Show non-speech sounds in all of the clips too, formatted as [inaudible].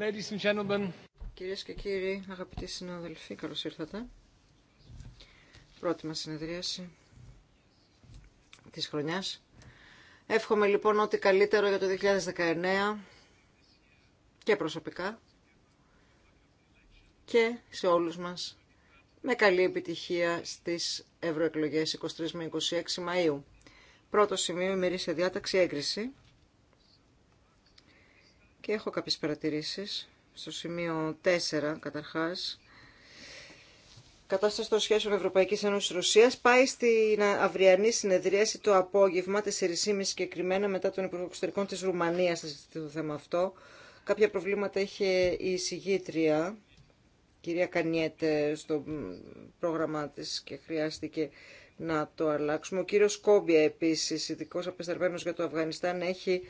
Ladies Κυρίες και κύριοι, αγαπητοί συνάδελφοι, καλώς ήρθατε. Πρώτη μας συνεδρίαση της χρονιάς. Εύχομαι λοιπόν ό,τι καλύτερο για το 2019 και προσωπικά και σε όλους μας με καλή επιτυχία στις ευρωεκλογές 23 με 26 Μαΐου. Πρώτο σημείο ημερήσια διάταξη έγκριση και έχω κάποιες παρατηρήσεις. Στο σημείο 4 καταρχάς, κατάσταση των σχέσεων Ευρωπαϊκή Ένωση Ρωσία πάει στην αυριανή συνεδρίαση το απόγευμα, 4.30 συγκεκριμένα μετά των Υπουργό Εξωτερικών της Ρουμανίας, θα συζητηθεί το θέμα αυτό. Κάποια προβλήματα είχε η συγγήτρια, κυρία Κανιέτε, στο πρόγραμμά τη και χρειάστηκε να το αλλάξουμε. Ο κύριο Κόμπια επίση, ειδικό απεσταρμένο για το Αφγανιστάν, έχει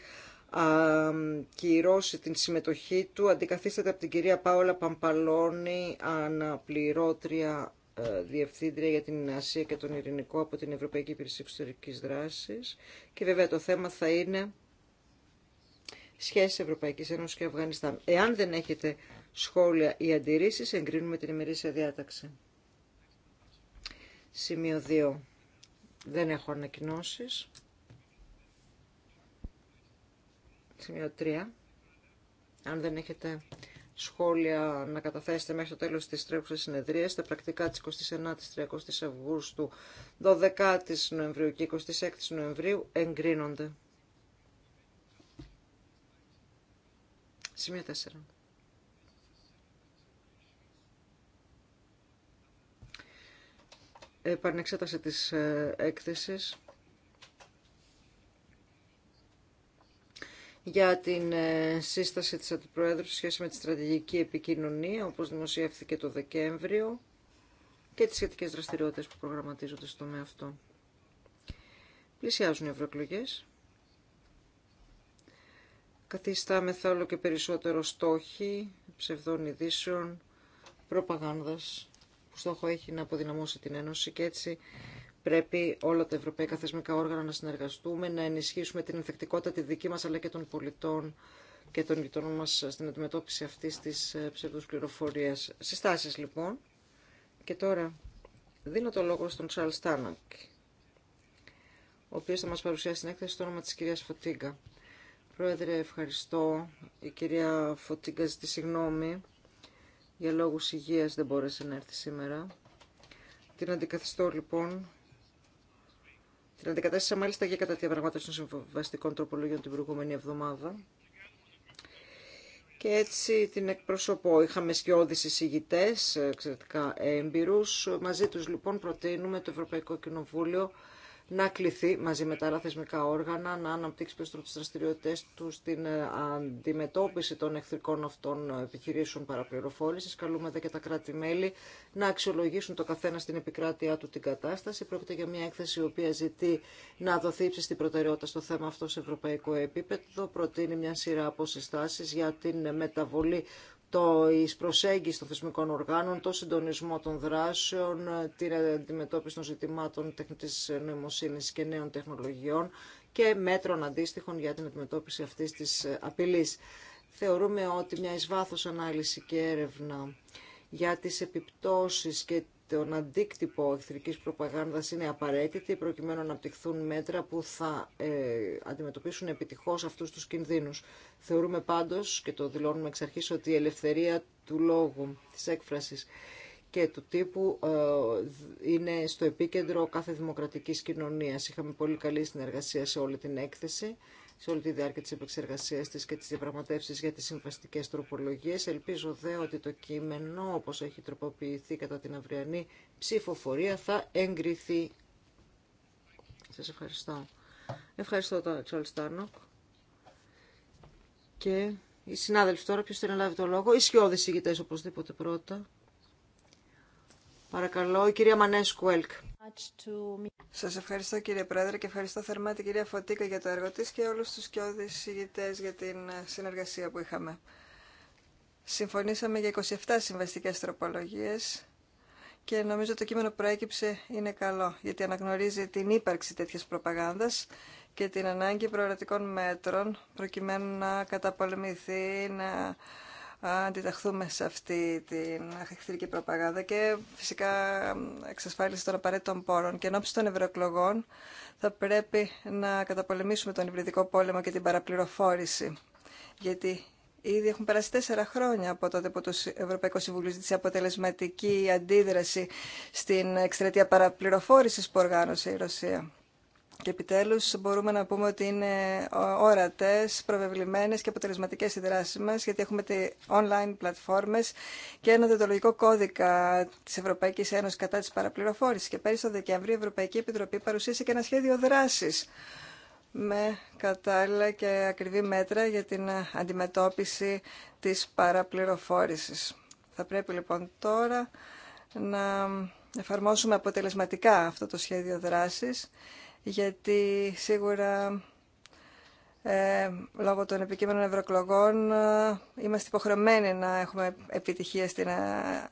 κυρώσει την συμμετοχή του αντικαθίσταται από την κυρία Πάολα Παμπαλώνη, αναπληρώτρια ε, Διευθύντρια για την Ασία και τον Ειρηνικό από την Ευρωπαϊκή Υπηρεσία Εξωτερικής Δράσης και βέβαια το θέμα θα είναι σχέση Ευρωπαϊκής Ένωσης και Αφγανιστάν. Εάν δεν έχετε σχόλια ή αντιρρήσεις, εγκρίνουμε την ημερήσια διάταξη. Σημείο 2. Δεν έχω ανακοινώσεις. σημείο 3. Αν δεν έχετε σχόλια να καταθέσετε μέχρι το τέλος της τρέχουσας συνεδρίας, τα πρακτικά της 29ης, 30 Αυγούστου, 12ης Νοεμβρίου και 26ης Νοεμβρίου εγκρίνονται. Σημείο 4. Επανεξέταση της ε, έκθεσης για την ε, σύσταση της Αντιπροέδρου σχέση με τη στρατηγική επικοινωνία, όπως δημοσιεύθηκε το Δεκέμβριο, και τις σχετικές δραστηριότητες που προγραμματίζονται στο τομέα αυτό. Πλησιάζουν οι ευρωεκλογέ. Καθιστάμεθα όλο και περισσότερο στόχοι ψευδών ειδήσεων, προπαγάνδας, που στόχο έχει να αποδυναμώσει την Ένωση και έτσι Πρέπει όλα τα ευρωπαϊκά θεσμικά όργανα να συνεργαστούμε, να ενισχύσουμε την ενθεκτικότητα τη δική μας αλλά και των πολιτών και των γειτονών μας στην αντιμετώπιση αυτής της ε, ψευδούς πληροφορίας. Συστάσεις λοιπόν. Και τώρα δίνω το λόγο στον Τσάρλ Στάνακ, ο οποίος θα μας παρουσιάσει την έκθεση στο όνομα της κυρίας Φωτίγκα. Πρόεδρε, ευχαριστώ. Η κυρία Φωτίγκα ζητεί συγγνώμη. Για λόγους υγείας δεν μπόρεσε να έρθει σήμερα. Την αντικαθιστώ λοιπόν την αντικατάσταση μάλιστα και κατά τη διαπραγμάτευση των συμβαστικών τροπολογιών την προηγούμενη εβδομάδα. Και έτσι την εκπροσωπώ. Είχαμε σκιώδεις εισηγητές, εξαιρετικά έμπειρους. Μαζί τους λοιπόν προτείνουμε το Ευρωπαϊκό Κοινοβούλιο να κληθεί μαζί με τα άλλα θεσμικά όργανα να αναπτύξει περισσότερο τι δραστηριότητε του στην ε, αντιμετώπιση των εχθρικών αυτών επιχειρήσεων παραπληροφόρηση. Καλούμε εδώ και τα κράτη-μέλη να αξιολογήσουν το καθένα στην επικράτειά του την κατάσταση. Πρόκειται για μια έκθεση η οποία ζητεί να δοθεί στην προτεραιότητα στο θέμα αυτό σε ευρωπαϊκό επίπεδο. Προτείνει μια σειρά από για την μεταβολή το εις προσέγγιση των θεσμικών οργάνων, το συντονισμό των δράσεων, την αντιμετώπιση των ζητημάτων τεχνητής νοημοσύνης και νέων τεχνολογιών και μέτρων αντίστοιχων για την αντιμετώπιση αυτής της απειλής. Θεωρούμε ότι μια εις ανάλυση και έρευνα για τις επιπτώσεις και τον αντίκτυπο εχθρική προπαγάνδας είναι απαραίτητη προκειμένου να αναπτυχθούν μέτρα που θα ε, αντιμετωπίσουν επιτυχώς αυτούς τους κινδύνου. Θεωρούμε πάντως και το δηλώνουμε εξ αρχή ότι η ελευθερία του λόγου, της έκφραση και του τύπου ε, είναι στο επίκεντρο κάθε δημοκρατικής κοινωνίας. Είχαμε πολύ καλή συνεργασία σε όλη την έκθεση σε όλη τη διάρκεια τη επεξεργασία τη και της διαπραγματεύσει για τις συμβαστικέ τροπολογίες. Ελπίζω δε ότι το κείμενο όπως έχει τροποποιηθεί κατά την αυριανή ψηφοφορία θα εγκριθεί. Σας ευχαριστώ. Ευχαριστώ τον Τσόλ Στάνοκ. Και οι συνάδελφοι τώρα, ποιο θέλει να λάβει το λόγο, οι οπωσδήποτε πρώτα. Παρακαλώ, η κυρία Μανέσκου Ελκ. Σα Σας ευχαριστώ κύριε Πρόεδρε και ευχαριστώ θερμά την κυρία Φωτίκα για το έργο της και όλους του κοιόδη ηγητές για την ε, συνεργασία που είχαμε. Συμφωνήσαμε για 27 συμβαστικέ τροπολογίες και νομίζω το κείμενο που προέκυψε είναι καλό, γιατί αναγνωρίζει την ύπαρξη τέτοια προπαγάνδας και την ανάγκη προορατικών μέτρων προκειμένου να καταπολεμηθεί, να αντιταχθούμε σε αυτή την εχθρική προπαγάνδα και φυσικά εξασφάλιση των απαραίτητων πόρων. Και ενώπιση των ευρωεκλογών θα πρέπει να καταπολεμήσουμε τον υβριδικό πόλεμο και την παραπληροφόρηση. Γιατί ήδη έχουν περάσει τέσσερα χρόνια από τότε που το Ευρωπαϊκό Συμβούλιο ζήτησε αποτελεσματική αντίδραση στην εξτρατεία παραπληροφόρηση που οργάνωσε η Ρωσία. Και επιτέλους μπορούμε να πούμε ότι είναι όρατες, προβεβλημένες και αποτελεσματικές οι δράσεις μας, γιατί έχουμε τη online πλατφόρμες και ένα δεντολογικό κώδικα της Ευρωπαϊκής Ένωσης κατά της παραπληροφόρησης. Και πέρυσι το Δεκέμβριο η Ευρωπαϊκή Επιτροπή παρουσίασε και ένα σχέδιο δράσης με κατάλληλα και ακριβή μέτρα για την αντιμετώπιση της παραπληροφόρησης. Θα πρέπει λοιπόν τώρα να εφαρμόσουμε αποτελεσματικά αυτό το σχέδιο δράσης γιατί σίγουρα ε, λόγω των επικείμενων ευρωκλογών ε, είμαστε υποχρεωμένοι να έχουμε επιτυχία στην ε,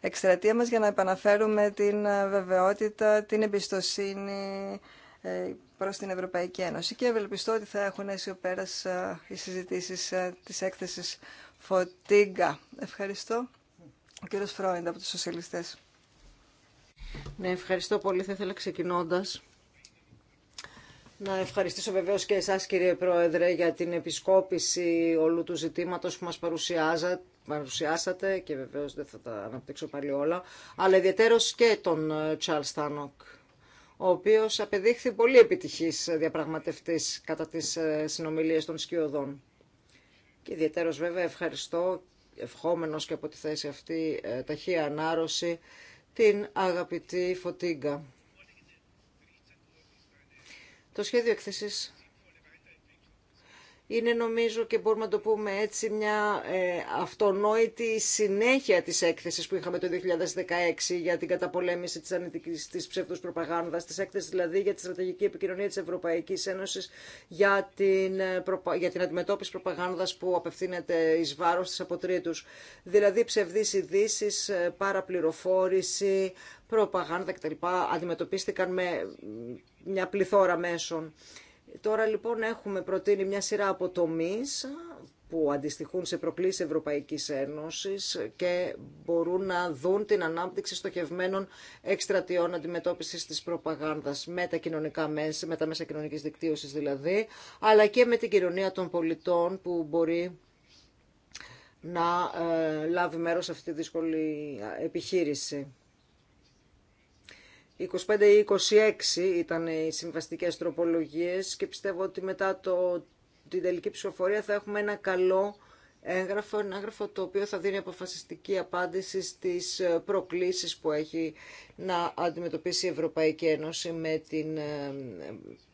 εκστρατεία μας για να επαναφέρουμε την ε, βεβαιότητα, την εμπιστοσύνη προς την Ευρωπαϊκή Ένωση και ευελπιστώ ότι θα έχουν ο πέρας οι συζητήσεις της έκθεσης Φωτίγκα. Ευχαριστώ. Ο κύριος Φρόιντ από τους Σοσιαλιστές. Ναι, ευχαριστώ πολύ. Θα ήθελα ξεκινώντας να ευχαριστήσω βεβαίως και εσάς κύριε Πρόεδρε για την επισκόπηση όλου του ζητήματος που μας παρουσιάσατε και βεβαίως δεν θα τα αναπτύξω πάλι όλα, αλλά ιδιαίτερος και τον Τσάρλ ε, Στάνοκ ο οποίος απεδείχθη πολύ επιτυχής διαπραγματευτής κατά τις ε, συνομιλίες των σκιωδών. Και ιδιαίτερος βέβαια ευχαριστώ, ευχόμενος και από τη θέση αυτή ε, ταχεία ανάρρωση, την αγαπητή Φωτίνκα. Το σχέδιο έκθεσης είναι νομίζω και μπορούμε να το πούμε έτσι μια ε, αυτονόητη συνέχεια της έκθεσης που είχαμε το 2016 για την καταπολέμηση της ανετικής της ψεύδους προπαγάνδας, της έκθεσης δηλαδή για τη στρατηγική επικοινωνία της Ευρωπαϊκής Ένωσης για την, ε, για την αντιμετώπιση προπαγάνδας που απευθύνεται εις βάρος της αποτρίτους. Δηλαδή ψευδείς ειδήσει, ε, παραπληροφόρηση, προπαγάνδα κτλ. αντιμετωπίστηκαν με μια πληθώρα μέσων. Τώρα λοιπόν έχουμε προτείνει μια σειρά από που αντιστοιχούν σε προκλήσεις Ευρωπαϊκής Ένωσης και μπορούν να δουν την ανάπτυξη στοχευμένων εκστρατιών αντιμετώπισης της προπαγάνδας με τα, κοινωνικά μέσα, με τα μέσα κοινωνικής δικτύωσης δηλαδή, αλλά και με την κοινωνία των πολιτών που μπορεί να ε, λάβει μέρος σε αυτή τη δύσκολη επιχείρηση. 25 ή 26 ήταν οι συμβαστικές τροπολογίες και πιστεύω ότι μετά το, την τελική ψηφοφορία θα έχουμε ένα καλό έγγραφο, ένα έγγραφο το οποίο θα δίνει αποφασιστική απάντηση στις προκλήσεις που έχει να αντιμετωπίσει η Ευρωπαϊκή Ένωση με την ε,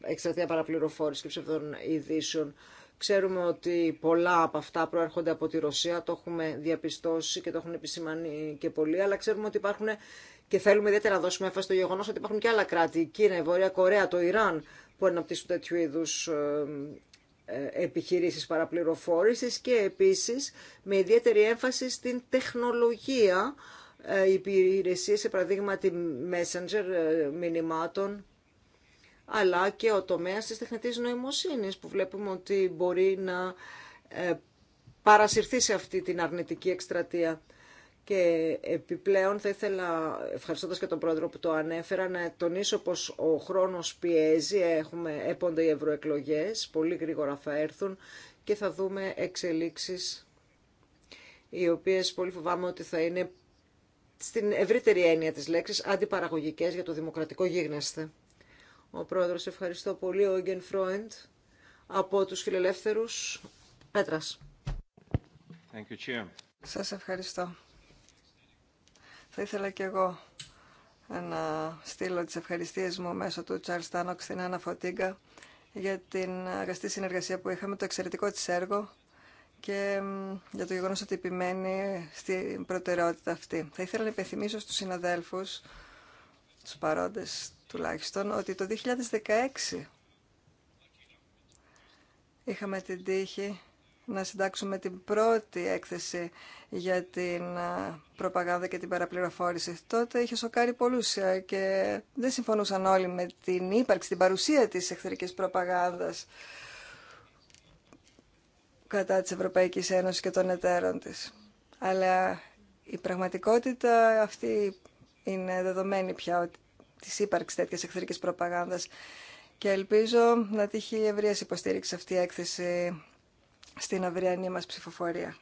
ε, εκστρατεία παραπληροφόρηση και ψευδών ειδήσεων. Ξέρουμε ότι πολλά από αυτά προέρχονται από τη Ρωσία, το έχουμε διαπιστώσει και το έχουν επισημάνει και πολλοί, αλλά ξέρουμε ότι υπάρχουν και θέλουμε ιδιαίτερα να δώσουμε έμφαση στο γεγονό ότι υπάρχουν και άλλα κράτη, η Κίνα, η Βόρεια Κορέα, το Ιράν, που αναπτύσσουν τέτοιου είδου ε, επιχειρήσεις παραπληροφόρησης και επίσης με ιδιαίτερη έμφαση στην τεχνολογία ε, υπηρεσίες σε παραδείγματι messenger ε, μηνυμάτων αλλά και ο τομέα τη τεχνητής νοημοσύνης που βλέπουμε ότι μπορεί να παρασυρθεί σε αυτή την αρνητική εκστρατεία. Και επιπλέον θα ήθελα, ευχαριστώντας και τον πρόεδρο που το ανέφερα, να τονίσω πως ο χρόνος πιέζει, έχουμε, έπονται οι ευρωεκλογές, πολύ γρήγορα θα έρθουν και θα δούμε εξελίξεις οι οποίες πολύ φοβάμαι ότι θα είναι στην ευρύτερη έννοια της λέξης αντιπαραγωγικές για το δημοκρατικό γίγνεσθε. Ο πρόεδρος ευχαριστώ πολύ, ο Ίγκεν Φρόεντ, από τους φιλελεύθερους Πέτρας. Thank Σας ευχαριστώ. Θα ήθελα και εγώ να στείλω τις ευχαριστίες μου μέσω του Charles Τάνοξ στην Άννα Φωτίγκα για την αγαστή συνεργασία που είχαμε, το εξαιρετικό της έργο και για το γεγονός ότι επιμένει στην προτεραιότητα αυτή. Θα ήθελα να υπενθυμίσω στους συναδέλφους, τους παρόντες τουλάχιστον, ότι το 2016 είχαμε την τύχη να συντάξουμε την πρώτη έκθεση για την ε, προπαγάνδα και την παραπληροφόρηση. Τότε είχε σοκάρει πολλούς ε, και δεν συμφωνούσαν όλοι με την ύπαρξη, την παρουσία της εχθρικής προπαγάνδας κατά της Ευρωπαϊκής Ένωσης και των εταίρων της. Αλλά η πραγματικότητα αυτή είναι δεδομένη πια τη ύπαρξη τέτοια εχθρική προπαγάνδας Και ελπίζω να τύχει ευρεία υποστήριξη αυτή η έκθεση στην αυριανή μας ψηφοφορία.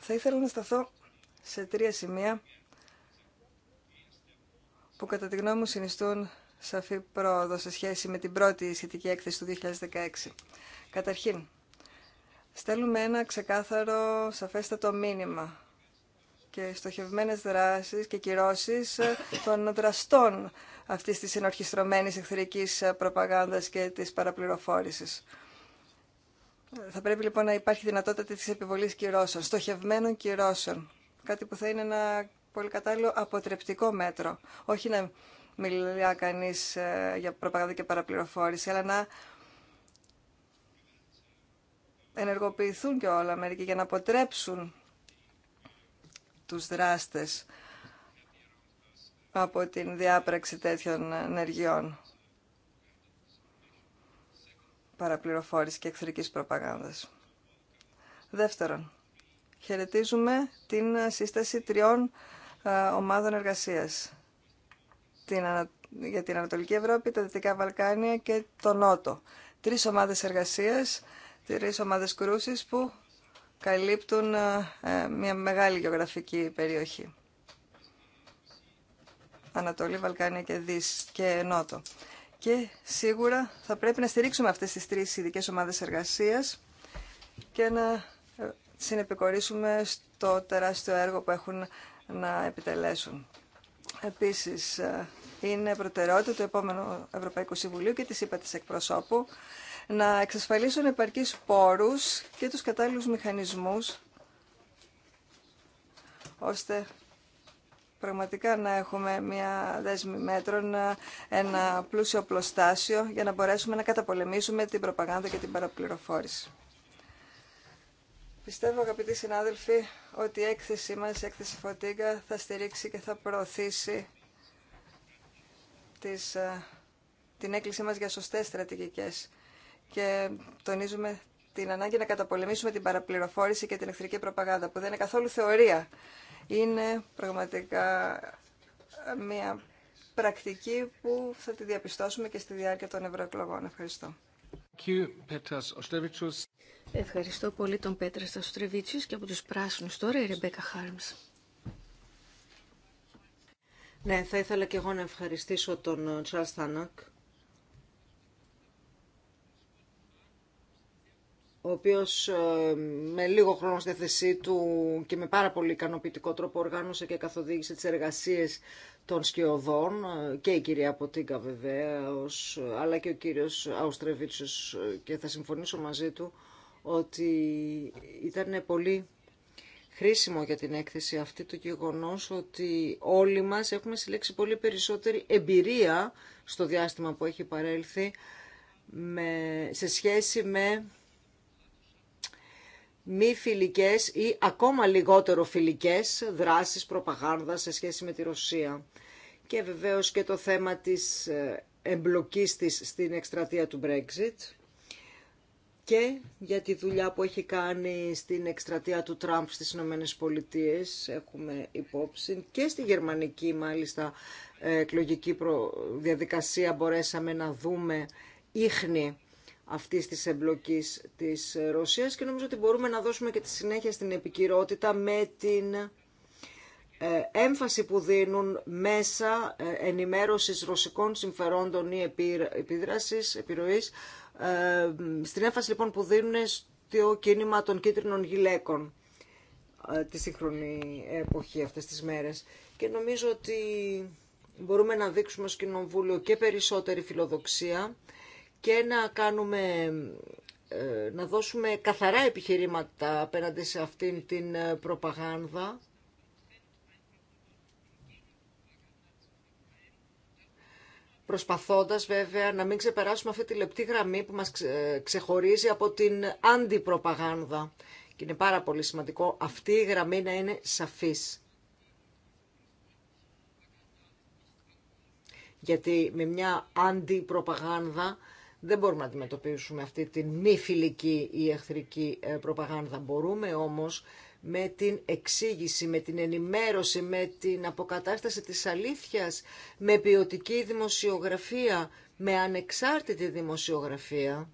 Θα ήθελα να σταθώ σε τρία σημεία που κατά τη γνώμη μου συνιστούν σαφή πρόοδο σε σχέση με την πρώτη σχετική έκθεση του 2016. Καταρχήν, στέλνουμε ένα ξεκάθαρο, σαφέστατο μήνυμα και στοχευμένες δράσεις και κυρώσεις ε, των δραστών αυτής της συνορχιστρωμένης εχθρικής ε, προπαγάνδας και της παραπληροφόρησης. Ε, θα πρέπει λοιπόν να υπάρχει δυνατότητα της επιβολής κυρώσεων, στοχευμένων κυρώσεων. Κάτι που θα είναι ένα πολύ κατάλληλο αποτρεπτικό μέτρο. Όχι να μιλά κανείς για προπαγάνδα και παραπληροφόρηση, αλλά να ενεργοποιηθούν και όλα μερικοί για να αποτρέψουν τους δράστες από την διάπραξη τέτοιων ενεργειών παραπληροφόρηση και εχθρικής προπαγάνδας. Δεύτερον, χαιρετίζουμε την σύσταση τριών ομάδων εργασίας για την Ανατολική Ευρώπη, τα Δυτικά Βαλκάνια και το Νότο. Τρεις ομάδες εργασίας, τρεις ομάδες κρούσης που καλύπτουν ε, ε, μια μεγάλη γεωγραφική περιοχή. Ανατολή, Βαλκάνια και Δύση και Νότο. Και σίγουρα θα πρέπει να στηρίξουμε αυτές τις τρεις ειδικές ομάδες εργασίας και να ε, συνεπικορίσουμε στο τεράστιο έργο που έχουν να επιτελέσουν. Επίσης, είναι προτεραιότητα του επόμενου Ευρωπαϊκού Συμβουλίου και της είπα της εκπροσώπου να εξασφαλίσουν επαρκείς πόρους και τους κατάλληλους μηχανισμούς ώστε πραγματικά να έχουμε μια δέσμη μέτρων, ένα πλούσιο πλωστάσιο για να μπορέσουμε να καταπολεμήσουμε την προπαγάνδα και την παραπληροφόρηση. Πιστεύω αγαπητοί συνάδελφοι ότι η έκθεσή μας, η έκθεση Φωτίγκα θα στηρίξει και θα προωθήσει τις, ε, την έκκλησή μας για σωστές στρατηγικές και τονίζουμε την ανάγκη να καταπολεμήσουμε την παραπληροφόρηση και την εχθρική προπαγάνδα, που δεν είναι καθόλου θεωρία. Είναι πραγματικά μια πρακτική που θα τη διαπιστώσουμε και στη διάρκεια των ευρωεκλογών. Ευχαριστώ. Ευχαριστώ πολύ τον Πέτρα Σταστρεβίτσιος και από τους πράσινους τώρα η Ρεμπέκα Χάρμς. Ναι, θα ήθελα και εγώ να ευχαριστήσω τον Τσάρλς Στανάκ ο οποίος ε, με λίγο χρόνο στη θέση του και με πάρα πολύ ικανοποιητικό τρόπο οργάνωσε και καθοδήγησε τις εργασίες των σκιωδών ε, και η κυρία Ποτίγκα βεβαία, αλλά και ο κύριος Αουστρεβίτσος ε, και θα συμφωνήσω μαζί του ότι ήταν πολύ χρήσιμο για την έκθεση αυτή το γεγονός ότι όλοι μας έχουμε συλλέξει πολύ περισσότερη εμπειρία στο διάστημα που έχει παρέλθει με, σε σχέση με μη φιλικές ή ακόμα λιγότερο φιλικές δράσεις προπαγάνδας σε σχέση με τη Ρωσία. Και βεβαίως και το θέμα της ε, εμπλοκής της στην εκστρατεία του Brexit και για τη δουλειά που έχει κάνει στην εκστρατεία του Τραμπ στις Ηνωμένε Πολιτείε έχουμε υπόψη και στη γερμανική μάλιστα εκλογική διαδικασία μπορέσαμε να δούμε ίχνη αυτή τη εμπλοκή τη Ρωσίας και νομίζω ότι μπορούμε να δώσουμε και τη συνέχεια στην επικυρότητα με την ε, έμφαση που δίνουν μέσα ε, ενημέρωσης ρωσικών συμφερόντων ή επίδρασης, επιρροής, ε, στην έμφαση λοιπόν που δίνουν στο κίνημα των κίτρινων γυλαίκων τη σύγχρονη εποχή αυτές τις μέρες. Και νομίζω ότι μπορούμε να δείξουμε ως Κοινοβούλιο και περισσότερη φιλοδοξία και να κάνουμε ε, να δώσουμε καθαρά επιχειρήματα απέναντι σε αυτήν την ε, προπαγάνδα. Προσπαθώντας βέβαια να μην ξεπεράσουμε αυτή τη λεπτή γραμμή που μας ξεχωρίζει από την αντιπροπαγάνδα. Και είναι πάρα πολύ σημαντικό αυτή η γραμμή να είναι σαφής. Γιατί με μια αντιπροπαγάνδα δεν μπορούμε να αντιμετωπίσουμε αυτή την μη φιλική ή εχθρική ε, προπαγάνδα. Μπορούμε όμως με την εξήγηση, με την ενημέρωση, με την αποκατάσταση της αλήθειας, με ποιοτική δημοσιογραφία, με ανεξάρτητη δημοσιογραφία,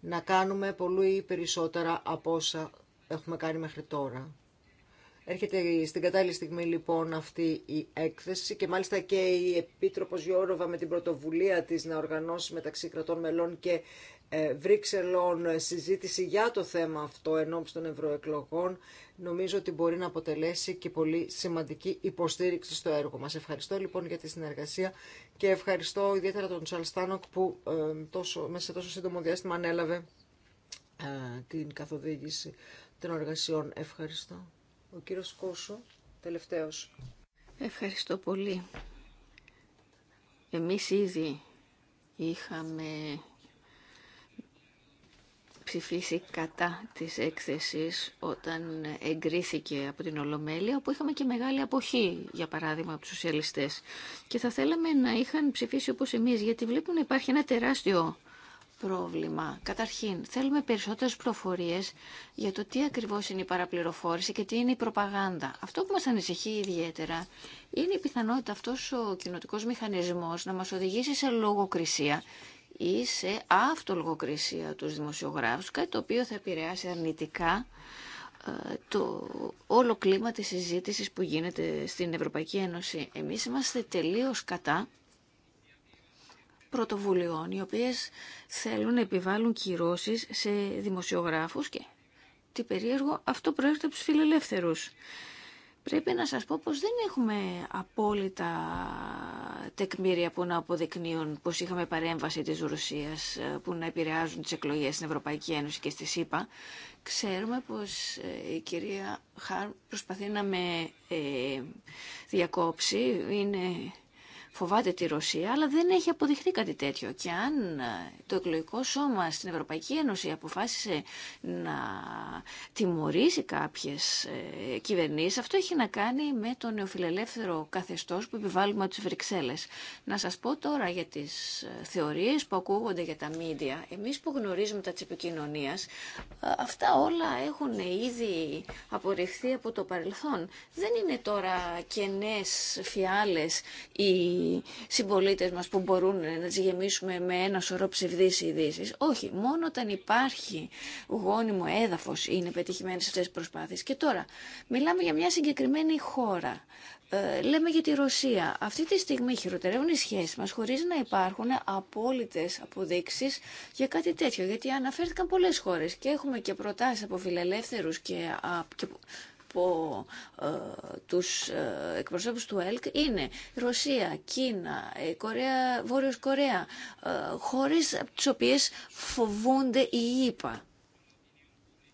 να κάνουμε πολύ περισσότερα από όσα έχουμε κάνει μέχρι τώρα. Έρχεται στην κατάλληλη στιγμή λοιπόν αυτή η έκθεση και μάλιστα και η επίτροπο Γιώροβα με την πρωτοβουλία τη να οργανώσει μεταξύ κρατών μελών και ε, Βρύξελων συζήτηση για το θέμα αυτό ενώπιση των ευρωεκλογών νομίζω ότι μπορεί να αποτελέσει και πολύ σημαντική υποστήριξη στο έργο Μα. Ευχαριστώ λοιπόν για τη συνεργασία και ευχαριστώ ιδιαίτερα τον Στάνοκ που ε, τόσο, μέσα σε τόσο σύντομο διάστημα ανέλαβε ε, την καθοδήγηση των εργασιών. Ευχαριστώ. Ο κύριος Κόσο, τελευταίος. Ευχαριστώ πολύ. Εμείς ήδη είχαμε ψηφίσει κατά της έκθεσης όταν εγκρίθηκε από την Ολομέλεια, όπου είχαμε και μεγάλη αποχή, για παράδειγμα, από τους σοσιαλιστές. Και θα θέλαμε να είχαν ψηφίσει όπως εμείς, γιατί βλέπουν υπάρχει ένα τεράστιο πρόβλημα. Καταρχήν, θέλουμε περισσότερες προφορίες για το τι ακριβώς είναι η παραπληροφόρηση και τι είναι η προπαγάνδα. Αυτό που μας ανησυχεί ιδιαίτερα είναι η πιθανότητα αυτός ο κοινοτικός μηχανισμός να μας οδηγήσει σε λογοκρισία ή σε αυτολογοκρισία τους δημοσιογράφου, κάτι το οποίο θα επηρεάσει αρνητικά ε, το όλο κλίμα της συζήτησης που γίνεται στην Ευρωπαϊκή Ένωση. Εμείς είμαστε τελείως κατά πρωτοβουλειών οι οποίες θέλουν να επιβάλλουν κυρώσεις σε δημοσιογράφους και τι περίεργο αυτό προέρχεται από τους φιλελεύθερους. Πρέπει να σας πω πως δεν έχουμε απόλυτα τεκμήρια που να αποδεικνύουν πως είχαμε παρέμβαση της Ρωσίας ε, που να επηρεάζουν τις εκλογές στην Ευρωπαϊκή Ένωση και στη ΣΥΠΑ. Ξέρουμε πως ε, η κυρία Χάρ προσπαθεί να με ε, διακόψει. Είναι φοβάται τη Ρωσία, αλλά δεν έχει αποδειχθεί κάτι τέτοιο. Και αν ε, το εκλογικό σώμα στην Ευρωπαϊκή Ένωση αποφάσισε να τιμωρήσει κάποιες ε, κυβερνήσεις, αυτό έχει να κάνει με το νεοφιλελεύθερο καθεστώς που επιβάλλουμε από τι Βρυξέλλε. Να σας πω τώρα για τις ε, θεωρίες που ακούγονται για τα μίντια. Εμείς που γνωρίζουμε τα τη επικοινωνία. αυτά όλα έχουν ήδη απορριφθεί από το παρελθόν. Δεν είναι τώρα κενές φιάλες οι οι συμπολίτε μας που μπορούν να τι γεμίσουμε με ένα σωρό ψευδεί ειδήσει. Όχι, μόνο όταν υπάρχει γόνιμο έδαφος είναι πετυχημένε αυτές τι προσπάθειες. Και τώρα, μιλάμε για μια συγκεκριμένη χώρα. Ε, λέμε για τη Ρωσία. Αυτή τη στιγμή χειροτερεύουν οι σχέσεις μας χωρί να υπάρχουν απόλυτε αποδείξει για κάτι τέτοιο. Γιατί αναφέρθηκαν πολλέ χώρε και έχουμε και προτάσει από φιλελεύθερου και, και από ε, τους ε, εκπροσώπους του ΕΛΚ είναι Ρωσία, Κίνα, ε, Κορέα, Βόρειος Κορέα, ε, χώρες από τις οποίες φοβούνται οι ΙΠΑ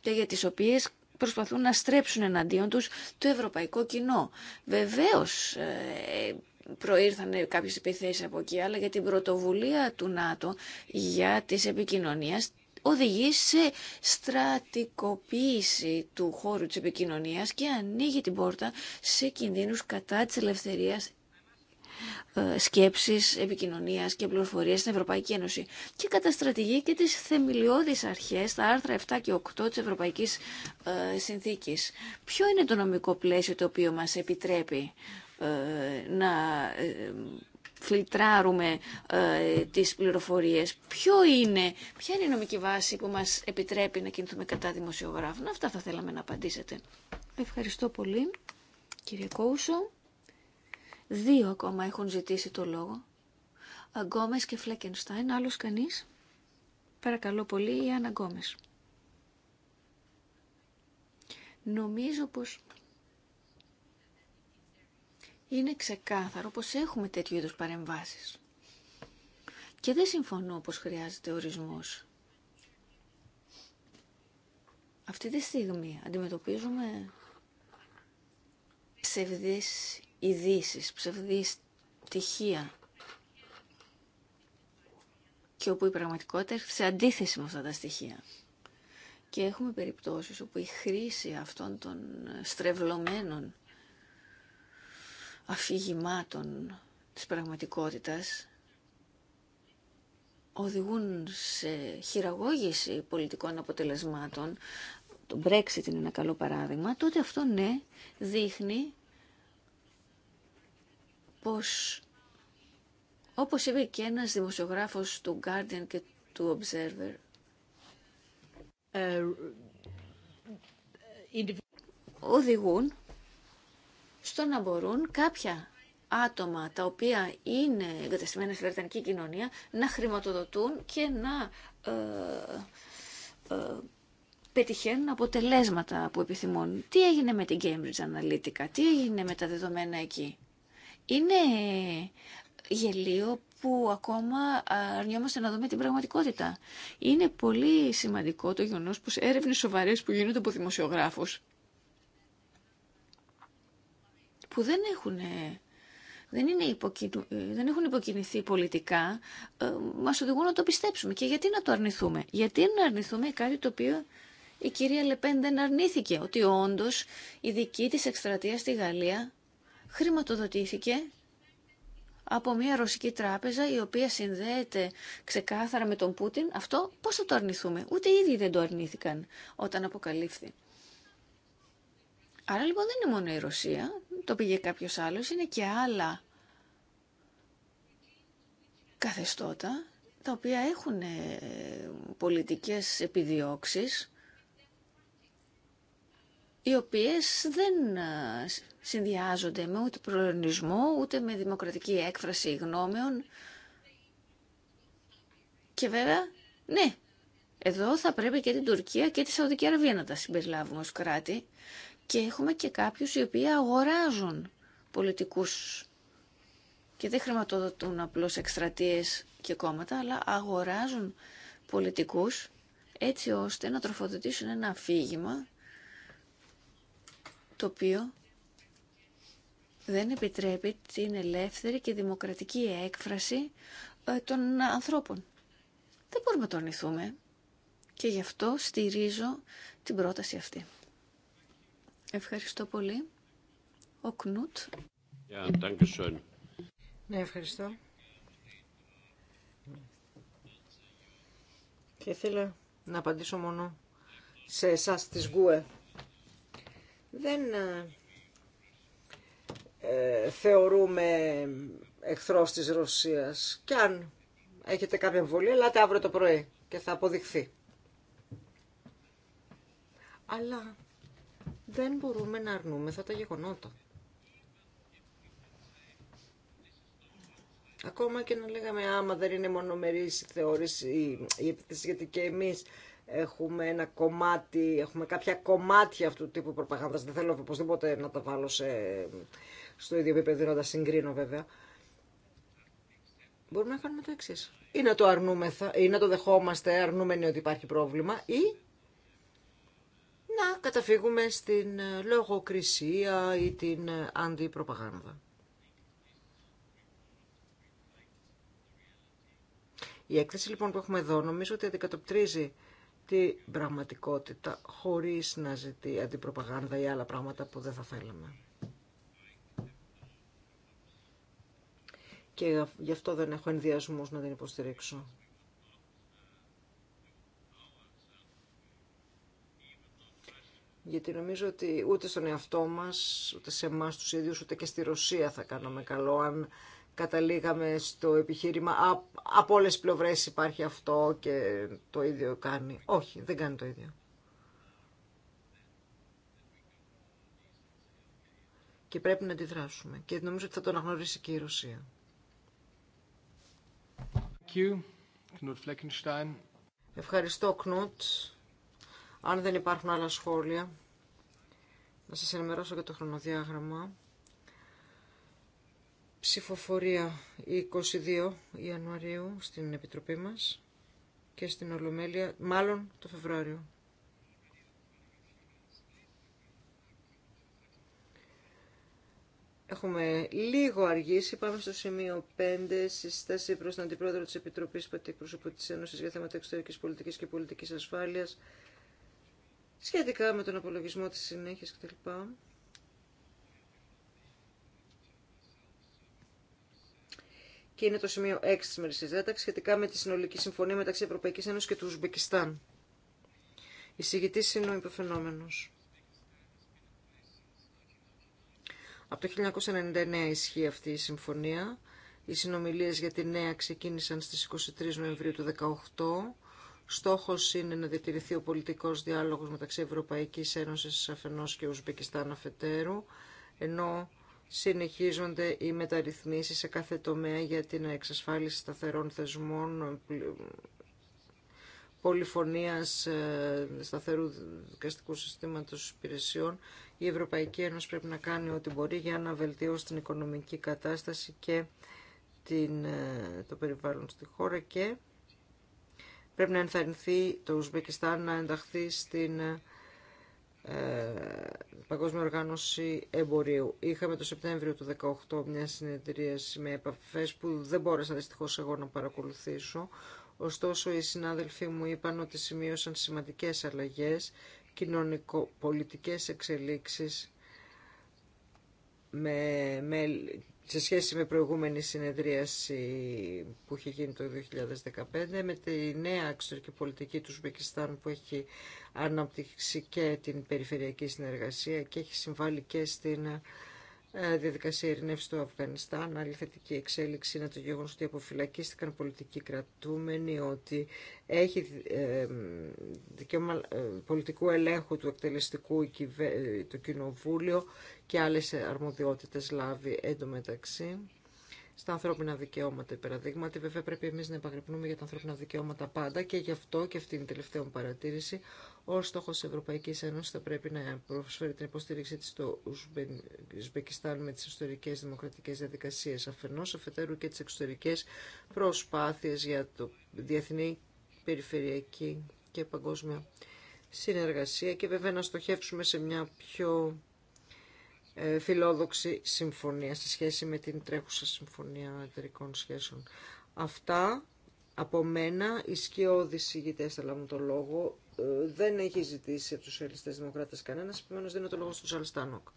και για τις οποίες προσπαθούν να στρέψουν εναντίον τους το ευρωπαϊκό κοινό. Βεβαίως ε, προήρθαν κάποιες επιθέσεις από εκεί, αλλά για την πρωτοβουλία του ΝΑΤΟ για τις επικοινωνίες οδηγεί σε στρατικοποίηση του χώρου της επικοινωνίας και ανοίγει την πόρτα σε κινδύνους κατά της ελευθερίας ε, σκέψης, επικοινωνίας και πληροφορίας στην Ευρωπαϊκή Ένωση και καταστρατηγεί και τις θεμελιώδει αρχές, τα άρθρα 7 και 8 της Ευρωπαϊκής ε, Συνθήκης. Ποιο είναι το νομικό πλαίσιο το οποίο μας επιτρέπει ε, να ε, φιλτράρουμε ε, τις πληροφορίες. Ποιο είναι, ποια είναι η νομική βάση που μας επιτρέπει να κινηθούμε κατά δημοσιογράφων. Αυτά θα θέλαμε να απαντήσετε. Ευχαριστώ πολύ, κύριε Κόουσο. Δύο ακόμα έχουν ζητήσει το λόγο. Αγκόμες και Φλέκενστάιν, άλλος κανείς. Παρακαλώ πολύ, η Άννα Νομίζω πως είναι ξεκάθαρο πως έχουμε τέτοιου είδους παρεμβάσεις. Και δεν συμφωνώ πως χρειάζεται ορισμός. Αυτή τη στιγμή αντιμετωπίζουμε ψευδείς ειδήσει, ψευδείς στοιχεία και όπου η πραγματικότητα έρχεται σε αντίθεση με αυτά τα στοιχεία. Και έχουμε περιπτώσεις όπου η χρήση αυτών των στρεβλωμένων αφηγημάτων της πραγματικότητας οδηγούν σε χειραγώγηση πολιτικών αποτελεσμάτων, το Brexit είναι ένα καλό παράδειγμα, τότε αυτό ναι δείχνει πως όπως είπε και ένας δημοσιογράφος του Guardian και του Observer οδηγούν στο να μπορούν κάποια άτομα τα οποία είναι εγκαταστημένα στη Βρετανική κοινωνία να χρηματοδοτούν και να ε, ε, πετυχαίνουν αποτελέσματα που επιθυμούν. Τι έγινε με την Cambridge Analytica, τι έγινε με τα δεδομένα εκεί. Είναι γελίο που ακόμα αρνιόμαστε να δούμε την πραγματικότητα. Είναι πολύ σημαντικό το γεγονός πω έρευνε σοβαρές που γίνονται από δημοσιογράφου που δεν έχουν δεν, είναι υποκινου... Ε, δεν έχουν υποκινηθεί πολιτικά, ε, μας οδηγούν να το πιστέψουμε. Και γιατί να το αρνηθούμε. Γιατί να αρνηθούμε κάτι το οποίο η κυρία Λεπέν δεν αρνήθηκε. Ότι όντως η δική της εκστρατεία στη Γαλλία χρηματοδοτήθηκε από μια ρωσική τράπεζα η οποία συνδέεται ξεκάθαρα με τον Πούτιν. Αυτό πώς θα το αρνηθούμε. Ούτε ήδη δεν το αρνήθηκαν όταν αποκαλύφθη. Άρα λοιπόν δεν είναι μόνο η Ρωσία, το πήγε κάποιος άλλος, είναι και άλλα καθεστώτα τα οποία έχουν ε, πολιτικές επιδιώξεις οι οποίες δεν ε, συνδυάζονται με ούτε προορισμό ούτε με δημοκρατική έκφραση γνώμεων και βέβαια ναι εδώ θα πρέπει και την Τουρκία και τη Σαουδική Αραβία να τα συμπεριλάβουμε ως κράτη και έχουμε και κάποιους οι οποίοι αγοράζουν πολιτικούς και δεν χρηματοδοτούν απλώς εκστρατείες και κόμματα, αλλά αγοράζουν πολιτικούς έτσι ώστε να τροφοδοτήσουν ένα αφήγημα το οποίο δεν επιτρέπει την ελεύθερη και δημοκρατική έκφραση ε, των ανθρώπων. Δεν μπορούμε να τονιθούμε και γι' αυτό στηρίζω την πρόταση αυτή. Ευχαριστώ πολύ. Ο Κνούτ. ναι, ευχαριστώ. Και θέλω να απαντήσω μόνο σε εσάς της ΓΚΟΕ. Δεν ε, ε, θεωρούμε εχθρός της Ρωσίας. Κι αν έχετε κάποια εμβολία, ελάτε αύριο το πρωί και θα αποδειχθεί. Αλλά δεν μπορούμε να αρνούμε αυτά τα γεγονότα. Ακόμα και να λέγαμε άμα δεν είναι μονομερής η θεώρηση, η επιθέση, γιατί και εμείς έχουμε ένα κομμάτι, έχουμε κάποια κομμάτια αυτού του τύπου προπαγάνδας. Δεν θέλω οπωσδήποτε να τα βάλω σε, στο ίδιο επίπεδο, να τα συγκρίνω βέβαια. Μπορούμε να κάνουμε το εξή. Ή να το αρνούμεθα, ή να το δεχόμαστε αρνούμενοι ότι υπάρχει πρόβλημα, ή να καταφύγουμε στην ε, λογοκρισία ή την ε, αντιπροπαγάνδα. Η έκθεση λοιπόν που έχουμε εδώ νομίζω ότι αντικατοπτρίζει την πραγματικότητα χωρίς να ζητεί αντιπροπαγάνδα ή άλλα πράγματα που δεν θα θέλαμε. Και γι' αυτό δεν έχω ενδιασμούς να την υποστηρίξω. γιατί νομίζω ότι ούτε στον εαυτό μας, ούτε σε εμά τους ίδιους, ούτε και στη Ρωσία θα κάναμε καλό αν καταλήγαμε στο επιχείρημα Α, από όλες τις πλευρές υπάρχει αυτό και το ίδιο κάνει. Όχι, δεν κάνει το ίδιο. Και πρέπει να αντιδράσουμε. Και νομίζω ότι θα το αναγνωρίσει και η Ρωσία. Ευχαριστώ, Κνούτ. Αν δεν υπάρχουν άλλα σχόλια, να σας ενημερώσω για το χρονοδιάγραμμα. Ψηφοφορία 22 Ιανουαρίου στην Επιτροπή μας και στην Ολομέλεια, μάλλον το Φεβρουάριο. Έχουμε λίγο αργήσει. Πάμε στο σημείο 5. Συστάση προ την Αντιπρόεδρο τη Επιτροπή που Εκπροσωπού τη Ένωση για θέματα εξωτερική πολιτική και πολιτική ασφάλεια σχετικά με τον απολογισμό της συνέχειας κτλ. Και είναι το σημείο 6 της Μερικής σχετικά με τη συνολική συμφωνία μεταξύ Ευρωπαϊκής Ένωσης και του Ουσμπεκιστάν. Η συγκητή είναι ο Από το 1999 ισχύει αυτή η συμφωνία. Οι συνομιλίες για τη νέα ξεκίνησαν στις 23 Νοεμβρίου του 2018 Στόχος είναι να διατηρηθεί ο πολιτικός διάλογο μεταξύ Ευρωπαϊκής Ένωσης Αφενό και Ουσμπεκιστάν αφετέρου, ενώ συνεχίζονται οι μεταρρυθμίσεις σε κάθε τομέα για την εξασφάλιση σταθερών θεσμών, πολυφωνίας, ε, σταθερού δικαστικού συστήματος υπηρεσιών. Η Ευρωπαϊκή Ένωση πρέπει να κάνει ό,τι μπορεί για να βελτιώσει την οικονομική κατάσταση και την, ε, το περιβάλλον στη χώρα και Πρέπει να ενθαρρυνθεί το Ουσμπεκιστάν να ενταχθεί στην ε, Παγκόσμια Οργάνωση Εμπορίου. Είχαμε το Σεπτέμβριο του 2018 μια συνεδρίαση με επαφέ που δεν μπόρεσα δυστυχώ εγώ να παρακολουθήσω. Ωστόσο, οι συνάδελφοί μου είπαν ότι σημείωσαν σημαντικέ αλλαγέ, κοινωνικοπολιτικέ εξελίξει με, με σε σχέση με προηγούμενη συνεδρίαση που είχε γίνει το 2015, με τη νέα εξωτερική πολιτική του Σμπεκιστάν που έχει αναπτύξει και την περιφερειακή συνεργασία και έχει συμβάλει και στην ε, διαδικασία ειρηνεύση του Αφγανιστάν. Άλλη θετική εξέλιξη είναι το γεγονό ότι αποφυλακίστηκαν πολιτικοί κρατούμενοι, ότι έχει ε, δικαίωμα ε, πολιτικού ελέγχου του εκτελεστικού το κοινοβούλιο και άλλες αρμοδιότητες λάβει εντωμεταξύ στα ανθρώπινα δικαιώματα. Παραδείγματι, βέβαια, πρέπει εμεί να επαγρυπνούμε για τα ανθρώπινα δικαιώματα πάντα και γι' αυτό και αυτή είναι η τελευταία μου παρατήρηση. Ο στόχο τη Ευρωπαϊκή Ένωση θα πρέπει να προσφέρει την υποστήριξή τη στο Ουσμπεκιστάν με τι ιστορικέ δημοκρατικέ διαδικασίε αφενό, αφετέρου και τι εξωτερικέ προσπάθειε για το διεθνή, περιφερειακή και παγκόσμια συνεργασία και βέβαια να στοχεύσουμε σε μια πιο ε, φιλόδοξη συμφωνία σε σχέση με την τρέχουσα συμφωνία εταιρικών σχέσεων. Αυτά από μένα οι σκιώδεις ηγητές θα λάβουν το λόγο. Ε, δεν έχει ζητήσει από τους σοσιαλιστές δημοκράτες κανένας, επομένως δίνω το λόγο στον Σαλστανόκ.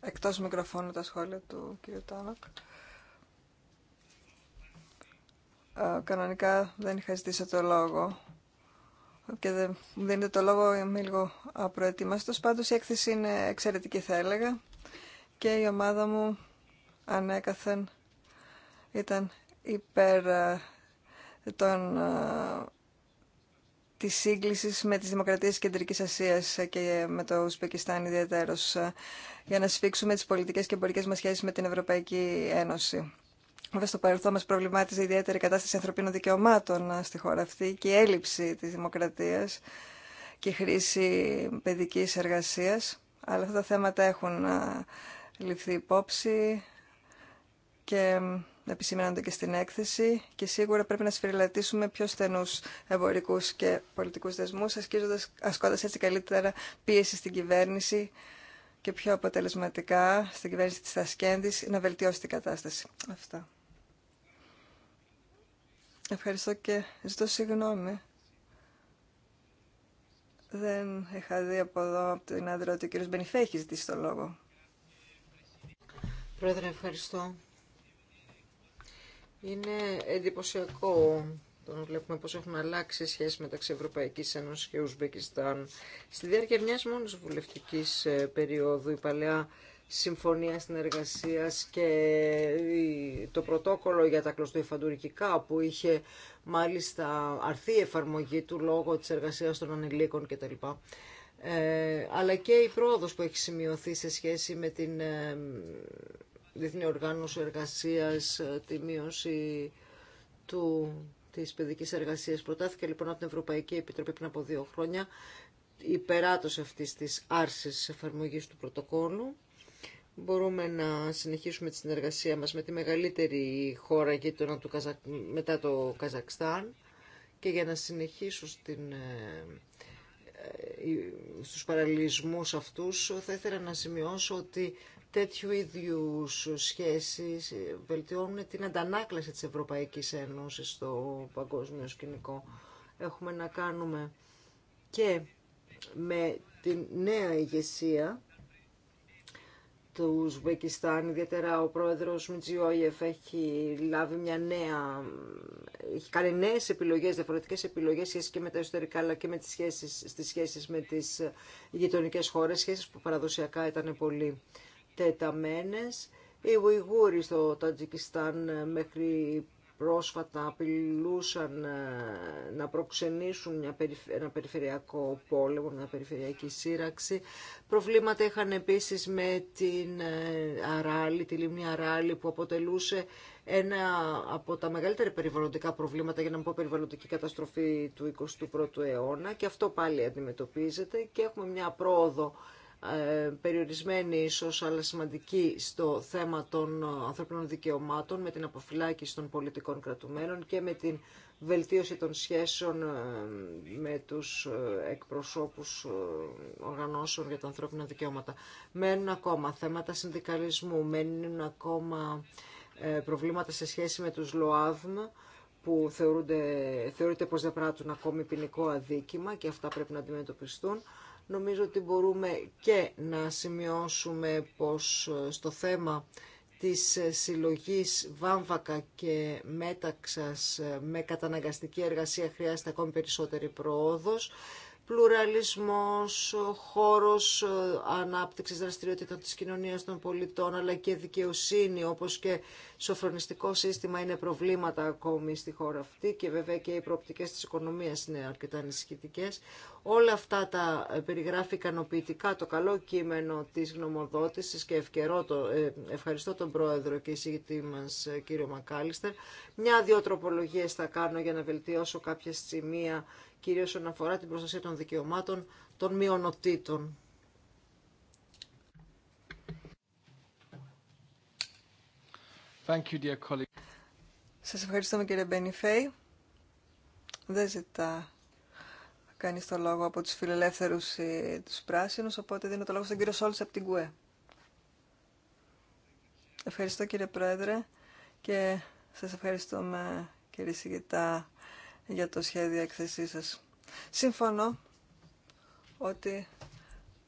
Εκτός μικροφώνου τα σχόλια του κ. Τάνοκ. Ε, κανονικά δεν είχα ζητήσει το λόγο και δεν δίνετε το λόγο, είμαι λίγο απροετοίμαστος. Πάντως η έκθεση είναι εξαιρετική θα έλεγα και η ομάδα μου ανέκαθεν ήταν υπέρ ε, των, ε, της σύγκλησης με τις δημοκρατίες της Κεντρικής Ασίας και με το Ουσπεκιστάν ιδιαίτερος ε, για να σφίξουμε τις πολιτικές και εμπορικές μας σχέσεις με την Ευρωπαϊκή Ένωση. Βέβαια στο παρελθόν μα προβλημάτιζε η ιδιαίτερη κατάσταση ανθρωπίνων δικαιωμάτων ε, στη χώρα αυτή και η έλλειψη τη δημοκρατία και η χρήση παιδική εργασία, Αλλά αυτά τα θέματα έχουν ε, ληφθεί υπόψη και επισημαίνονται και στην έκθεση και σίγουρα πρέπει να σφυριλατήσουμε πιο στενού εμπορικούς και πολιτικούς δεσμού, ασκώντα έτσι καλύτερα πίεση στην κυβέρνηση και πιο αποτελεσματικά στην κυβέρνηση της Τασκένδης να βελτιώσει την κατάσταση. Αυτά. Ευχαριστώ και ζητώ συγγνώμη. Δεν είχα δει από εδώ από την άντρα ότι ο κύριος Μπενιφέ έχει ζητήσει το λόγο. Πρόεδρε, ευχαριστώ. Είναι εντυπωσιακό να βλέπουμε πως έχουν αλλάξει οι σχέσεις μεταξύ Ευρωπαϊκής Ένωσης και Ουσμπεκιστάν. Στη διάρκεια μιας μόνο βουλευτικής ε, περίοδου η παλαιά συμφωνία συνεργασίας και το πρωτόκολλο για τα κλωστοιφαντουρκικά, που είχε μάλιστα αρθεί η εφαρμογή του λόγω της εργασίας των ανηλίκων κτλ. Ε, αλλά και η πρόοδος που έχει σημειωθεί σε σχέση με την ε, διεθνή οργάνωση εργασίας, ε, τη μείωση του, της παιδικής εργασίας. Προτάθηκε λοιπόν από την Ευρωπαϊκή Επιτροπή πριν από δύο χρόνια η αυτής της άρσης εφαρμογής του πρωτοκόλλου μπορούμε να συνεχίσουμε τη συνεργασία μας με τη μεγαλύτερη χώρα γείτονα του Καζακ... μετά το Καζακστάν και για να συνεχίσω στην, ε, ε, στους παραλληλισμούς αυτούς θα ήθελα να σημειώσω ότι τέτοιου ίδιου σχέσεις ε, βελτιώνουν την αντανάκλαση της Ευρωπαϊκής Ένωσης στο παγκόσμιο σκηνικό. Έχουμε να κάνουμε και με την νέα ηγεσία του Ουσβεκιστάν, ιδιαίτερα ο πρόεδρος Μιτζιόιεφ έχει λάβει μια νέα, έχει κάνει νέες επιλογές, διαφορετικές επιλογές σχέσεις και με τα εσωτερικά αλλά και με τις σχέσεις, στις σχέσεις με τις γειτονικέ χώρες, σχέσεις που παραδοσιακά ήταν πολύ τεταμένες. Οι Ουιγούροι στο Τατζικιστάν μέχρι πρόσφατα απειλούσαν ε, να προξενήσουν μια ένα περιφερειακό πόλεμο, μια περιφερειακή σύραξη. Προβλήματα είχαν επίσης με την ε, Αράλη, τη λίμνη Αράλη που αποτελούσε ένα από τα μεγαλύτερα περιβαλλοντικά προβλήματα, για να μην πω περιβαλλοντική καταστροφή του 21ου αιώνα και αυτό πάλι αντιμετωπίζεται και έχουμε μια πρόοδο ε, περιορισμένη ίσως αλλά σημαντική στο θέμα των ανθρωπίνων δικαιωμάτων με την αποφυλάκηση των πολιτικών κρατουμένων και με την βελτίωση των σχέσεων ε, με τους ε, εκπροσώπους οργανώσεων για τα ανθρώπινα δικαιώματα. Μένουν ακόμα θέματα συνδικαλισμού, μένουν ακόμα προβλήματα σε σχέση με τους ΛΟΑΔΜ που θεωρούνται, θεωρείται πως δεν πράττουν ακόμη ποινικό αδίκημα και αυτά πρέπει να αντιμετωπιστούν. Νομίζω ότι μπορούμε και να σημειώσουμε πως ε, στο θέμα της ε, συλλογής βάμβακα και μέταξας ε, με καταναγκαστική εργασία χρειάζεται ακόμη περισσότερη προόδος πλουραλισμός, χώρος ε, ανάπτυξης δραστηριότητα της κοινωνίας των πολιτών, αλλά και δικαιοσύνη, όπως και σοφρονιστικό σύστημα είναι προβλήματα ακόμη στη χώρα αυτή και βέβαια και οι προοπτικές της οικονομίας είναι αρκετά ανησυχητικέ. Όλα αυτά τα ε, περιγράφει ικανοποιητικά το καλό κείμενο της γνωμοδότησης και το, ε, ευχαριστώ τον πρόεδρο και εισηγητή μας κύριο Μακάλιστερ. Μια-δυο τροπολογίες θα κάνω για να βελτιώσω κάποια σημεία κυρίως όσον αφορά την προστασία των δικαιωμάτων των μειονοτήτων. Thank you, Σας ευχαριστούμε κύριε Μπενιφέη. Δεν ζητά κάνει το λόγο από τους φιλελεύθερους ή τους πράσινους, οπότε δίνω το λόγο στον κύριο Σόλτς από την ΚΟΕ. Ευχαριστώ κύριε Πρόεδρε και σας ευχαριστούμε κύριε Σιγητά για το σχέδιο έκθεσή σας. Συμφωνώ ότι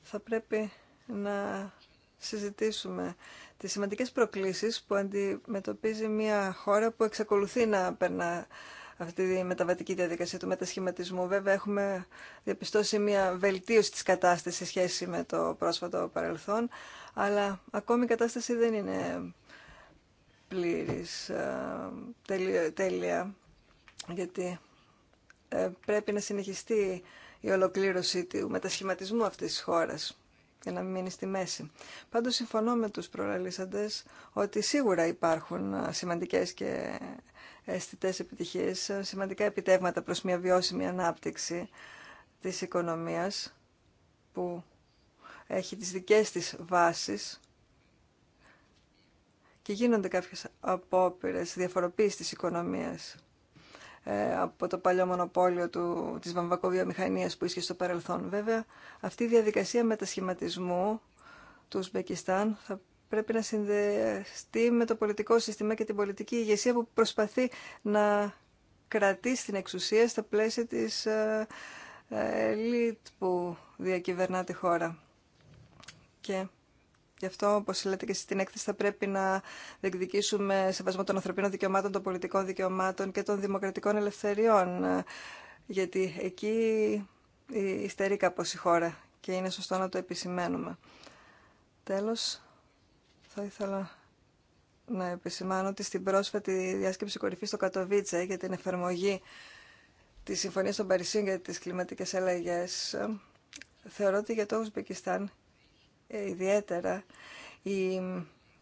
θα πρέπει να συζητήσουμε τις σημαντικές προκλήσεις που αντιμετωπίζει μια χώρα που εξακολουθεί να περνά αυτή τη μεταβατική διαδικασία του μετασχηματισμού. Βέβαια, έχουμε διαπιστώσει μια βελτίωση της κατάστασης σε σχέση με το πρόσφατο παρελθόν, αλλά ακόμη η κατάσταση δεν είναι πλήρης, ε, τέλεια, γιατί ε, πρέπει να συνεχιστεί η ολοκλήρωση του μετασχηματισμού αυτής της χώρας για να μην μείνει στη μέση. Πάντως συμφωνώ με τους προλαλήσαντες ότι σίγουρα υπάρχουν ε, σημαντικές και αισθητέ επιτυχίες, ε, σημαντικά επιτεύγματα προς μια βιώσιμη ανάπτυξη της οικονομίας που έχει τις δικές της βάσεις και γίνονται κάποιες απόπειρες διαφοροποίηση της οικονομίας. Ε, από το παλιό μονοπόλιο του, της βαμβακοβιομηχανίας που ίσχυε στο παρελθόν. Βέβαια, αυτή η διαδικασία μετασχηματισμού του Ουσμπεκιστάν θα πρέπει να συνδεστεί με το πολιτικό σύστημα και την πολιτική ηγεσία που προσπαθεί να κρατήσει την εξουσία στα πλαίσια της ε, ε, ελίτ που διακυβερνά τη χώρα. Και Γι' αυτό, όπω λέτε και στην έκθεση, θα πρέπει να διεκδικήσουμε σεβασμό των ανθρωπίνων δικαιωμάτων, των πολιτικών δικαιωμάτων και των δημοκρατικών ελευθεριών. Γιατί εκεί υστερεί κάπω η χώρα και είναι σωστό να το επισημαίνουμε. Τέλο, θα ήθελα να επισημάνω ότι στην πρόσφατη διάσκεψη κορυφή στο Κατοβίτσα για την εφαρμογή τη Συμφωνία των Παρισίων για τι κλιματικέ αλλαγέ, ε, θεωρώ ότι για το Ουσμπεκιστάν ε, ιδιαίτερα η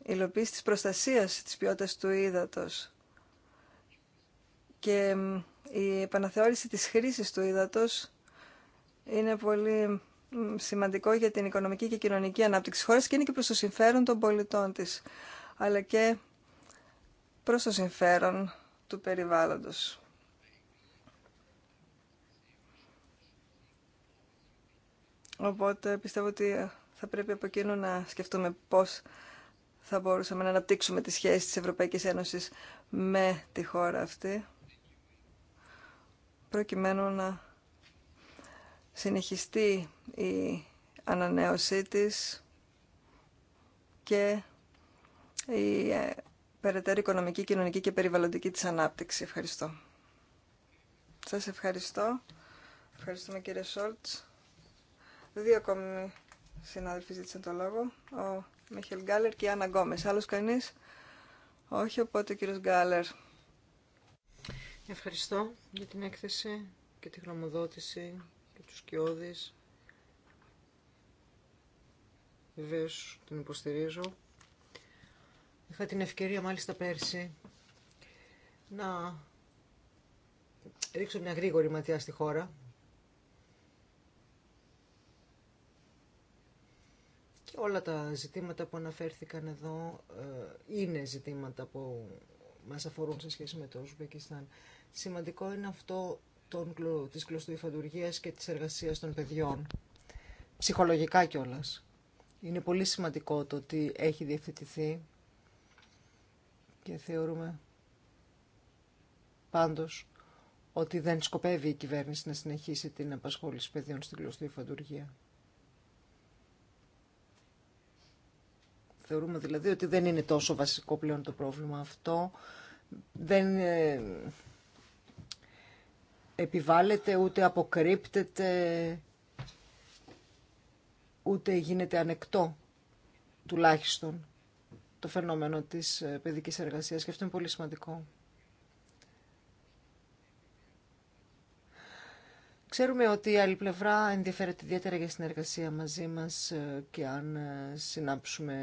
υλοποίηση της προστασίας της ποιότητας του ύδατος και η επαναθεώρηση της χρήσης του ύδατος είναι πολύ σημαντικό για την οικονομική και κοινωνική ανάπτυξη της χώρας και είναι και προς το συμφέρον των πολιτών της, αλλά και προς το συμφέρον του περιβάλλοντος. Οπότε πιστεύω ότι θα πρέπει από εκείνο να σκεφτούμε πώς θα μπορούσαμε να αναπτύξουμε τις σχέσεις της Ευρωπαϊκής Ένωσης με τη χώρα αυτή, προκειμένου να συνεχιστεί η ανανέωσή της και η ε, περαιτέρω οικονομική, κοινωνική και περιβαλλοντική της ανάπτυξη. Ευχαριστώ. Σας ευχαριστώ. Ευχαριστούμε κύριε Σόλτς. Δύο ακόμη συνάδελφοι ζήτησαν το λόγο. Ο Μίχελ Γκάλερ και η Άννα Γκόμες. Άλλος κανείς? Όχι, οπότε ο κύριος Γκάλερ. Ευχαριστώ για την έκθεση και τη γραμμοδότηση και τους κοιόδης. Βεβαίω την υποστηρίζω. Είχα την ευκαιρία μάλιστα πέρσι να ρίξω μια γρήγορη ματιά στη χώρα Όλα τα ζητήματα που αναφέρθηκαν εδώ ε, είναι ζητήματα που μας αφορούν σε σχέση με το Ουσμπεκιστάν. Σημαντικό είναι αυτό τον, της κλωστοϊφαντουργίας και της εργασίας των παιδιών. Ψυχολογικά κιόλα. Είναι πολύ σημαντικό το ότι έχει διευθετηθεί και θεωρούμε πάντως ότι δεν σκοπεύει η κυβέρνηση να συνεχίσει την απασχόληση παιδιών στην κλωστή Θεωρούμε δηλαδή ότι δεν είναι τόσο βασικό πλέον το πρόβλημα αυτό. Δεν ε, επιβάλλεται, ούτε αποκρύπτεται, ούτε γίνεται ανεκτό τουλάχιστον το φαινόμενο της ε, παιδικής εργασίας και αυτό είναι πολύ σημαντικό. Ξέρουμε ότι η άλλη πλευρά ενδιαφέρεται ιδιαίτερα για συνεργασία μαζί μας ε, και αν ε, συνάψουμε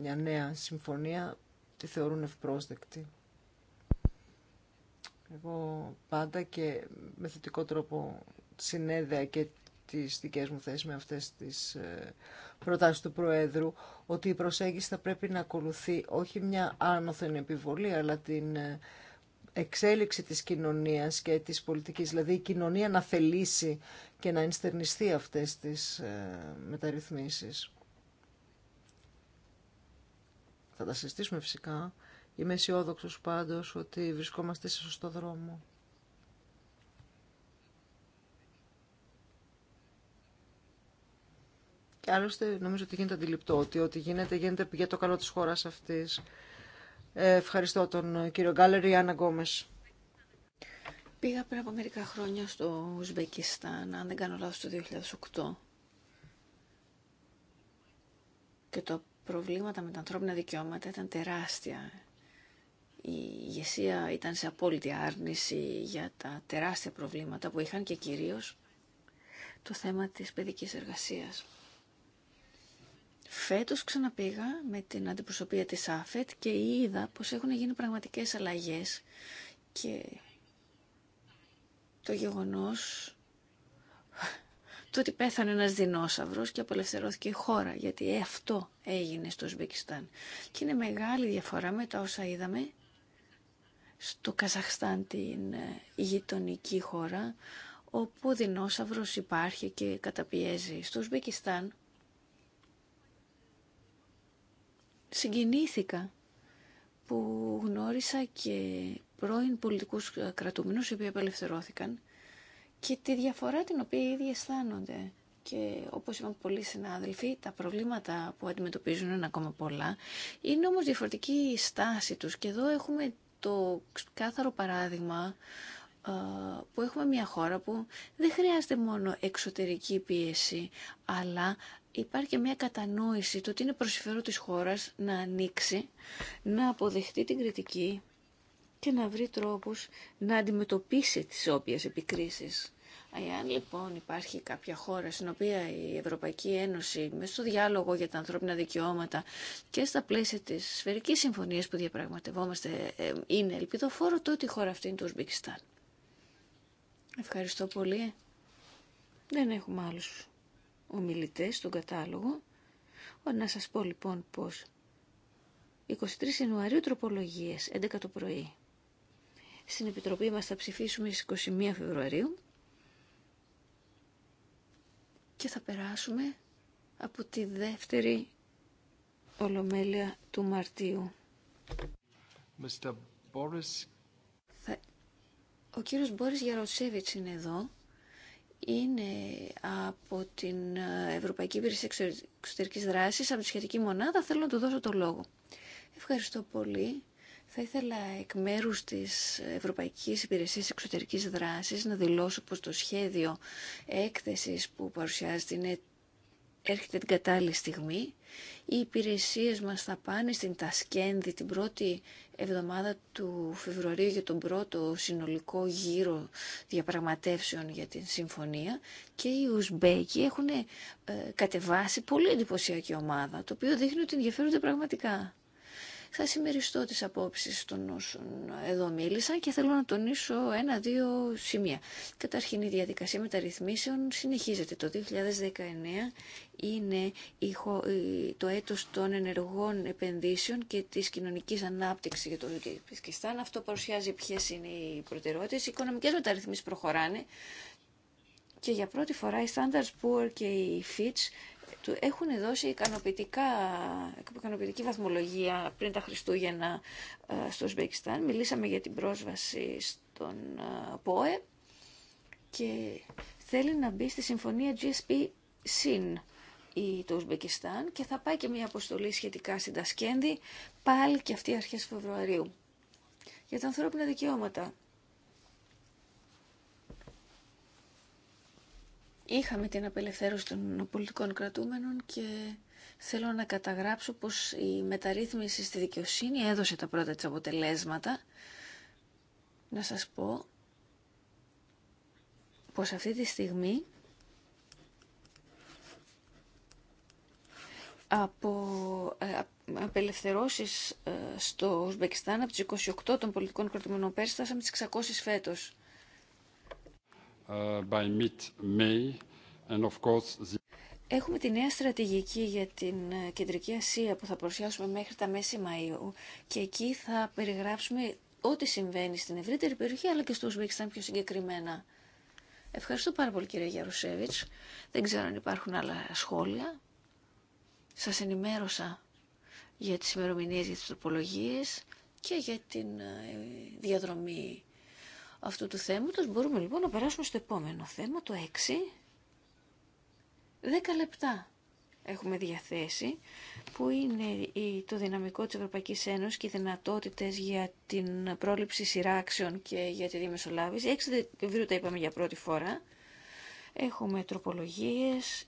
μια νέα συμφωνία τη θεωρούν ευπρόσδεκτη. Εγώ πάντα και με θετικό τρόπο συνέδεα και τις δικές μου θέσεις με αυτές τις ε, προτάσεις του Προέδρου ότι η προσέγγιση θα πρέπει να ακολουθεί όχι μια άνωθεν επιβολή αλλά την εξέλιξη της κοινωνίας και της πολιτικής. Δηλαδή η κοινωνία να θελήσει και να ενστερνιστεί αυτές τις ε, μεταρρυθμίσεις. Θα τα συστήσουμε φυσικά. Είμαι αισιόδοξο πάντως ότι βρισκόμαστε σε σωστό δρόμο. Και άλλωστε νομίζω ότι γίνεται αντιληπτό ότι ό,τι γίνεται γίνεται για το καλό της χώρας αυτής. Ευχαριστώ τον κύριο Γκάλερη, Άννα Γκόμες. Πήγα πριν από μερικά χρόνια στο Ουσμπεκιστάν, αν δεν κάνω λάθος, το 2008. Και τα προβλήματα με τα ανθρώπινα δικαιώματα ήταν τεράστια. Η ηγεσία ήταν σε απόλυτη άρνηση για τα τεράστια προβλήματα που είχαν και κυρίως το θέμα της παιδικής εργασίας. Φέτος ξαναπήγα με την αντιπροσωπεία της ΑΦΕΤ και είδα πως έχουν γίνει πραγματικές αλλαγές και το γεγονός το ότι πέθανε ένας δεινόσαυρος και απελευθερώθηκε η χώρα, γιατί αυτό έγινε στο Ουσμπεκιστάν. Και είναι μεγάλη διαφορά με τα όσα είδαμε στο Καζαχστάν, την ε, γειτονική χώρα, όπου ο δεινόσαυρος υπάρχει και καταπιέζει. Στο Ουσμπεκιστάν συγκινήθηκα που γνώρισα και πρώην πολιτικούς ε, κρατούμενους οι οποίοι απελευθερώθηκαν και τη διαφορά την οποία οι αισθάνονται. Και όπως είπαν πολλοί συνάδελφοι, τα προβλήματα που αντιμετωπίζουν είναι ακόμα πολλά. Είναι όμως διαφορετική η στάση τους. Και εδώ έχουμε το κάθαρο παράδειγμα ε, που έχουμε μια χώρα που δεν χρειάζεται μόνο εξωτερική πίεση, αλλά υπάρχει και μια κατανόηση του ότι είναι προσφέρον της χώρας να ανοίξει, να αποδεχτεί την κριτική και να βρει τρόπους να αντιμετωπίσει τις όποιες επικρίσεις. Εάν λοιπόν υπάρχει κάποια χώρα στην οποία η Ευρωπαϊκή Ένωση με στο διάλογο για τα ανθρώπινα δικαιώματα και στα πλαίσια της σφαιρικής συμφωνίας που διαπραγματευόμαστε ε, είναι ελπιδοφόρο, τότε η χώρα αυτή είναι το Ουσμπικιστάν. Ευχαριστώ πολύ. Δεν έχουμε άλλους ομιλητές στον κατάλογο. Να σας πω λοιπόν πως 23 Ιανουαρίου τροπολογίες, 11 το πρωί. Στην Επιτροπή μας θα ψηφίσουμε στις 21 Φεβρουαρίου και θα περάσουμε από τη δεύτερη Ολομέλεια του Μαρτίου. Boris... Θα... Ο κύριος Μπόρις Γιαροσέβιτς είναι εδώ είναι από την ε, Ευρωπαϊκή Υπηρεσία Εξωτερικής Δράσης, από τη σχετική μονάδα. Θέλω να του δώσω το λόγο. Ευχαριστώ πολύ. Θα ήθελα εκ μέρου τη Ευρωπαϊκή Υπηρεσία Εξωτερική Δράση να δηλώσω πω το σχέδιο έκθεση που παρουσιάζεται είναι έρχεται την κατάλληλη στιγμή. Οι υπηρεσίες μας θα πάνε στην Τασκένδη την πρώτη εβδομάδα του Φεβρουαρίου για τον πρώτο συνολικό γύρο διαπραγματεύσεων για την συμφωνία και οι Ουσμπέκοι έχουν ε, κατεβάσει πολύ εντυπωσιακή ομάδα, το οποίο δείχνει ότι ενδιαφέρονται πραγματικά θα συμμεριστώ τις απόψεις των όσων εδώ μίλησαν και θέλω να τονίσω ένα-δύο σημεία. Καταρχήν η διαδικασία μεταρρυθμίσεων συνεχίζεται. Το 2019 είναι το έτος των ενεργών επενδύσεων και της κοινωνικής ανάπτυξης για το Ουσбекιστάν. Αυτό παρουσιάζει ποιε είναι οι προτεραιότητες. Οι οικονομικές μεταρρυθμίσεις προχωράνε και για πρώτη φορά οι Standards Poor και οι Fitch του έχουν δώσει ικανοποιητικά, ικανοποιητική βαθμολογία πριν τα Χριστούγεννα ε, στο Σμπέκιστάν. Μιλήσαμε για την πρόσβαση στον ε, ΠΟΕ και θέλει να μπει στη συμφωνία GSP-SYN το Ουσμπεκιστάν και θα πάει και μια αποστολή σχετικά στην Τασκένδη πάλι και αυτή αρχές Φεβρουαρίου. Για τα ανθρώπινα δικαιώματα Είχαμε την απελευθέρωση των πολιτικών κρατούμενων και θέλω να καταγράψω πως η μεταρρύθμιση στη δικαιοσύνη έδωσε τα πρώτα της αποτελέσματα. Να σας πω πως αυτή τη στιγμή από ε, απελευθερώσεις ε, στο Ουσμπεκιστάν από τις 28 των πολιτικών κρατουμένων πέρσι φτάσαμε τις 600 φέτος. Uh, Έχουμε τη νέα στρατηγική για την ε, Κεντρική Ασία που θα παρουσιάσουμε μέχρι τα μέση Μαΐου και εκεί θα περιγράψουμε ό,τι συμβαίνει στην ευρύτερη περιοχή αλλά και στο Ουσβέκισταν πιο συγκεκριμένα. Ευχαριστώ πάρα πολύ κύριε Γιαρουσέβιτς. Δεν ξέρω αν υπάρχουν άλλα σχόλια. Σας ενημέρωσα για τις ημερομηνίες, για τις τροπολογίες και για την ε, διαδρομή αυτού του θέματος. Μπορούμε λοιπόν να περάσουμε στο επόμενο θέμα, το 6. 10 λεπτά έχουμε διαθέσει, που είναι το δυναμικό της Ευρωπαϊκής Ένωσης και οι δυνατότητες για την πρόληψη σειράξεων και για τη διμεσολάβηση. 6 Δεκεμβρίου τα είπαμε για πρώτη φορά. Έχουμε τροπολογίες.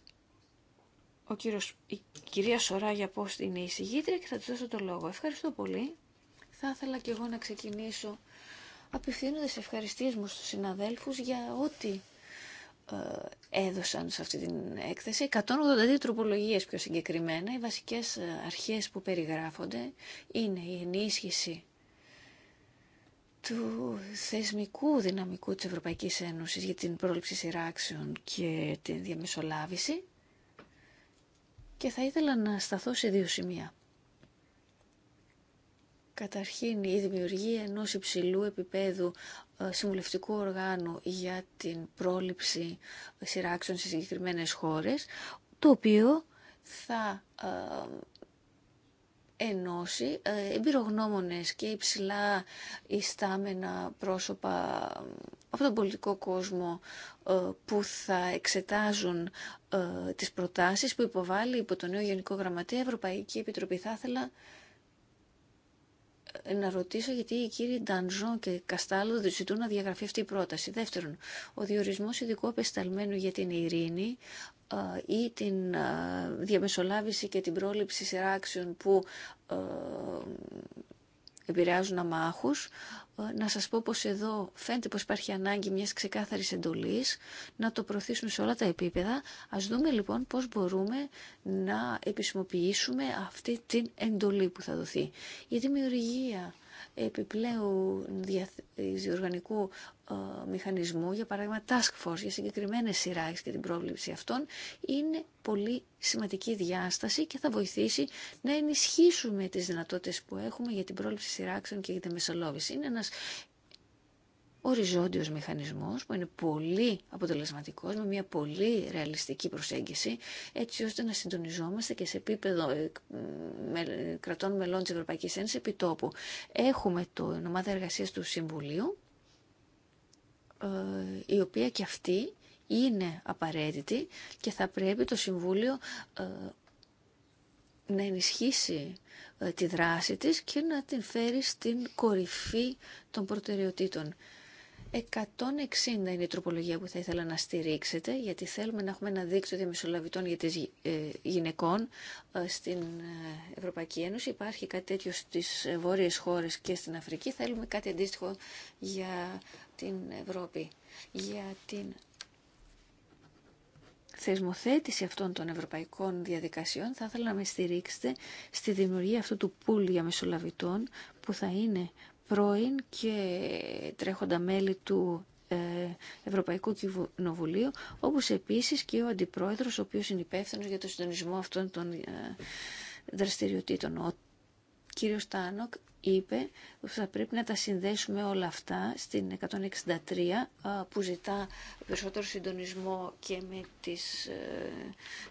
Ο κύριος, η κυρία Σοράγια πώς είναι η συγγήτρια και θα της δώσω το λόγο. Ευχαριστώ πολύ. Θα ήθελα και εγώ να ξεκινήσω απευθύνονται σε ευχαριστίες μου στους συναδέλφους για ό,τι ε, έδωσαν σε αυτή την έκθεση 182 τροπολογίες πιο συγκεκριμένα οι βασικές ε, αρχές που περιγράφονται είναι η ενίσχυση του θεσμικού δυναμικού της Ευρωπαϊκής Ένωσης για την πρόληψη σειράξεων και την διαμεσολάβηση και θα ήθελα να σταθώ σε δύο σημεία. Καταρχήν, η δημιουργία ενός υψηλού επίπεδου ε, συμβουλευτικού οργάνου για την πρόληψη σειράξεων σε συγκεκριμένε χώρες, το οποίο θα ε, ενώσει ε, εμπειρογνώμονες και υψηλά ιστάμενα πρόσωπα από τον πολιτικό κόσμο που θα εξετάζουν τις προτάσεις που υποβάλλει υπό το νέο Γενικό Γραμματέα Ευρωπαϊκή Επιτροπή. Θα να ρωτήσω γιατί οι κύριοι Ντανζόν και Καστάλο ζητούν να διαγραφεί αυτή η πρόταση. Δεύτερον, ο διορισμός ειδικού απεσταλμένου για την ειρήνη ε, ή την ε, διαμεσολάβηση και την πρόληψη σειράξεων που ε, επηρεάζουν αμάχους ε, να σας πω πως εδώ φαίνεται πως υπάρχει ανάγκη μιας ξεκάθαρης εντολής, να το προωθήσουμε σε όλα τα επίπεδα. Ας δούμε λοιπόν πώς μπορούμε να επισημοποιήσουμε αυτή την εντολή που θα δοθεί. Η δημιουργία επιπλέον διοργανικού ε, μηχανισμού, για παράδειγμα task force, για συγκεκριμένες σειράξεις και την πρόβληψη αυτών, είναι πολύ σημαντική διάσταση και θα βοηθήσει να ενισχύσουμε τις δυνατότητες που έχουμε για την πρόληψη σειράξεων και για τη μεσολόβηση. Είναι ένας οριζόντιος μηχανισμός που είναι πολύ αποτελεσματικός με μια πολύ ρεαλιστική προσέγγιση έτσι ώστε να συντονιζόμαστε και σε επίπεδο ε, κρατών μελών της Ευρωπαϊκής Ένωσης τόπου. Έχουμε το ομάδα εργασίας του Συμβουλίου ε, η οποία και αυτή είναι απαραίτητη και θα πρέπει το Συμβούλιο ε, να ενισχύσει τη δράση της και να την φέρει στην κορυφή των προτεραιοτήτων. 160 είναι η τροπολογία που θα ήθελα να στηρίξετε, γιατί θέλουμε να έχουμε ένα δίκτυο διαμεσολαβητών για τις ε, γυναικών ε, στην ε, Ευρωπαϊκή Ένωση. Υπάρχει κάτι τέτοιο στις βόρειες χώρες και στην Αφρική. Θέλουμε κάτι αντίστοιχο για την Ευρώπη, για την θεσμοθέτηση αυτών των ευρωπαϊκών διαδικασιών. Θα ήθελα να με στηρίξετε στη δημιουργία αυτού του πουλ για που θα είναι πρώην και τρέχοντα μέλη του ε, Ευρωπαϊκού Κοινοβουλίου, όπως επίσης και ο Αντιπρόεδρος, ο οποίος είναι υπεύθυνο για το συντονισμό αυτών των ε, δραστηριοτήτων. Ο κύριος στάνοκ είπε ότι θα πρέπει να τα συνδέσουμε όλα αυτά στην 163 που ζητά περισσότερο συντονισμό και με τις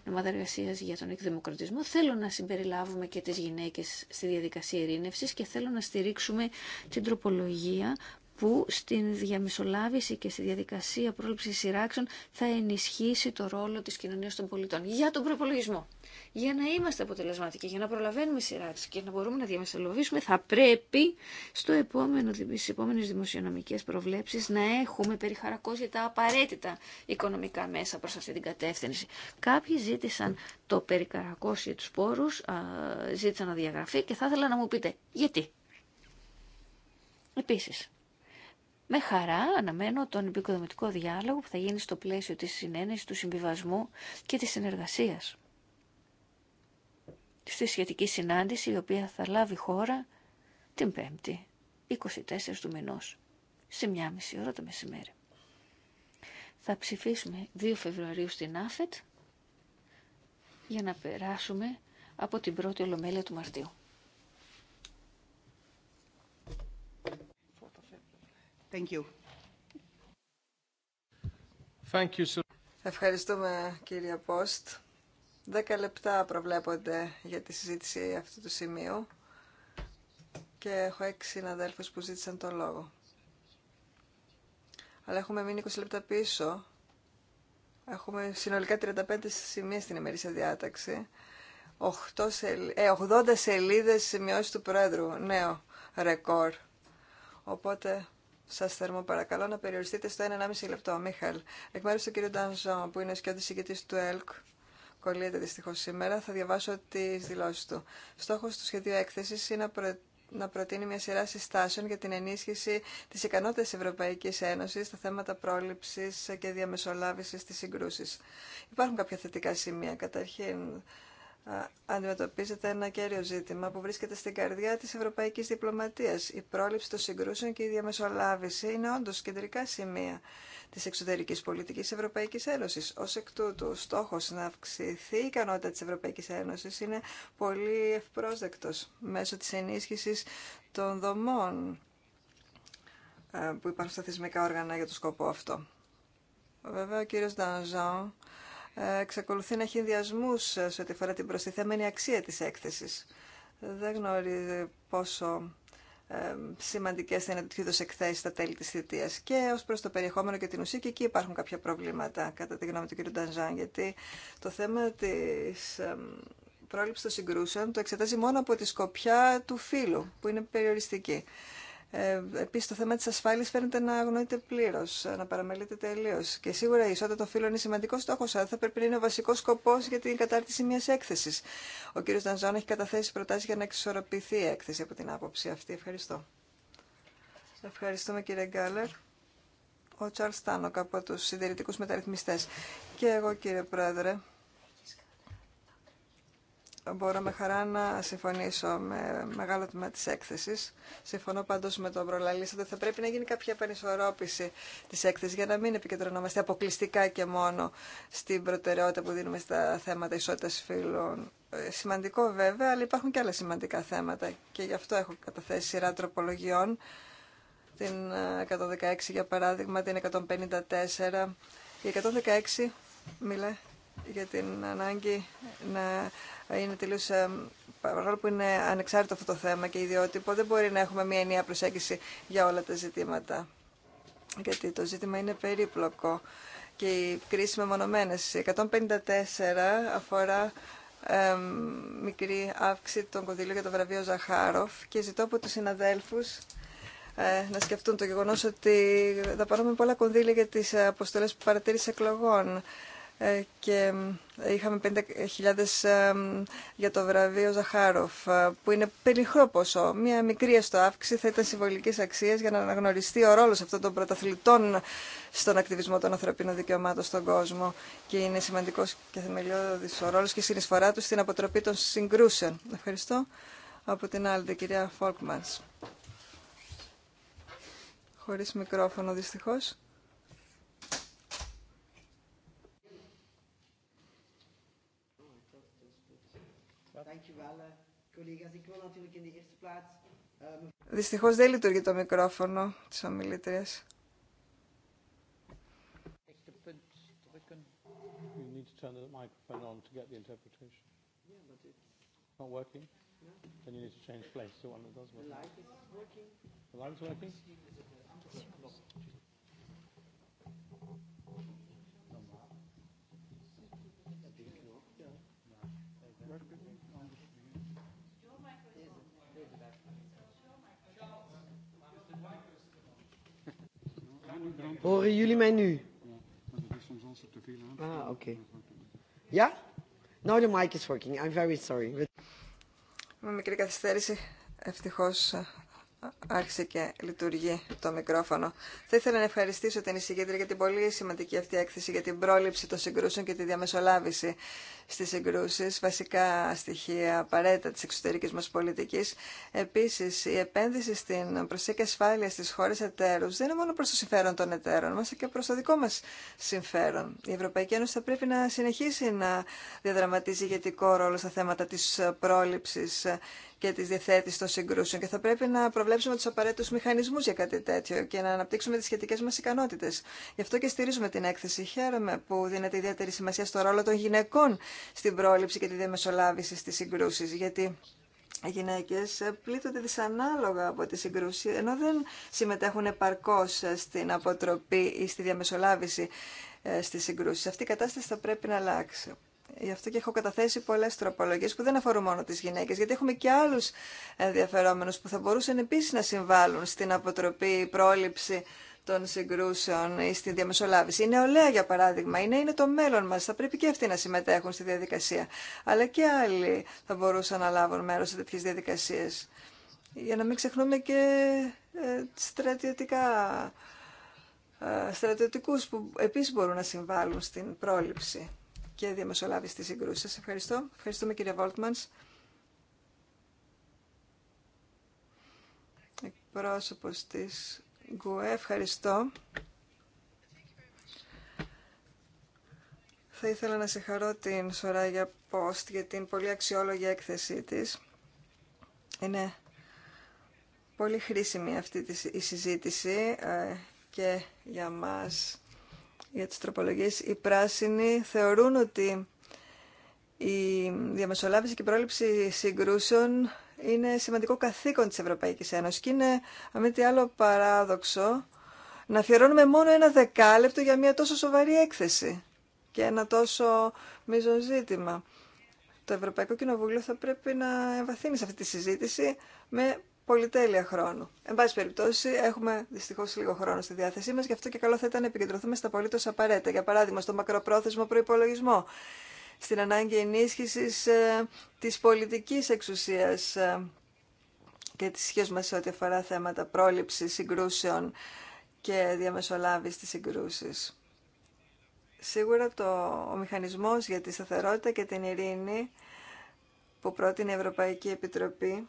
νομαδεργασίες ε, για τον εκδημοκρατισμό. Θέλω να συμπεριλάβουμε και τις γυναίκες στη διαδικασία ειρήνευσης και θέλω να στηρίξουμε την τροπολογία που στην διαμεσολάβηση και στη διαδικασία πρόληψη σειράξεων θα ενισχύσει το ρόλο τη κοινωνία των πολιτών για τον προπολογισμό. Για να είμαστε αποτελεσματικοί, για να προλαβαίνουμε σειράξει και να μπορούμε να διαμεσολαβήσουμε, θα πρέπει στο επόμενο, στις επόμενες δημοσιονομικές προβλέψεις να έχουμε περιχαρακώσει τα απαραίτητα οικονομικά μέσα προ αυτή την κατεύθυνση. Κάποιοι ζήτησαν το περικαρακώσει του πόρου, ζήτησαν να διαγραφεί και θα ήθελα να μου πείτε γιατί. Επίσης, με χαρά αναμένω τον επικοδομητικό διάλογο που θα γίνει στο πλαίσιο της συνένεσης, του συμβιβασμού και της συνεργασίας. Στη σχετική συνάντηση η οποία θα λάβει χώρα την 5η, 24 του μηνός, σε μια μισή ώρα το μεσημέρι. Θα ψηφίσουμε 2 Φεβρουαρίου στην ΑΦΕΤ για να περάσουμε από την πρώτη ολομέλεια του Μαρτίου. Ευχαριστούμε κύριε Πόστ. Δέκα λεπτά προβλέπονται για τη συζήτηση αυτού του σημείου και έχω έξι συναδέλφους που ζήτησαν τον λόγο. Αλλά έχουμε μείνει 20 λεπτά πίσω. Έχουμε συνολικά 35 σημεία στην ημερήσια διάταξη. 8 80 ε, σελίδες σημειώσει του Πρόεδρου. Νέο ρεκόρ. Οπότε Σα θερμό παρακαλώ να περιοριστείτε στο 1,5 λεπτό. Μίχαλ, εκ μέρου του κ. Ντάνζο, που είναι ο σκιώδη ηγητή του ΕΛΚ, κολλείται δυστυχώ σήμερα, θα διαβάσω τι δηλώσει του. Στόχο του σχεδίου έκθεση είναι να να προτείνει μια σειρά συστάσεων για την ενίσχυση τη ικανότητα Ευρωπαϊκή Ένωση στα θέματα πρόληψη και διαμεσολάβηση τη συγκρούση. Υπάρχουν κάποια θετικά σημεία. Καταρχήν, αντιμετωπίζεται ένα κέριο ζήτημα που βρίσκεται στην καρδιά της ευρωπαϊκής διπλωματίας. Η πρόληψη των συγκρούσεων και η διαμεσολάβηση είναι όντως κεντρικά σημεία της εξωτερικής πολιτικής Ευρωπαϊκής Ένωσης. Ως εκ τούτου, στόχος να αυξηθεί η ικανότητα της Ευρωπαϊκής Ένωσης είναι πολύ ευπρόσδεκτος μέσω της ενίσχυσης των δομών ε, που υπάρχουν στα θεσμικά όργανα για το σκοπό αυτό. Βέβαια, ο κύριος εξακολουθεί να έχει ενδιασμού σε ό,τι αφορά την προστιθέμενη αξία της έκθεσης. Δεν γνωρίζει πόσο ε, σημαντικέ θα είναι τέτοιου είδου εκθέσει στα τέλη τη θητεία. Και ω προ το περιεχόμενο και την ουσία, και εκεί υπάρχουν κάποια προβλήματα, κατά τη γνώμη του κ. Ντανζάν, γιατί το θέμα τη ε, πρόληψη των συγκρούσεων το εξετάζει μόνο από τη σκοπιά του φύλου, που είναι περιοριστική. Ε, Επίση, το θέμα τη ασφάλεια φαίνεται να αγνοείται πλήρω, να παραμελείται τελείω. Και σίγουρα η ισότητα των φύλων είναι σημαντικό στόχο, αλλά θα πρέπει να είναι ο βασικό σκοπό για την κατάρτιση μια έκθεση. Ο κ. Ντανζάν έχει καταθέσει προτάσει για να εξισορροπηθεί η έκθεση από την άποψη αυτή. Ευχαριστώ. Ευχαριστούμε κύριε Γκάλερ. Ο Τσάρλ Τάνοκ από του συντηρητικού μεταρρυθμιστέ. Και εγώ κύριε Πρόεδρε μπορώ με χαρά να συμφωνήσω με μεγάλο τμήμα της έκθεσης. Συμφωνώ πάντως με τον προλαλήσατε ότι θα πρέπει να γίνει κάποια επανισορρόπηση της έκθεσης για να μην επικεντρωνόμαστε αποκλειστικά και μόνο στην προτεραιότητα που δίνουμε στα θέματα ισότητας φύλων. Ε, σημαντικό βέβαια, αλλά υπάρχουν και άλλα σημαντικά θέματα και γι' αυτό έχω καταθέσει σειρά τροπολογιών την 116 ε, για παράδειγμα, την 154. Η 116 μιλάει για την ανάγκη να είναι τελείως, ε, παρόλο που είναι ανεξάρτητο αυτό το θέμα και ιδιότυπο, δεν μπορεί να έχουμε μια ενιαία προσέγγιση για όλα τα ζητήματα. Γιατί το ζήτημα είναι περίπλοκο και οι με μονομένες 154 αφορά μικρή αύξηση των κονδύλων για το βραβείο Ζαχάροφ και ζητώ από τους συναδέλφους ε, να σκεφτούν το γεγονός ότι πάρουμε πολλά κονδύλια για τις ε, αποστολές παρατήρησε εκλογών. Ε, και είχαμε 5.000 ε, για το βραβείο Ζαχάροφ, ε, που είναι πενιχρό ποσό. Μία μικρή στο αύξηση θα ήταν συμβολική αξία για να αναγνωριστεί ο ρόλο αυτών των πρωταθλητών στον ακτιβισμό των ανθρωπίνων δικαιωμάτων στον κόσμο. Και είναι σημαντικό και θεμελιώδη ο ρόλο και η συνεισφορά του στην αποτροπή των συγκρούσεων. Ευχαριστώ. Από την άλλη, κυρία Φόλκμαν. Χωρίς μικρόφωνο δυστυχώς. Δυστυχώς δεν λειτουργεί το μικρόφωνο της ομιλήτριας. Horen jullie mij nu? Ah, oké. Okay. Ja? Now the mic is working. I'm very sorry. Με μικρή καθυστέρηση, ευτυχώς άρχισε και λειτουργεί το μικρόφωνο. Θα ήθελα να ευχαριστήσω την εισηγήτρια για την πολύ σημαντική αυτή έκθεση για την πρόληψη των συγκρούσεων και τη διαμεσολάβηση στις συγκρούσεις, βασικά στοιχεία απαραίτητα της εξωτερικής μας πολιτικής. Επίσης, η επένδυση στην προσέγγιση ασφάλεια στις χώρες εταίρους δεν είναι μόνο προς το συμφέρον των εταίρων μας, αλλά και προς το δικό μας συμφέρον. Η Ευρωπαϊκή Ένωση θα πρέπει να συνεχίσει να διαδραματίζει ηγετικό ρόλο στα θέματα της πρόληψης και τη διαθέτηση των συγκρούσεων. Και θα πρέπει να προβλέψουμε τους απαραίτητους μηχανισμούς για κάτι τέτοιο και να αναπτύξουμε τις σχετικές μα ικανότητε. Γι' αυτό και στηρίζουμε την έκθεση. Χαίρομαι που δίνεται ιδιαίτερη σημασία στο ρόλο των γυναικών στην πρόληψη και τη διαμεσολάβηση στις συγκρούσει. Γιατί οι γυναίκε πλήττονται δυσανάλογα από τη συγκρούση, ενώ δεν συμμετέχουν επαρκώ στην αποτροπή ή στη διαμεσολάβηση ε, στι συγκρούσει. Αυτή η κατάσταση θα πρέπει να αλλάξει. Γι' αυτό και έχω καταθέσει πολλέ τροπολογίε που δεν αφορούν μόνο τι γυναίκε, γιατί έχουμε και άλλου ενδιαφερόμενου που θα μπορούσαν επίση να συμβάλλουν στην αποτροπή, η πρόληψη των συγκρούσεων ή στη διαμεσολάβηση. Η νεολαία, για παράδειγμα, είναι, είναι το μέλλον μα. Θα πρέπει και αυτοί να συμμετέχουν στη διαδικασία. Αλλά και άλλοι θα μπορούσαν να λάβουν μέρο σε τέτοιε διαδικασίε. Για να μην ξεχνούμε και ε, στρατιωτικά ε, στρατιωτικούς που επίσης μπορούν να συμβάλλουν στην πρόληψη και διαμεσολάβει της σύγκρουση. Σας ευχαριστώ. Ευχαριστούμε κύριε Βόλτμανς. Εκπρόσωπος της ΓΚΟΕ, ευχαριστώ. Θα ήθελα να συγχαρώ την Σωράγια πόστ για την πολύ αξιόλογη έκθεσή της. Είναι πολύ χρήσιμη αυτή η συζήτηση ε, και για μας για τις τροπολογίες. Οι πράσινοι θεωρούν ότι η διαμεσολάβηση και η πρόληψη συγκρούσεων είναι σημαντικό καθήκον της Ευρωπαϊκής Ένωσης και είναι, αν τι άλλο παράδοξο, να αφιερώνουμε μόνο ένα δεκάλεπτο για μια τόσο σοβαρή έκθεση και ένα τόσο μείζον ζήτημα. Το Ευρωπαϊκό Κοινοβούλιο θα πρέπει να εμβαθύνει σε αυτή τη συζήτηση με πολυτέλεια χρόνου. Εν πάση περιπτώσει, έχουμε δυστυχώ λίγο χρόνο στη διάθεσή μα, γι' αυτό και καλό θα ήταν να επικεντρωθούμε στα απολύτω απαραίτητα. Για παράδειγμα, στο μακροπρόθεσμο προπολογισμό, στην ανάγκη ενίσχυση ε, τη πολιτική εξουσία ε, και τη σχέση μα σε ό,τι αφορά θέματα πρόληψη συγκρούσεων και διαμεσολάβηση τη συγκρούση. Σίγουρα το, ο μηχανισμός για τη σταθερότητα και την ειρήνη που πρότεινε η Ευρωπαϊκή Επιτροπή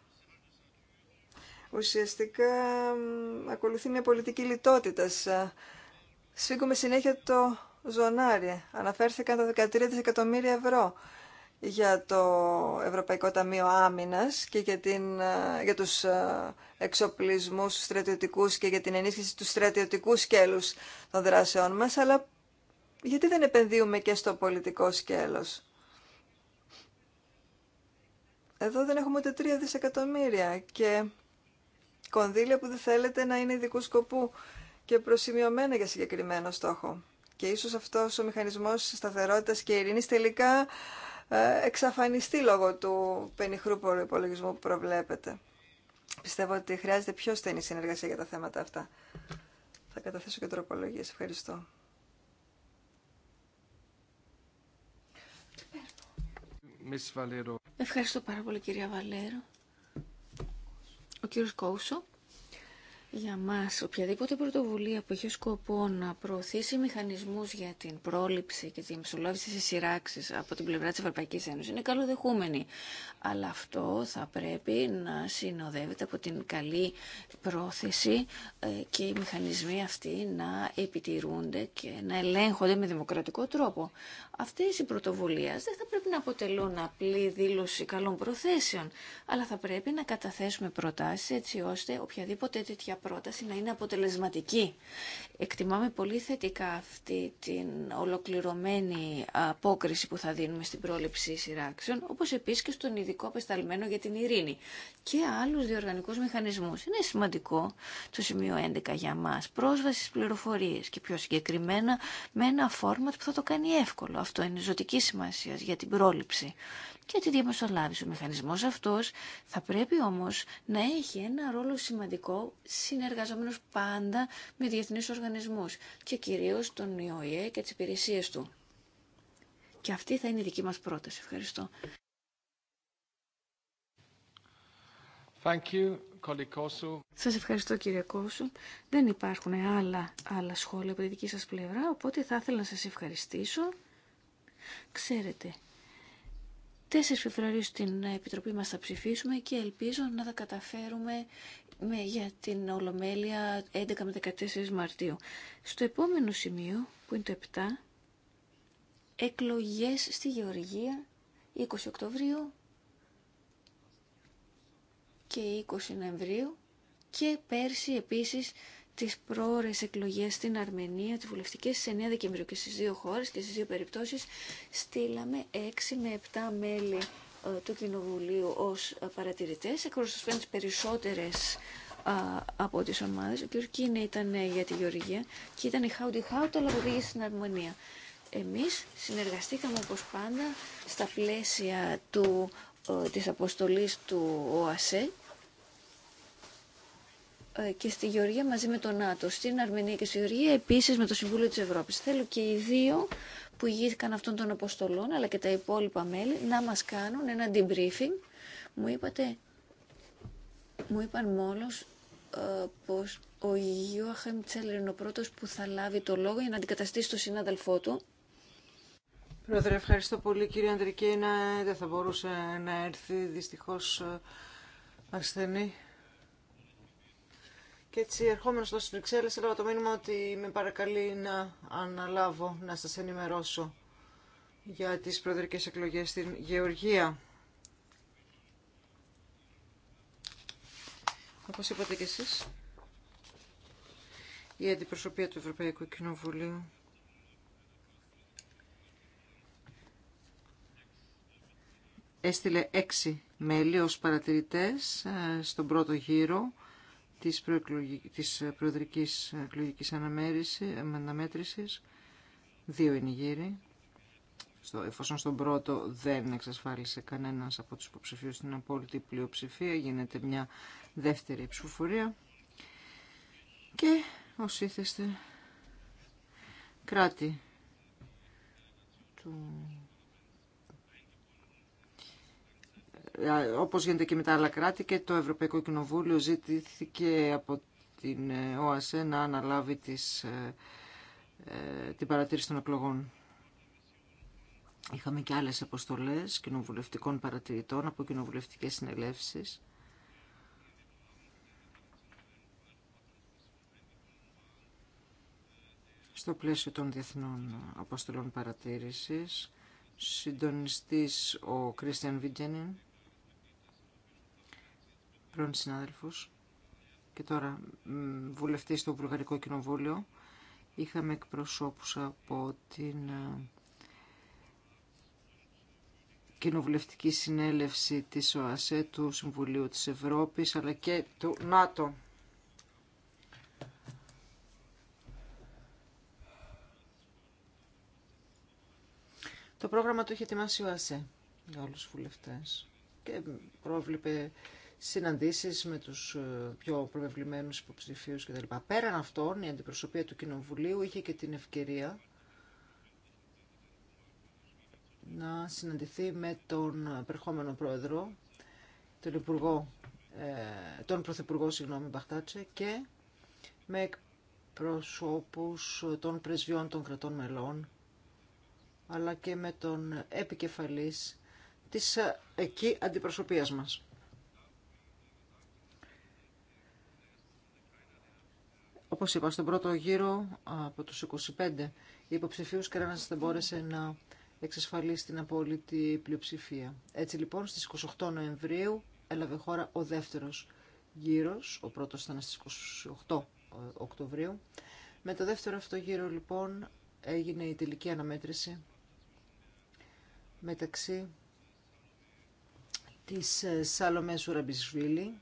ουσιαστικά ακολουθεί μια πολιτική λιτότητας. Σφίγγουμε συνέχεια το ζωνάρι. Αναφέρθηκαν τα 13 δισεκατομμύρια ευρώ για το Ευρωπαϊκό Ταμείο Άμυνας και για, την, για τους εξοπλισμούς στρατιωτικούς και για την ενίσχυση του στρατιωτικού σκέλους των δράσεών μας, αλλά γιατί δεν επενδύουμε και στο πολιτικό σκέλος. Εδώ δεν έχουμε ούτε 3 δισεκατομμύρια και κονδύλια που δεν θέλετε να είναι ειδικού σκοπού και προσημειωμένα για συγκεκριμένο στόχο. Και ίσως αυτός ο μηχανισμός σταθερότητας και ειρήνης τελικά ε, εξαφανιστεί λόγω του πενιχρού προπολογισμού που προβλέπετε. Πιστεύω ότι χρειάζεται πιο στενή συνεργασία για τα θέματα αυτά. Θα καταθέσω και τροπολογίες. Ευχαριστώ. Ευχαριστώ πάρα πολύ κυρία Βαλέρο. Ο κύριος Κόουσο. Για μας, οποιαδήποτε πρωτοβουλία που έχει σκοπό να προωθήσει μηχανισμούς για την πρόληψη και την μεσολάβηση σε σειράξεις από την πλευρά της Ευρωπαϊκή Ένωση είναι καλοδεχούμενη. Αλλά αυτό θα πρέπει να συνοδεύεται από την καλή πρόθεση ε, και οι μηχανισμοί αυτοί να επιτηρούνται και να ελέγχονται με δημοκρατικό τρόπο. Αυτές οι πρωτοβουλίες δεν θα πρέπει να αποτελούν απλή δήλωση καλών προθέσεων, αλλά θα πρέπει να καταθέσουμε προτάσεις έτσι ώστε οποιαδήποτε τέτοια πρόταση να είναι αποτελεσματική. Εκτιμάμε πολύ θετικά αυτή την ολοκληρωμένη απόκριση που θα δίνουμε στην πρόληψη σειράξεων, όπως επίσης και στον ειδικό απεσταλμένο για την ειρήνη και άλλους διοργανικούς μηχανισμούς. Είναι σημαντικό το σημείο 11 για μας, πρόσβαση στις πληροφορίες και πιο συγκεκριμένα με ένα φόρματ που θα το κάνει εύκολο. Αυτό είναι ζωτική σημασία για την πρόληψη και τη διαμεσολάβηση. Ο μηχανισμός αυτός θα πρέπει όμως να έχει ένα ρόλο σημαντικό συνεργαζόμενος πάντα με διεθνείς οργανισμούς και κυρίως τον ΙΟΙΕ και τις υπηρεσίες του. Και αυτή θα είναι η δική μας πρόταση. Ευχαριστώ. Thank σας ευχαριστώ κύριε Κόσου. Δεν υπάρχουν άλλα, άλλα σχόλια από τη δική σας πλευρά, οπότε θα ήθελα να σας ευχαριστήσω. Ξέρετε, 4 Φεβρουαρίου στην Επιτροπή μας θα ψηφίσουμε και ελπίζω να τα καταφέρουμε με, για την Ολομέλεια 11 με 14 Μαρτίου. Στο επόμενο σημείο, που είναι το 7, εκλογές στη Γεωργία 20 Οκτωβρίου και 20 Νοεμβρίου και πέρσι επίσης τις πρόορες εκλογές στην Αρμενία, τις βουλευτικές στις 9 Δεκεμβρίου και στις δύο χώρες και στις δύο περιπτώσεις στείλαμε 6 με 7 μέλη ε, του Κοινοβουλίου ως ε, παρατηρητές, εκπροσωπούν τις περισσότερες από τις ομάδες. Ο κ. Κίνε ήταν ε, για τη Γεωργία και ήταν η Χάουτι Χάουτ, αλλά που στην Αρμενία. Εμείς συνεργαστήκαμε όπως πάντα στα πλαίσια του, της αποστολής του ΟΑΣΕ ε, και στη Γεωργία μαζί με τον ΝΑΤΟ, στην Αρμενία και στη Γεωργία επίσης με το Συμβούλιο τη Ευρώπη. Θέλω και οι δύο που ηγήθηκαν αυτών των αποστολών, αλλά και τα υπόλοιπα μέλη, να μα κάνουν ένα debriefing. Μου είπατε, μου είπαν μόνο ε, ο Ιωαχέμ Τσέλερ είναι ο πρώτο που θα λάβει το λόγο για να αντικαταστήσει τον συνάδελφό του. Πρόεδρε, ευχαριστώ πολύ κύριε Αντρική. Ε, δεν θα μπορούσε να έρθει δυστυχώς ε, ασθενή. Και έτσι ερχόμενος εδώ στην Βρυξέλλες έλαβα το μήνυμα ότι με παρακαλεί να αναλάβω, να σας ενημερώσω για τις προεδρικές εκλογές στην Γεωργία. Όπως είπατε και εσείς, η αντιπροσωπεία του Ευρωπαϊκού Κοινοβουλίου έστειλε έξι μέλη ως παρατηρητές ε, στον πρώτο γύρο της, της προεδρικής εκλογικής αναμέτρησης. Δύο είναι Στο, εφόσον στον πρώτο δεν εξασφάλισε κανένας από τους υποψηφίους την απόλυτη πλειοψηφία, γίνεται μια δεύτερη ψηφοφορία. Και ως ήθεστε κράτη του όπως γίνεται και με τα άλλα κράτη και το Ευρωπαϊκό Κοινοβούλιο ζητήθηκε από την ε, ΟΑΣΕ να αναλάβει τις, ε, ε, την παρατήρηση των εκλογών. Είχαμε και άλλες αποστολές κοινοβουλευτικών παρατηρητών από κοινοβουλευτικές συνελεύσεις. Στο πλαίσιο των διεθνών αποστολών παρατήρησης, συντονιστής ο Κρίστιαν Βίτζενιν, πρώην συνάδελφος και τώρα βουλευτής στο Βουλγαρικό Κοινοβούλιο. Είχαμε εκπροσώπους από την ε, Κοινοβουλευτική Συνέλευση της ΟΑΣΕ, του Συμβουλίου της Ευρώπης, αλλά και του ΝΑΤΟ. Το πρόγραμμα το είχε ετοιμάσει ο ΑΣΕ για όλους τους βουλευτές και πρόβλεπε συναντήσεις με τους ε, πιο προβεβλημένους υποψηφίους κτλ. Πέραν αυτών, η αντιπροσωπεία του Κοινοβουλίου είχε και την ευκαιρία να συναντηθεί με τον περχόμενο πρόεδρο, τον, Υπουργό, ε, τον Πρωθυπουργό συγγνώμη, Μπαχτάτσε και με προσώπους των πρεσβειών των κρατών μελών αλλά και με τον επικεφαλής της ε, εκεί αντιπροσωπείας μας. Όπως είπα, στον πρώτο γύρο από τους 25 υποψηφίους κανένας δεν μπόρεσε να εξασφαλίσει την απόλυτη πλειοψηφία. Έτσι λοιπόν στις 28 Νοεμβρίου έλαβε χώρα ο δεύτερος γύρος, ο πρώτος ήταν στις 28 ε, Οκτωβρίου. Με το δεύτερο αυτό γύρο λοιπόν έγινε η τελική αναμέτρηση μεταξύ της ε, Σάλομε Σουραμπισβίλη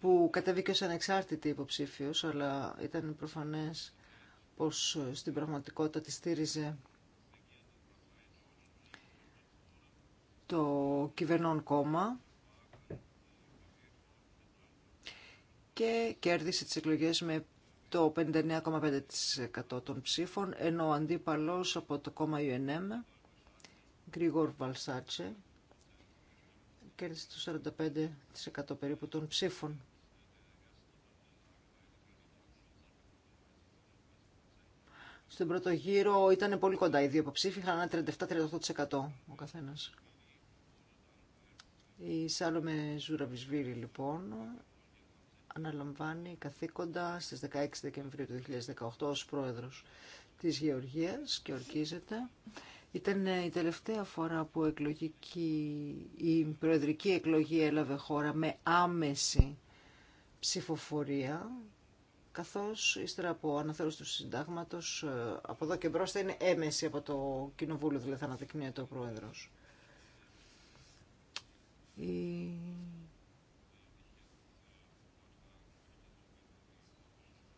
που κατέβηκε ως ανεξάρτητη υποψήφιος, αλλά ήταν προφανές πως ε, στην πραγματικότητα τη στήριζε το κυβερνών κόμμα και κέρδισε τις εκλογές με το 59,5% των ψήφων, ενώ ο αντίπαλος από το κόμμα UNM, Γκριγόρ Βαλσάτσε, κέρδισε το 45% περίπου των ψήφων. Στον πρώτο γύρο ήταν πολύ κοντά οι δύο υποψήφοι, είχαν ένα 37-38% ο καθένας. Η Σάλομε Ζουραβισβήρη λοιπόν αναλαμβάνει καθήκοντα στις 16 Δεκεμβρίου του 2018 ω πρόεδρος της Γεωργίας και ορκίζεται. Ήταν ε, η τελευταία φορά που εκλογική, η προεδρική εκλογή έλαβε χώρα με άμεση ψηφοφορία καθώς ύστερα από αναθεώρηση του συντάγματος ε, από εδώ και μπρος θα είναι έμεση από το κοινοβούλιο, δηλαδή θα αναδεικνύεται ο πρόεδρος. Η...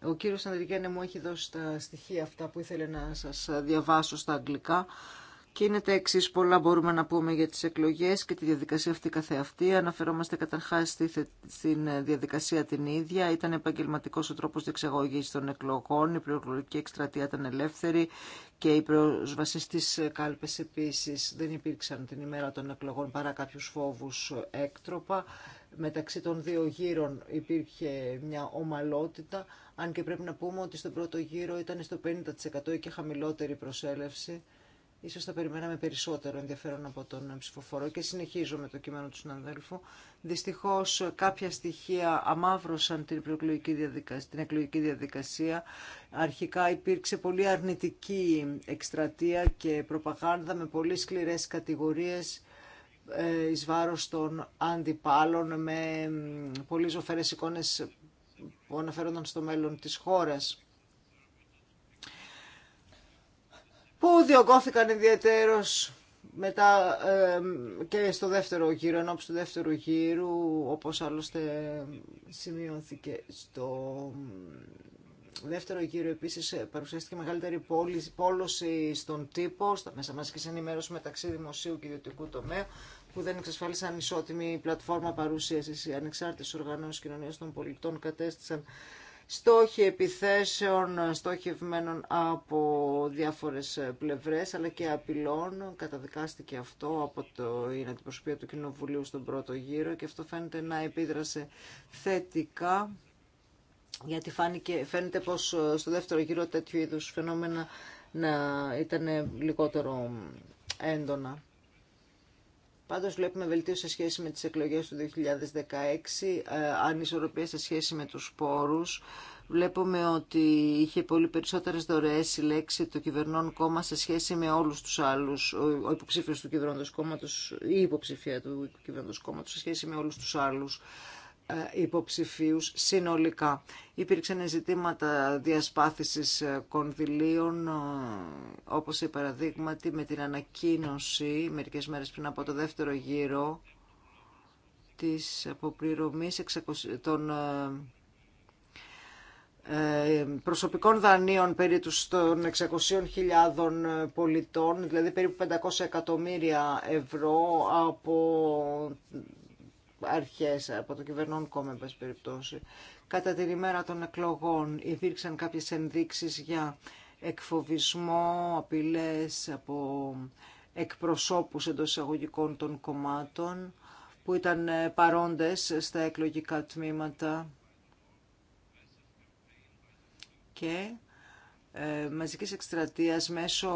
Ο κύριος Ανδρικένε μου έχει δώσει τα στοιχεία αυτά που ήθελε να σας διαβάσω στα αγγλικά. Και είναι εξή πολλά μπορούμε να πούμε για τις εκλογές και τη διαδικασία αυτή καθεαυτή. Αναφερόμαστε καταρχάς στη, στην ε, διαδικασία την ίδια. Ήταν επαγγελματικός ο τρόπος διεξαγωγής των εκλογών. Η προεκλογική εκστρατεία ήταν ελεύθερη και οι προσβασίες στις κάλπες επίσης δεν υπήρξαν την ημέρα των εκλογών παρά κάποιους φόβους έκτροπα. Μεταξύ των δύο γύρων υπήρχε μια ομαλότητα, αν και πρέπει να πούμε ότι στον πρώτο γύρο ήταν στο 50% και χαμηλότερη προσέλευση. Ίσως θα περιμέναμε περισσότερο ενδιαφέρον από τον ψηφοφορό και συνεχίζω με το κείμενο του συναδέλφου. Δυστυχώς κάποια στοιχεία αμάβρωσαν την, διαδικασία, την εκλογική διαδικασία. Αρχικά υπήρξε πολύ αρνητική εκστρατεία και προπαγάνδα με πολύ σκληρές κατηγορίες ε, εις βάρος των αντιπάλων με πολύ ζωφέρες εικόνες που αναφέρονταν στο μέλλον της χώρας. που διωγγώθηκαν ιδιαίτερως μετά και στο δεύτερο γύρο, ενώ του δεύτερου γύρου, όπως άλλωστε σημειώθηκε στο δεύτερο γύρο επίσης ε, παρουσιάστηκε μεγαλύτερη πόλωση στον τύπο, στα μέσα μαζικής ενημέρωση μεταξύ δημοσίου και ιδιωτικού τομέα, που δεν εξασφάλισαν ισότιμη πλατφόρμα παρουσίασης. Οι ανεξάρτητες οργανώσεις κοινωνίας των πολιτών κατέστησαν στόχοι επιθέσεων στοχευμένων από διάφορες πλευρές αλλά και απειλών. Καταδικάστηκε αυτό από το, την αντιπροσωπεία του Κοινοβουλίου στον πρώτο γύρο και αυτό φαίνεται να επίδρασε θετικά γιατί φάνηκε, φαίνεται πως ε, στο δεύτερο γύρο τέτοιου είδους φαινόμενα να ήταν λιγότερο έντονα. Πάντω βλέπουμε βελτίωση σε σχέση με τις εκλογές του 2016, ε, ανισορροπία σε σχέση με τους πόρους. Βλέπουμε ότι είχε πολύ περισσότερες δωρεές η λέξη το κυβερνών κόμμα σε σχέση με όλους τους άλλους, ο υποψήφιο του κυβερνώντο κόμματο, η υποψηφία του κυβερνών κόμματο σε σχέση με όλους τους άλλους. Ε, υποψηφίους συνολικά. Υπήρξαν ζητήματα διασπάθησης ε, κονδυλίων, ε, όπως η με την ανακοίνωση μερικές μέρες πριν από το δεύτερο γύρο της αποπληρωμής των προσωπικών δανείων περί των 600.000 πολιτών, δηλαδή περίπου 500 εκατομμύρια ευρώ από αρχές, από το κυβερνών κόμμα, εν περιπτώσει. Κατά την ημέρα των εκλογών υπήρξαν κάποιες ενδείξεις για εκφοβισμό, απειλές από εκπροσώπους εντό εισαγωγικών των κομμάτων που ήταν ε, παρόντες στα εκλογικά τμήματα και ε, μαζικής εκστρατείας μέσω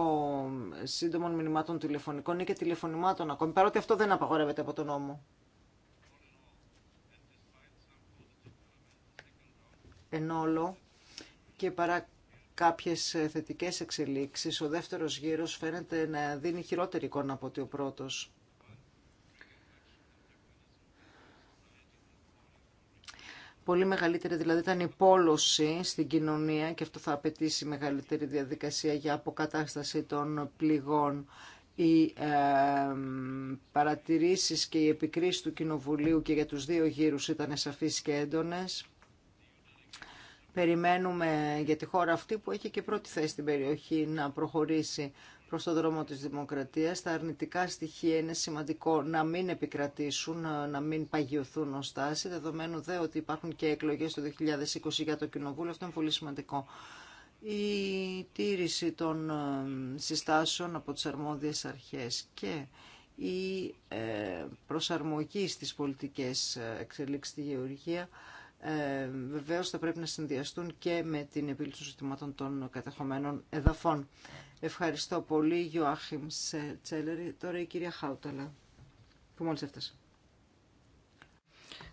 σύντομων μηνυμάτων τηλεφωνικών ή και τηλεφωνημάτων ακόμη, παρότι αυτό δεν απαγορεύεται από τον νόμο. εν όλο και παρά κάποιες θετικές εξελίξεις, ο δεύτερος γύρος φαίνεται να δίνει χειρότερη εικόνα από ότι ο πρώτος. Πολύ μεγαλύτερη δηλαδή ήταν η πόλωση στην κοινωνία και αυτό θα απαιτήσει μεγαλύτερη διαδικασία για αποκατάσταση των πληγών. Οι ε, παρατηρήσεις και οι επικρίσεις του Κοινοβουλίου και για τους δύο γύρους ήταν σαφείς και έντονες περιμένουμε για τη χώρα αυτή που έχει και πρώτη θέση στην περιοχή να προχωρήσει προς τον δρόμο της δημοκρατίας. Τα αρνητικά στοιχεία είναι σημαντικό να μην επικρατήσουν, να μην παγιωθούν ως τάση, δεδομένου δε ότι υπάρχουν και εκλογές το 2020 για το Κοινοβούλιο, αυτό είναι πολύ σημαντικό. Η τήρηση των ε, συστάσεων από τις αρμόδιες αρχές και η ε, προσαρμογή στις πολιτικές ε, εξελίξεις στη γεωργία ε, βεβαίως θα πρέπει να συνδυαστούν και με την επίλυση των ζητημάτων των καταχωμένων εδαφών. Ευχαριστώ πολύ, Γιωάχιμ Τσέλερη. Τώρα η κυρία Χάουταλα, που μόλι. έφτασε.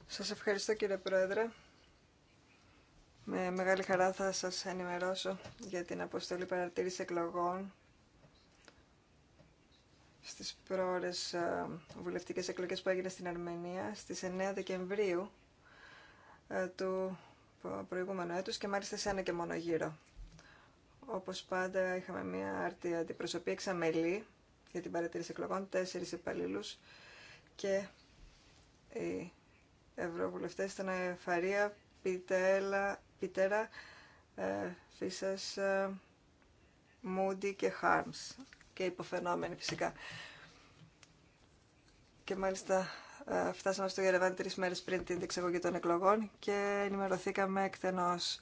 Σας ευχαριστώ κύριε Πρόεδρε. Με μεγάλη χαρά θα σας ενημερώσω για την αποστολή παρατήρηση εκλογών στις πρόορες ε, βουλευτικές εκλογές που έγινε στην Αρμενία στις 9 Δεκεμβρίου ε, του προηγούμενου έτους και μάλιστα σε ένα και μόνο γύρο. Όπως πάντα είχαμε μια άρτια αντιπροσωπή εξαμελή για την παρατήρηση εκλογών, τέσσερις υπαλλήλου και οι ευρωβουλευτές ήταν Φαρία, Πιτέλα, Πιτέρα, ε, Φίσας, ε, Μούντι και Χάρμς και υποφαινόμενοι φυσικά. Και μάλιστα ε, φτάσαμε στο Γερεβάν τρεις μέρες πριν την διεξαγωγή των εκλογών και ενημερωθήκαμε εκτενώς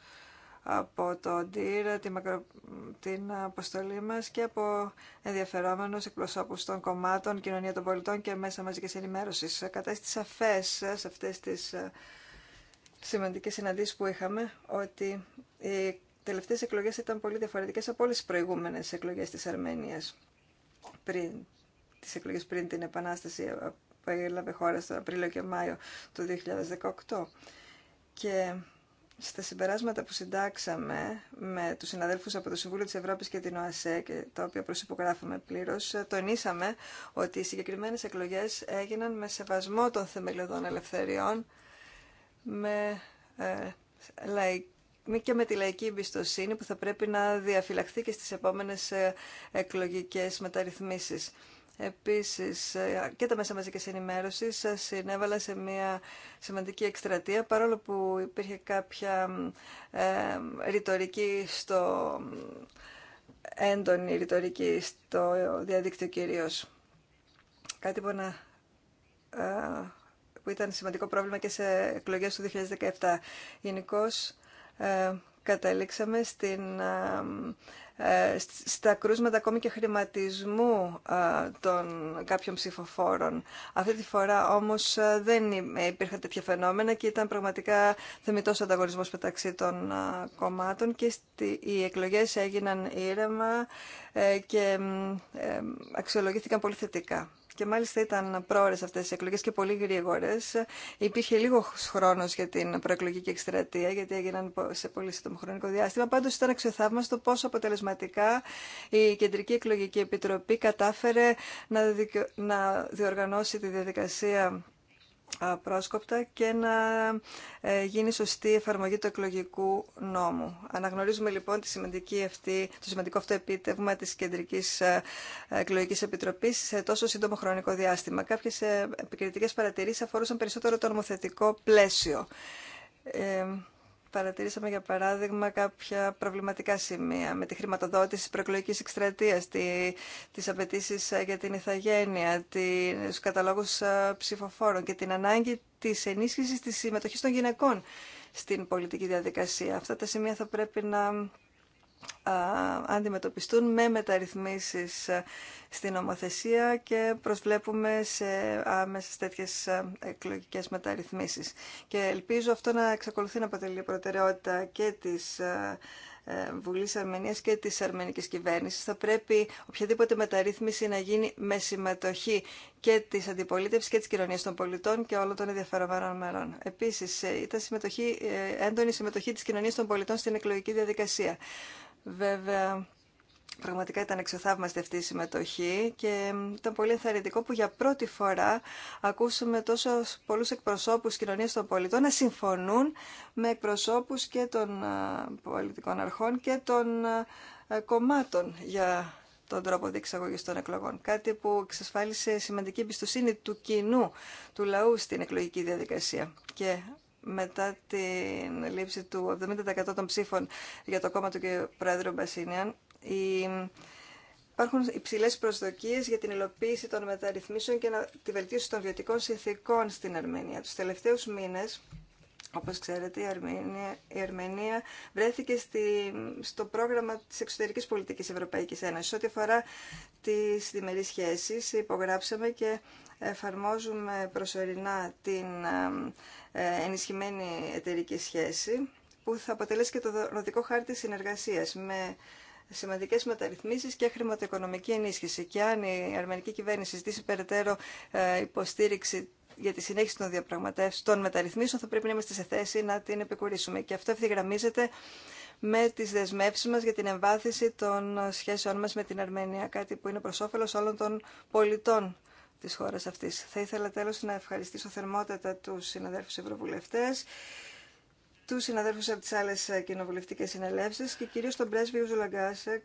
από το ΝΤΙΡ, την, μακρο... την αποστολή μας και από ενδιαφερόμενους εκπροσώπους των κομμάτων, κοινωνία των πολιτών και μέσα μαζικής ενημέρωσης. Ε, στις σαφές ε, σε αυτές τις σημαντικές συναντήσεις που είχαμε ότι οι τελευταίες εκλογές ήταν πολύ διαφορετικές από όλες τις προηγούμενες εκλογές της Αρμενίας πριν τις εκλογές πριν την Επανάσταση που έλαβε χώρα στο Απρίλιο και Μάιο του 2018. Και στα συμπεράσματα που συντάξαμε με τους συναδέλφους από το Συμβούλιο της Ευρώπη και την ΟΑΣΕ και τα οποία προσυπογράφουμε πλήρως, τονίσαμε ότι οι συγκεκριμένε εκλογές έγιναν με σεβασμό των θεμελιωδών ελευθεριών με, ε, και με τη λαϊκή εμπιστοσύνη που θα πρέπει να διαφυλαχθεί και στι επόμενε εκλογικέ μεταρρυθμίσει. Επίσης ε, και τα μέσα μαζικής ενημέρωσης ε, συνέβαλα σε μια σημαντική εκστρατεία παρόλο που υπήρχε κάποια ε, ρητορική στο έντονη ρητορική στο διαδίκτυο κυρίως. Κάτι που, να, ε, που ήταν σημαντικό πρόβλημα και σε εκλογές του 2017. Γενικώ ε, καταλήξαμε στην, ε, στα κρούσματα ακόμη και χρηματισμού των κάποιων ψηφοφόρων. Αυτή τη φορά όμως δεν ε, υπήρχαν τέτοια φαινόμενα και ήταν πραγματικά θεμητός ανταγωνισμός μεταξύ των κομμάτων και οι εκλογές έγιναν ήρεμα ε, και αξιολογήθηκαν πολύ θετικά και μάλιστα ήταν πρόορες αυτές οι εκλογές και πολύ γρήγορε. Υπήρχε λίγο χρόνος για την προεκλογική εκστρατεία, γιατί έγιναν σε πολύ σύντομο χρονικό διάστημα. Πάντως ήταν αξιοθαύμαστο πόσο αποτελεσματικά η Κεντρική Εκλογική Επιτροπή κατάφερε να διοργανώσει τη διαδικασία Πρόσκοπτα και να ε, γίνει σωστή εφαρμογή του εκλογικού νόμου. Αναγνωρίζουμε λοιπόν τη σημαντική αυτή, το σημαντικό αυτό επίτευγμα της Κεντρικής ε, Εκλογικής Επιτροπής σε τόσο σύντομο χρονικό διάστημα. Κάποιες ε, επικριτικές παρατηρήσεις αφορούσαν περισσότερο το νομοθετικό πλαίσιο παρατηρήσαμε για παράδειγμα κάποια προβληματικά σημεία με τη χρηματοδότηση της προεκλογικής εκστρατείας, τη, τις απαιτήσει ε, για την ηθαγένεια, τους καταλόγους ε, ψηφοφόρων και την ανάγκη της ενίσχυσης της συμμετοχής των γυναικών στην πολιτική διαδικασία. Αυτά τα σημεία θα πρέπει να αντιμετωπιστούν με μεταρρυθμίσεις στην νομοθεσία και προσβλέπουμε σε άμεσες τέτοιες εκλογικές μεταρρυθμίσεις. Και ελπίζω αυτό να εξακολουθεί να αποτελεί προτεραιότητα και της ε, Βουλής Αρμενίας και της αρμενικής κυβέρνησης. Θα πρέπει οποιαδήποτε μεταρρύθμιση να γίνει με συμμετοχή και της αντιπολίτευσης και της κοινωνίας των πολιτών και όλων των ενδιαφερομένων μερών. Επίσης, ε, ήταν συμμετοχή, ε, έντονη συμμετοχή της κοινωνίας των πολιτών στην εκλογική διαδικασία. Βέβαια, πραγματικά ήταν εξωθαύμαστη αυτή η συμμετοχή και ήταν πολύ ενθαρρυντικό που για πρώτη φορά ακούσαμε τόσο πολλούς εκπροσώπους κοινωνίας των πολιτών να συμφωνούν με εκπροσώπους και των πολιτικών αρχών και των κομμάτων για τον τρόπο διεξαγωγή των εκλογών. Κάτι που εξασφάλισε σημαντική εμπιστοσύνη του κοινού, του λαού στην εκλογική διαδικασία. Και μετά την λήψη του 70% των ψήφων για το κόμμα του και Πρόεδρου Μπασίνιαν, υπάρχουν υψηλές προσδοκίες για την υλοποίηση των μεταρρυθμίσεων και τη βελτίωση των βιωτικών συνθήκων στην Αρμενία. Τους τελευταίους μήνες όπως ξέρετε, η Αρμενία, βρέθηκε στη, στο πρόγραμμα της εξωτερικής πολιτικής Ευρωπαϊκής Ένωσης. Ό,τι αφορά τις διμερείς σχέσεις, υπογράψαμε και εφαρμόζουμε προσωρινά την ε, ε, ενισχυμένη εταιρική σχέση, που θα αποτελέσει και το δοδικό χάρτη συνεργασίας με σημαντικέ μεταρρυθμίσει και χρηματοοικονομική ενίσχυση. Και αν η αρμενική κυβέρνηση ζητήσει περαιτέρω ε, υποστήριξη για τη συνέχιση των διαπραγματεύσεων, των μεταρρυθμίσεων, θα πρέπει να είμαστε σε θέση να την επικουρήσουμε. Και αυτό ευθυγραμμίζεται με τι δεσμεύσει μα για την εμβάθυνση των σχέσεών μα με την Αρμενία, κάτι που είναι προ όφελο όλων των πολιτών τη χώρα αυτή. Θα ήθελα τέλο να ευχαριστήσω θερμότατα του συναδέλφου ευρωβουλευτέ, του συναδέλφου από τι άλλε κοινοβουλευτικέ συνελεύσει και κυρίω τον πρέσβη Ζουλαγκάσεκ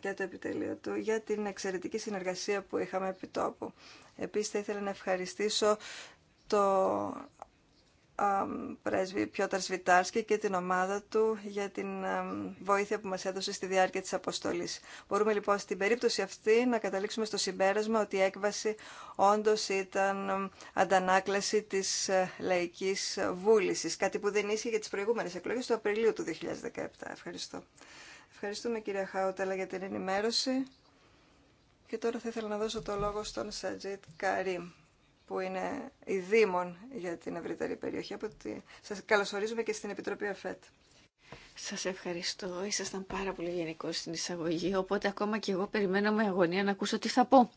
και το επιτελείο του για την εξαιρετική συνεργασία που είχαμε επί τόπου. Επίση, θα ήθελα να ευχαριστήσω το πρέσβη Πιόταρ Σβιτάρσκι και την ομάδα του για την βοήθεια που μας έδωσε στη διάρκεια της αποστολής. Μπορούμε λοιπόν στην περίπτωση αυτή να καταλήξουμε στο συμπέρασμα ότι η έκβαση όντως ήταν αντανάκλαση της ε, λαϊκής βούλησης, κάτι που δεν ίσχυε για τις προηγούμενες εκλογές του Απριλίου του 2017. Ευχαριστώ. Ευχαριστούμε κυρία Χάουταλα για την ενημέρωση. Και τώρα θα ήθελα να δώσω το λόγο στον Σατζίτ Καρίμ, που είναι η Δήμον για την ευρύτερη περιοχή. Από Σας καλωσορίζουμε και στην Επιτροπή ΕΦΕΤ. Σας ευχαριστώ. Ήσασταν πάρα πολύ γενικό στην εισαγωγή, οπότε ακόμα και εγώ περιμένω με αγωνία να ακούσω τι θα πω.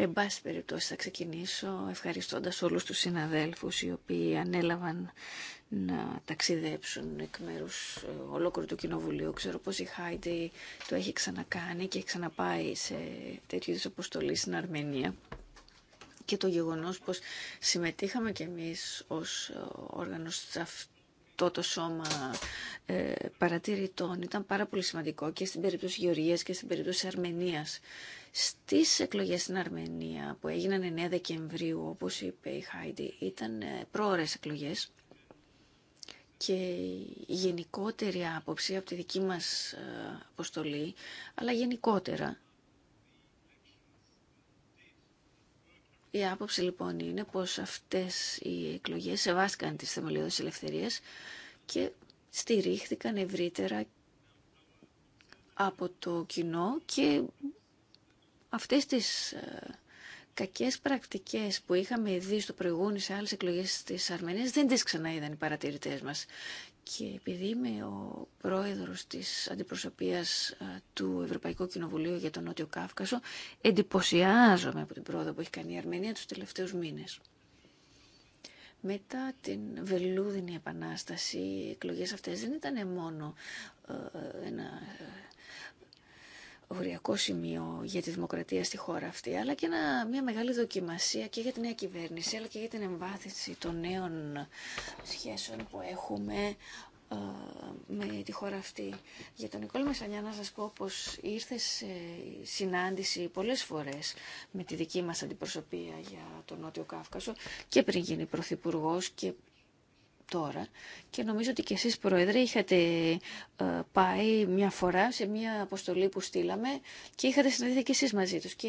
Εν πάση περιπτώσει θα ξεκινήσω ευχαριστώντας όλους τους συναδέλφους οι οποίοι ανέλαβαν να ταξιδέψουν εκ μέρους ε, ολόκληρου του Κοινοβουλίου. Ξέρω πως η Χάιντι το έχει ξανακάνει και έχει ξαναπάει σε τέτοιου είδους αποστολή στην Αρμενία και το γεγονός πως συμμετείχαμε κι εμείς ως ε, όργανος σε αυτό το σώμα ε, παρατηρητών ήταν πάρα πολύ σημαντικό και στην περίπτωση Γεωργίας και στην περίπτωση Αρμενίας στις εκλογές στην Αρμενία που έγιναν 9 Δεκεμβρίου, όπως είπε η Χάιντι, ήταν ε, προώρες εκλογές και η γενικότερη άποψη από τη δική μας ε, αποστολή, αλλά γενικότερα, Η άποψη λοιπόν είναι πως αυτές οι εκλογές σεβάστηκαν τις θεμελιώδεις ελευθερίες και στηρίχθηκαν ευρύτερα από το κοινό και αυτές τις ε, κακές πρακτικές που είχαμε δει στο προηγούμενο σε άλλες εκλογές της Αρμενίας δεν τις ξαναείδαν οι παρατηρητές μας. Και επειδή είμαι ο πρόεδρος της αντιπροσωπείας ε, του Ευρωπαϊκού Κοινοβουλίου για τον Νότιο Κάυκασο, εντυπωσιάζομαι από την πρόοδο που έχει κάνει η Αρμενία τους τελευταίους μήνες. Μετά την Βελούδινη Επανάσταση, οι εκλογές αυτές δεν ήταν μόνο ε, ένα οριακό σημείο για τη δημοκρατία στη χώρα αυτή, αλλά και ένα, μια μεγάλη δοκιμασία και για τη νέα κυβέρνηση, αλλά και για την εμβάθυνση των νέων σχέσεων που έχουμε ε, με τη χώρα αυτή. Για τον Νικόλ Μεσανιά να σας πω πως ήρθε σε συνάντηση πολλές φορές με τη δική μας αντιπροσωπεία για τον Νότιο Κάυκασο και πριν γίνει πρωθυπουργό και τώρα και νομίζω ότι και εσείς Πρόεδρε είχατε ε, πάει μια φορά σε μια αποστολή που στείλαμε και είχατε συναντηθεί και εσείς μαζί τους και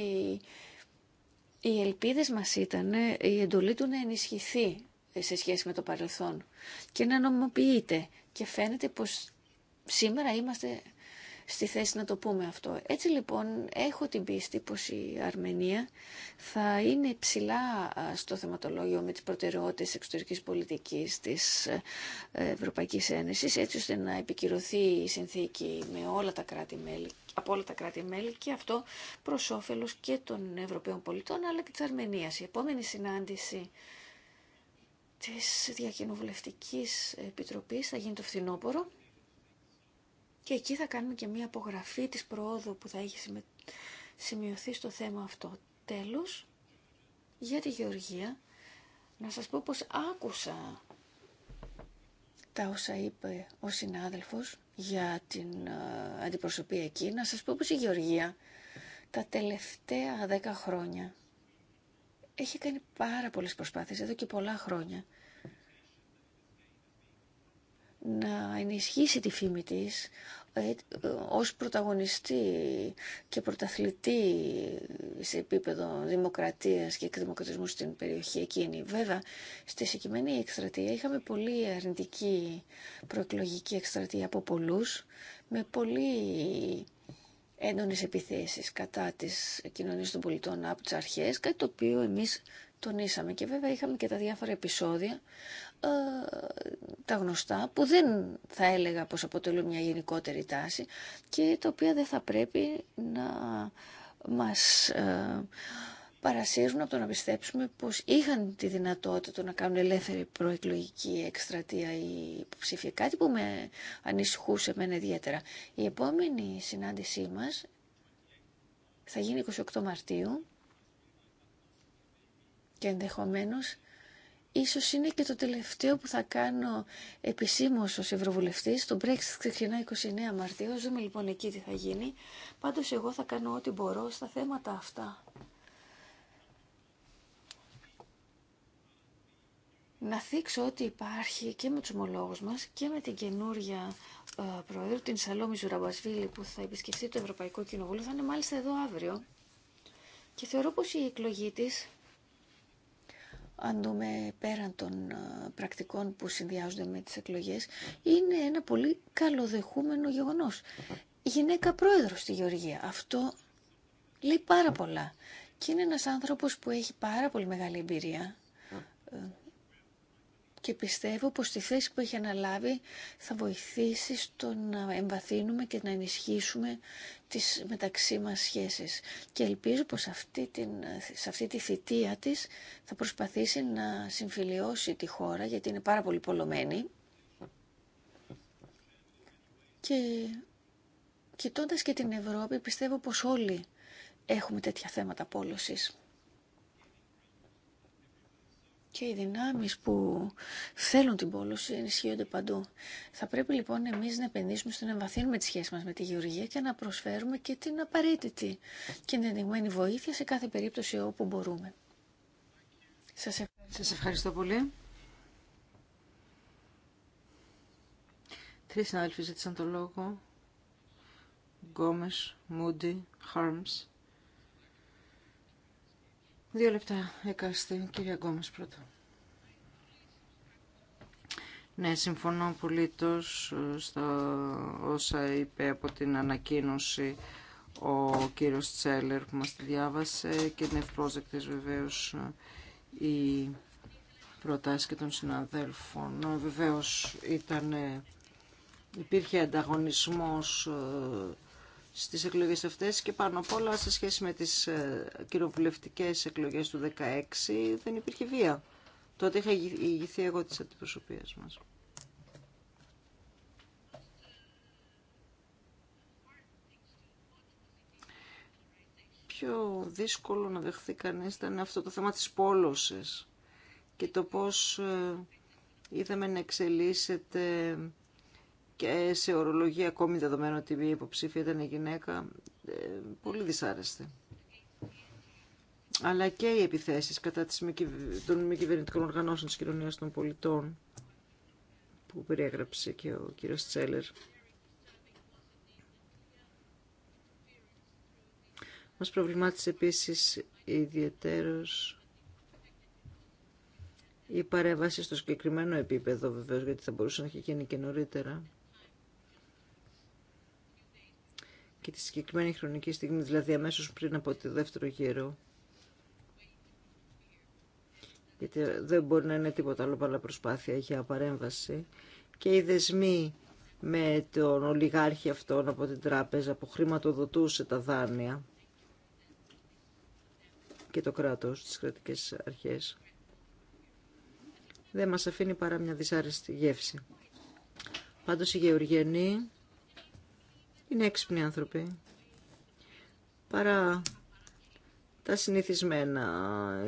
οι ελπίδες μας ήταν ε, η εντολή του να ενισχυθεί ε, σε σχέση με το παρελθόν και να νομιμοποιείται και φαίνεται πως σήμερα είμαστε στη θέση να το πούμε αυτό. Έτσι λοιπόν έχω την πίστη πως η Αρμενία θα είναι ψηλά στο θεματολόγιο με τις προτεραιότητες εξωτερικής πολιτικής της ε, Ευρωπαϊκής Ένωσης έτσι ώστε να επικυρωθεί η συνθήκη με όλα τα κράτη-μέλη από όλα τα κράτη-μέλη και αυτό προς όφελος και των Ευρωπαίων πολιτών αλλά και της Αρμενίας. Η επόμενη συνάντηση της Διακοινοβουλευτικής Επιτροπής θα γίνει το φθινόπωρο και εκεί θα κάνουμε και μία απογραφή της προόδου που θα έχει σημειωθεί στο θέμα αυτό. Τέλος, για τη Γεωργία, να σας πω πως άκουσα τα όσα είπε ο συνάδελφος για την ε, αντιπροσωπεία εκεί. Να σας πω πως η Γεωργία τα τελευταία δέκα χρόνια έχει κάνει πάρα πολλές προσπάθειες εδώ και πολλά χρόνια να ενισχύσει τη φήμη της ε, ως πρωταγωνιστή και πρωταθλητή σε επίπεδο δημοκρατίας και εκδημοκρατισμού στην περιοχή εκείνη. Βέβαια, στη συγκεκριμένη εκστρατεία είχαμε πολύ αρνητική προεκλογική εκστρατεία από πολλούς, με πολύ έντονες επιθέσεις κατά της κοινωνίας των πολιτών από τις αρχές, κάτι το οποίο εμείς τονίσαμε. Και βέβαια είχαμε και τα διάφορα επεισόδια, ε, τα γνωστά, που δεν θα έλεγα πως αποτελούν μια γενικότερη τάση και τα οποία δεν θα πρέπει να μας ε, παρασύρουν από το να πιστέψουμε πως είχαν τη δυνατότητα να κάνουν ελεύθερη προεκλογική εκστρατεία ή υποψήφια. Κάτι που με ανησυχούσε εμένα ιδιαίτερα. Η επόμενη συνάντησή μας θα γίνει 28 Μαρτίου και ενδεχομένως ίσως είναι και το τελευταίο που θα κάνω επισήμως ως Ευρωβουλευτής. Το Brexit ξεκινά 29 Μαρτίου, ζούμε λοιπόν εκεί τι θα γίνει. Πάντως εγώ θα κάνω ό,τι μπορώ στα θέματα αυτά. Να θίξω ότι υπάρχει και με τους ομολόγους μας και με την καινούρια ε, Προέδρου, την Σαλόμη Ζουραμπασβίλη που θα επισκεφτεί το Ευρωπαϊκό Κοινοβούλιο, θα είναι μάλιστα εδώ αύριο. Και θεωρώ πως η εκλογή της αν δούμε πέραν των ε, πρακτικών που συνδυάζονται με τις εκλογές, είναι ένα πολύ καλοδεχούμενο γεγονός. γυναίκα πρόεδρος στη Γεωργία, αυτό λέει πάρα πολλά. Και είναι ένας άνθρωπος που έχει πάρα πολύ μεγάλη εμπειρία ε, και πιστεύω πως τη θέση που έχει αναλάβει θα βοηθήσει στο να εμβαθύνουμε και να ενισχύσουμε τις μεταξύ μας σχέσεις. Και ελπίζω πως αυτή την, σε αυτή τη θητεία της θα προσπαθήσει να συμφιλιώσει τη χώρα γιατί είναι πάρα πολύ πολλωμένη και κοιτώντας και την Ευρώπη πιστεύω πως όλοι έχουμε τέτοια θέματα πόλωσης και οι δυνάμεις που θέλουν την πόλωση ενισχύονται παντού. Θα πρέπει λοιπόν εμείς να επενδύσουμε στο να εμβαθύνουμε τη σχέση μας με τη γεωργία και να προσφέρουμε και την απαραίτητη και βοήθεια σε κάθε περίπτωση όπου μπορούμε. Σας ευχαριστώ, Σας ευχαριστώ πολύ. Τρεις συνάδελφοι ζήτησαν το λόγο. Γκόμες, Μούντι, Χάρμς. Δύο λεπτά εκάστε, κύριε Γκόμες, πρώτα. Ναι, συμφωνώ απολύτως ε, στα όσα είπε από την ανακοίνωση ο κύριος Τσέλερ που μας τη διάβασε και είναι ευπρόσδεκτες βεβαίως ε, οι προτάσεις και των συναδέλφων. Ε, βεβαίως ήταν, υπήρχε ανταγωνισμός στις εκλογές αυτές και πάνω απ' όλα σε σχέση με τις ε, κοινοβουλευτικές εκλογές του 2016 δεν υπήρχε βία. Τότε είχα ηγηθεί εγώ της αντιπροσωπείας μας. Πιο δύσκολο να δεχθεί κανείς ήταν αυτό το θέμα της πόλωσης και το πώς ε, είδαμε να εξελίσσεται και σε ορολογία ακόμη δεδομένου ότι η υποψήφια ήταν η γυναίκα, ε, πολύ δυσάρεστη. Αλλά και οι επιθέσεις κατά τις των μη κυβερνητικών οργανώσεων της κοινωνίας των πολιτών, που περιέγραψε και ο κύριος Τσέλερ. Μας προβλημάτισε επίσης ιδιαίτερος η παρέμβαση στο συγκεκριμένο επίπεδο βεβαίως, γιατί θα μπορούσε να έχει γίνει και νωρίτερα. και τη συγκεκριμένη χρονική στιγμή, δηλαδή αμέσως πριν από το δεύτερο γύρο. Γιατί δεν μπορεί να είναι τίποτα άλλο παρά προσπάθεια για παρέμβαση. Και οι δεσμοί με τον ολιγάρχη αυτόν από την τράπεζα που χρηματοδοτούσε τα δάνεια και το κράτος, τις κρατικές αρχές, δεν μας αφήνει παρά μια δυσάρεστη γεύση. Πάντως οι Γεωργιανοί είναι έξυπνοι άνθρωποι. Παρά τα συνηθισμένα,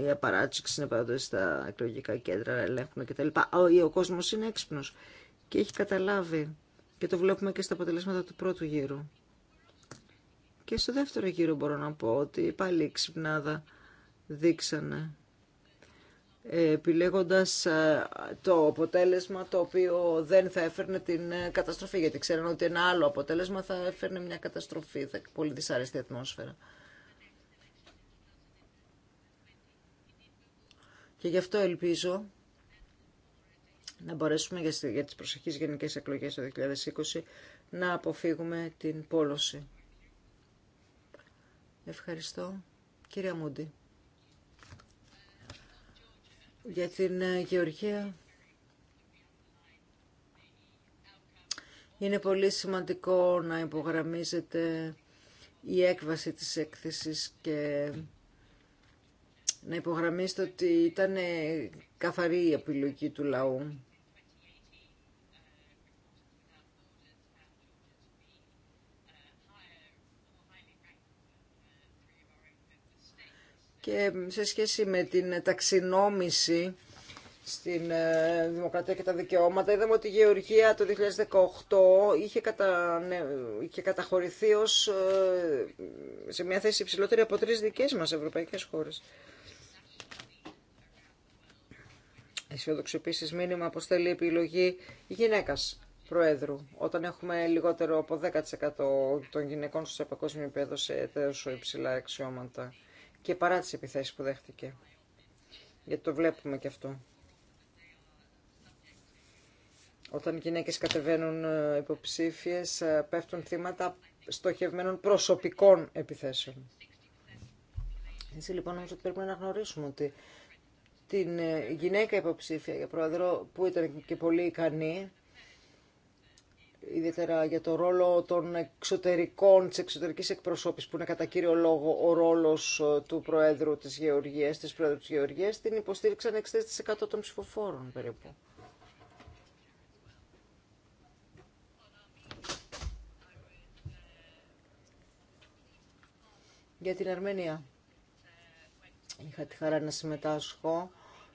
η απαράτσιξη είναι πάντοτε στα εκλογικά κέντρα, ελέγχουν κτλ. Ο, ο κόσμος είναι έξυπνος και έχει καταλάβει και το βλέπουμε και στα αποτελέσματα του πρώτου γύρου. Και στο δεύτερο γύρο μπορώ να πω ότι πάλι η ξυπνάδα δείξανε επιλέγοντας ε, το αποτέλεσμα το οποίο δεν θα έφερνε την ε, καταστροφή, γιατί ξέρουν ότι ένα άλλο αποτέλεσμα θα έφερνε μια καταστροφή, θα πολύ δυσάρεστη ατμόσφαιρα. Και γι' αυτό ελπίζω να μπορέσουμε για τις προσεχείς γενικές εκλογές το 2020 να αποφύγουμε την πόλωση. Ευχαριστώ. Κυρία Μούντι για την ε, γεωργία. Είναι πολύ σημαντικό να υπογραμμίζεται η έκβαση της έκθεσης και να υπογραμμίσετε ότι ήταν ε, καθαρή η επιλογή του λαού. και σε σχέση με την ταξινόμηση στην ε, Δημοκρατία και τα Δικαιώματα. Είδαμε ότι η Γεωργία το 2018 είχε, κατα... Ναι, είχε καταχωρηθεί ως, ε, σε μια θέση υψηλότερη από τρεις δικές μας ευρωπαϊκές χώρες. Αισιόδοξο επίση μήνυμα αποστέλει η επιλογή γυναίκας Προέδρου, όταν έχουμε λιγότερο από 10% των γυναικών στο παγκόσμιο επίπεδο σε τόσο υψηλά αξιώματα και παρά τις επιθέσεις που δέχτηκε. Γιατί το βλέπουμε και αυτό. Όταν οι γυναίκες κατεβαίνουν ε, υποψήφιες, ε, πέφτουν θύματα στοχευμένων προσωπικών επιθέσεων. Έτσι λοιπόν νομίζω ότι πρέπει να γνωρίσουμε ότι την ε, γυναίκα υποψήφια για πρόεδρο που ήταν και πολύ ικανή ιδιαίτερα για το ρόλο των εξωτερικών, της εξωτερικής εκπροσώπης που είναι κατά κύριο λόγο ο ρόλος ε, του Προέδρου της Γεωργίας, της Προέδρου της Γεωργίας, την υποστήριξαν 60% των ψηφοφόρων περίπου. Για την Αρμενία. Είχα τη χαρά να συμμετάσχω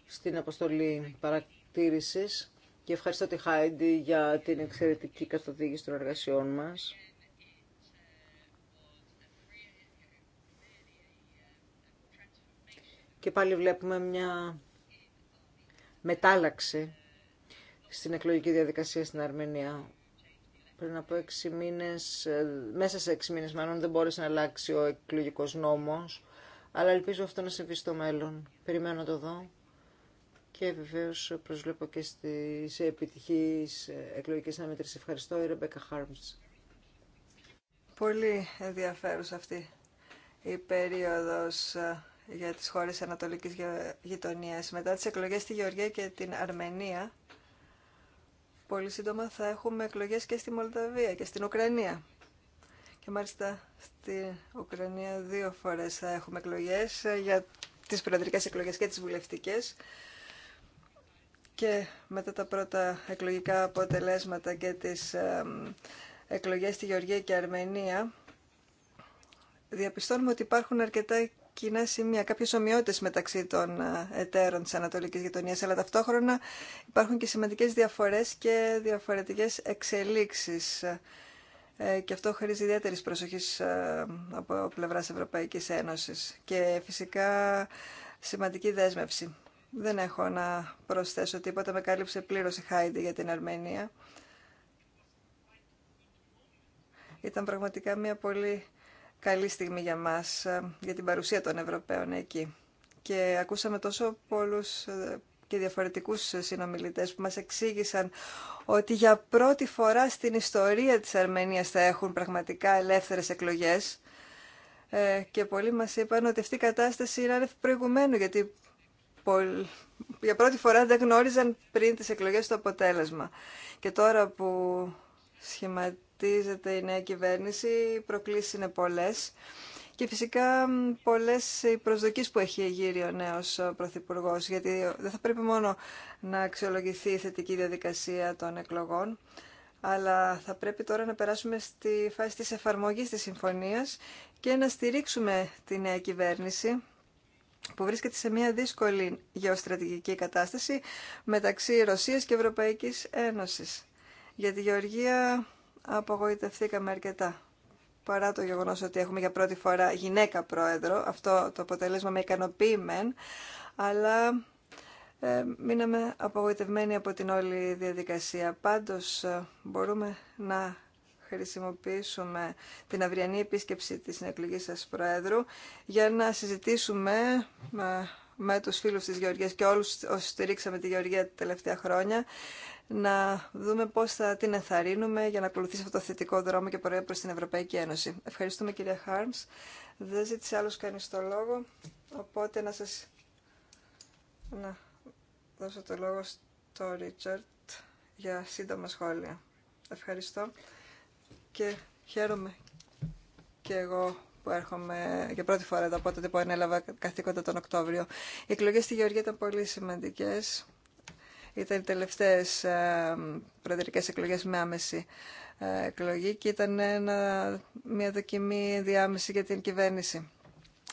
στην αποστολή παρακτήρησης και ευχαριστώ τη Χάιντι για την εξαιρετική καθοδήγηση των εργασιών μας. Και πάλι βλέπουμε μια μετάλλαξη στην εκλογική διαδικασία στην Αρμενία. Πριν από έξι μήνες, μέσα σε έξι μήνες μάλλον δεν μπόρεσε να αλλάξει ο εκλογικός νόμος, αλλά ελπίζω αυτό να συμβεί στο μέλλον. Περιμένω το δω και βεβαίω προσβλέπω και στι επιτυχεί εκλογικές αναμέτρησεις. Ευχαριστώ, η Ρεμπέκα Χάρμ. Πολύ ενδιαφέρουσα αυτή η περίοδος ε, για τις χώρες ανατολικής γειτονία. Μετά τις εκλογές στη Γεωργία και την Αρμενία, πολύ σύντομα θα έχουμε εκλογές και στη Μολδαβία και στην Ουκρανία. Και μάλιστα στην Ουκρανία δύο φορές θα έχουμε εκλογές ε, για τις προεδρικές εκλογές και τις βουλευτικές και μετά τα πρώτα εκλογικά αποτελέσματα και τις εκλογές στη Γεωργία και Αρμενία, διαπιστώνουμε ότι υπάρχουν αρκετά κοινά σημεία, κάποιες ομοιότητες μεταξύ των ε, εταίρων της Ανατολικής Γειτονίας, αλλά ταυτόχρονα υπάρχουν και σημαντικές διαφορές και διαφορετικές εξελίξεις. Ε, και αυτό χρήζει ιδιαίτερης προσοχής ε, από πλευράς Ευρωπαϊκής Ένωσης. Και φυσικά σημαντική δέσμευση. Δεν έχω να προσθέσω τίποτα. Με κάλυψε πλήρω η Χάιντι για την Αρμενία. Ήταν πραγματικά μια πολύ καλή στιγμή για μας, ε, για την παρουσία των Ευρωπαίων εκεί. Και ακούσαμε τόσο πολλούς ε, και διαφορετικούς συνομιλητές που μας εξήγησαν ότι για πρώτη φορά στην ιστορία της Αρμενίας θα έχουν πραγματικά ελεύθερες εκλογές ε, και πολλοί μας είπαν ότι αυτή η κατάσταση είναι προηγουμένου γιατί για πρώτη φορά δεν γνώριζαν πριν τις εκλογές το αποτέλεσμα. Και τώρα που σχηματίζεται η νέα κυβέρνηση, οι προκλήσεις είναι πολλές. Και φυσικά πολλές οι προσδοκίες που έχει γύρει ο νέος Πρωθυπουργό, γιατί δεν θα πρέπει μόνο να αξιολογηθεί η θετική διαδικασία των εκλογών, αλλά θα πρέπει τώρα να περάσουμε στη φάση της εφαρμογής της συμφωνίας και να στηρίξουμε τη νέα κυβέρνηση που βρίσκεται σε μια δύσκολη γεωστρατηγική κατάσταση μεταξύ Ρωσίας και Ευρωπαϊκής Ένωσης. Για τη Γεωργία απογοητευθήκαμε αρκετά. Παρά το γεγονό ότι έχουμε για πρώτη φορά γυναίκα πρόεδρο, αυτό το αποτελέσμα με ικανοποιεί μεν, αλλά ε, μείναμε απογοητευμένοι από την όλη διαδικασία. Πάντως ε, μπορούμε να χρησιμοποιήσουμε την αυριανή επίσκεψη της συνεκλογής σας Πρόεδρου για να συζητήσουμε με, με τους φίλους της Γεωργίας και όλους όσους στηρίξαμε τη Γεωργία τα τελευταία χρόνια να δούμε πώς θα την ενθαρρύνουμε για να ακολουθήσει αυτό το θετικό δρόμο και πορεία προς την Ευρωπαϊκή Ένωση. Ευχαριστούμε κυρία Χάρμς. Δεν ζήτησε άλλο κανεί το λόγο, οπότε να σας να δώσω το λόγο στο Ρίτσαρτ για σύντομα σχόλια. Ευχαριστώ και χαίρομαι και εγώ που έρχομαι για πρώτη φορά εδώ από τότε που ανέλαβα καθήκοντα τον Οκτώβριο. Οι εκλογές στη Γεωργία ήταν πολύ σημαντικές. Ήταν οι τελευταίες ε, προεδρικές εκλογές με άμεση ε, εκλογή και ήταν ένα, μια δοκιμή διάμεση για την κυβέρνηση.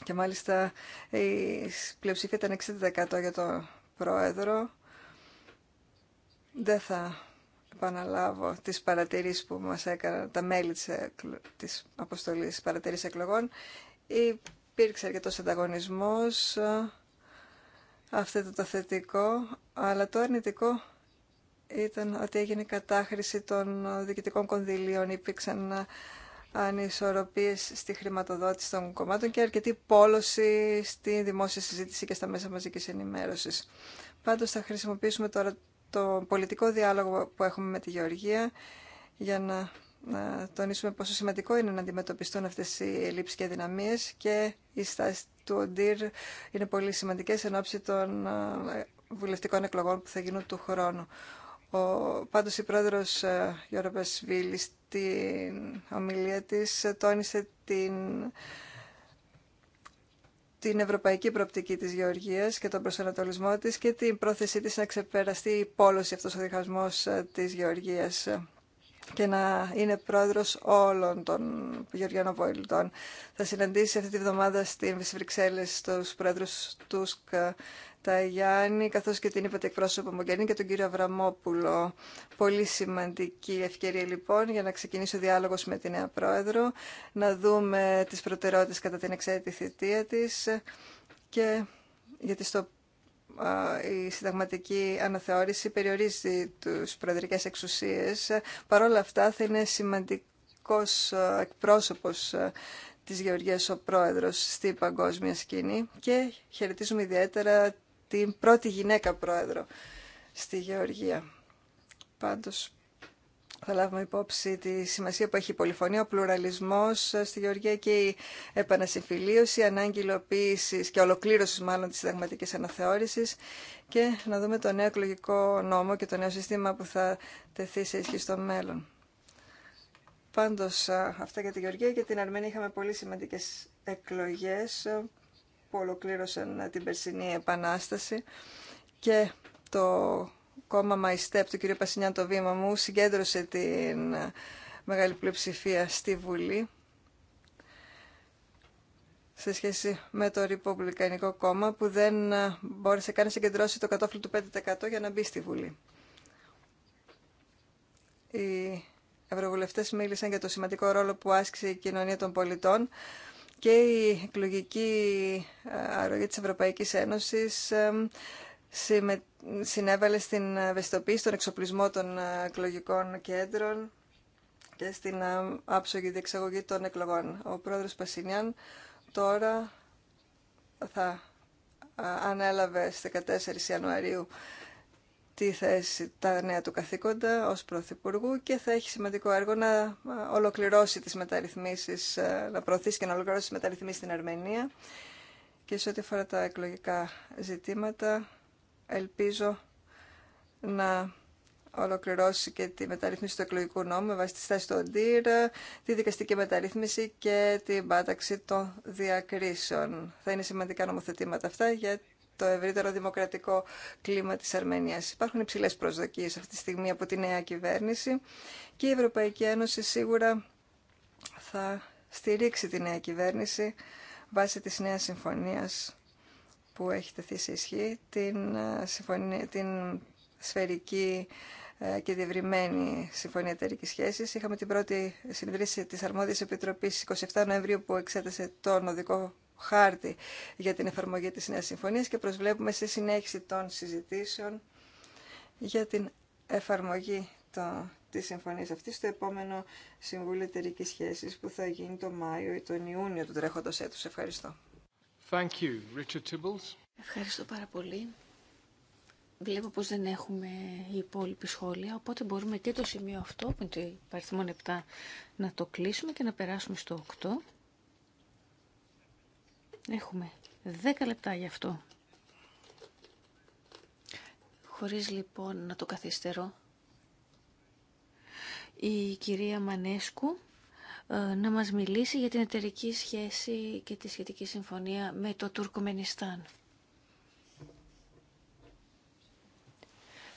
Και μάλιστα η πλειοψηφία ήταν 60% για τον πρόεδρο. Δεν θα επαναλάβω τις παρατηρήσεις που μας έκαναν τα μέλη της, της αποστολής παρατηρήσεις εκλογών. Υπήρξε αρκετό ανταγωνισμό αυτό το θετικό, αλλά το αρνητικό ήταν ότι έγινε κατάχρηση των διοικητικών κονδυλίων, υπήρξαν ανισορροπίες στη χρηματοδότηση των κομμάτων και αρκετή πόλωση στη δημόσια συζήτηση και στα μέσα μαζικής ενημέρωσης. Πάντως θα χρησιμοποιήσουμε τώρα το πολιτικό διάλογο που έχουμε με τη Γεωργία για να, τονίσουμε πόσο σημαντικό είναι να αντιμετωπιστούν αυτές οι ελλείψεις και δυναμίες και οι στάσεις του ΟΝΤΙΡ είναι πολύ σημαντικές εν ώψη των ε, βουλευτικών εκλογών που θα γίνουν του χρόνου. Ο, πάντως η πρόεδρος ε, Γιώργος Βίλης στην ομιλία της ε, τόνισε την την ευρωπαϊκή προοπτική της γεωργίας και τον προσανατολισμό της και την πρόθεσή της να ξεπεραστεί η πόλωση αυτός ο διχασμός ε, της γεωργίας και να είναι πρόεδρος όλων των Γεωργιανών Πολιτών. Θα συναντήσει αυτή τη βδομάδα στην Βρυξέλλες τους πρόεδρους Τούσκ Ταγιάννη, καθώ και την είπατε εκπρόσωπο Μογγενή και τον κύριο Αβραμόπουλο. Πολύ σημαντική ευκαιρία λοιπόν για να ξεκινήσει ο διάλογο με τη νέα πρόεδρο, να δούμε τι προτεραιότητες κατά την εξαίρετη θητεία τη και γιατί στο η συνταγματική αναθεώρηση περιορίζει τους προεδρικές εξουσίες. όλα αυτά θα είναι σημαντικός εκπρόσωπος της Γεωργίας ο πρόεδρος στη παγκόσμια σκηνή και χαιρετίζουμε ιδιαίτερα την πρώτη γυναίκα πρόεδρο στη Γεωργία. Πάντως θα λάβουμε υπόψη τη σημασία που έχει η πολυφωνία, ο πλουραλισμό στη Γεωργία και η επανασυμφιλίωση, η ανάγκη υλοποίηση και ολοκλήρωση μάλλον της συνταγματική αναθεώρησης και να δούμε το νέο εκλογικό νόμο και το νέο σύστημα που θα τεθεί σε ισχύ στο μέλλον. Πάντως αυτά για τη Γεωργία και την Αρμένη είχαμε πολύ σημαντικέ εκλογές που ολοκλήρωσαν την περσινή επανάσταση και το κόμμα My Step του κ. Πασινιάν το βήμα μου συγκέντρωσε την ε, μεγάλη πλειοψηφία στη Βουλή σε σχέση με το Ριπομπλικανικό Κόμμα που δεν ε, μπόρεσε καν να συγκεντρώσει το κατόφλι του 5% για να μπει στη Βουλή. Οι ευρωβουλευτές μίλησαν για το σημαντικό ρόλο που άσκησε η κοινωνία των πολιτών και η εκλογική ε, αρρωγή της Ευρωπαϊκής Ένωσης συνέβαλε στην ευαισθητοποίηση των εξοπλισμών των εκλογικών κέντρων και στην ε, άψογη διεξαγωγή των εκλογών. Ο πρόεδρος Πασινιάν τώρα θα ε, ανέλαβε στις 14 Ιανουαρίου τη θέση τα νέα του καθήκοντα ως Πρωθυπουργού και θα έχει σημαντικό έργο να ε, ολοκληρώσει τις μεταρρυθμίσεις, να προωθήσει και να ολοκληρώσει τις μεταρρυθμίσεις στην Αρμενία και σε ό,τι αφορά τα εκλογικά ζητήματα ελπίζω να ολοκληρώσει και τη μεταρρύθμιση του εκλογικού νόμου με βάση τη στάση του ΟΝΤΙΡ, τη δικαστική μεταρρύθμιση και την πάταξη των διακρίσεων. Θα είναι σημαντικά νομοθετήματα αυτά για το ευρύτερο δημοκρατικό κλίμα της Αρμενίας. Υπάρχουν υψηλές προσδοκίες αυτή τη στιγμή από τη νέα κυβέρνηση και η Ευρωπαϊκή Ένωση σίγουρα θα στηρίξει τη νέα κυβέρνηση βάσει της νέας συμφωνίας που έχει τεθεί σε ισχύ, την, ε, συμφωνία, σφαιρική ε, και διευρυμένη συμφωνία εταιρική σχέση. Είχαμε την πρώτη συνδρήση της Αρμόδιας Επιτροπής 27 Νοεμβρίου που εξέτασε τον οδικό χάρτη για την εφαρμογή της νέας συμφωνίας και προσβλέπουμε στη συνέχιση των συζητήσεων για την εφαρμογή το, της συμφωνίας αυτής στο επόμενο Συμβούλιο Εταιρικής Σχέσης που θα γίνει το Μάιο ή τον Ιούνιο του τρέχοντος έτους. Ευχαριστώ. Ευχαριστώ πάρα πολύ. Βλέπω πως δεν έχουμε υπόλοιπη σχόλια, οπότε μπορούμε και το σημείο αυτό, που είναι το παριθμό 7, να το κλείσουμε και να περάσουμε στο 8. Έχουμε 10 λεπτά γι' αυτό. Χωρίς λοιπόν να το καθυστερώ, η κυρία Μανέσκου ε, να μας μιλήσει για την εταιρική σχέση και τη σχετική συμφωνία με το Τουρκουμενιστάν.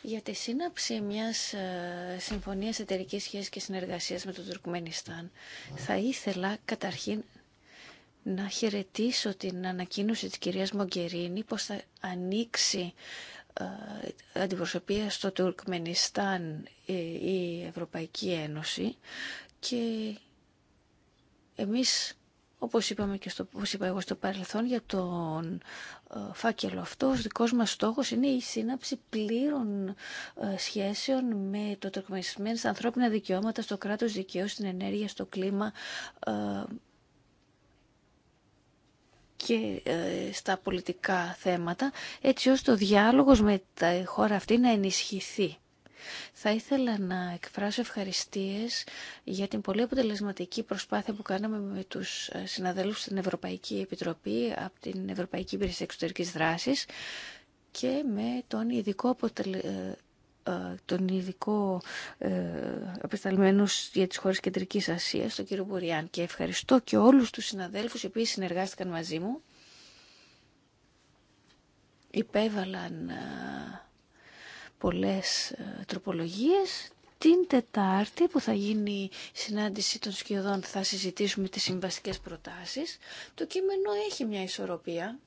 για τη σύναψη μιας ε, συμφωνίας εταιρικής σχέσης και συνεργασίας με το Τουρκμενιστάν θα ήθελα καταρχήν να χαιρετήσω την ανακοίνωση της κυρίας Μογκερίνη πως θα ανοίξει ε, αντιπροσωπεία στο Τουρκμενιστάν η Ευρωπαϊκή Ένωση και εμείς, όπως, είπαμε και όπως είπα εγώ στο παρελθόν, για τον ε, φάκελο αυτό, ο δικός μας στόχος είναι η σύναψη πλήρων ε, σχέσεων με το τεκμηρισμένο στα ανθρώπινα δικαιώματα, στο κράτος δικαίου, στην ενέργεια, στο κλίμα, ε, και στα πολιτικά θέματα, έτσι ώστε ο διάλογος με τα χώρα αυτή να ενισχυθεί. Θα ήθελα να εκφράσω ευχαριστίες για την πολύ αποτελεσματική προσπάθεια που κάναμε με τους ε, συναδέλφους στην Ευρωπαϊκή Επιτροπή από την Ευρωπαϊκή Υπηρεσία Εξωτερικής Δράσης και με τον ειδικό αποτελε... Ε, ε, τον ειδικό ε, για τις χώρες Κεντρικής Ασίας, τον κύριο Μπουριάν. Και ευχαριστώ και όλους τους συναδέλφους οι οποίοι συνεργάστηκαν μαζί μου. Υπέβαλαν πολλές ε, τροπολογίες. Την Τετάρτη που θα γίνει η συνάντηση των σκιωδών θα συζητήσουμε τις συμβαστικές προτάσεις. Το κείμενο έχει μια ισορροπία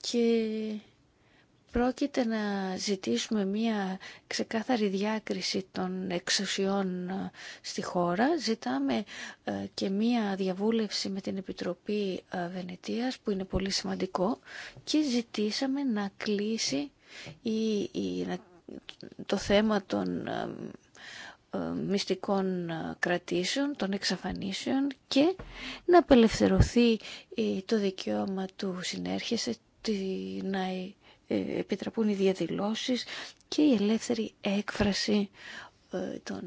και πρόκειται να ζητήσουμε μια ξεκάθαρη διάκριση των εξουσιών ε, στη χώρα. Ζητάμε ε, και μια διαβούλευση με την Επιτροπή Βενετίας που είναι πολύ σημαντικό και ζητήσαμε να κλείσει ή το θέμα των μυστικών ε, κρατήσεων, των εξαφανίσεων και να απελευθερωθεί ε, το δικαίωμα του συνέρχεσαι να ε, επιτραπούν οι διαδηλώσεις και η ελεύθερη έκφραση των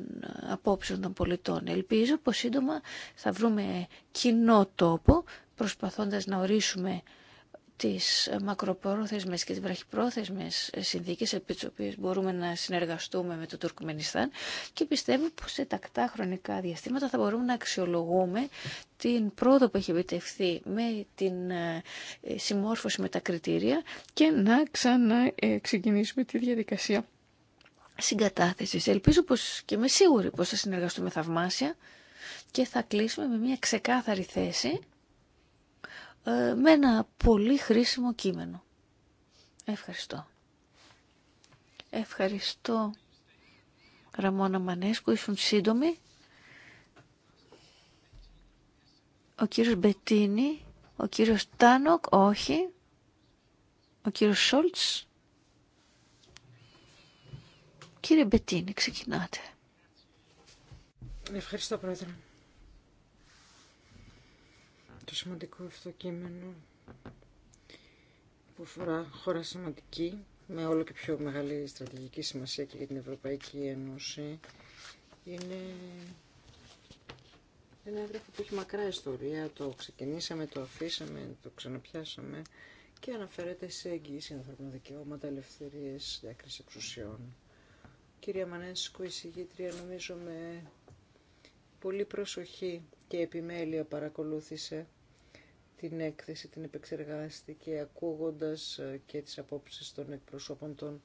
απόψεων των πολιτών. Ελπίζω πως σύντομα θα βρούμε κοινό τόπο προσπαθώντας να ορίσουμε τις ε, μακροπρόθεσμες και τις βραχυπρόθεσμες ε, συνθήκες επί μπορούμε να συνεργαστούμε με το Τουρκμενιστάν και πιστεύω πως σε τακτά χρονικά διαστήματα θα μπορούμε να αξιολογούμε την πρόοδο που έχει επιτευχθεί με την ε, συμμόρφωση με τα κριτήρια και να ξαναξεκινήσουμε τη διαδικασία συγκατάθεσης. Ελπίζω πως και είμαι σίγουρη πως θα συνεργαστούμε θαυμάσια και θα κλείσουμε με μια ξεκάθαρη θέση ε, με ένα πολύ χρήσιμο κείμενο. Ευχαριστώ. Ευχαριστώ, Ραμόνα Μανέσκου, ήσουν σύντομοι. Ο κύριος Μπετίνη, ο κύριος Τάνοκ, όχι. Ο κύριος Σόλτς. Κύριε Μπετίνη, ξεκινάτε. Ευχαριστώ, Πρόεδρε το σημαντικό αυτό κείμενο που αφορά χώρα σημαντική με όλο και πιο μεγάλη στρατηγική σημασία και για την Ευρωπαϊκή Ένωση είναι ένα έγγραφο που έχει μακρά ιστορία, το ξεκινήσαμε, το αφήσαμε, το ξαναπιάσαμε και αναφέρεται σε εγγύηση ανθρώπινα δικαιώματα, ελευθερίες, διάκριση εξουσιών. Κυρία Μανέσκου, η νομίζω με πολύ προσοχή και επιμέλεια παρακολούθησε την έκθεση, την επεξεργάστηκε ακούγοντας ε, και τις απόψεις των εκπροσώπων των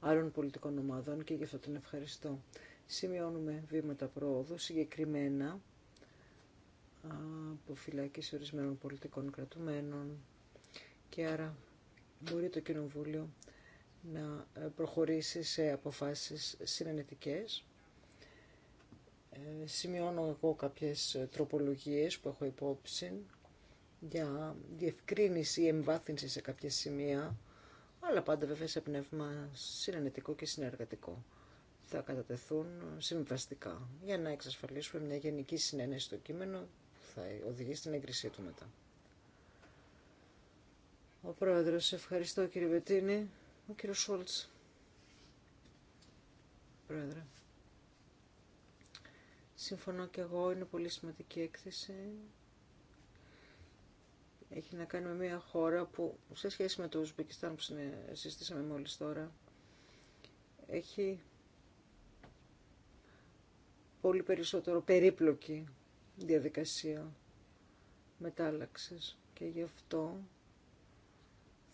άλλων πολιτικών ομάδων και γι' αυτό την ευχαριστώ. Σημειώνουμε βήματα πρόοδου συγκεκριμένα από φυλάκιση ορισμένων πολιτικών κρατουμένων και άρα μπορεί το Κοινοβούλιο να ε, προχωρήσει σε αποφάσεις συνενετικές ε, σημειώνω εγώ κάποιες τροπολογίες που έχω υπόψη για διευκρίνηση ή εμβάθυνση σε κάποια σημεία, αλλά πάντα βέβαια σε πνεύμα συνενετικό και συνεργατικό. Θα κατατεθούν συμβαστικά για να εξασφαλίσουμε μια γενική συνένεση στο κείμενο που θα οδηγεί στην έγκρισή του μετά. Ο Πρόεδρος, ευχαριστώ κύριε Βετίνη. Ο κύριος Σόλτς. Πρόεδρε. Συμφωνώ και εγώ, είναι πολύ σημαντική έκθεση. Έχει να κάνει με μια χώρα που σε σχέση με το Ουσμπεκιστάν που συζητήσαμε μόλις τώρα έχει πολύ περισσότερο περίπλοκη διαδικασία μετάλλαξης και γι' αυτό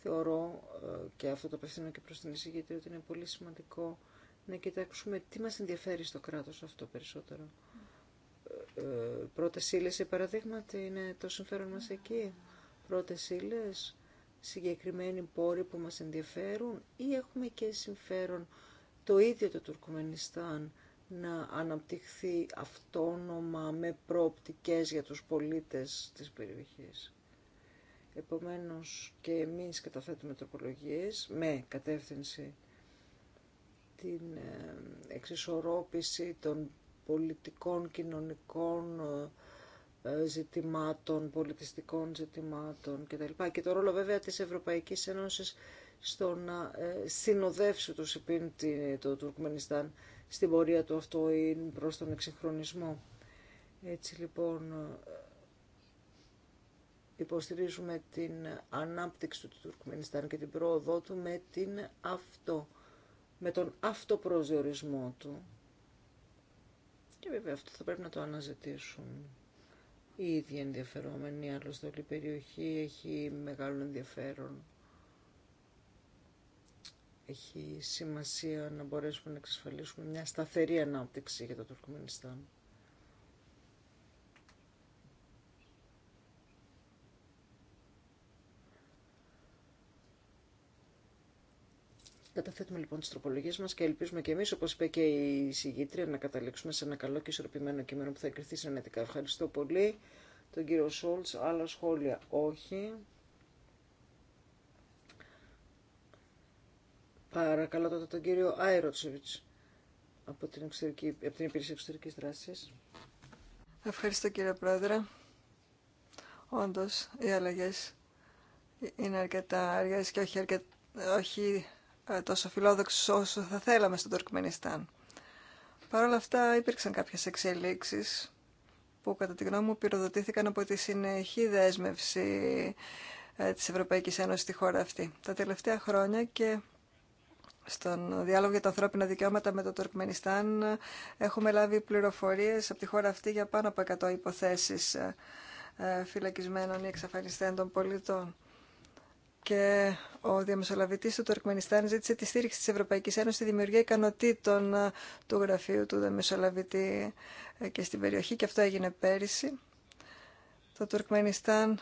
θεωρώ ε, και αυτό το απευθύνω και προς την εισηγήτρια ότι είναι πολύ σημαντικό να κοιτάξουμε τι μας ενδιαφέρει στο κράτος αυτό περισσότερο. Ε, ύλε, για παράδειγμα είναι το συμφέρον μας εκεί. Πρώτε ύλε, συγκεκριμένοι πόροι που μας ενδιαφέρουν ή έχουμε και συμφέρον το ίδιο το Τουρκμενιστάν να αναπτυχθεί αυτόνομα με προοπτικές για τους πολίτες της περιοχής. Επομένως και εμείς καταθέτουμε τροπολογίες με κατεύθυνση την ε, εξισορρόπηση των πολιτικών, κοινωνικών ε, ζητημάτων, πολιτιστικών ζητημάτων κτλ. Και το ρόλο βέβαια της Ευρωπαϊκής Ένωσης στο να ε, συνοδεύσει το ΣΥΠΗΝ το Τουρκμενιστάν στην πορεία του αυτό ή προς τον εξυγχρονισμό. Έτσι λοιπόν ε, υποστηρίζουμε την ανάπτυξη του Τουρκμενιστάν και την πρόοδό του με, την αυτό, με τον αυτοπροσδιορισμό του και βέβαια αυτό θα πρέπει να το αναζητήσουν οι ίδιοι ενδιαφερόμενοι, άλλωστε όλη η περιοχή έχει μεγάλο ενδιαφέρον. Έχει σημασία να μπορέσουμε να εξασφαλίσουμε μια σταθερή ανάπτυξη για το Τουρκμενιστάν. Καταθέτουμε λοιπόν τι τροπολογίε μα και ελπίζουμε και εμεί, όπω είπε και η συγγήτρια, να καταλήξουμε σε ένα καλό και ισορροπημένο κείμενο που θα εκριθεί συνενετικά. Ευχαριστώ πολύ τον κύριο Σόλτ. Άλλα σχόλια όχι. Παρακαλώ τότε τον κύριο Άιροτσεβιτς από την, από την Υπηρεσία Εξωτερικής Δράσης. Ευχαριστώ κύριε Πρόεδρε. Όντως οι αλλαγές είναι αρκετά αργές και όχι, όχι ε, τόσο φιλόδοξους όσο θα θέλαμε στον Τουρκμενιστάν. Παρ' όλα αυτά υπήρξαν κάποιες εξελίξεις που κατά τη γνώμη μου πυροδοτήθηκαν από τη συνεχή δέσμευση ε, της Ευρωπαϊκής Ένωσης στη χώρα αυτή. Τα τελευταία χρόνια και στον διάλογο για τα ανθρώπινα δικαιώματα με το Τουρκμενιστάν ε, έχουμε λάβει πληροφορίες από τη χώρα αυτή για πάνω από 100 υποθέσεις φυλακισμένων ή εξαφανιστέντων πολιτών και ο διαμεσολαβητής του Τουρκμενιστάν ζήτησε τη στήριξη της Ευρωπαϊκής Ένωσης στη δημιουργία ικανοτήτων ε, του γραφείου του διαμεσολαβητή ε, και στην περιοχή και αυτό έγινε πέρυσι. Το Τουρκμενιστάν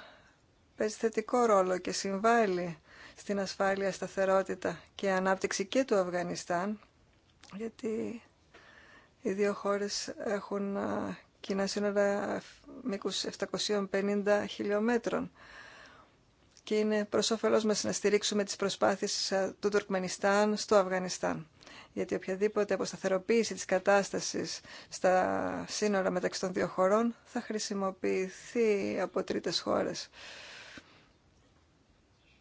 παίζει θετικό ρόλο και συμβάλλει στην ασφάλεια, σταθερότητα και ανάπτυξη και του Αφγανιστάν γιατί οι δύο χώρες έχουν ε, κοινά σύνορα μήκους 750 χιλιόμετρων και είναι προ όφελό μα να στηρίξουμε τις προσπάθειες ε, του Τουρκμενιστάν στο Αφγανιστάν. Γιατί οποιαδήποτε αποσταθεροποίηση τη κατάσταση στα σύνορα μεταξύ των δύο χωρών θα χρησιμοποιηθεί από τρίτε χώρε.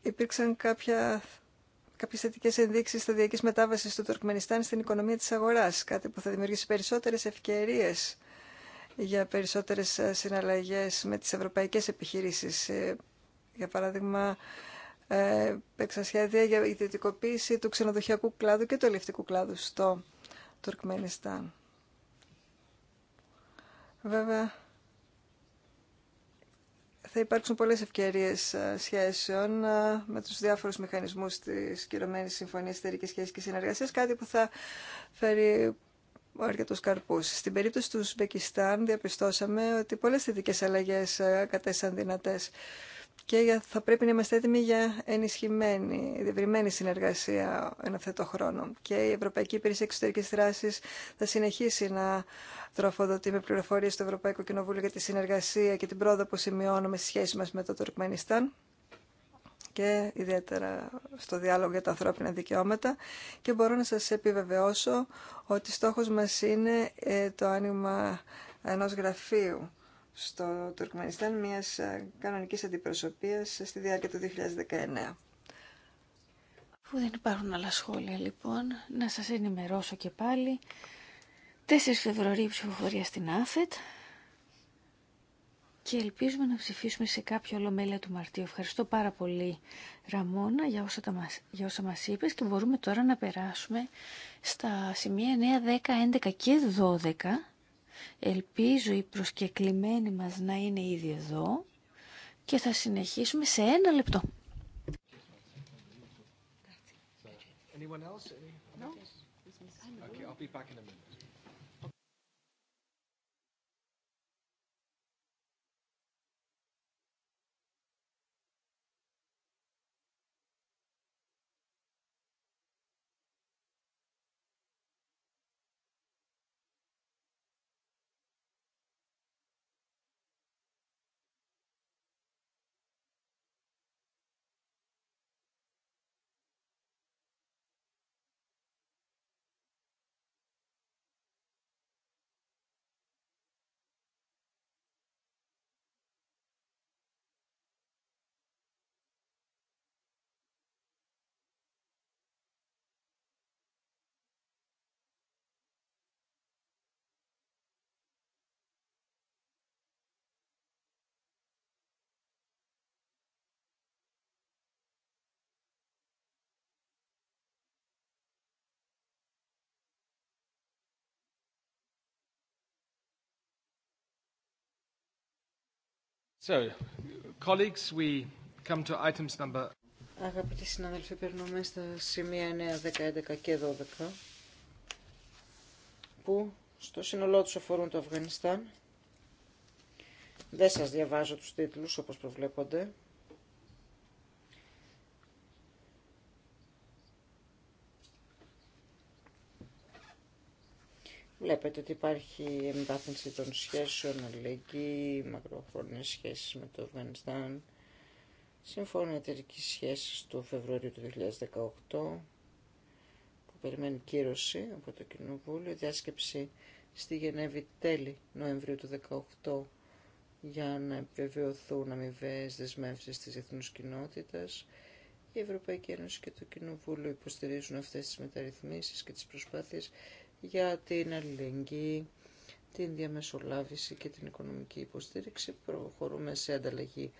Υπήρξαν κάποια κάποιε θετικέ ενδείξει σταδιακή μετάβαση του Τουρκμενιστάν στην οικονομία τη αγορά. Κάτι που θα δημιουργήσει περισσότερε ευκαιρίε για περισσότερε ε, συναλλαγέ με τι ευρωπαϊκέ επιχειρήσει ε, για παράδειγμα, ε, σχέδια για ιδιωτικοποίηση του ξενοδοχειακού κλάδου και του ελευτικού κλάδου στο Τουρκμενιστάν. Βέβαια, θα υπάρξουν πολλές ευκαιρίες ε, σχέσεων ε, με τους διάφορους μηχανισμούς της κυρωμένης συμφωνίας θερικής σχέσης και συνεργασίας, κάτι που θα φέρει αρκετούς καρπούς. Στην περίπτωση του Σμπεκιστάν διαπιστώσαμε ότι πολλές θετικές αλλαγές ε, κατέσαν δυνατές και θα πρέπει να είμαστε έτοιμοι για ενισχυμένη, διευρυμένη συνεργασία εν αυτό το χρόνο. Και η Ευρωπαϊκή Υπηρεσία Εξωτερική Δράση θα συνεχίσει να τροφοδοτεί με πληροφορίε στο Ευρωπαϊκό Κοινοβούλιο για τη συνεργασία και την πρόοδο που σημειώνουμε στη σχέση μα με το Τουρκμενιστάν και ιδιαίτερα στο διάλογο για τα ανθρώπινα δικαιώματα και μπορώ να σας επιβεβαιώσω ότι στόχος μας είναι ε, το άνοιγμα ενός γραφείου στο Τουρκμενιστάν μιας ε, κανονικής αντιπροσωπείας στη διάρκεια του 2019. Αφού δεν υπάρχουν άλλα σχόλια λοιπόν, να σας ενημερώσω και πάλι. 4 Φεβρουαρίου ψηφοφορία στην ΑΦΕΤ και ελπίζουμε να ψηφίσουμε σε κάποιο ολομέλεια του Μαρτίου. Ευχαριστώ πάρα πολύ Ραμόνα για όσα, τα μας, για όσα μας είπες και μπορούμε τώρα να περάσουμε στα σημεία 9, 10, 11 και 12 Ελπίζω οι προσκεκλημένοι μας να είναι ήδη εδώ και θα συνεχίσουμε σε ένα λεπτό. Anyone So, colleagues, we come to items number... Αγαπητοί συνάδελφοι, περνούμε στα σημεία 9, 10, 11 και 12 που στο σύνολό τους αφορούν το Αφγανιστάν. Δεν σας διαβάζω τους τίτλους όπως προβλέπονται. Βλέπετε ότι υπάρχει εμβάθυνση των σχέσεων, αλληλεγγύη, μακροχρόνιες σχέσεις με το Αφγανιστάν, συμφώνια εταιρική σχέση του Φεβρουαρίου του 2018, που περιμένει κύρωση από το Κοινοβούλιο, διάσκεψη στη Γενέβη τέλη Νοεμβρίου του 2018 για να επιβεβαιωθούν αμοιβαίες δεσμεύσει τη διεθνού κοινότητα. Η Ευρωπαϊκή Ένωση και το Κοινοβούλιο υποστηρίζουν αυτέ τι μεταρρυθμίσει και τι προσπάθειε για την αλληλεγγύη, την διαμεσολάβηση και την οικονομική υποστήριξη. Προχωρούμε σε ανταλλαγή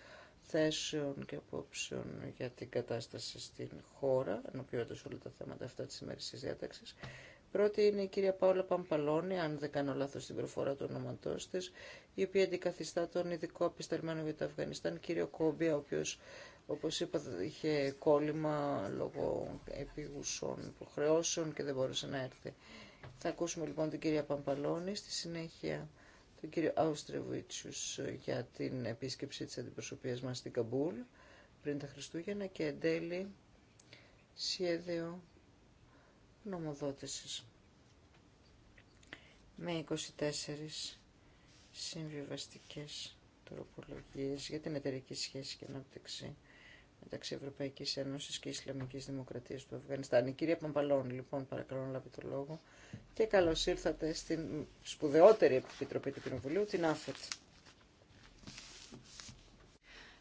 θέσεων και απόψεων για την κατάσταση στην χώρα, ενωπιώντας όλα τα θέματα αυτά της της διάταξης. Πρώτη είναι η κυρία Πάολα Παμπαλώνη, αν δεν κάνω λάθος στην προφορά του ονόματό τη, η οποία αντικαθιστά τον ειδικό απεσταλμένο για το Αφγανιστάν, κύριο Κόμπια, ο οποίο, όπω είπα, είχε κόλλημα λόγω επίγουσων υποχρεώσεων και δεν μπόρεσε να έρθει. Θα ακούσουμε λοιπόν την κυρία Παμπαλώνη, στη συνέχεια τον κύριο Άουστρεβιτσιους για την επίσκεψη της αντιπροσωπείας μας στην Καμπούλ πριν τα Χριστούγεννα και εν τέλει σχέδιο νομοδότησης με 24 συμβιβαστικές τροπολογίες για την εταιρική σχέση και ανάπτυξη μεταξύ Ευρωπαϊκή Ένωση και Ισλαμική Δημοκρατία του Αφγανιστάν. Η κυρία Παμπαλώνη, λοιπόν, παρακαλώ να λάβει το λόγο. Και καλώ ήρθατε στην σπουδαιότερη Επιτροπή του Κοινοβουλίου, την ΑΦΕΤ.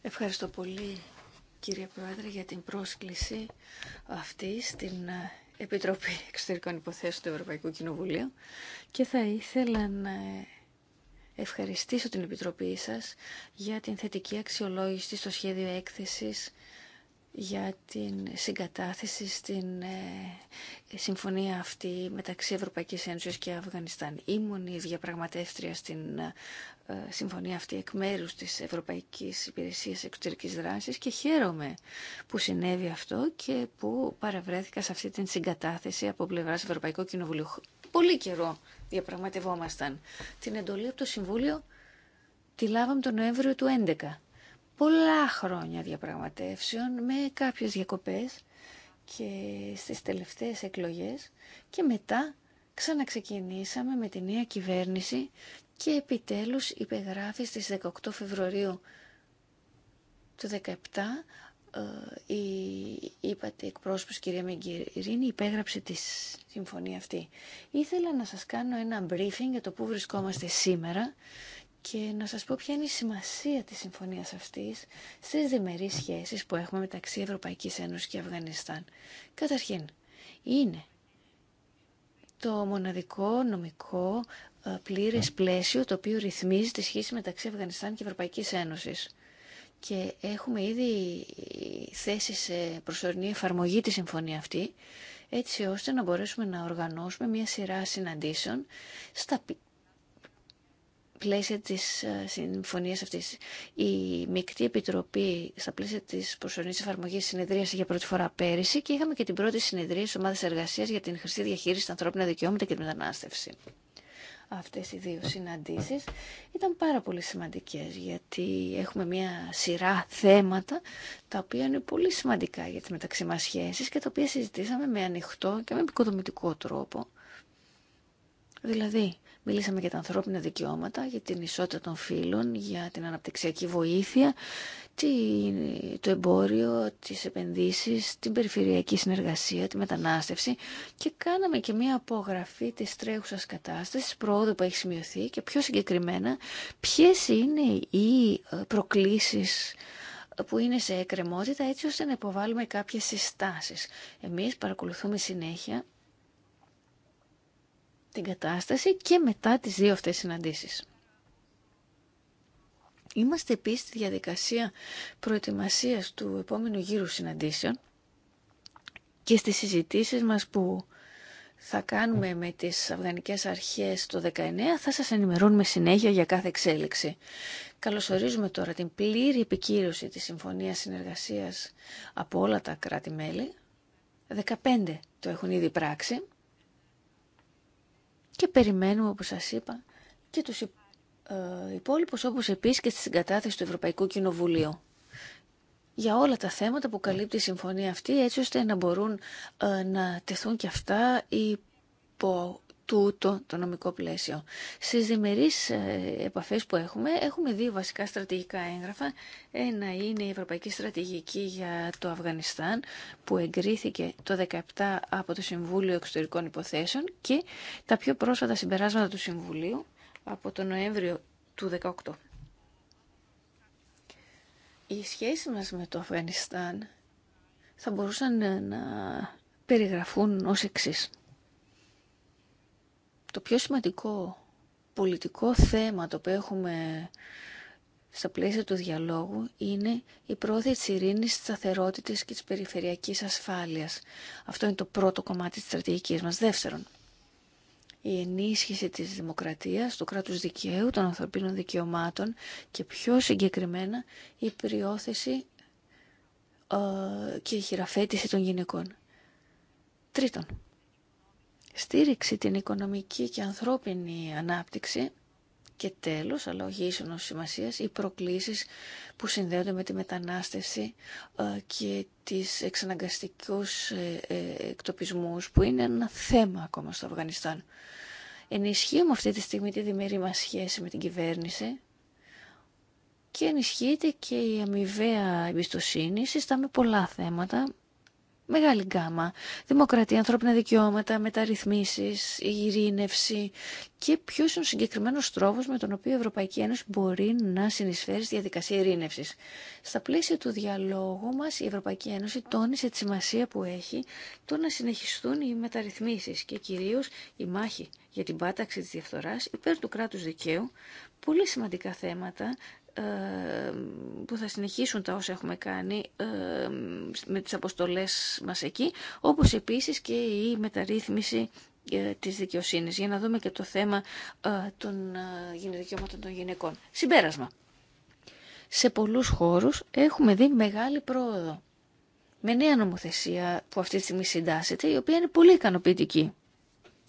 Ευχαριστώ πολύ, κύριε Πρόεδρε, για την πρόσκληση αυτή στην ε, Επιτροπή Εξωτερικών Υποθέσεων του Ευρωπαϊκού Κοινοβουλίου και θα ήθελα να ευχαριστήσω την Επιτροπή σας για την θετική αξιολόγηση στο σχέδιο έκθεσης για την συγκατάθεση στην ε, συμφωνία αυτή μεταξύ Ευρωπαϊκής Ένωσης και Αφγανιστάν. Ήμουν η διαπραγματεύτρια στην ε, συμφωνία αυτή εκ μέρους της Ευρωπαϊκής Υπηρεσίας Εξωτερικής Δράσης και χαίρομαι που συνέβη αυτό και που παραβρέθηκα σε αυτή την συγκατάθεση από πλευράς Ευρωπαϊκού Κοινοβουλίου. Πολύ καιρό διαπραγματευόμασταν. Την εντολή από το Συμβούλιο τη λάβαμε τον Νοέμβριο του 2011. Πολλά χρόνια διαπραγματεύσεων με κάποιες διακοπές και στις τελευταίες εκλογές και μετά ξαναξεκινήσαμε με τη νέα κυβέρνηση και επιτέλους υπεγράφει στις 18 Φεβρουαρίου του 17. Ε, είπατε εκπρόσωπος κυρία Μεγκυρίνη υπέγραψε τη συμφωνία αυτή. Ήθελα να σας κάνω ένα briefing για το πού βρισκόμαστε σήμερα και να σας πω ποια είναι η σημασία της συμφωνίας αυτής στις διμερείς σχέσεις που έχουμε μεταξύ Ευρωπαϊκής Ένωσης και Αφγανιστάν. Καταρχήν, είναι το μοναδικό νομικό ε, πλήρες πλαίσιο το οποίο ρυθμίζει τη σχέση μεταξύ Αφγανιστάν και Ευρωπαϊκής Ένωσης και έχουμε ήδη θέσει σε προσωρινή εφαρμογή τη συμφωνία αυτή έτσι ώστε να μπορέσουμε να οργανώσουμε μια σειρά συναντήσεων στα πλαίσια της ε, συμφωνίας αυτής. Η Μικτή Επιτροπή στα πλαίσια της προσωρινής εφαρμογής συνεδρίασε για πρώτη φορά πέρυσι και είχαμε και την πρώτη συνεδρία της Ομάδας Εργασίας για την Χρηστή Διαχείριση των ανθρώπινων Δικαιώματα και τη Μετανάστευση αυτές οι δύο συναντήσεις ήταν πάρα πολύ σημαντικές γιατί έχουμε μια σειρά θέματα τα οποία είναι πολύ σημαντικά για τις μεταξύ μας σχέσεις και τα οποία συζητήσαμε με ανοιχτό και με επικοδομητικό τρόπο. Δηλαδή, Μιλήσαμε για τα ανθρώπινα δικαιώματα, για την ισότητα των φύλων, για την αναπτυξιακή βοήθεια, το εμπόριο, τις επενδύσεις, την περιφερειακή συνεργασία, τη μετανάστευση και κάναμε και μία απογραφή της τρέχουσας κατάστασης, πρόοδου που έχει σημειωθεί και πιο συγκεκριμένα ποιες είναι οι ε, προκλήσεις που είναι σε εκκρεμότητα έτσι ώστε να υποβάλουμε κάποιες συστάσεις. Εμείς παρακολουθούμε συνέχεια την κατάσταση και μετά τις δύο αυτές συναντήσεις. Είμαστε επίσης στη διαδικασία προετοιμασίας του επόμενου γύρου συναντήσεων και στις συζητήσεις μας που θα κάνουμε με τις Αυγανικές αρχές το 19 θα σας ενημερώνουμε συνέχεια για κάθε εξέλιξη. Καλωσορίζουμε τώρα την πλήρη επικύρωση της Συμφωνίας Συνεργασίας από όλα τα κράτη-μέλη. 15 το έχουν ήδη πράξει και περιμένουμε όπως σας είπα και τους ε, υπόλοιπους όπως επίσης και στη συγκατάθεση του Ευρωπαϊκού Κοινοβουλίου για όλα τα θέματα που καλύπτει η συμφωνία αυτή έτσι ώστε να μπορούν ε, να τεθούν και αυτά υπό τούτο το νομικό πλαίσιο. Στις διμερείς ε, επαφές που έχουμε, έχουμε δύο βασικά στρατηγικά έγγραφα. Ένα είναι η Ευρωπαϊκή Στρατηγική για το Αφγανιστάν, που εγκρίθηκε το 17 από το Συμβούλιο Εξωτερικών Υποθέσεων και τα πιο πρόσφατα συμπεράσματα του Συμβουλίου από τον Νοέμβριο του 2018. Οι σχέσεις μας με το Αφγανιστάν θα μπορούσαν ε, να περιγραφούν ως εξής. Το πιο σημαντικό πολιτικό θέμα το οποίο έχουμε στα πλαίσια του διαλόγου είναι η πρόθεση της ειρήνης, της σταθερότητας και της περιφερειακής ασφάλειας. Αυτό είναι το πρώτο κομμάτι της στρατηγικής μας. Δεύτερον, η ενίσχυση της δημοκρατίας, του κράτους δικαίου, των ανθρωπίνων δικαιωμάτων και πιο συγκεκριμένα η πριόθεση ε, και η χειραφέτηση των γυναικών. Τρίτον, στήριξη την οικονομική και ανθρώπινη ανάπτυξη και τέλος, αλλά όχι ίσονος σημασίας, οι προκλήσεις που συνδέονται με τη μετανάστευση ε, και τις εξαναγκαστικούς ε, ε, εκτοπισμούς που είναι ένα θέμα ακόμα στο Αφγανιστάν. Ενισχύουμε αυτή τη στιγμή τη διμερή μας σχέση με την κυβέρνηση και ενισχύεται και η αμοιβαία εμπιστοσύνη. Συστάμε πολλά θέματα μεγάλη γκάμα. Δημοκρατία, ανθρώπινα δικαιώματα, μεταρρυθμίσεις, ειρήνευση και ποιο είναι ο συγκεκριμένο τρόπο με τον οποίο η Ευρωπαϊκή Ένωση μπορεί να συνεισφέρει στη διαδικασία ειρήνευση. Στα πλαίσια του διαλόγου μα, η Ευρωπαϊκή Ένωση τόνισε τη σημασία που έχει το να συνεχιστούν οι μεταρρυθμίσεις και κυρίω η μάχη για την πάταξη τη διαφθορά, υπέρ του κράτου δικαίου, πολύ σημαντικά θέματα ε, που θα συνεχίσουν τα όσα έχουμε κάνει ε, με τις αποστολές μας εκεί, όπως επίσης και η μεταρρύθμιση ε, της δικαιοσύνης, για να δούμε και το θέμα των δικαιωμάτων των γυναικών. Συμπέρασμα. Σε πολλούς χώρους έχουμε δει μεγάλη πρόοδο με νέα νομοθεσία που αυτή τη στιγμή συντάσσεται, η οποία είναι πολύ ικανοποιητική.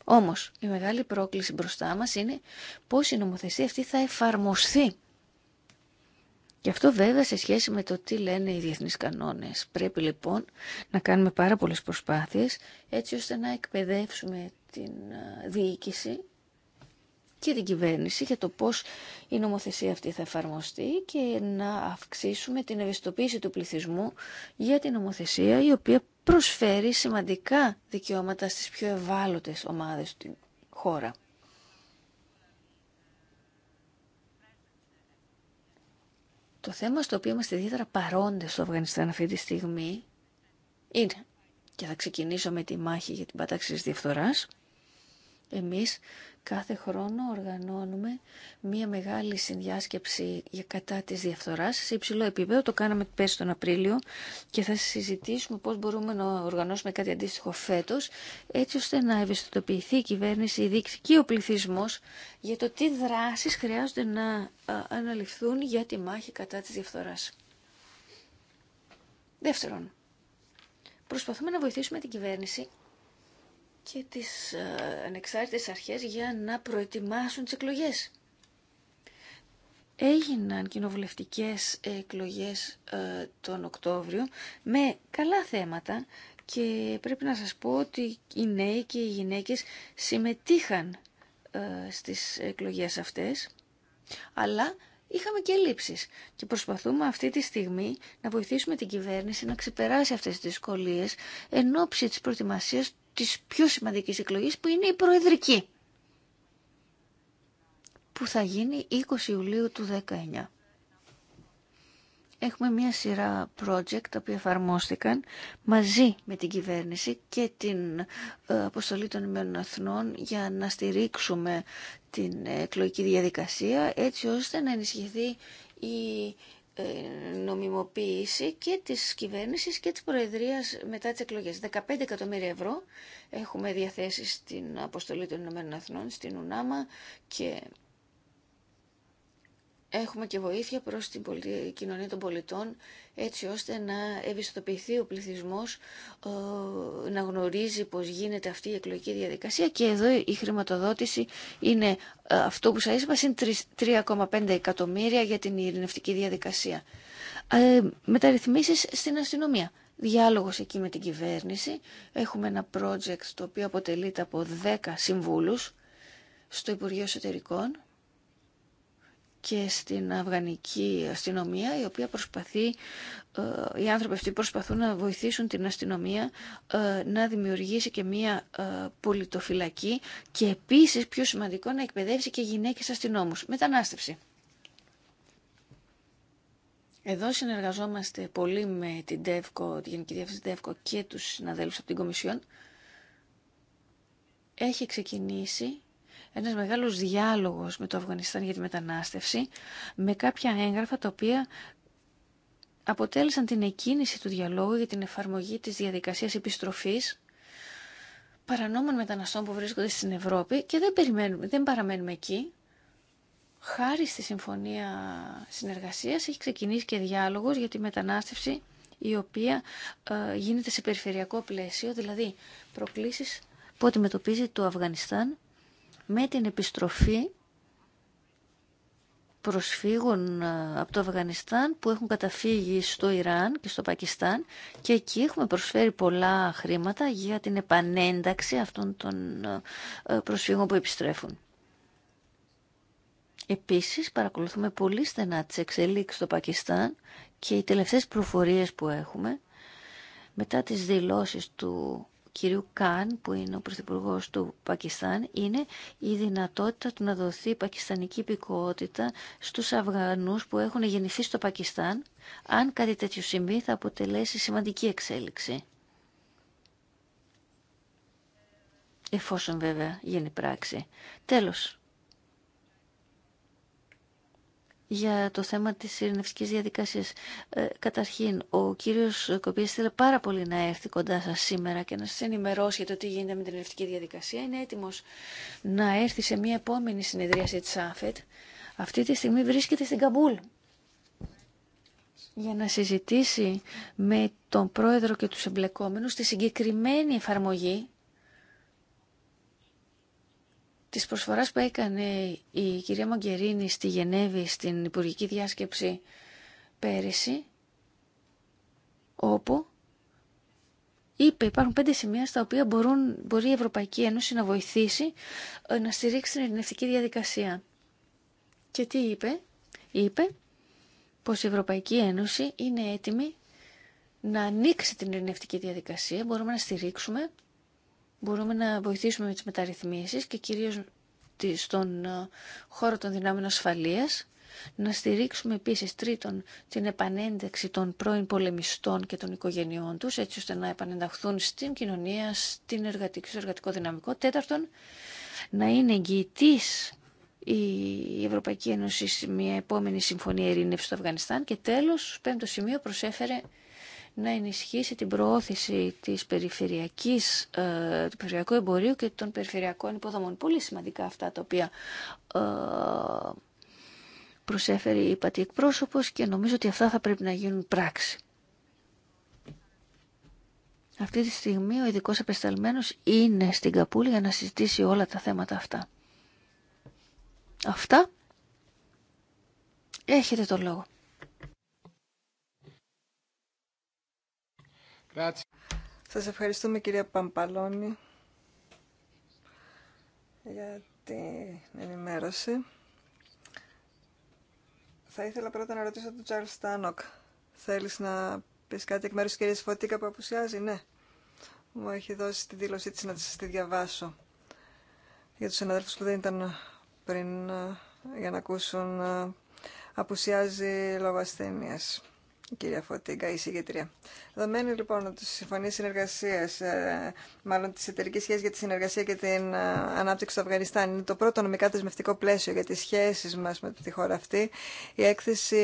Όμως, η μεγάλη πρόκληση μπροστά μας είναι πώς η νομοθεσία αυτή θα εφαρμοστεί και αυτό βέβαια σε σχέση με το τι λένε οι διεθνείς κανόνες. Πρέπει λοιπόν να κάνουμε πάρα πολλές προσπάθειες έτσι ώστε να εκπαιδεύσουμε την διοίκηση και την κυβέρνηση για το πώς η νομοθεσία αυτή θα εφαρμοστεί και να αυξήσουμε την ευαισθητοποίηση του πληθυσμού για την νομοθεσία η οποία προσφέρει σημαντικά δικαιώματα στις πιο ευάλωτες ομάδες του χώρα. Το θέμα στο οποίο είμαστε ιδιαίτερα παρόντες στο Αφγανιστάν αυτή τη στιγμή είναι, και θα ξεκινήσω με τη μάχη για την πάταξη της διαφθοράς, εμείς Κάθε χρόνο οργανώνουμε μια μεγάλη συνδιάσκεψη για κατά της διαφθοράς σε υψηλό επίπεδο. Το κάναμε πέρσι τον Απρίλιο και θα συζητήσουμε πώς μπορούμε να οργανώσουμε κάτι αντίστοιχο φέτος έτσι ώστε να ευαισθητοποιηθεί η κυβέρνηση, η δίκτυα και ο πληθυσμό για το τι δράσεις χρειάζονται να αναλυφθούν για τη μάχη κατά της διαφθοράς. Δεύτερον, προσπαθούμε να βοηθήσουμε την κυβέρνηση και τις ε, ανεξάρτητες αρχές για να προετοιμάσουν τις εκλογές. Έγιναν κοινοβουλευτικές εκλογές ε, τον Οκτώβριο με καλά θέματα και πρέπει να σας πω ότι οι νέοι και οι γυναίκες συμμετείχαν ε, στις εκλογές αυτές, αλλά είχαμε και λήψεις και προσπαθούμε αυτή τη στιγμή να βοηθήσουμε την κυβέρνηση να ξεπεράσει αυτές τις δυσκολίες εν ώψη της προετοιμασίας της πιο σημαντικής εκλογής που είναι η προεδρική που θα γίνει 20 Ιουλίου του 19. Έχουμε μια σειρά project τα οποία εφαρμόστηκαν μαζί με την κυβέρνηση και την ε, αποστολή των Ηνωμένων Αθνών για να στηρίξουμε την εκλογική διαδικασία έτσι ώστε να ενισχυθεί η ε, νομιμοποίηση και της κυβέρνησης και της Προεδρίας μετά τις εκλογές. 15 εκατομμύρια ευρώ έχουμε διαθέσει στην αποστολή των Ηνωμένων Αθνών, στην Ουνάμα και έχουμε και βοήθεια προς την κοινωνία των πολιτών έτσι ώστε να ευαισθητοποιηθεί ο πληθυσμός να γνωρίζει πως γίνεται αυτή η εκλογική διαδικασία και εδώ η χρηματοδότηση είναι ε, αυτό που σας είπα, είναι 3,5 εκατομμύρια για την ειρηνευτική διαδικασία. Ε, μεταρρυθμίσεις στην αστυνομία διάλογος εκεί με την κυβέρνηση. Έχουμε ένα project το οποίο αποτελείται από 10 συμβούλους στο Υπουργείο Εσωτερικών και στην αφγανική αστυνομία η οποία προσπαθεί, ε, οι άνθρωποι αυτοί προσπαθούν να βοηθήσουν την αστυνομία ε, να δημιουργήσει και μία ε, πολιτοφυλακή και επίσης πιο σημαντικό να εκπαιδεύσει και γυναίκες αστυνόμους. Μετανάστευση. Εδώ συνεργαζόμαστε πολύ με την τη Γενική Διεύθυνση ΤΕΒΚΟ και τους συναδέλφους από την Κομισιόν. Έχει ξεκινήσει ένας μεγάλος διάλογος με το Αφγανιστάν για τη μετανάστευση, με κάποια έγγραφα τα οποία αποτέλεσαν την εκκίνηση του διαλόγου για την εφαρμογή της διαδικασίας επιστροφής παρανόμων μεταναστών που βρίσκονται στην Ευρώπη και δεν, περιμένουμε, δεν παραμένουμε εκεί. Χάρη στη Συμφωνία Συνεργασίας έχει ξεκινήσει και διάλογος για τη μετανάστευση η οποία ε, γίνεται σε περιφερειακό πλαίσιο, δηλαδή προκλήσεις που αντιμετωπίζει το Αφγανιστάν με την επιστροφή προσφύγων ε, από το Αφγανιστάν που έχουν καταφύγει στο Ιράν και στο Πακιστάν και εκεί έχουμε προσφέρει πολλά χρήματα για την επανένταξη αυτών των ε, ε, προσφύγων που επιστρέφουν. Επίσης παρακολουθούμε πολύ στενά τις εξελίξεις στο Πακιστάν και οι τελευταίες προφορίες που έχουμε μετά τις δηλώσεις του κυρίου Καν, που είναι ο Πρωθυπουργό του Πακιστάν, είναι η δυνατότητα του να δοθεί πακιστανική υπηκότητα στους Αυγανούς που έχουν γεννηθεί στο Πακιστάν. Αν κάτι τέτοιο συμβεί, θα αποτελέσει σημαντική εξέλιξη. Εφόσον βέβαια γίνει πράξη. Τέλος για το θέμα της ειρηνευτικής διαδικασίας. Ε, καταρχήν, ο κύριος Κοπίες θέλει πάρα πολύ να έρθει κοντά σας σήμερα και να σας ενημερώσει για το τι γίνεται με την ειρηνευτική διαδικασία. Είναι έτοιμος να έρθει σε μια επόμενη συνεδρίαση της ΑΦΕΤ. Αυτή τη στιγμή βρίσκεται στην Καμπούλ για να συζητήσει με τον πρόεδρο και τους εμπλεκόμενους τη συγκεκριμένη εφαρμογή της προσφοράς που έκανε η κυρία Μογκερίνη στη Γενέβη στην Υπουργική Διάσκεψη πέρυσι, όπου είπε υπάρχουν πέντε σημεία στα οποία μπορεί η Ευρωπαϊκή Ένωση να βοηθήσει ε, να στηρίξει την ειρηνευτική διαδικασία. Και τι είπε, είπε πως η Ευρωπαϊκή Ένωση είναι έτοιμη να ανοίξει την ειρηνευτική διαδικασία, μπορούμε να στηρίξουμε μπορούμε να βοηθήσουμε με τις μεταρρυθμίσεις και κυρίως στον ε, χώρο των δυνάμεων ασφαλείας. Να στηρίξουμε επίσης τρίτον την επανένταξη των πρώην πολεμιστών και των οικογενειών τους, έτσι ώστε να επανενταχθούν στην κοινωνία, στην εργατική, στο εργατικό δυναμικό. Τέταρτον, να είναι εγγυητής η Ευρωπαϊκή Ένωση σε μια επόμενη συμφωνία ειρήνευσης στο Αφγανιστάν. Και τέλος, πέμπτο σημείο, προσέφερε να ενισχύσει την προώθηση της περιφερειακής, ε, του περιφερειακού εμπορίου και των περιφερειακών υποδομών. Πολύ σημαντικά αυτά τα οποία ε, προσέφερε η Πατή Εκπρόσωπος και νομίζω ότι αυτά θα πρέπει να γίνουν πράξη. Αυτή τη στιγμή ο ειδικό απεσταλμένος είναι στην Καπούλη για να συζητήσει όλα τα θέματα αυτά. Αυτά. Έχετε το λόγο. Σας ευχαριστούμε κυρία Παμπαλόνη, για την ενημέρωση. Θα ήθελα πρώτα να ρωτήσω τον Τσάρλ Στάνοκ. Θέλεις να πεις κάτι εκ μέρους της κυρίας Φωτίκα που απουσιάζει, ναι. Μου έχει δώσει τη δήλωσή της να της τη διαβάσω. Για τους συναδέλφους που δεν ήταν πριν ε, για να ακούσουν ε, απουσιάζει λόγω ασθένειας η κυρία Φωτίγκα, η συγγετρία. Δεδομένου, λοιπόν τη συμφωνία συνεργασία, ε, μάλλον τη εταιρική σχέση για τη συνεργασία και την ε, ανάπτυξη του Αφγανιστάν, είναι το πρώτο νομικά δεσμευτικό πλαίσιο για τι σχέσει μα με τη χώρα αυτή. Η έκθεση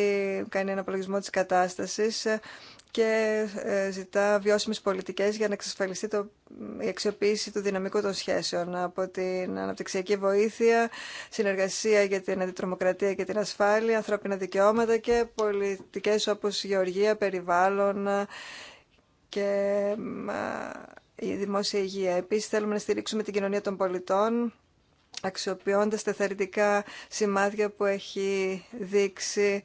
κάνει ένα απολογισμό τη κατάσταση ε, και ε, ζητά βιώσιμες πολιτικές για να εξασφαλιστεί το, η αξιοποίηση του δυναμικού των σχέσεων από την αναπτυξιακή βοήθεια, συνεργασία για την αντιτρομοκρατία και την ασφάλεια, ανθρώπινα δικαιώματα και πολιτικές όπως γεωργία, περιβάλλον και η δημόσια υγεία. Επίσης θέλουμε να στηρίξουμε την κοινωνία των πολιτών αξιοποιώντας τα θεωρητικά σημάδια που έχει δείξει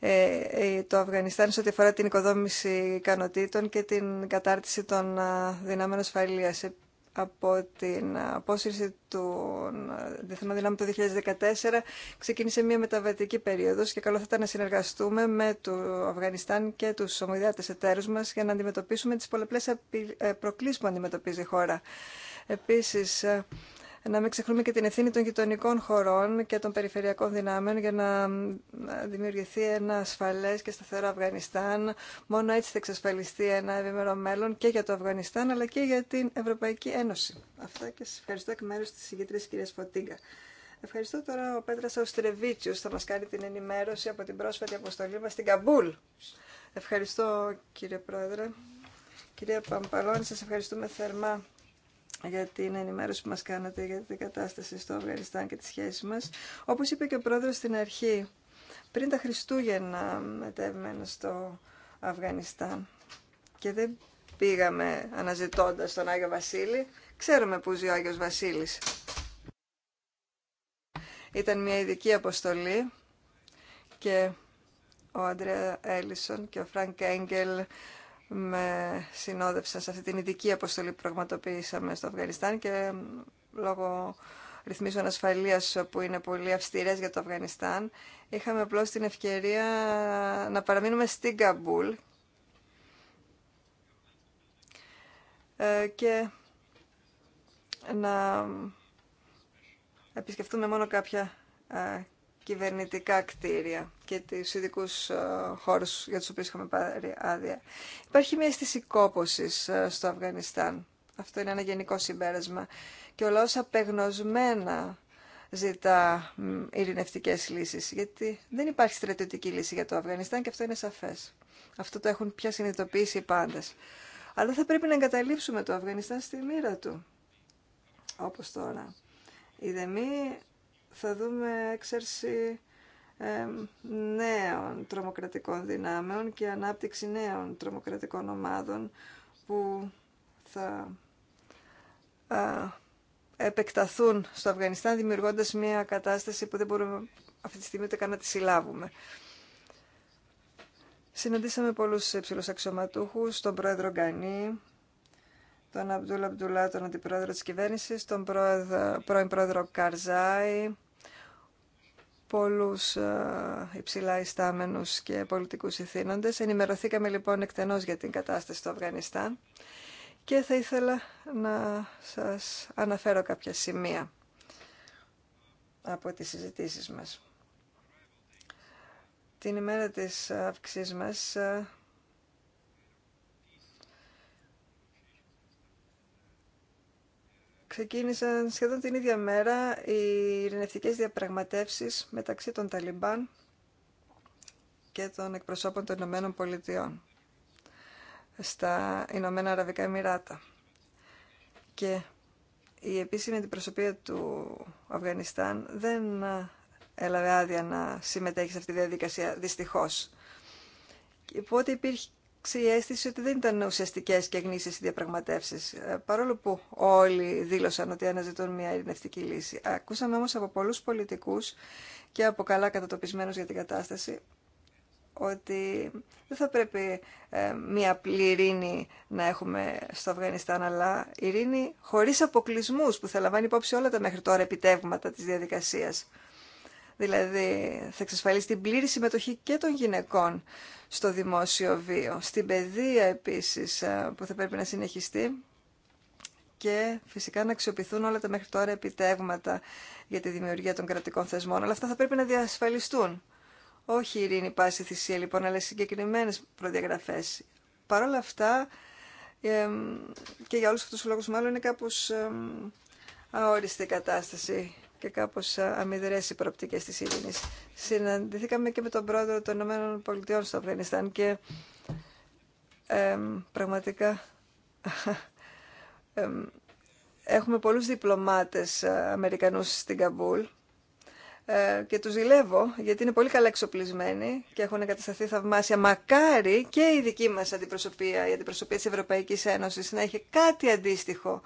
ε, ε, το Αφγανιστάν σε ό,τι αφορά την οικοδόμηση ικανοτήτων και την κατάρτιση των δυνάμεων ασφαλεία. Ε, από την απόσυρση του διεθνών δυνάμεων το 2014 ξεκίνησε μια μεταβατική περίοδος και καλό θα ήταν να συνεργαστούμε με το Αφγανιστάν και τους ομοιδιάτες εταίρους μας για να αντιμετωπίσουμε τις πολλαπλές προκλήσεις που αντιμετωπίζει η χώρα. Επίσης, να μην ξεχνούμε και την ευθύνη των γειτονικών χωρών και των περιφερειακών δυνάμεων για να δημιουργηθεί ένα ασφαλέ και σταθερό Αφγανιστάν. Μόνο έτσι θα εξασφαλιστεί ένα ευημερό μέλλον και για το Αφγανιστάν αλλά και για την Ευρωπαϊκή Ένωση. Αυτά και σα ευχαριστώ εκ μέρου τη συγκεκριτής κυρία Φωτίγκα. Ευχαριστώ τώρα ο Πέτρα Αυστρεβίτσιος θα μα κάνει την ενημέρωση από την πρόσφατη αποστολή μα στην Καμπούλ. Ευχαριστώ κύριε Πρόεδρε. Κυρία Παμπαλώνη, ευχαριστούμε θερμά για την ενημέρωση που μας κάνατε για την κατάσταση στο Αφγανιστάν και τις σχέσεις μας. Όπως είπε και ο πρόεδρος στην αρχή, πριν τα Χριστούγεννα μετέβημε στο Αφγανιστάν και δεν πήγαμε αναζητώντας τον Άγιο Βασίλη. Ξέρουμε που ζει ο Άγιος Βασίλης. Ήταν μια ειδική αποστολή και ο Αντρέα Έλισον και ο Φρανκ Έγγελ με συνόδευσαν σε αυτή την ειδική αποστολή που πραγματοποιήσαμε στο Αφγανιστάν και λόγω ρυθμίσεων ασφαλείας που είναι πολύ αυστηρές για το Αφγανιστάν είχαμε απλώ την ευκαιρία να παραμείνουμε στην Καμπούλ ε, και να επισκεφτούμε μόνο κάποια ε, κυβερνητικά κτίρια και τους ειδικού ε, χώρους για τους οποίους είχαμε πάρει άδεια. Υπάρχει μια αίσθηση κόπωσης ε, στο Αφγανιστάν. Αυτό είναι ένα γενικό συμπέρασμα. Και ο λαός απεγνωσμένα ζητά ειρηνευτικές λύσεις, γιατί δεν υπάρχει στρατιωτική λύση για το Αφγανιστάν και αυτό είναι σαφές. Αυτό το έχουν πια συνειδητοποιήσει οι πάντες. Αλλά θα πρέπει να εγκαταλείψουμε το Αφγανιστάν στη μοίρα του, όπω τώρα. Η θα δούμε έξαρση νέων τρομοκρατικών δυνάμεων και ανάπτυξη νέων τρομοκρατικών ομάδων που θα επεκταθούν στο Αφγανιστάν δημιουργώντας μια κατάσταση που δεν μπορούμε αυτή τη στιγμή ούτε καν να τη συλλάβουμε. Συναντήσαμε πολλούς υψηλούς αξιωματούχους, τον πρόεδρο Γκανή, τον Αμπτούλα Αμπτουλά, τον αντιπρόεδρο της κυβέρνησης, τον πρώην πρόεδρο Καρζάη, πολλούς ε, υψηλά ιστάμενους και πολιτικούς ηθήνοντες. Ενημερωθήκαμε λοιπόν εκτενώς για την κατάσταση στο Αφγανιστάν και θα ήθελα να σας αναφέρω κάποια σημεία από τις συζητήσεις μας. Την ημέρα της αύξησης μας ε, ξεκίνησαν σχεδόν την ίδια μέρα οι ειρηνευτικές διαπραγματεύσεις μεταξύ των Ταλιμπάν και των εκπροσώπων των Ηνωμένων Πολιτειών στα Ηνωμένα Αραβικά Εμμυράτα. Και η επίσημη αντιπροσωπεία του Αφγανιστάν δεν έλαβε άδεια να συμμετέχει σε αυτή τη διαδικασία, δυστυχώς. Οπότε υπήρχε υπάρξει αίσθηση ότι δεν ήταν ουσιαστικέ και γνήσιε οι διαπραγματεύσει, ε, παρόλο που όλοι δήλωσαν ότι αναζητούν μια ειρηνευτική λύση. Ακούσαμε όμω από πολλού πολιτικού και από καλά κατατοπισμένου για την κατάσταση ότι δεν θα πρέπει ε, μια απλή ειρήνη να έχουμε στο Αφγανιστάν, αλλά ειρήνη χωρίς αποκλεισμούς που θα λαμβάνει υπόψη όλα τα μέχρι τώρα επιτεύγματα της διαδικασίας. Δηλαδή θα εξασφαλίσει την πλήρη συμμετοχή και των γυναικών στο δημόσιο βίο, στην παιδεία επίσης ε, που θα πρέπει να συνεχιστεί και φυσικά να αξιοποιηθούν όλα τα μέχρι τώρα επιτεύγματα για τη δημιουργία των κρατικών θεσμών. Αλλά αυτά θα πρέπει να διασφαλιστούν. Όχι η ειρήνη πάση θυσία λοιπόν, αλλά συγκεκριμένε προδιαγραφέ. Παρ' όλα αυτά, και για όλου αυτού του λόγου, μάλλον είναι κάπω αόριστη η κατάσταση και κάπω αμυδρέ οι προοπτικέ της Ειρήνη. Συναντηθήκαμε και με τον πρόεδρο των ΗΠΑ στο Αφγανιστάν και πραγματικά [laughs] έχουμε πολλού διπλωμάτε Αμερικανού στην Καμπούλ ε, και τους ζηλεύω γιατί είναι πολύ καλά εξοπλισμένοι και έχουν εγκατασταθεί θαυμάσια. Μακάρι και η δική μας αντιπροσωπεία, η αντιπροσωπεία της Ευρωπαϊκής Ένωσης να έχει κάτι αντίστοιχο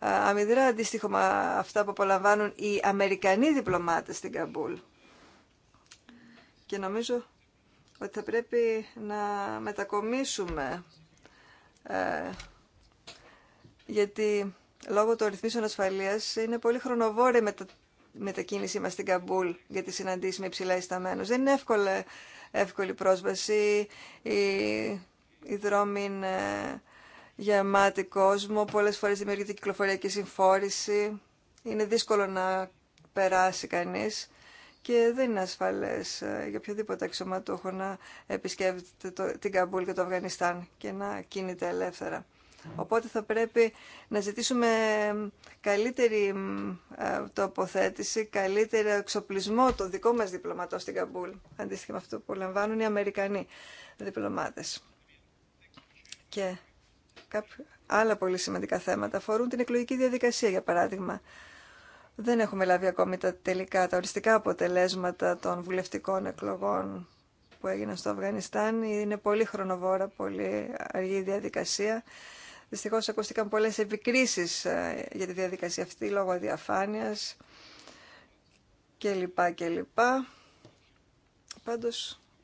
αμυδρά αντίστοιχο με αυτά που απολαμβάνουν οι Αμερικανοί διπλωμάτες στην Καμπούλ. Και νομίζω ότι θα πρέπει να μετακομίσουμε ε, γιατί λόγω των ρυθμίσεων ασφαλείας είναι πολύ χρονοβόρη μετα... μετακίνησή μας στην Καμπούλ για τη συναντήση με υψηλά ισταμένους. Δεν είναι εύκολη, εύκολη πρόσβαση, οι, οι δρόμοι είναι γεμάτη κόσμο, πολλές φορές δημιουργείται κυκλοφοριακή συμφόρηση, είναι δύσκολο να περάσει κανείς και δεν είναι ασφαλές ε, για οποιοδήποτε αξιωματούχο να επισκέπτεται την Καμπούλ και το Αφγανιστάν και να κινείται ελεύθερα. Οπότε θα πρέπει να ζητήσουμε καλύτερη ε, τοποθέτηση, καλύτερο εξοπλισμό των δικών μας διπλωματών στην Καμπούλ, αντίστοιχα με αυτό που λαμβάνουν οι Αμερικανοί διπλωμάτες. Και Κάποια άλλα πολύ σημαντικά θέματα αφορούν την εκλογική διαδικασία, για παράδειγμα. Δεν έχουμε λάβει ακόμη τα τελικά, τα οριστικά αποτελέσματα των βουλευτικών εκλογών που έγιναν στο Αφγανιστάν. Είναι πολύ χρονοβόρα, πολύ αργή διαδικασία. Δυστυχώ ακούστηκαν πολλέ επικρίσει ε, για τη διαδικασία αυτή λόγω διαφάνεια κλπ. κλπ.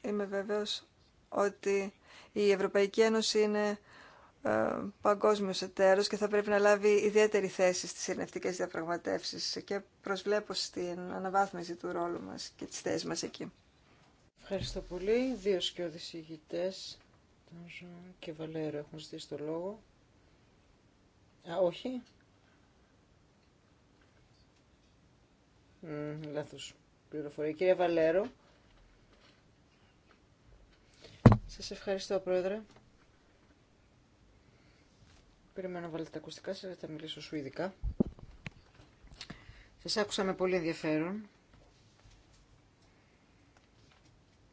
είμαι βέβαιος ότι η Ευρωπαϊκή Ένωση είναι ε, παγκόσμιος εταίρος και θα πρέπει να λάβει ιδιαίτερη θέση στις ειρηνευτικές διαπραγματεύσεις και προσβλέπω στην αναβάθμιση του ρόλου μας και της θέσης μας εκεί. Ευχαριστώ πολύ. Δύο σκιώδεις ηγητές, και Βαλέρο, έχουν ζητήσει το λόγο. Α, όχι. Μ, λάθος πληροφορία. Κυρία Βαλέρο. Σας ευχαριστώ, Πρόεδρε. Περιμένω να βάλετε τα ακουστικά σας, θα μιλήσω σου ειδικά. Σας άκουσα με πολύ ενδιαφέρον.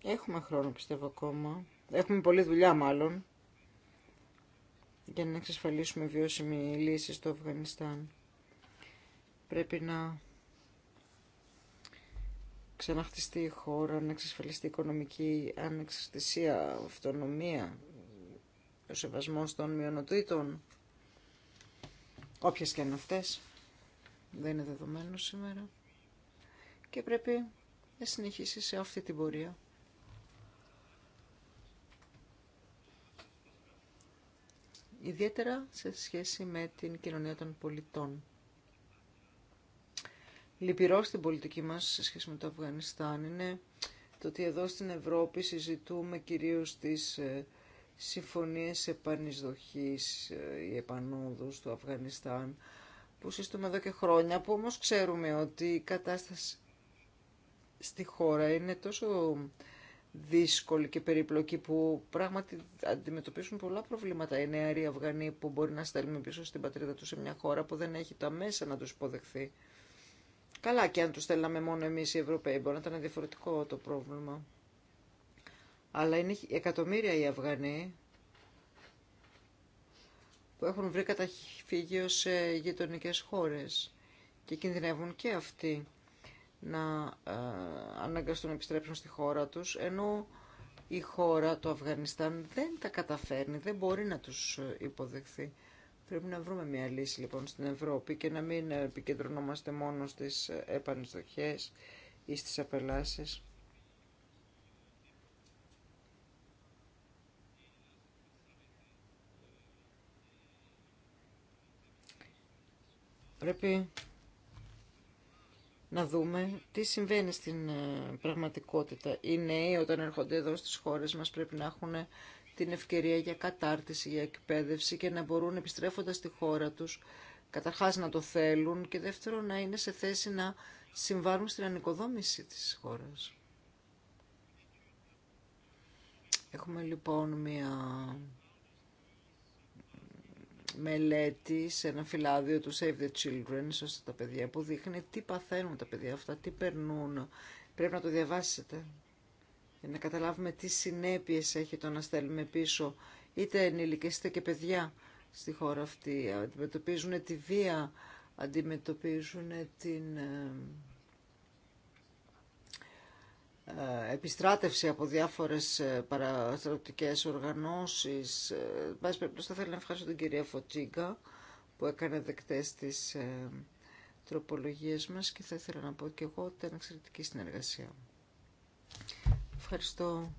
Έχουμε χρόνο πιστεύω ακόμα. Έχουμε πολλή δουλειά μάλλον για να εξασφαλίσουμε βιώσιμη λύση στο Αφγανιστάν. Πρέπει να ξαναχτιστεί η χώρα, να εξασφαλιστεί η οικονομική ανεξαρτησία, αυτονομία, ο σεβασμός των μειονοτήτων όποιες και είναι αυτές, δεν είναι δεδομένο σήμερα και πρέπει να συνεχίσει σε αυτή την πορεία. Ιδιαίτερα σε σχέση με την κοινωνία των πολιτών. Λυπηρό στην πολιτική μας σε σχέση με το Αφγανιστάν είναι το ότι εδώ στην Ευρώπη συζητούμε κυρίως τις ε, συμφωνίες επανεισδοχής ή ε, επανόδους του Αφγανιστάν που συστούμε εδώ και χρόνια, που όμως ξέρουμε ότι η κατάσταση στη χώρα είναι τόσο δύσκολη και περίπλοκη που πράγματι αντιμετωπίσουν πολλά προβλήματα οι νεαροί Αφγανοί που μπορεί να στέλνουν πίσω στην πατρίδα τους σε μια χώρα που δεν έχει τα μέσα να τους υποδεχθεί. Καλά και αν τους στέλναμε μόνο εμείς οι Ευρωπαίοι μπορεί να ήταν διαφορετικό το πρόβλημα αλλά είναι εκατομμύρια οι Αφγανοί που έχουν βρει καταφύγιο σε γειτονικέ χώρες και κινδυνεύουν και αυτοί να ε, αναγκαστούν να επιστρέψουν στη χώρα τους, ενώ η χώρα, το Αφγανιστάν, δεν τα καταφέρνει, δεν μπορεί να τους ε, υποδεχθεί. Πρέπει να βρούμε μια λύση λοιπόν στην Ευρώπη και να μην επικεντρωνόμαστε μόνο στις ε, επανειστοχές ή στις απελάσεις. Πρέπει να δούμε τι συμβαίνει στην ε, πραγματικότητα. Οι νέοι όταν έρχονται εδώ στις χώρες μας πρέπει να έχουν την ευκαιρία για κατάρτιση, για εκπαίδευση και να μπορούν επιστρέφοντας στη χώρα τους καταρχάς να το θέλουν και δεύτερον να είναι σε θέση να συμβάλλουν στην ανοικοδόμηση της χώρας. Έχουμε λοιπόν μια μελέτη σε ένα φυλάδιο του Save the Children, σωστά τα παιδιά που δείχνει τι παθαίνουν τα παιδιά αυτά, τι περνούν. Πρέπει να το διαβάσετε για να καταλάβουμε τι συνέπειες έχει το να στέλνουμε πίσω είτε ενήλικες είτε και παιδιά στη χώρα αυτή. Αντιμετωπίζουν τη βία, αντιμετωπίζουν την ε, ε, επιστράτευση από διάφορες ε, παραστρατικές οργανώσεις. Ε, πάση περιπτώσει θα θέλω να ευχαριστώ την κυρία Φωτσίγκα που έκανε δεκτές τις τροπολογίες μας και θα ήθελα να πω και εγώ ότι ήταν εξαιρετική συνεργασία. Ευχαριστώ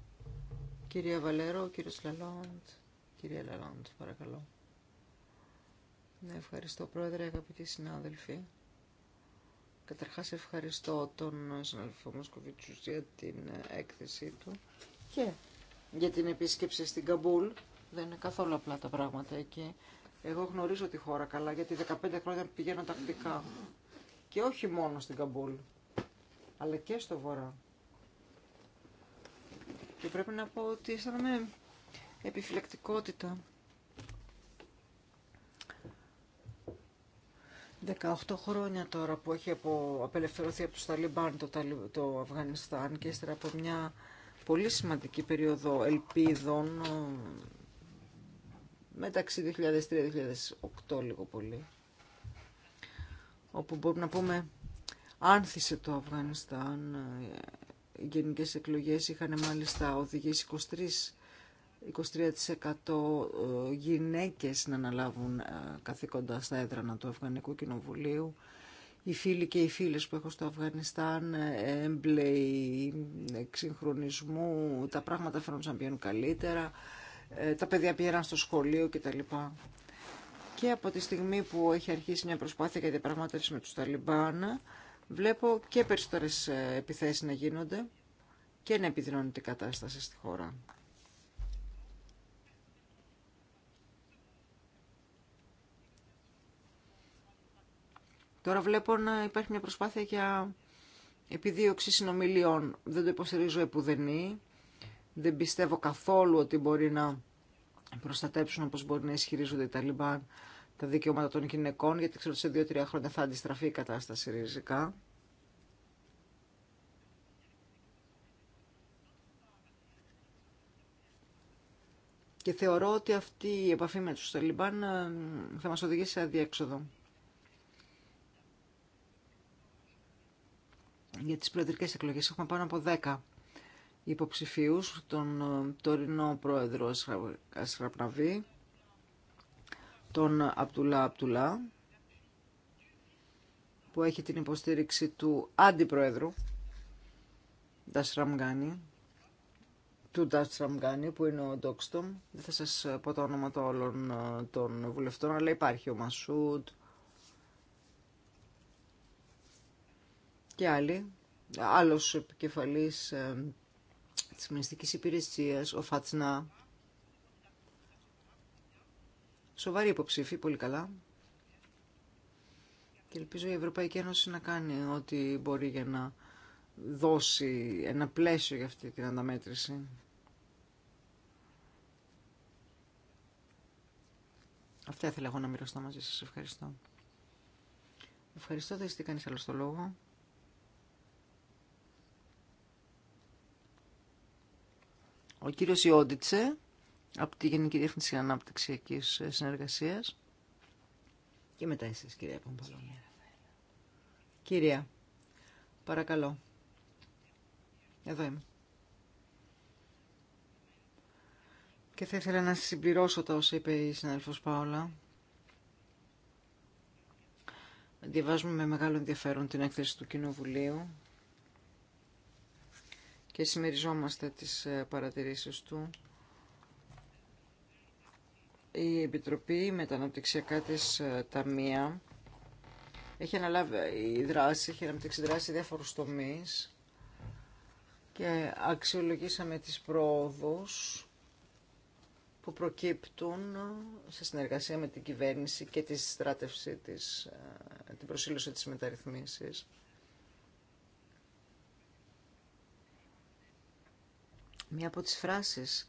κυρία Βαλέρο, κύριο Λαλόντ. Κυρία Λαλόντ, παρακαλώ. Ναι, ευχαριστώ πρόεδρε, αγαπητοί συνάδελφοι. Καταρχάς ευχαριστώ τον συναδελφό Μοσκοβίτσους για την έκθεσή του και για την επίσκεψη στην Καμπούλ. Δεν είναι καθόλου απλά τα πράγματα εκεί. Εγώ γνωρίζω τη χώρα καλά γιατί 15 χρόνια πηγαίνω τακτικά. Και όχι μόνο στην Καμπούλ, αλλά και στο βορρά. Και πρέπει να πω ότι αισθάνομαι επιφυλακτικότητα 18 χρόνια τώρα που έχει απο... απελευθερωθεί από τους Ταλιμπάν το, το Αφγανιστάν και ύστερα από μια πολύ σημαντική περίοδο ελπίδων ε, μεταξύ 2003-2008 λίγο πολύ όπου μπορούμε να πούμε άνθησε το Αφγανιστάν ε, οι γενικές εκλογές είχαν μάλιστα οδηγήσει 23 23% ε, γυναίκες να αναλάβουν ε, καθήκοντα στα έδρανα του Αφγανικού Κοινοβουλίου. Οι φίλοι και οι φίλες που έχω στο Αφγανιστάν, ε, έμπλεοι, εξυγχρονισμού, τα πράγματα φαίνονται να πηγαίνουν καλύτερα, τα παιδιά πήγαιναν στο σχολείο κτλ. Και από τη στιγμή που έχει αρχίσει μια προσπάθεια για διαπραγμάτευση με του Ταλιμπάν, βλέπω και περισσότερες επιθέσεις να γίνονται και να επιδεινώνεται η κατάσταση στη χώρα. Τώρα βλέπω να υπάρχει μια προσπάθεια για επιδίωξη συνομιλιών. Δεν το υποστηρίζω επουδενή. Δεν πιστεύω καθόλου ότι μπορεί να προστατέψουν όπως μπορεί να ισχυρίζονται οι Ταλιμπάν τα δικαιώματα των γυναικών, γιατί ξέρω ότι σε δύο-τρία χρόνια θα αντιστραφεί η κατάσταση ριζικά. Και θεωρώ ότι αυτή η επαφή με τους Ταλιμπάν ε, θα μας οδηγήσει σε αδιέξοδο. για τις προεδρικές εκλογές έχουμε πάνω από 10 υποψηφίους, τον ε, τωρινό πρόεδρο Ασραπναβή, τον Απτουλά Απτουλά, που έχει την υποστήριξη του αντιπρόεδρου Ντασραμγκάνη, του Ντασραμγκάνη που είναι ο Ντόξτομ. Δεν θα σας πω το όνομα των όλων ε, των βουλευτών, αλλά υπάρχει ο Μασούτ, και άλλοι, άλλος επικεφαλής ε, της Μυστικής Υπηρεσίας, ο Φατσνά. Σοβαρή υποψήφη, πολύ καλά. Και ελπίζω η Ευρωπαϊκή Ένωση να κάνει ό,τι μπορεί για να δώσει ένα πλαίσιο για αυτή την ανταμέτρηση. Αυτά ήθελα εγώ να μοιραστώ μαζί σας. Ευχαριστώ. Ευχαριστώ. Δεν είστε κανείς άλλο στο λόγο. Ο κύριος Ιόντιτσε από τη Γενική Διεύθυνση Ανάπτυξιακής Συνεργασίας και μετά εσείς κυρία Παμπαλόνια. Κυρία, παρακαλώ. Εδώ είμαι. Και θα ήθελα να συμπληρώσω τα όσα είπε η συνάδελφος Πάολα. Διαβάζουμε με μεγάλο ενδιαφέρον την έκθεση του Κοινοβουλίου και συμμεριζόμαστε τις ε, παρατηρήσεις του. Η Επιτροπή με τα της ε, ταμεία έχει αναλάβει ε, η δράση, έχει αναπτύξει δράση διάφορους τομείς και αξιολογήσαμε τις πρόοδους που προκύπτουν σε συνεργασία με την κυβέρνηση και τη στράτευση της, την προσήλωση της μεταρρυθμίσης. Μία από τις φράσεις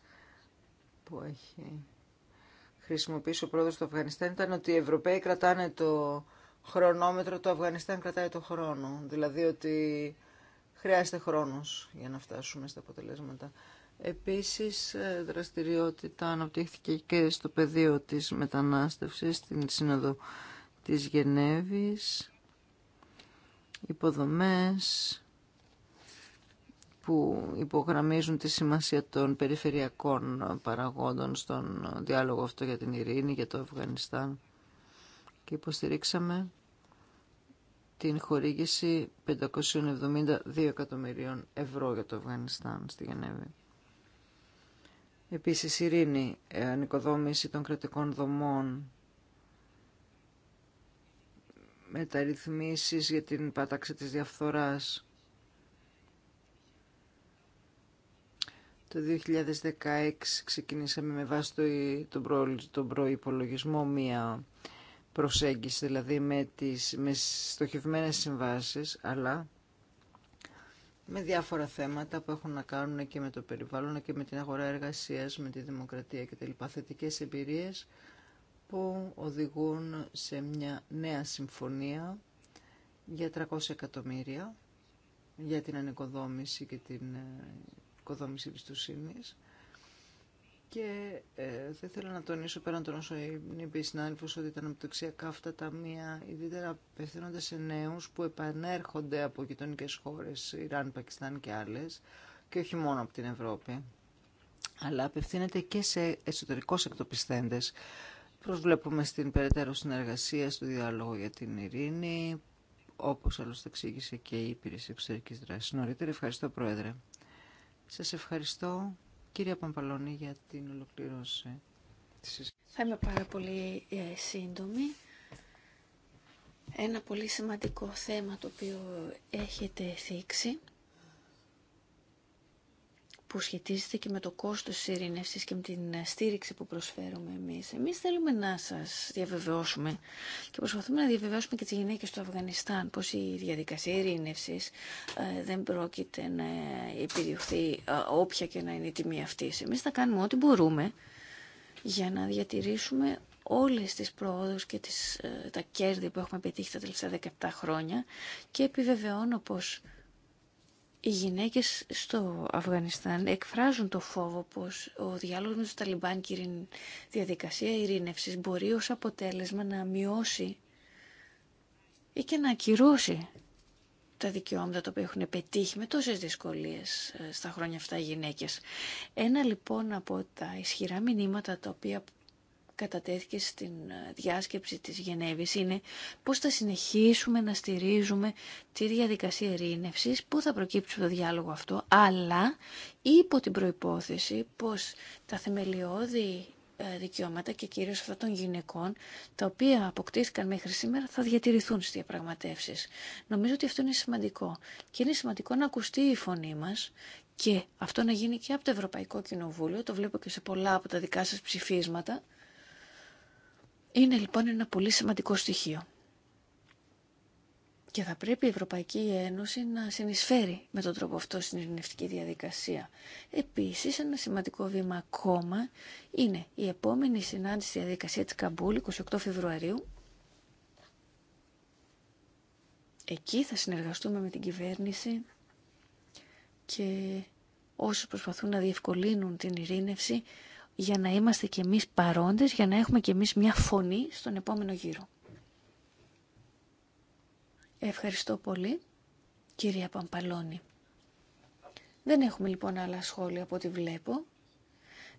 που έχει χρησιμοποιήσει ο πρόεδρος του Αφγανιστάν ήταν ότι οι Ευρωπαίοι κρατάνε το χρονόμετρο, το Αφγανιστάν κρατάει το χρόνο. Δηλαδή ότι χρειάζεται χρόνος για να φτάσουμε στα αποτελέσματα. Επίσης, ε, δραστηριότητα αναπτύχθηκε και στο πεδίο της μετανάστευσης, στην Σύνοδο της Γενέβης, υποδομές, που υπογραμμίζουν τη σημασία των περιφερειακών παραγόντων στον διάλογο αυτό για την ειρήνη, για το Αφγανιστάν και υποστηρίξαμε την χορήγηση 572 εκατομμυρίων ευρώ για το Αφγανιστάν στη Γενέβη. Επίσης, ειρήνη, ε, ανοικοδόμηση των κρατικών δομών, μεταρρυθμίσεις για την πάταξη της διαφθοράς, Το 2016 ξεκινήσαμε με βάση τον προϋπολογισμό μία προσέγγιση, δηλαδή με, τις, με στοχευμένες συμβάσεις, αλλά με διάφορα θέματα που έχουν να κάνουν και με το περιβάλλον και με την αγορά εργασίας, με τη δημοκρατία και τα λοιπά εμπειρίες που οδηγούν σε μια νέα συμφωνία για 300 εκατομμύρια για την ανεκοδόμηση και την ε, οικοδόμης εμπιστοσύνη. Και ε, θα ήθελα να τονίσω πέραν των όσων είπε η συνάδελφο ότι τα αναπτυξιακά αυτά μία ιδιαίτερα απευθύνονται σε νέου που επανέρχονται από γειτονικέ χώρε, Ιράν, Πακιστάν και άλλε, και όχι μόνο από την Ευρώπη, αλλά απευθύνεται και σε εσωτερικώ εκτοπιστέντε. Προσβλέπουμε στην περαιτέρω συνεργασία, στο διάλογο για την ειρήνη, όπως άλλωστε εξήγησε και η Υπηρεσία Εξωτερικής δράση Νωρίτερα, ευχαριστώ Πρόεδρε. Σας ευχαριστώ. Κυρία Παμπαλώνη για την ολοκληρώση της Θα είμαι πάρα πολύ ε, σύντομη. Ένα πολύ σημαντικό θέμα το οποίο έχετε θίξει που σχετίζεται και με το κόστος της ειρήνευσης και με την στήριξη που προσφέρουμε εμείς. Εμείς θέλουμε να σας διαβεβαιώσουμε και προσπαθούμε να διαβεβαιώσουμε και τις γυναίκες του Αφγανιστάν πως η διαδικασία ειρήνευσης ε, δεν πρόκειται να επιδιωχθεί ε, όποια και να είναι η τιμή αυτή. Εμείς θα κάνουμε ό,τι μπορούμε για να διατηρήσουμε όλες τις προόδους και τις, ε, τα κέρδη που έχουμε πετύχει τα τελευταία 17 χρόνια και επιβεβαιώνω πως οι γυναίκες στο Αφγανιστάν εκφράζουν το φόβο πως ο διάλογος με τους Ταλιμπάν και η διαδικασία ειρήνευσης μπορεί ως αποτέλεσμα να μειώσει ή και να ακυρώσει τα δικαιώματα τα οποία έχουν πετύχει με τόσες δυσκολίες ε, στα χρόνια αυτά οι γυναίκες. Ένα λοιπόν από τα ισχυρά μηνύματα τα οποία κατατέθηκε στην ε, διάσκεψη της Γενέβης είναι πώς θα συνεχίσουμε να στηρίζουμε τη διαδικασία ειρήνευσης, πού θα προκύψει το διάλογο αυτό, αλλά υπό την προϋπόθεση πως τα θεμελιώδη ε, δικαιώματα και κυρίως αυτά των γυναικών τα οποία αποκτήθηκαν μέχρι σήμερα θα διατηρηθούν στις διαπραγματεύσεις. Νομίζω ότι αυτό είναι σημαντικό και είναι σημαντικό να ακουστεί η φωνή μας και αυτό να γίνει και από το Ευρωπαϊκό Κοινοβούλιο, το βλέπω και σε πολλά από τα δικά σας ψηφίσματα είναι λοιπόν ένα πολύ σημαντικό στοιχείο. Και θα πρέπει η Ευρωπαϊκή Ένωση να συνεισφέρει με τον τρόπο αυτό στην ειρηνευτική διαδικασία. Επίσης, ένα σημαντικό βήμα ακόμα είναι η επόμενη συνάντηση στη διαδικασία της Καμπούλ, 28 Φεβρουαρίου. Εκεί θα συνεργαστούμε με την κυβέρνηση και όσους προσπαθούν να διευκολύνουν την ειρήνευση για να είμαστε κι εμείς παρόντες, για να έχουμε κι εμείς μια φωνή στον επόμενο γύρο. Ευχαριστώ πολύ, κυρία Παμπαλώνη. Δεν έχουμε λοιπόν άλλα σχόλια από ό,τι βλέπω.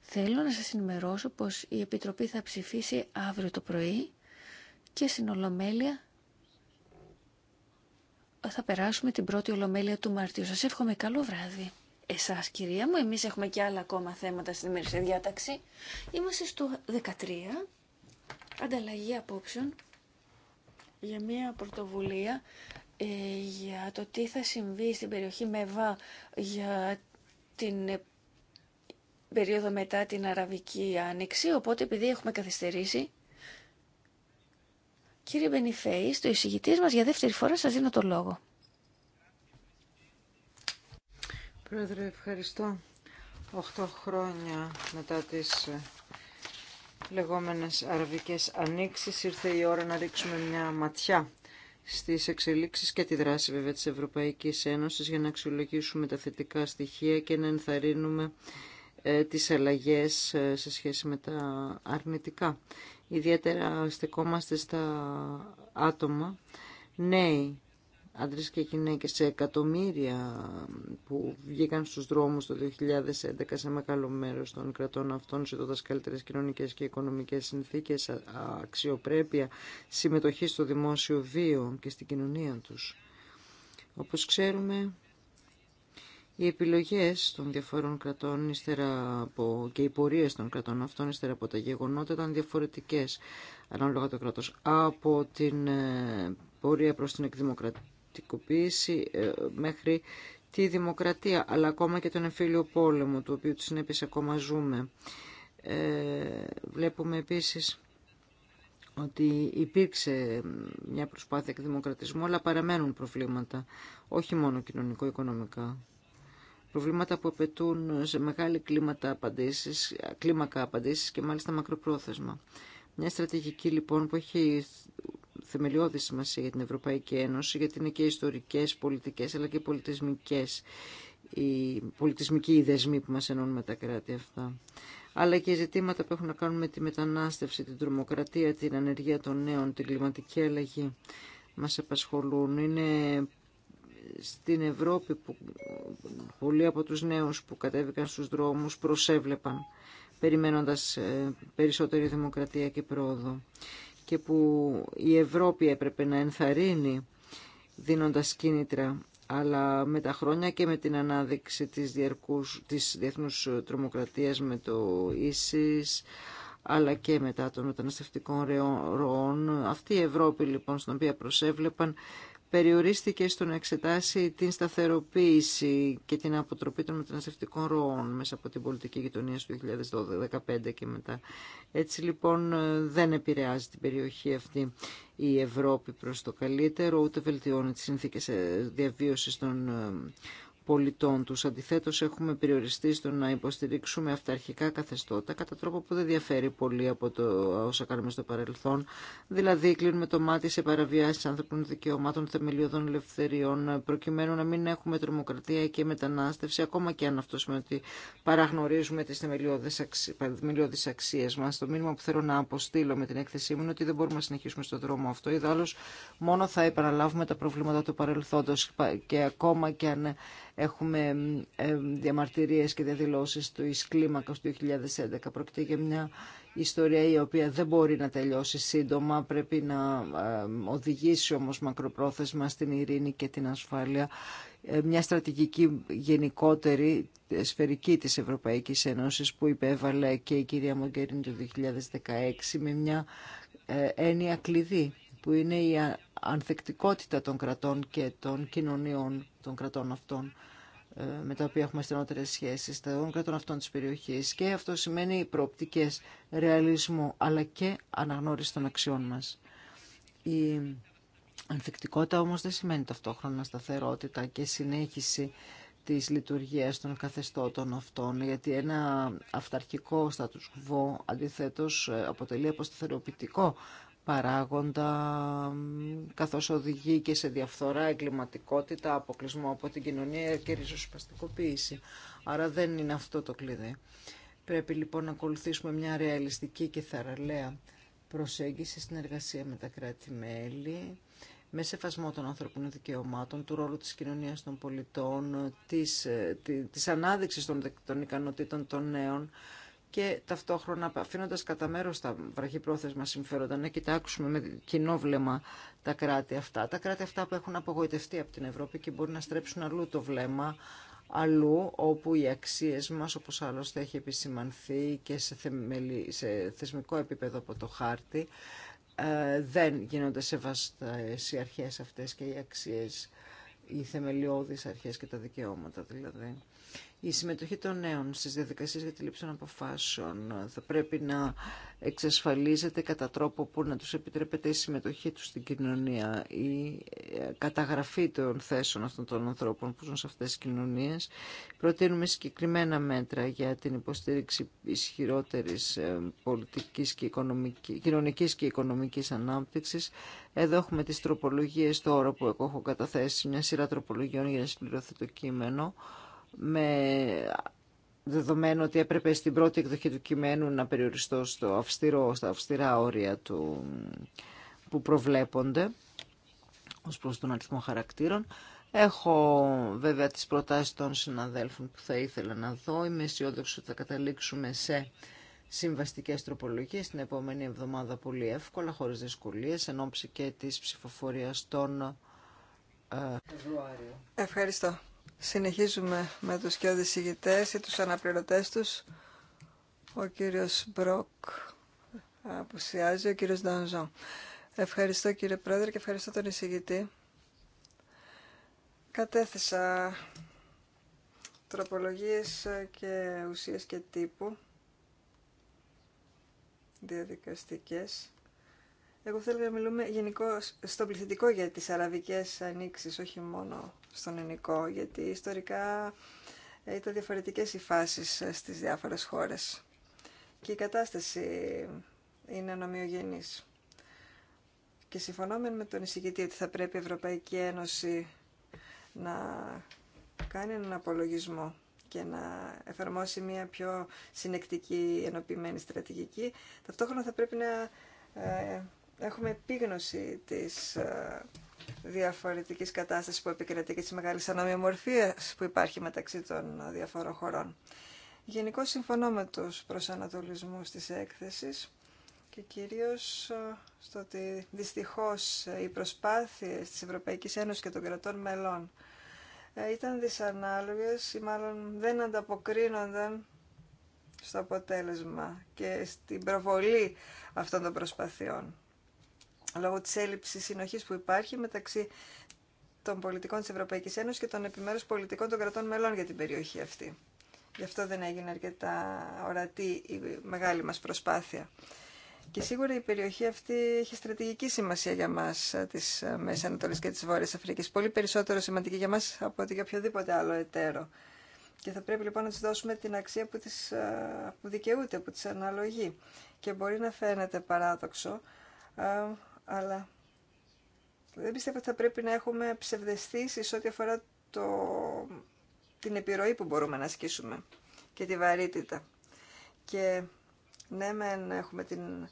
Θέλω να σας ενημερώσω πως η Επιτροπή θα ψηφίσει αύριο το πρωί και στην Ολομέλεια θα περάσουμε την πρώτη Ολομέλεια του Μαρτίου. Σας εύχομαι καλό βράδυ εσάς κυρία μου, εμείς έχουμε και άλλα ακόμα θέματα στην ημερήσια διάταξη. Είμαστε στο 13, ανταλλαγή απόψεων για μια πρωτοβουλία ε, για το τι θα συμβεί στην περιοχή ΜΕΒΑ για την ε, περίοδο μετά την Αραβική Άνοιξη, οπότε επειδή έχουμε καθυστερήσει, κύριε Μπενιφέη, στο εισηγητή μας για δεύτερη φορά σας δίνω το λόγο. Πρόεδρε, ευχαριστώ. Οχτώ χρόνια μετά τις ε, λεγόμενες αραβικές ανοίξεις ήρθε η ώρα να ρίξουμε μια ματιά στις εξελίξεις και τη δράση βέβαια της Ευρωπαϊκής Ένωσης για να αξιολογήσουμε τα θετικά στοιχεία και να ενθαρρύνουμε ε, τις αλλαγές ε, σε σχέση με τα αρνητικά. Ιδιαίτερα στεκόμαστε στα άτομα νέοι άντρες και γυναίκες σε εκατομμύρια που βγήκαν στους δρόμους το 2011 σε μεγάλο μέρος των κρατών αυτών ζητώντας καλύτερες κοινωνικές και οικονομικές συνθήκες, αξιοπρέπεια, συμμετοχή στο δημόσιο βίο και στην κοινωνία τους. Όπως ξέρουμε, οι επιλογές των διαφορών κρατών ύστερα από, και οι πορείες των κρατών αυτών ύστερα από τα γεγονότα ήταν διαφορετικές ανάλογα το κράτος από την ε, πορεία προς την εκδημοκρατία ε, μέχρι τη δημοκρατία, αλλά ακόμα και τον εμφύλιο πόλεμο, του οποίου τις συνέπειες ακόμα ζούμε. Ε, βλέπουμε επίσης ότι υπήρξε μια προσπάθεια εκδημοκρατισμού, αλλά παραμένουν προβλήματα, όχι μόνο κοινωνικό-οικονομικά. Προβλήματα που απαιτούν σε μεγάλη κλίματα απαντήσεις, κλίμακα απαντήσεις και μάλιστα μακροπρόθεσμα. Μια στρατηγική λοιπόν που έχει θεμελιώδη σημασία για την Ευρωπαϊκή Ένωση, γιατί είναι και ιστορικέ πολιτικέ, αλλά και πολιτισμικέ οι πολιτισμικοί δεσμοί που μα ενώνουν με τα κράτη αυτά. Αλλά και ζητήματα που έχουν να κάνουν με τη μετανάστευση, την τρομοκρατία, την ανεργία των νέων, την κλιματική αλλαγή μα απασχολούν. Είναι στην Ευρώπη που πολλοί από τους νέους που κατέβηκαν στους δρόμους προσέβλεπαν περιμένοντας ε, περισσότερη δημοκρατία και πρόοδο και που η Ευρώπη έπρεπε να ενθαρρύνει δίνοντας κίνητρα αλλά με τα χρόνια και με την ανάδειξη της, διαρκούς, της διεθνούς τρομοκρατίας με το ίσις αλλά και μετά των μεταναστευτικών ροών. Αυτή η Ευρώπη λοιπόν στην οποία προσέβλεπαν περιορίστηκε στο να εξετάσει την σταθεροποίηση και την αποτροπή των μεταναστευτικών ροών μέσα από την πολιτική γειτονία του 2015 και μετά. Έτσι λοιπόν δεν επηρεάζει την περιοχή αυτή η Ευρώπη προς το καλύτερο, ούτε βελτιώνει τις συνθήκες ε, διαβίωσης των ε, πολιτών τους. Αντιθέτως έχουμε περιοριστεί στο να υποστηρίξουμε αυταρχικά καθεστώτα κατά τρόπο που δεν διαφέρει πολύ από το όσα κάνουμε στο παρελθόν. Δηλαδή κλείνουμε το μάτι σε παραβιάσεις ανθρωπίνων δικαιωμάτων, θεμελιωδών ελευθεριών προκειμένου να μην έχουμε τρομοκρατία και μετανάστευση ακόμα και αν αυτό σημαίνει ότι παραγνωρίζουμε τις θεμελιώδεις αξίες μας. Το μήνυμα που θέλω να αποστείλω με την έκθεσή μου είναι ότι δεν μπορούμε να συνεχίσουμε στον δρόμο αυτό. Ιδάλλως μόνο θα επαναλάβουμε τα προβλήματα του παρελθόντος και ακόμα και αν Έχουμε ε, διαμαρτυρίες και διαδηλώσεις του εις του 2011. Πρόκειται για μια ιστορία η οποία δεν μπορεί να τελειώσει σύντομα. Πρέπει να ε, οδηγήσει όμως μακροπρόθεσμα στην ειρήνη και την ασφάλεια ε, μια στρατηγική γενικότερη σφαιρική της Ευρωπαϊκής Ένωσης που υπέβαλε και η κυρία Μογκερίνη το 2016 με μια έννοια κλειδί που είναι η ανθεκτικότητα των κρατών και των κοινωνιών των κρατών αυτών ε, με τα οποία έχουμε στενότερες σχέσει, των κρατών αυτών τη περιοχή. Και αυτό σημαίνει προοπτικέ ρεαλισμού, αλλά και αναγνώριση των αξιών μα. Η ανθεκτικότητα όμως δεν σημαίνει ταυτόχρονα σταθερότητα και συνέχιση της λειτουργίας των καθεστώτων αυτών, γιατί ένα αυταρχικό status quo αντιθέτως ε, αποτελεί αποσταθεροποιητικό παράγοντα, καθώς οδηγεί και σε διαφθορά, εγκληματικότητα, αποκλεισμό από την κοινωνία και ριζοσπαστικοποίηση. Άρα δεν είναι αυτό το κλειδί. Πρέπει λοιπόν να ακολουθήσουμε μια ρεαλιστική και θαραλέα προσέγγιση στην εργασία με τα κράτη-μέλη, με σεβασμό των ανθρωπίνων δικαιωμάτων, του ρόλου της κοινωνίας των πολιτών, της, ε, της ανάδειξης των ικανοτήτων των νέων, και ταυτόχρονα αφήνοντας κατά μέρο τα βραχυπρόθεσμα συμφέροντα να κοιτάξουμε με κοινό βλέμμα τα κράτη αυτά. Τα κράτη αυτά που έχουν απογοητευτεί από την Ευρώπη και μπορεί να στρέψουν αλλού το βλέμμα, αλλού όπου οι αξίες μας, όπως άλλωστε έχει επισημανθεί και σε, θεμελι... σε θεσμικό επίπεδο από το χάρτη, ε, δεν γίνονται σεβαστές οι αρχές αυτές και οι αξίες, οι θεμελιώδεις αρχές και τα δικαιώματα δηλαδή η συμμετοχή των νέων στις διαδικασίες για τη λήψη των αποφάσεων θα πρέπει να εξασφαλίζεται κατά τρόπο που να τους επιτρέπεται η συμμετοχή τους στην κοινωνία, η ε, καταγραφή των θέσεων αυτών των ανθρώπων που ζουν σε αυτές τις κοινωνίες. Προτείνουμε συγκεκριμένα μέτρα για την υποστήριξη ισχυρότερης ε, πολιτικής και οικονομικής, κοινωνικής και οικονομικής ανάπτυξης. Εδώ έχουμε τις τροπολογίες τώρα που έχω καταθέσει μια σειρά τροπολογιών για να συμπληρωθεί το κείμενο με δεδομένο ότι έπρεπε στην πρώτη εκδοχή του κειμένου να περιοριστώ στο αυστηρό, στα αυστηρά όρια του, που προβλέπονται ως προς τον αριθμό χαρακτήρων. Έχω βέβαια τις προτάσεις των συναδέλφων που θα ήθελα να δω. Είμαι αισιόδοξη ότι θα καταλήξουμε σε συμβαστικές τροπολογίες την επόμενη εβδομάδα πολύ εύκολα, χωρίς δυσκολίες, εν και της ψηφοφορίας των... Ε, Ευχαριστώ. Συνεχίζουμε με τους και οδησηγητές ή τους αναπληρωτές τους. Ο κύριος Μπροκ αποουσιάζει, ο κύριος Ντανζό. Ευχαριστώ κύριε Πρόεδρε και ευχαριστώ τον εισηγητή. Κατέθεσα τροπολογίες και ουσίες και τύπου διαδικαστικές εγώ θέλω να μιλούμε γενικώ στο πληθυντικό για τις αραβικές ανοίξεις, όχι μόνο στον ελληνικό, γιατί ιστορικά ε, ήταν διαφορετικές οι φάσεις ε, στις διάφορες χώρες. Και η κατάσταση είναι ανομοιογενής. Και συμφωνώ με τον εισηγητή ότι θα πρέπει η Ευρωπαϊκή Ένωση να κάνει έναν απολογισμό και να εφαρμόσει μια πιο συνεκτική ενωπημένη στρατηγική. Ταυτόχρονα θα πρέπει να ε, έχουμε επίγνωση της ε, διαφορετικής κατάστασης που επικρατεί και της μεγάλης που υπάρχει μεταξύ των διαφορών χωρών. Γενικώ συμφωνώ με τους προσανατολισμούς της έκθεσης και κυρίως ε, στο ότι δυστυχώς ε, οι προσπάθειες της Ευρωπαϊκής Ένωσης και των κρατών μελών ήταν δυσανάλογες ή μάλλον δεν ανταποκρίνονταν στο αποτέλεσμα και στην προβολή αυτών των προσπαθειών λόγω της έλλειψης συνοχής που υπάρχει μεταξύ των πολιτικών της Ευρωπαϊκής Ένωσης και των επιμέρους πολιτικών των κρατών μελών για την περιοχή αυτή. Γι' αυτό δεν έγινε αρκετά ορατή η μεγάλη μας προσπάθεια. Και σίγουρα η περιοχή αυτή έχει στρατηγική σημασία για μα ε, τη ε, Μέση Ανατολή και τη Βόρεια Αφρική. Πολύ περισσότερο σημαντική για μα από ότι για οποιοδήποτε άλλο εταίρο. Και θα πρέπει λοιπόν να τη δώσουμε την αξία που, ε, που δικαιούται, που τη αναλογεί. Και μπορεί να φαίνεται παράδοξο, αλλά δεν πιστεύω ότι θα πρέπει να έχουμε ψευδεστήσεις ό,τι αφορά το, την επιρροή που μπορούμε να ασκήσουμε και τη βαρύτητα. Και ναι, μεν έχουμε την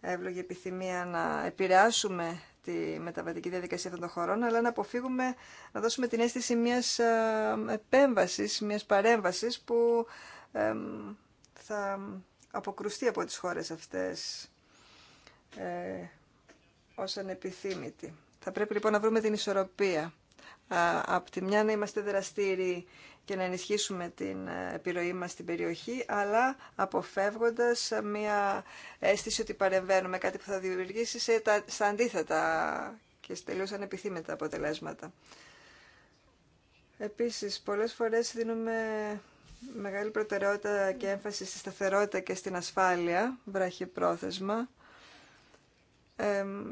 εύλογη επιθυμία να επηρεάσουμε τη μεταβατική διαδικασία αυτών των χωρών, αλλά να αποφύγουμε να δώσουμε την αίσθηση μιας ε, επέμβασης, μιας παρέμβασης που θα αποκρουστεί από τις χώρες αυτές ε, ως ανεπιθύμητη. Θα πρέπει λοιπόν να βρούμε την ισορροπία. από τη μια να είμαστε δραστήριοι και να ενισχύσουμε την ε, επιρροή μας στην περιοχή, αλλά αποφεύγοντας μια αίσθηση ότι παρεμβαίνουμε κάτι που θα δημιουργήσει σε τα, στα αντίθετα και τελείως ανεπιθύμητα αποτελέσματα. Επίσης, πολλές φορές δίνουμε μεγάλη προτεραιότητα και έμφαση στη σταθερότητα και στην ασφάλεια, βραχυπρόθεσμα, πρόθεσμα,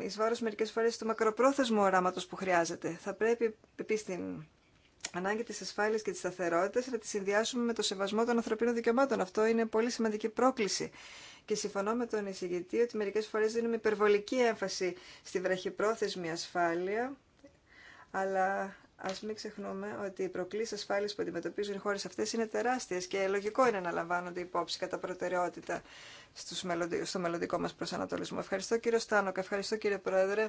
εις βάρος μερικές φορές του μακροπρόθεσμου οράματος που χρειάζεται. Θα πρέπει επίσης την ανάγκη της ασφάλειας και της σταθερότητα να τη συνδυάσουμε με το σεβασμό των ανθρωπίνων δικαιωμάτων. Αυτό είναι πολύ σημαντική πρόκληση. Και συμφωνώ με τον εισηγητή ότι μερικές φορές δίνουμε υπερβολική έμφαση στη βραχυπρόθεσμη ασφάλεια, αλλά Α μην ξεχνούμε ότι οι προκλήσει ασφάλεια που αντιμετωπίζουν οι χώρε αυτέ είναι τεράστιε και λογικό είναι να λαμβάνονται υπόψη κατά προτεραιότητα στο μελλοντικό μα προσανατολισμό. Ευχαριστώ κύριο και ευχαριστώ κύριε Πρόεδρε.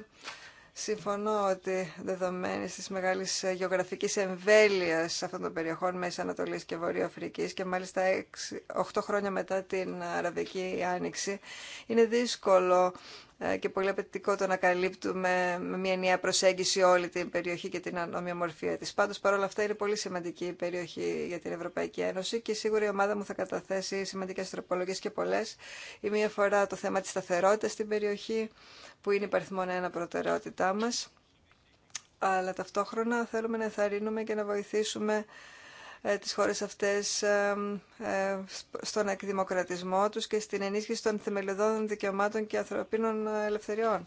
Συμφωνώ ότι δεδομένη τη μεγάλη ε, γεωγραφική εμβέλεια αυτών των περιοχών Μέση Ανατολή και Βορείου Αφρική και μάλιστα 8 χρόνια μετά την Αραβική Άνοιξη, είναι δύσκολο ε, και πολύ απαιτητικό το να καλύπτουμε με μια νέα προσέγγιση όλη την περιοχή και την ομοιομορφία της. Πάντως παρόλα αυτά είναι πολύ σημαντική η περιοχή για την Ευρωπαϊκή Ένωση και σίγουρα η ομάδα μου θα καταθέσει σημαντικές τροπολογίες και πολλές. Η μία φορά το θέμα της σταθερότητας στην περιοχή που είναι υπαριθμόν ένα προτεραιότητά μας αλλά ταυτόχρονα θέλουμε να ενθαρρύνουμε και να βοηθήσουμε ε, τις χώρες αυτές ε, ε, στον εκδημοκρατισμό τους και στην ενίσχυση των θεμελιωδών δικαιωμάτων και ανθρωπίνων ελευθεριών.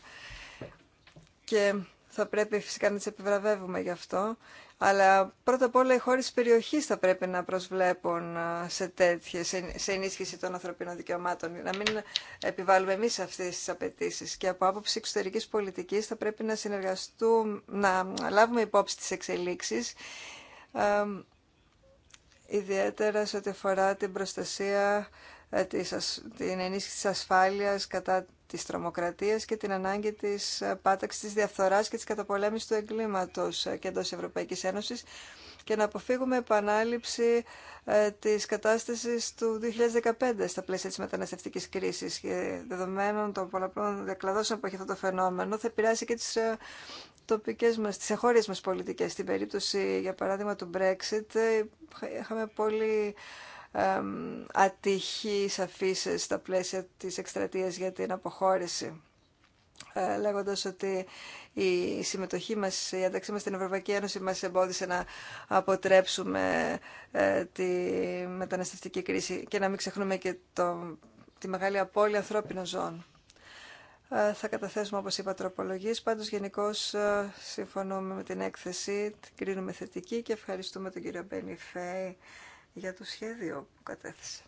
Και θα πρέπει φυσικά να τις επιβραβεύουμε γι' αυτό, αλλά πρώτα απ' όλα οι χώρες της περιοχής θα πρέπει να προσβλέπουν σε τέτοιες, σε ενίσχυση των ανθρωπίνων δικαιωμάτων, να μην επιβάλλουμε εμείς αυτές τις απαιτήσει. Και από άποψη εξωτερικής πολιτικής θα πρέπει να συνεργαστούμε, να λάβουμε υπόψη τις εξελίξεις, ιδιαίτερα σε ό,τι αφορά την προστασία, ε, την ενίσχυση της ασφάλειας κατά της τρομοκρατίας και την ανάγκη της ε, πάταξης της διαφθοράς και της καταπολέμησης του εγκλήματος ε, και εντός Ευρωπαϊκής Ένωσης και να αποφύγουμε επανάληψη ε, της κατάστασης του 2015 στα πλαίσια της μεταναστευτικής κρίσης και δεδομένων των πολλαπλών διακλαδώσεων που έχει αυτό το φαινόμενο θα επηρεάσει και τις ε, τοπικές μας, τις εχώριες μας πολιτικές. Στην περίπτωση, για παράδειγμα, του Brexit, ε, είχαμε πολύ ατυχή αφήσει στα πλαίσια της εκστρατείας για την αποχώρηση. Ε, Λέγοντα ότι η συμμετοχή μας, η ένταξή μας στην Ευρωπαϊκή Ένωση μας εμπόδισε να αποτρέψουμε ε, τη μεταναστευτική κρίση και να μην ξεχνούμε και το, τη μεγάλη απώλεια ανθρώπινων ζώων. Ε, θα καταθέσουμε, όπως είπα, τροπολογίες. Πάντως, γενικώ συμφωνούμε με την έκθεση, την κρίνουμε θετική και ευχαριστούμε τον κύριο Μπενιφέη για το σχέδιο που κατέθεσε.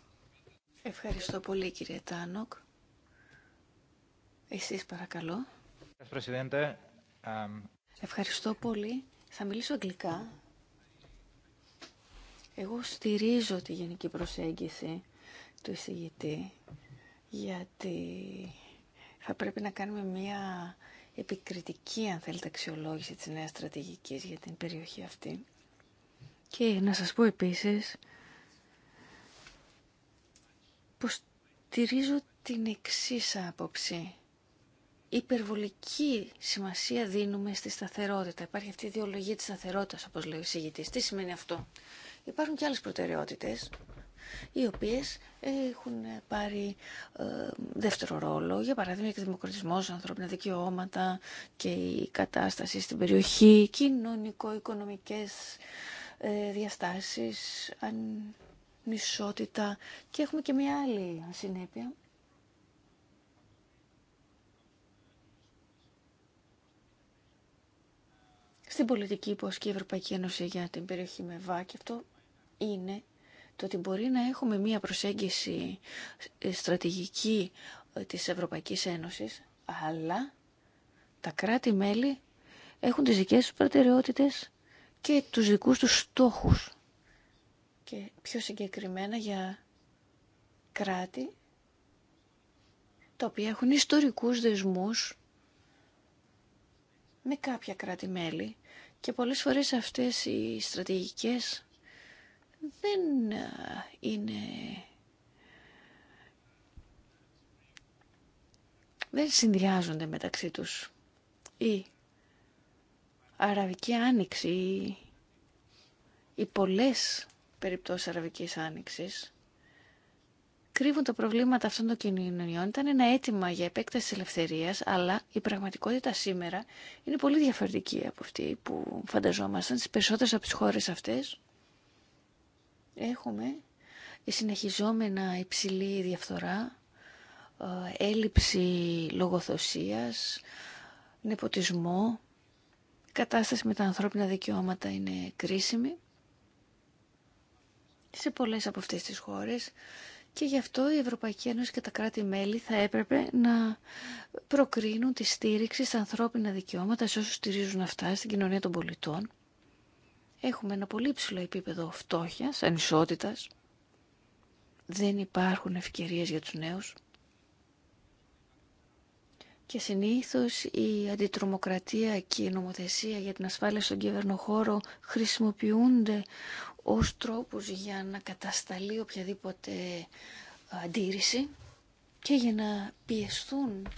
Ευχαριστώ πολύ, κύριε Τάνοκ. Εσείς παρακαλώ. Ευχαριστώ πολύ. Θα μιλήσω αγγλικά. Εγώ στηρίζω τη γενική προσέγγιση του εισηγητή γιατί θα πρέπει να κάνουμε μία επικριτική, αν θέλετε, αξιολόγηση της νέας στρατηγικής για την περιοχή αυτή. Και να σας πω επίσης πως στηρίζω την εξής άποψη υπερβολική σημασία δίνουμε στη σταθερότητα. Υπάρχει αυτή η ιδεολογία της σταθερότητας, όπως λέει ο εισηγητής. Τι σημαίνει αυτό. Υπάρχουν και άλλες προτεραιότητες, οι οποίες έχουν πάρει ε, δεύτερο ρόλο. Για παράδειγμα, και δημοκρατισμός, ανθρώπινα δικαιώματα και η κατάσταση στην περιοχή, κοινωνικο-οικονομικές ε, διαστάσεις, ανισότητα. Και έχουμε και μια άλλη συνέπεια στην πολιτική που ασκεί η Ευρωπαϊκή Ένωση για την περιοχή με βάκι αυτό είναι το ότι μπορεί να έχουμε μία προσέγγιση ε, στρατηγική ε, της Ευρωπαϊκής Ένωσης, αλλά τα κράτη-μέλη έχουν τις δικές τους προτεραιότητες και τους δικούς τους στόχους. Και πιο συγκεκριμένα για κράτη τα οποία έχουν ιστορικούς δεσμούς με κάποια κράτη-μέλη και πολλές φορές αυτές οι στρατηγικές δεν ε, είναι... δεν συνδυάζονται μεταξύ τους. Η Αραβική Άνοιξη, οι πολλές περιπτώσεις Αραβικής Άνοιξης, κρύβουν τα προβλήματα αυτών των κοινωνιών ήταν ένα αίτημα για επέκταση ελευθερίας, αλλά η πραγματικότητα σήμερα είναι πολύ διαφορετική από αυτή που φανταζόμασταν. Στις περισσότερες από τις χώρες αυτές έχουμε συνεχιζόμενα υψηλή διαφθορά, ε, έλλειψη λογοθοσίας, νεποτισμό, η κατάσταση με τα ανθρώπινα δικαιώματα είναι κρίσιμη. Σε πολλές από αυτές τις χώρες και γι' αυτό η Ευρωπαϊκή Ένωση και τα κράτη-μέλη θα έπρεπε να προκρίνουν τη στήριξη στα ανθρώπινα δικαιώματα σε όσους στηρίζουν αυτά στην κοινωνία των πολιτών. Έχουμε ένα πολύ ψηλό επίπεδο φτώχειας, ανισότητας. Δεν υπάρχουν ευκαιρίες για τους νέους. Και συνήθως η αντιτρομοκρατία και η νομοθεσία για την ασφάλεια στον κυβερνοχώρο χρησιμοποιούνται ως τρόπους για να κατασταλεί οποιαδήποτε αντίρρηση και για να πιεστούν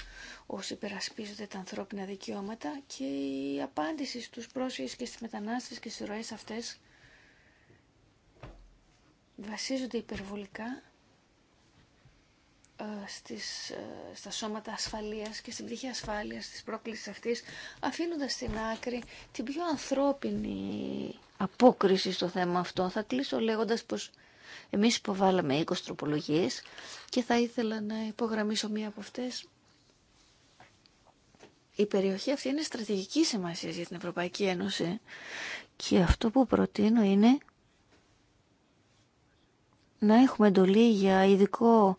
όσοι υπερασπίζονται τα ανθρώπινα δικαιώματα και η απάντηση στους πρόσφυγες και στις μετανάστες και στις ροές αυτές βασίζονται υπερβολικά ε, στις, ε, στα σώματα ασφαλείας και στην πτυχή ασφάλειας της πρόκλησης αυτής αφήνοντας στην άκρη την πιο ανθρώπινη απόκριση στο θέμα αυτό. Θα κλείσω λέγοντας πως εμείς υποβάλαμε 20 τροπολογίες και θα ήθελα να υπογραμμίσω μία από αυτές. Η περιοχή αυτή είναι στρατηγική σημασία για την Ευρωπαϊκή Ένωση και αυτό που προτείνω είναι να έχουμε εντολή για ειδικό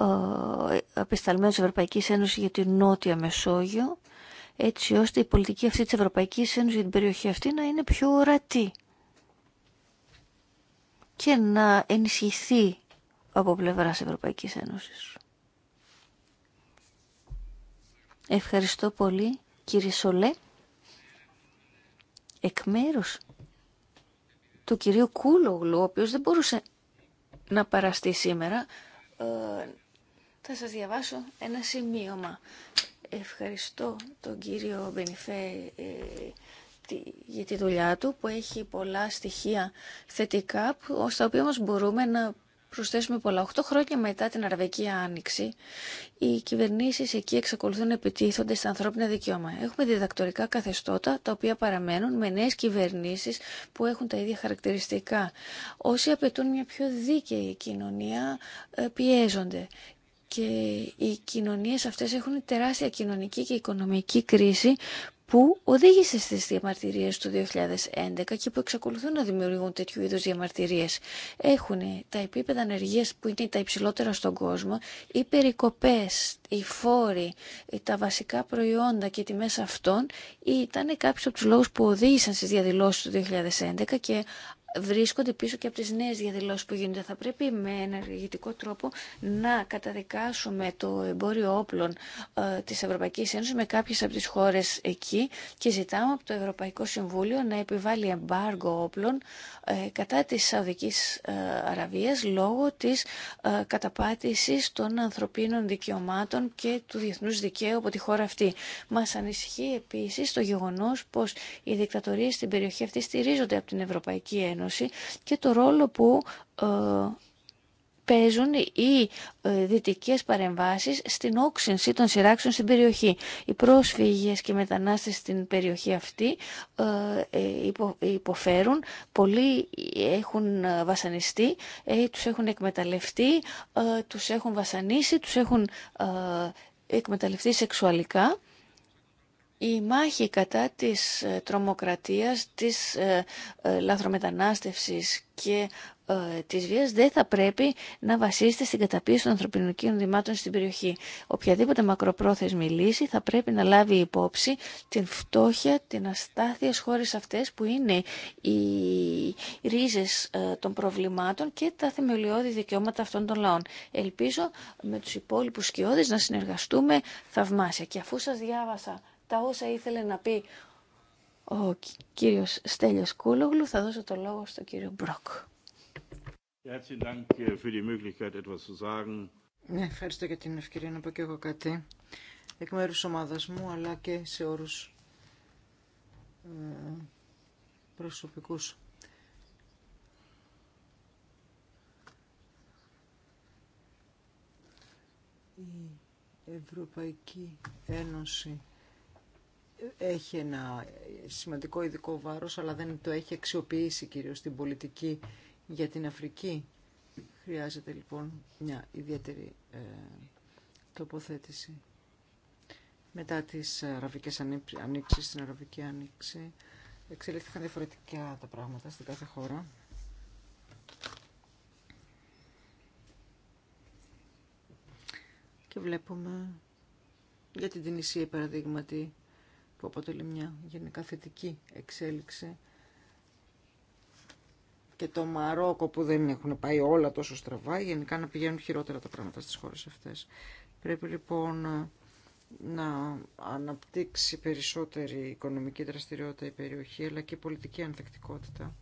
ε, απεσταλμένο της Ευρωπαϊκής Ένωσης για την Νότια Μεσόγειο έτσι ώστε η πολιτική αυτή της Ευρωπαϊκής Ένωσης για την περιοχή αυτή να είναι πιο ορατή και να ενισχυθεί από πλευράς Ευρωπαϊκής Ένωσης. Ευχαριστώ πολύ κύριε Σολέ εκ μέρους του κυρίου Κούλογλου, ο οποίος δεν μπορούσε να παραστεί σήμερα, ε, θα σας διαβάσω ένα σημείωμα Ευχαριστώ τον κύριο Μπενιφέ ε, για τη δουλειά του που έχει πολλά στοιχεία θετικά στα οποία όμως μπορούμε να προσθέσουμε πολλά. 8 χρόνια μετά την Αραβική Άνοιξη, οι κυβερνήσεις εκεί εξακολουθούν να επιτίθονται στα ανθρώπινα δικαιώματα. Έχουμε διδακτορικά καθεστώτα τα οποία παραμένουν με νέες κυβερνήσεις που έχουν τα ίδια χαρακτηριστικά. Όσοι απαιτούν μια πιο δίκαιη κοινωνία ε, πιέζονται και οι κοινωνίες αυτές έχουν τεράστια κοινωνική και οικονομική κρίση που οδήγησε στις διαμαρτυρίες του 2011 και που εξακολουθούν να δημιουργούν τέτοιου είδους διαμαρτυρίες. Έχουν τα επίπεδα ανεργίας που είναι τα υψηλότερα στον κόσμο, οι περικοπές, οι φόροι, τα βασικά προϊόντα και τιμές αυτών ήταν κάποιοι από τους λόγους που οδήγησαν στις διαδηλώσεις του 2011 και βρίσκονται πίσω και από τις νέες διαδηλώσεις που γίνονται. Θα πρέπει με ενεργητικό τρόπο να καταδικάσουμε το εμπόριο όπλων ε, της Ευρωπαϊκής Ένωσης με κάποιες από τις χώρες εκεί και ζητάμε από το Ευρωπαϊκό Συμβούλιο να επιβάλλει εμπάργο όπλων ε, κατά της Σαουδικής ε, Αραβίας λόγω της καταπάτησης των ανθρωπίνων δικαιωμάτων και του διεθνούς δικαίου από τη χώρα αυτή. Μας ανησυχεί επίσης το γεγονός πως οι δικτατορίες στην περιοχή αυτή στηρίζονται από την Ευρωπαϊκή Ένωση και το ρόλο που ε, παίζουν οι ε, δυτικές παρεμβάσεις στην όξυνση των σειράξεων στην περιοχή. Οι πρόσφυγες και οι μετανάστες στην περιοχή αυτή ε, υποφέρουν, πολλοί έχουν βασανιστεί, τους έχουν εκμεταλλευτεί, τους έχουν βασανίσει, τους έχουν εκμεταλλευτεί σεξουαλικά η μάχη κατά της ε, τρομοκρατίας, της ε, ε, λαθρομετανάστευσης και της βίας δεν θα πρέπει να βασίζεται στην καταπίεση των ανθρωπινικών δημάτων στην περιοχή. Οποιαδήποτε μακροπρόθεσμη λύση θα πρέπει να λάβει υπόψη την φτώχεια, την αστάθεια χώρες αυτές που είναι οι ρίζες των προβλημάτων και τα θεμελιώδη δικαιώματα αυτών των λαών. Ελπίζω με τους υπόλοιπους σκιώδες να συνεργαστούμε θαυμάσια. Και αφού σας διάβασα τα όσα ήθελε να πει ο κύριος Στέλιος Κούλογλου. Θα δώσω το λόγο στον κύριο Μπρόκ. Äh, ναι, ευχαριστώ για την ευκαιρία να πω και εγώ κάτι εκ μέρους ομάδας μου αλλά και σε όρους ε, προσωπικούς. Η Ευρωπαϊκή Ένωση έχει ένα σημαντικό ειδικό βάρος, αλλά δεν το έχει αξιοποιήσει κυρίως την πολιτική για την Αφρική. Χρειάζεται λοιπόν μια ιδιαίτερη ε, τοποθέτηση. Μετά τις αραβικές ανοίξεις, στην αραβική άνοιξη, εξελίχθηκαν διαφορετικά τα πράγματα στην κάθε χώρα. Και βλέπουμε για την Τινησία, παραδείγματι, που αποτελεί μια γενικά θετική εξέλιξη και το Μαρόκο που δεν έχουν πάει όλα τόσο στραβά, γενικά να πηγαίνουν χειρότερα τα πράγματα στις χώρες αυτές. Πρέπει λοιπόν να αναπτύξει περισσότερη οικονομική δραστηριότητα η περιοχή, αλλά και πολιτική ανθεκτικότητα.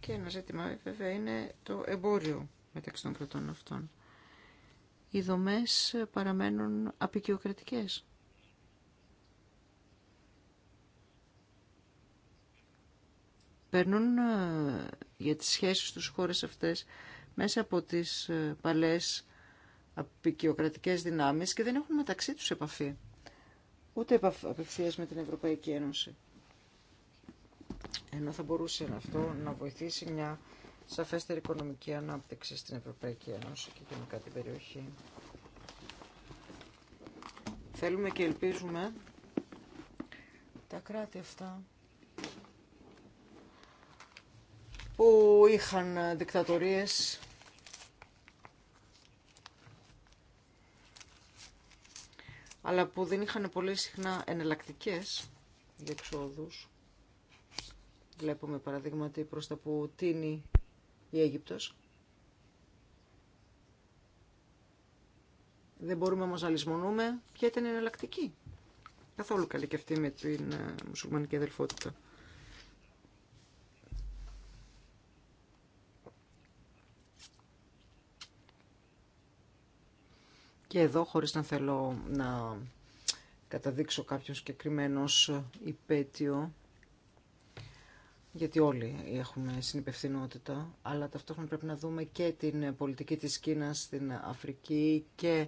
Και ένα ζήτημα βέβαια είναι το εμπόριο μεταξύ των κρατών αυτών. Οι δομές παραμένουν απεικιοκρατικές. περνούν ε, για τις σχέσεις τους χώρες αυτές μέσα από τις ε, παλές απεικιοκρατικές δυνάμεις και δεν έχουν μεταξύ τους επαφή. Ούτε απευθείας με την Ευρωπαϊκή Ένωση. Ενώ θα μπορούσε αυτό να βοηθήσει μια σαφέστερη οικονομική ανάπτυξη στην Ευρωπαϊκή Ένωση και γενικά την περιοχή. Θέλουμε και ελπίζουμε τα κράτη αυτά που είχαν ε, δικτατορίες αλλά που δεν είχαν πολύ συχνά ενελακτικές διεξόδους. Βλέπουμε παραδείγματι προς τα που τίνει η Αίγυπτος. Δεν μπορούμε όμως να λησμονούμε ποια ήταν η εναλλακτική. Καθόλου καλή και αυτή με την ε, μουσουλμανική αδελφότητα. Και εδώ, χωρίς να θέλω να καταδείξω κάποιον συγκεκριμένο υπέτειο, γιατί όλοι έχουμε συνυπευθυνότητα, αλλά ταυτόχρονα πρέπει να δούμε και την πολιτική της Κίνας στην Αφρική και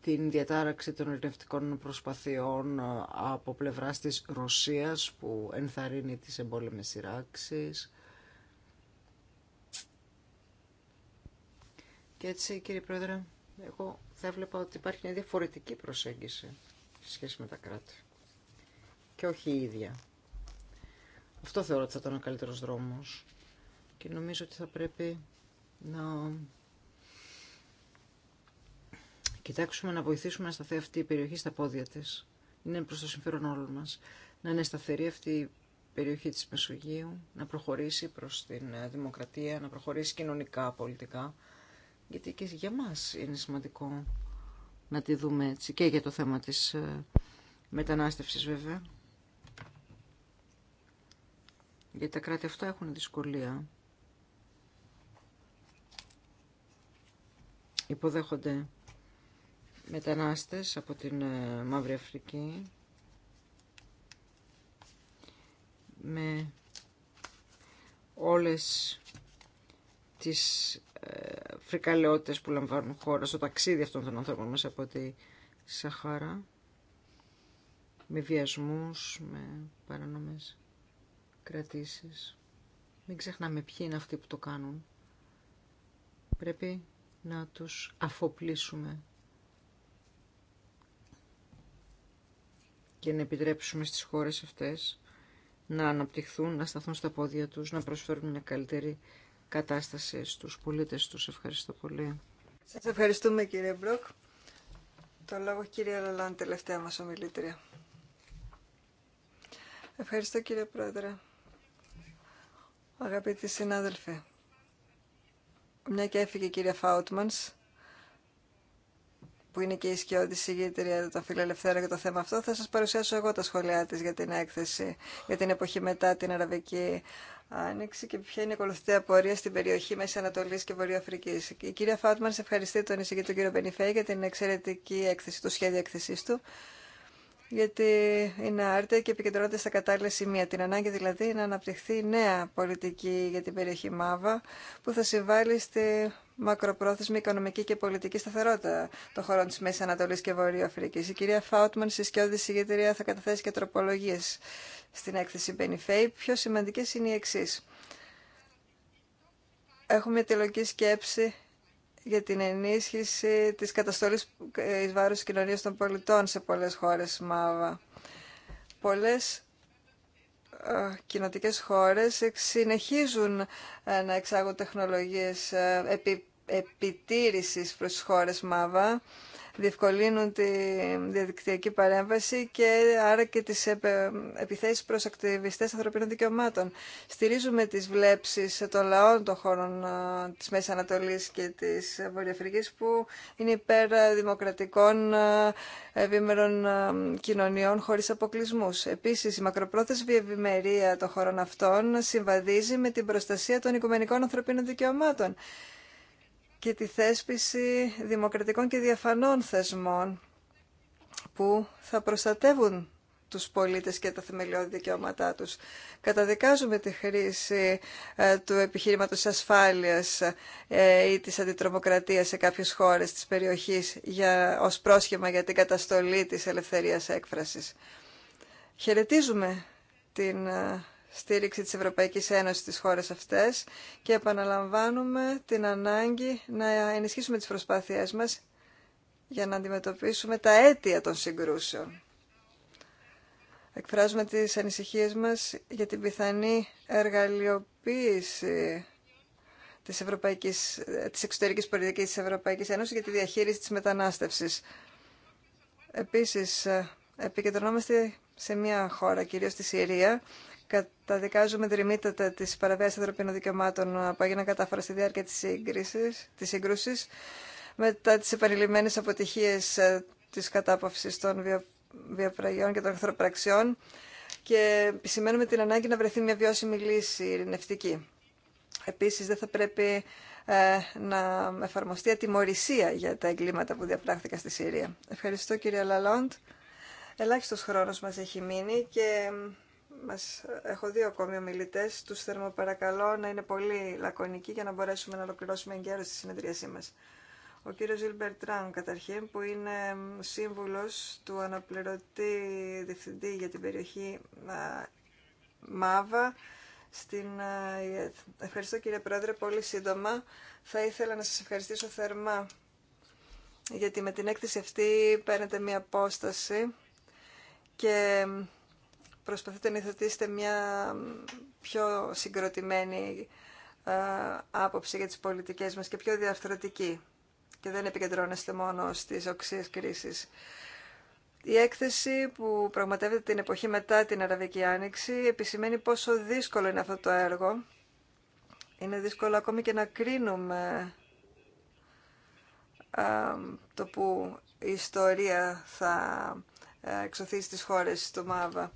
την διατάραξη των ειρηνευτικών προσπαθειών από πλευράς της Ρωσίας που ενθαρρύνει τις εμπόλεμες σειράξεις. Και έτσι κύριε Πρόεδρε, εγώ θα έβλεπα ότι υπάρχει μια διαφορετική προσέγγιση σε σχέση με τα κράτη. Και όχι η ίδια. Αυτό θεωρώ ότι θα ήταν ο καλύτερος δρόμος. Και νομίζω ότι θα πρέπει να κοιτάξουμε να βοηθήσουμε να σταθεί αυτή η περιοχή στα πόδια της. Είναι προς το συμφέρον όλων μας. Να είναι σταθερή αυτή η περιοχή της Μεσογείου, να προχωρήσει προς την ε, δημοκρατία, να προχωρήσει κοινωνικά, πολιτικά γιατί και για μας είναι σημαντικό να τη δούμε έτσι και για το θέμα της ε, μετανάστευσης βέβαια. Γιατί τα κράτη αυτά έχουν δυσκολία. Υποδέχονται μετανάστες από την ε, Μαύρη Αφρική με όλες τις φρικαλαιότητες που λαμβάνουν χώρα στο ταξίδι αυτών των ανθρώπων μέσα από τη Σαχάρα με βιασμούς, με παρανομές κρατήσεις. Μην ξεχνάμε ποιοι είναι αυτοί που το κάνουν. Πρέπει να τους αφοπλίσουμε και να επιτρέψουμε στις χώρες αυτές να αναπτυχθούν, να σταθούν στα πόδια τους, να προσφέρουν μια καλύτερη κατάσταση στους πολίτες τους. Ευχαριστώ πολύ. Σας ευχαριστούμε κύριε Μπροκ. Το λόγο κύριε Λαλάν, τελευταία μας ομιλήτρια. Ευχαριστώ κύριε Πρόεδρε. Αγαπητοί συνάδελφοι, μια και έφυγε η κυρία Φάουτμανς, που είναι και η σκιώδη για των Φιλελευθέρων για το θέμα αυτό, θα σας παρουσιάσω εγώ τα σχόλιά της για την έκθεση, για την εποχή μετά την Αραβική άνοιξη και ποια είναι η ακολουθητή απορία στην περιοχή Μέση Ανατολή και Βορειοαφρική. Η κυρία Φάουτμαν σε ευχαριστεί τον εισηγητή τον κύριο Μπενιφέ για την εξαιρετική έκθεση, το σχέδιο έκθεσή του, γιατί είναι άρτια και επικεντρώνεται στα κατάλληλα σημεία. Την ανάγκη δηλαδή να αναπτυχθεί νέα πολιτική για την περιοχή ΜΑΒΑ που θα συμβάλλει στη μακροπρόθεσμη οικονομική και πολιτική σταθερότητα των χωρών τη Μέση Ανατολή και Βορειοαφρική. Η κυρία Φάουτμαν, συσκιώδη συγγετρία, θα καταθέσει και τροπολογίε στην έκθεση Benifei, πιο σημαντικές είναι οι εξή. Έχουμε τη τελική σκέψη για την ενίσχυση της καταστολής ε, εις βάρος της κοινωνίας των πολιτών σε πολλές χώρες ΜΑΒΑ. Πολλές ε, κοινοτικές χώρες συνεχίζουν ε, να εξάγουν τεχνολογίες επιτήρησης προς χώρες ΜΑΒΑ διευκολύνουν τη διαδικτυακή παρέμβαση και άρα και τις επιθέσεις προς ακτιβιστές ανθρωπίνων δικαιωμάτων. Στηρίζουμε τις βλέψεις των λαών των χώρων της Μέσης Ανατολής και της Βορειοαφρικής που είναι υπέρ δημοκρατικών ευήμερων κοινωνιών χωρίς αποκλεισμούς. Επίσης, η μακροπρόθεσμη ευημερία των χωρών αυτών συμβαδίζει με την προστασία των οικουμενικών ανθρωπίνων δικαιωμάτων και τη θέσπιση δημοκρατικών και διαφανών θεσμών που θα προστατεύουν τους πολίτες και τα θεμελιώδη δικαιώματά τους. Καταδικάζουμε τη χρήση ε, του επιχείρηματος της ασφάλειας ε, ή της αντιτρομοκρατίας σε κάποιες χώρες της περιοχής για, ως πρόσχημα για την καταστολή της ελευθερίας έκφρασης. Χαιρετίζουμε την ε, στήριξη της Ευρωπαϊκής Ένωσης στις χώρες αυτές και επαναλαμβάνουμε την ανάγκη να ενισχύσουμε τις προσπάθειές μας για να αντιμετωπίσουμε τα αίτια των συγκρούσεων. Εκφράζουμε τις ανησυχίες μας για την πιθανή εργαλειοποίηση της, ευρωπαϊκής, της εξωτερικής πολιτικής της Ευρωπαϊκής Ένωσης για τη διαχείριση της μετανάστευσης. Επίσης, επικεντρωνόμαστε σε μια χώρα, κυρίως στη Συρία, καταδικάζουμε δρυμύτατα τις παραβιάσεις ανθρωπίνων δικαιωμάτων που έγιναν κατάφορα στη διάρκεια τη σύγκρουση μετά τι επανειλημμένε αποτυχίε ε, τη κατάπαυση των βιοπραγιών και των εχθροπραξιών και επισημαίνουμε την ανάγκη να βρεθεί μια βιώσιμη λύση ειρηνευτική. Επίσης δεν θα πρέπει ε, να εφαρμοστεί ατιμορρησία για τα εγκλήματα που διαπράχθηκαν στη Συρία. Ευχαριστώ κύριε Λαλόντ. Ελάχιστος χρόνος μας έχει μείνει και μας, έχω δύο ακόμη ομιλητέ. Τους θερμοπαρακαλώ να είναι πολύ λακωνικοί για να μπορέσουμε να ολοκληρώσουμε εγκαίρως τη συνεδρίασή μας. Ο κύριος Ζιλμπερτράν καταρχήν που είναι σύμβουλος του αναπληρωτή διευθυντή για την περιοχή ΜΑΒΑ στην ΙΕΤ. Ευχαριστώ κύριε Πρόεδρε, πολύ σύντομα. Θα ήθελα να σας ευχαριστήσω θερμά γιατί με την έκθεση αυτή παίρνετε μία απόσταση και προσπαθείτε να υιοθετήσετε μια πιο συγκροτημένη ε, άποψη για τις πολιτικές μας και πιο διαφθορετική και δεν επικεντρώνεστε μόνο στις οξύες κρίσεις. Η έκθεση που πραγματεύεται την εποχή μετά την Αραβική Άνοιξη επισημαίνει πόσο δύσκολο είναι αυτό το έργο. Είναι δύσκολο ακόμη και να κρίνουμε ε, το που η ιστορία θα ε, εξωθεί στις χώρες του ΜΑΒΑ.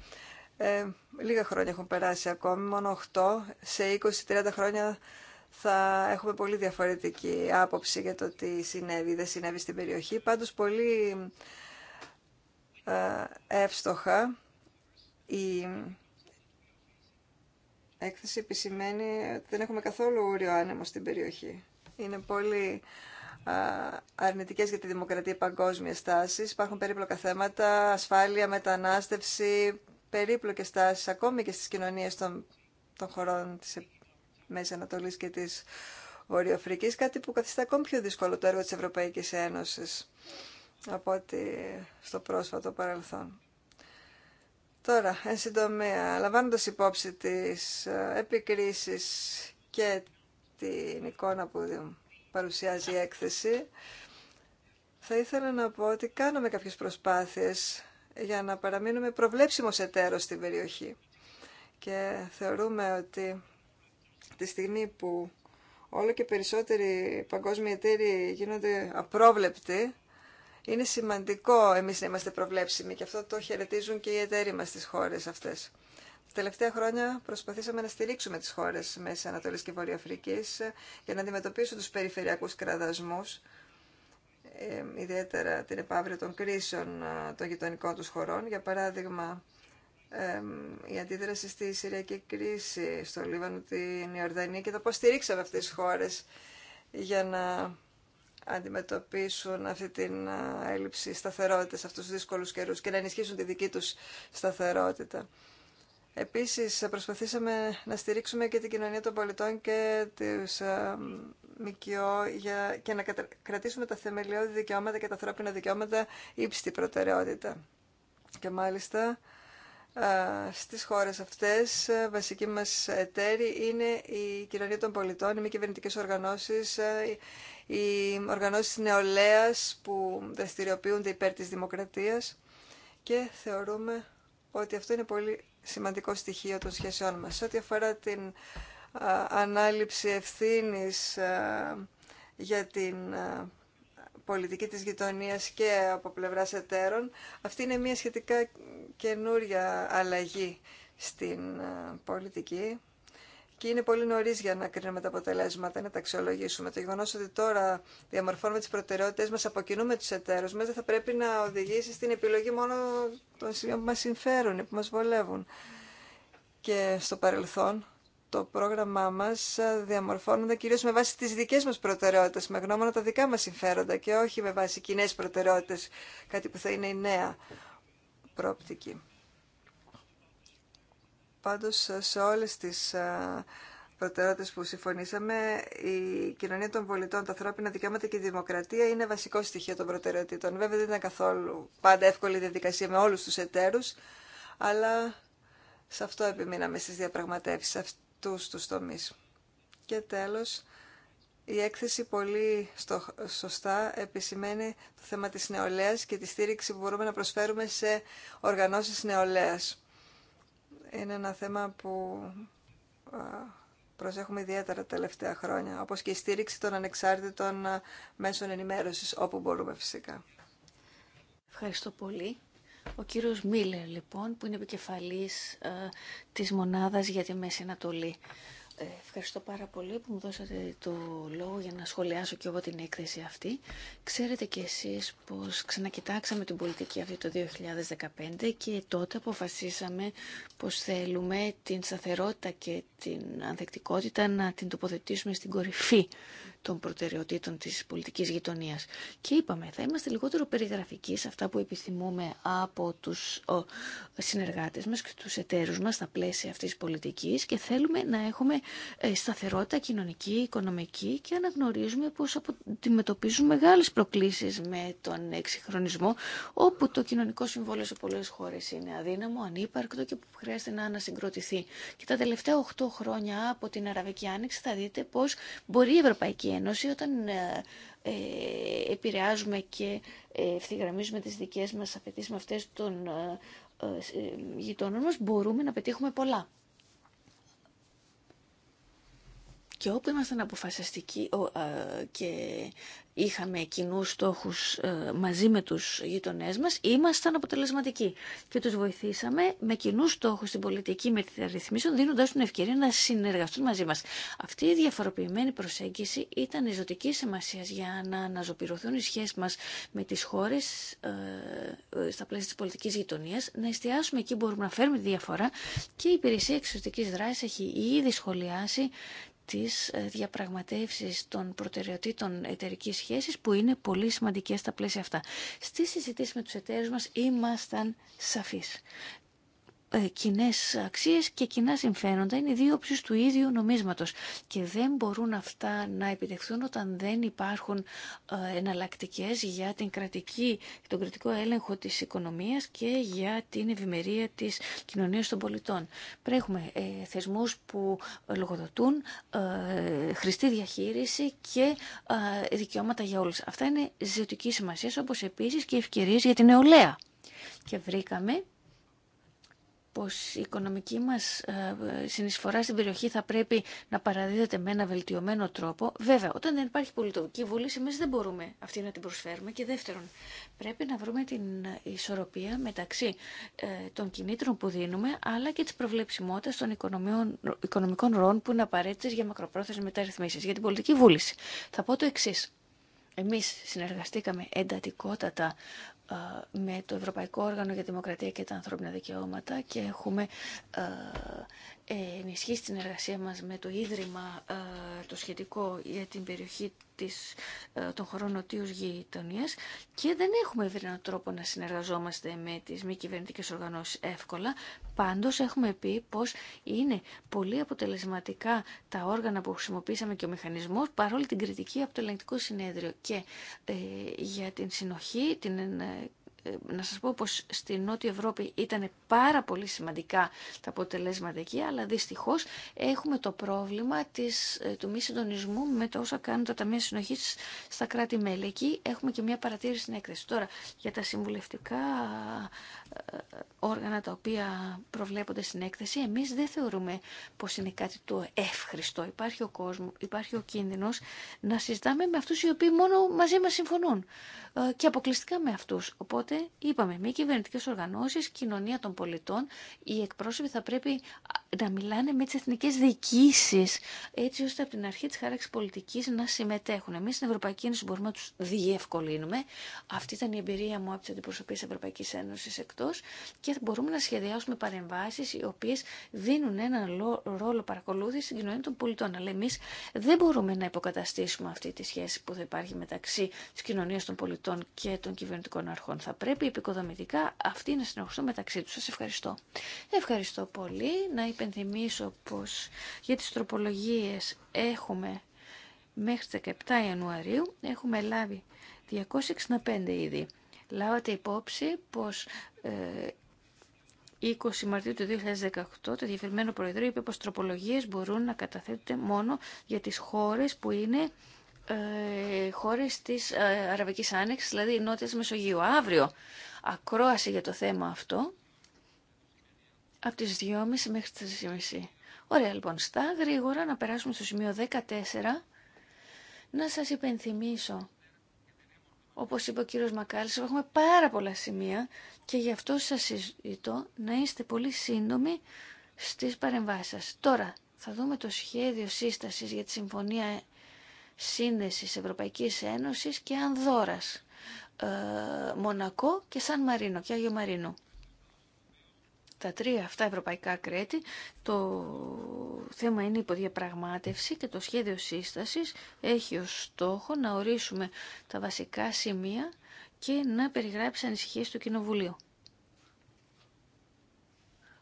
Ε, λίγα χρόνια έχουν περάσει ακόμη, μόνο 8. Σε 20-30 χρόνια θα έχουμε πολύ διαφορετική άποψη για το τι συνέβη ή δεν συνέβη στην περιοχή. Πάντως πολύ ε, εύστοχα η έκθεση επισημαίνει ότι δεν έχουμε καθόλου ούριο άνεμο στην περιοχή. Είναι πολύ αρνητικές για τη δημοκρατία παγκόσμια τάσεις. Υπάρχουν περίπλοκα θέματα, ασφάλεια, μετανάστευση, περίπλοκες τάσεις ακόμη και στις κοινωνίες των, των χωρών της ε- Μέσης Ανατολής και της Βορειοαφρικής, κάτι που καθιστά ακόμη πιο δύσκολο το έργο της Ευρωπαϊκής Ένωσης από ότι στο πρόσφατο παρελθόν. Τώρα, εν συντομία, λαμβάνοντας υπόψη της ε, επικρίσης και την εικόνα που παρουσιάζει η έκθεση, θα ήθελα να πω ότι κάναμε κάποιες προσπάθειες για να παραμείνουμε προβλέψιμος εταίρος στην περιοχή. Και θεωρούμε ότι τη στιγμή που όλο και περισσότεροι παγκόσμιοι εταίροι γίνονται απρόβλεπτοι, είναι σημαντικό εμείς να είμαστε προβλέψιμοι και αυτό το χαιρετίζουν και οι εταίροι μας στις χώρες αυτές. Τα τελευταία χρόνια προσπαθήσαμε να στηρίξουμε τις χώρες Μέση Ανατολής και Βορειοαφρικής για να αντιμετωπίσουν τους περιφερειακούς κραδασμούς ιδιαίτερα την επαύριο των κρίσεων των γειτονικών τους χωρών. Για παράδειγμα, η αντίδραση στη Συριακή κρίση, στο Λίβανο, την Ιορδανία και το πώς στηρίξαμε αυτές τις χώρες για να αντιμετωπίσουν αυτή την έλλειψη σταθερότητας αυτούς τους δύσκολους καιρούς και να ενισχύσουν τη δική τους σταθερότητα. Επίσης, προσπαθήσαμε να στηρίξουμε και την κοινωνία των πολιτών και τους ΜΚΟ για, και να κρατήσουμε τα θεμελιώδη δικαιώματα και τα ανθρώπινα δικαιώματα ύψιστη προτεραιότητα. Και μάλιστα στις χώρες αυτές ε, βασική μας εταίροι είναι η κοινωνία των πολιτών, οι μη κυβερνητικέ οργανώσεις, ε, οι οργανώσεις νεολαίας που δραστηριοποιούνται υπέρ της δημοκρατίας και θεωρούμε ότι αυτό είναι πολύ σημαντικό στοιχείο των σχέσεών μας. Σε ό,τι αφορά την ανάληψη ευθύνης για την πολιτική της γειτονίας και από πλευράς εταίρων. Αυτή είναι μια σχετικά καινούρια αλλαγή στην πολιτική και είναι πολύ νωρί για να κρίνουμε τα αποτελέσματα, να τα αξιολογήσουμε. Το γεγονό ότι τώρα διαμορφώνουμε τι προτεραιότητε μα, αποκοινούμε του εταίρου μα, δεν θα πρέπει να οδηγήσει στην επιλογή μόνο των σημείων που μα συμφέρουν, που μα βολεύουν. Και στο παρελθόν το πρόγραμμά μας ε, διαμορφώνονται κυρίως με βάση τις δικές μας προτεραιότητες, με γνώμονα τα δικά μας συμφέροντα και όχι με βάση κοινέ προτεραιότητες, κάτι που θα είναι η νέα πρόπτικη. Πάντως ε, σε όλες τις ε, προτεραιότητες που συμφωνήσαμε, η κοινωνία των πολιτών, τα ανθρώπινα δικαιώματα και η δημοκρατία είναι βασικό στοιχείο των προτεραιοτήτων. Βέβαια δεν ήταν καθόλου πάντα εύκολη διαδικασία με όλους τους εταίρους, αλλά σε αυτό επιμείναμε στις διαπραγματεύσεις τους τους τομείς. Και τέλος, η έκθεση πολύ στο, σωστά επισημαίνει το θέμα της νεολαίας και τη στήριξη που μπορούμε να προσφέρουμε σε οργανώσεις νεολαίας. Είναι ένα θέμα που προσέχουμε ιδιαίτερα τα τελευταία χρόνια, όπως και η στήριξη των ανεξάρτητων μέσων ενημέρωσης, όπου μπορούμε φυσικά. Ευχαριστώ πολύ. Ο κύριος Μίλλερ, λοιπόν, που είναι επικεφαλής ε, της Μονάδας για τη Μέση Ανατολή. Ε, ευχαριστώ πάρα πολύ που μου δώσατε το λόγο για να σχολιάσω και εγώ την έκθεση αυτή. Ξέρετε και εσείς πως ξανακοιτάξαμε την πολιτική αυτή το 2015 και τότε αποφασίσαμε πως θέλουμε την σταθερότητα και την ανθεκτικότητα να την τοποθετήσουμε στην κορυφή των προτεραιοτήτων της πολιτικής γειτονίας. Και είπαμε, θα είμαστε λιγότερο περιγραφικοί σε αυτά που επιθυμούμε από τους συνεργάτες μας και τους εταίρους μας στα πλαίσια αυτής της πολιτικής και θέλουμε να έχουμε ε, σταθερότητα κοινωνική, οικονομική και αναγνωρίζουμε πως αντιμετωπίζουν μεγάλες προκλήσεις με τον εξυγχρονισμό όπου το κοινωνικό συμβόλαιο σε πολλές χώρες είναι αδύναμο, ανύπαρκτο και που χρειάζεται να ανασυγκροτηθεί. Και τα τελευταία 8 χρόνια από την Αραβική Άνοιξη θα δείτε πως μπορεί η Ευρωπαϊκή Ένωση όταν ε, ε, επηρεάζουμε και ε, ευθυγραμμίζουμε τις δικές μας απαιτήσεις με αυτές των γειτόνων μας μπορούμε να πετύχουμε πολλά. Και όπου ήμασταν αποφασιστικοί ε, και είχαμε κοινού στόχου ε, μαζί με του γειτονέ μα, ήμασταν αποτελεσματικοί. Και του βοηθήσαμε με κοινού στόχου στην πολιτική μεταρρυθμίσεων, δίνοντα την ευκαιρία να συνεργαστούν μαζί μα. Αυτή η διαφοροποιημένη προσέγγιση ήταν ζωτική σημασία για να αναζωπηρωθούν οι σχέσει μα με τι χώρε ε, στα πλαίσια τη πολιτική γειτονία. να εστιάσουμε εκεί που μπορούμε να φέρουμε τη διαφορά και η υπηρεσία εξωτερική δράση έχει ήδη σχολιάσει τις ε, διαπραγματεύσεις των προτεραιοτήτων εταιρική σχέσης που είναι πολύ σημαντικές στα πλαίσια αυτά. Στις συζητήσεις με τους εταίρους μας ήμασταν σαφείς. Ε, κοινέ αξίες και κοινά συμφέροντα. Είναι δύο όψεις του ίδιου νομίσματος και δεν μπορούν αυτά να επιτευχθούν όταν δεν υπάρχουν ε, εναλλακτικέ για την κρατική, τον κρατικό έλεγχο της οικονομίας και για την ευημερία της κοινωνίας των πολιτών. Πρέπει έχουμε ε, θεσμούς που λογοδοτούν, χρηστή διαχείριση και δικαιώματα για όλου. Αυτά είναι ζητική σημασία όπω επίση και ευκαιρίε για την νεολαία. Και βρήκαμε πως η οικονομική μας ε, συνεισφορά στην περιοχή θα πρέπει να παραδίδεται με ένα βελτιωμένο τρόπο. Βέβαια, όταν δεν υπάρχει πολιτική βούληση, εμείς δεν μπορούμε αυτή να την προσφέρουμε. Και δεύτερον, πρέπει να βρούμε την ισορροπία μεταξύ ε, των κινήτρων που δίνουμε, αλλά και της προβλεψιμότητας των οικονομικών, ροών που είναι απαραίτητες για μακροπρόθεσμες μεταρρυθμίσεις, για την πολιτική βούληση. Θα πω το εξή. Εμείς συνεργαστήκαμε εντατικότατα ε, με το Ευρωπαϊκό Όργανο για Δημοκρατία και τα Ανθρώπινα Δικαιώματα και έχουμε ε, ενισχύσει την εργασία μας με το Ίδρυμα ε, το σχετικό για την περιοχή της, ε, των χωρών νοτίους γειτονίας και δεν έχουμε βρει έναν τρόπο να συνεργαζόμαστε με τις μη κυβερνητικέ οργανώσεις εύκολα. Πάντως έχουμε πει πως είναι πολύ αποτελεσματικά τα όργανα που χρησιμοποίησαμε και ο μηχανισμός παρόλη την κριτική από το ελεγκτικό συνέδριο και ε, για την συνοχή, την ε, να σας πω πως στη Νότια Ευρώπη ήταν πάρα πολύ σημαντικά τα αποτελέσματα εκεί, αλλά δυστυχώς έχουμε το πρόβλημα της, ε, του μη συντονισμού με το όσα κάνουν τα Ταμεία Συνοχής στα κράτη-μέλη. Εκεί έχουμε και μια παρατήρηση στην έκθεση. Τώρα, για τα συμβουλευτικά ε, όργανα τα οποία προβλέπονται στην έκθεση, εμείς δεν θεωρούμε πως είναι κάτι το εύχριστο. Υπάρχει ο, κόσμος, υπάρχει ο κίνδυνος να συζητάμε με αυτούς οι οποίοι μόνο μαζί μας συμφωνούν. Ε, και αποκλειστικά με αυτού. Οπότε είπαμε, μη κυβερνητικέ οργανώσει, κοινωνία των πολιτών, οι εκπρόσωποι θα πρέπει να μιλάνε με τι εθνικέ διοικήσει, έτσι ώστε από την αρχή τη χάραξη πολιτική να συμμετέχουν. Εμεί, στην Ευρωπαϊκή Ένωση μπορούμε να του διευκολύνουμε. Αυτή ήταν η εμπειρία μου από τις της Ευρωπαϊκή Ένωση εκτό και μπορούμε να σχεδιάσουμε παρεμβάσει, οι οποίε δίνουν έναν ρόλο παρακολούθηση στην κοινωνία των πολιτών. Αλλά εμεί δεν μπορούμε να υποκαταστήσουμε αυτή τη σχέση που θα υπάρχει μεταξύ τη κοινωνία των πολιτών και των κυβερνητικών αρχών. Θα πρέπει επικοδομητικά αυτοί να συνεχιστούν μεταξύ τους. Σας ευχαριστώ. Ευχαριστώ πολύ. Να υπενθυμίσω πως για τις τροπολογίες έχουμε μέχρι 17 Ιανουαρίου έχουμε λάβει 265 ήδη. Λάβατε υπόψη πως ε, 20 Μαρτίου του 2018 το Διευθυνμένο Προεδρείο είπε πως τροπολογίες μπορούν να καταθέτουν μόνο για τις χώρες που είναι ε, χώρες της ε, Αραβικής Άνοιξης, δηλαδή νότια Μεσογείου. Αύριο ακρόαση για το θέμα αυτό, από τις 2.30 μέχρι τις 3.30. Ωραία λοιπόν, στα γρήγορα να περάσουμε στο σημείο 14, να σας υπενθυμίσω όπως είπε ο κύριος Μακάλης, έχουμε πάρα πολλά σημεία και γι' αυτό σας συζητώ να είστε πολύ σύντομοι στις παρεμβάσεις σας. Τώρα θα δούμε το σχέδιο σύστασης για τη Συμφωνία σύνδεσης Ευρωπαϊκής Ένωσης και Ανδόρας, ε, Μονακό και Σαν Μαρίνο και Άγιο Μαρίνο. Τα τρία αυτά ευρωπαϊκά κρέτη, το θέμα είναι υποδιαπραγμάτευση και το σχέδιο σύστασης έχει ως στόχο να ορίσουμε τα βασικά σημεία και να περιγράψει ανησυχίες του Κοινοβουλίου.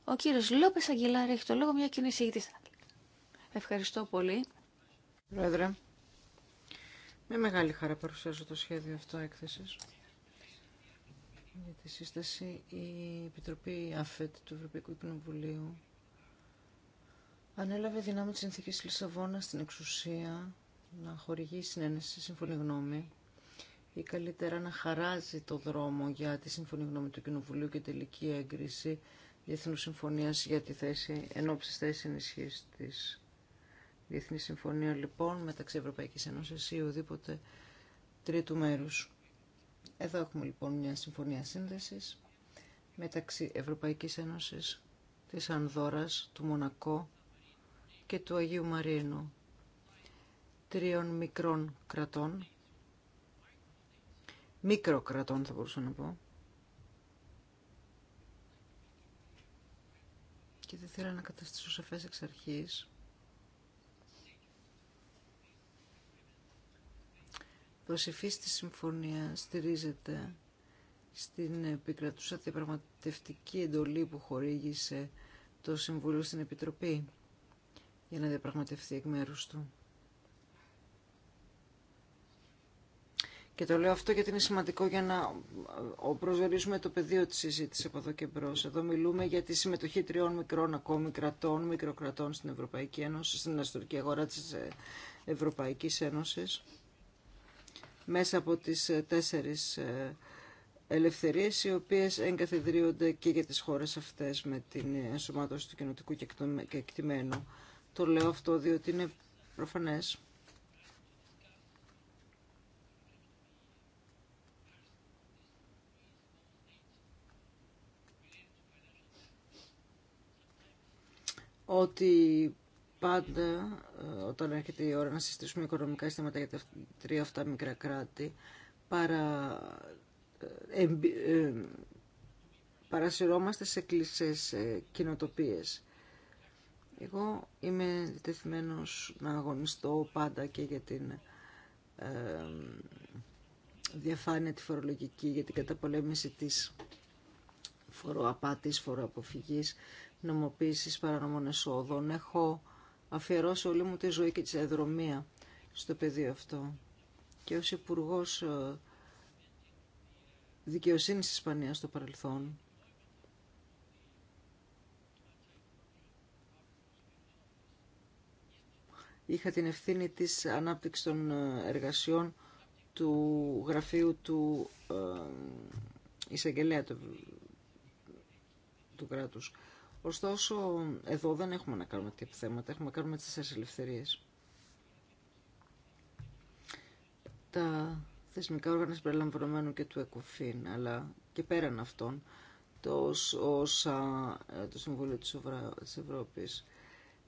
Ο κύριος Λόπες Αγγελάρη έχει το λόγο μια κοινή Ευχαριστώ πολύ. Πρόεδρε, με μεγάλη χαρά παρουσιάζω το σχέδιο αυτό έκθεσης για τη σύσταση η Επιτροπή ΑΦΕΤ του Ευρωπαϊκού Κοινοβουλίου ανέλαβε δυνάμει της συνθήκης Λισαβόνα στην εξουσία να χορηγεί συνένεση σύμφωνη γνώμη ή καλύτερα να χαράζει το δρόμο για τη σύμφωνη γνώμη του Κοινοβουλίου και τελική έγκριση διεθνού συμφωνία για τη θέση, ενόψη θέση ενισχύση τη διεθνή συμφωνία λοιπόν μεταξύ Ευρωπαϊκή Ένωση ή οδήποτε τρίτου μέρους. Εδώ έχουμε λοιπόν μια συμφωνία σύνδεσης μεταξύ Ευρωπαϊκή Ένωση, της Ανδόρας, του Μονακό και του Αγίου Μαρίνου, τριών μικρών κρατών, μικροκρατών θα μπορούσα να πω, και δεν θέλω να καταστήσω σαφές εξ αρχής προσεφής της συμφωνία στηρίζεται στην επικρατούσα διαπραγματευτική εντολή που χορήγησε το Συμβούλιο στην Επιτροπή για να διαπραγματευτεί εκ μέρους του. Και το λέω αυτό γιατί είναι σημαντικό για να προσδιορίσουμε το πεδίο της συζήτηση από εδώ και μπρο. Εδώ μιλούμε για τη συμμετοχή τριών μικρών ακόμη κρατών, μικροκρατών στην Ευρωπαϊκή Ένωση, στην ιστορική αγορά της Ευρωπαϊκής Ένωσης μέσα από τις ε, τέσσερις ε, ελευθερίες οι οποίες εγκαθιδρύονται και για τις χώρες αυτές με την ενσωμάτωση του κοινοτικού κεκτημένου. Το λέω αυτό διότι είναι προφανές. ότι πάντα ε, όταν έρχεται η ώρα να συστήσουμε οικονομικά συστήματα για τα τρία αυτά μικρά κράτη παρα... Ε, ε, παρασυρώμαστε σε κλεισές κοινοτοπίε. κοινοτοπίες. Εγώ είμαι διτεθειμένος να αγωνιστώ πάντα και για την ε... διαφάνεια τη φορολογική, για την καταπολέμηση της φοροαπάτης, φοροαποφυγής, νομοποίησης παρανομών εσόδων. Έχω αφιερώσω όλη μου τη ζωή και τη αδρομία στο πεδίο αυτό. Και ως υπουργό ε, δικαιοσύνης της Ισπανίας στο παρελθόν, είχα την ευθύνη της ανάπτυξης των ε, εργασιών του γραφείου του ε, εισαγγελέα του, του κράτους. Ωστόσο, εδώ δεν έχουμε να κάνουμε τέτοια θέματα, έχουμε να κάνουμε τις ελευθερίες. Τα θεσμικά όργανα συμπεριλαμβανομένου και του ΕΚΟΦΗΝ, αλλά και πέραν αυτών, το όσα ε, το Συμβούλιο της, της Ευρώπης,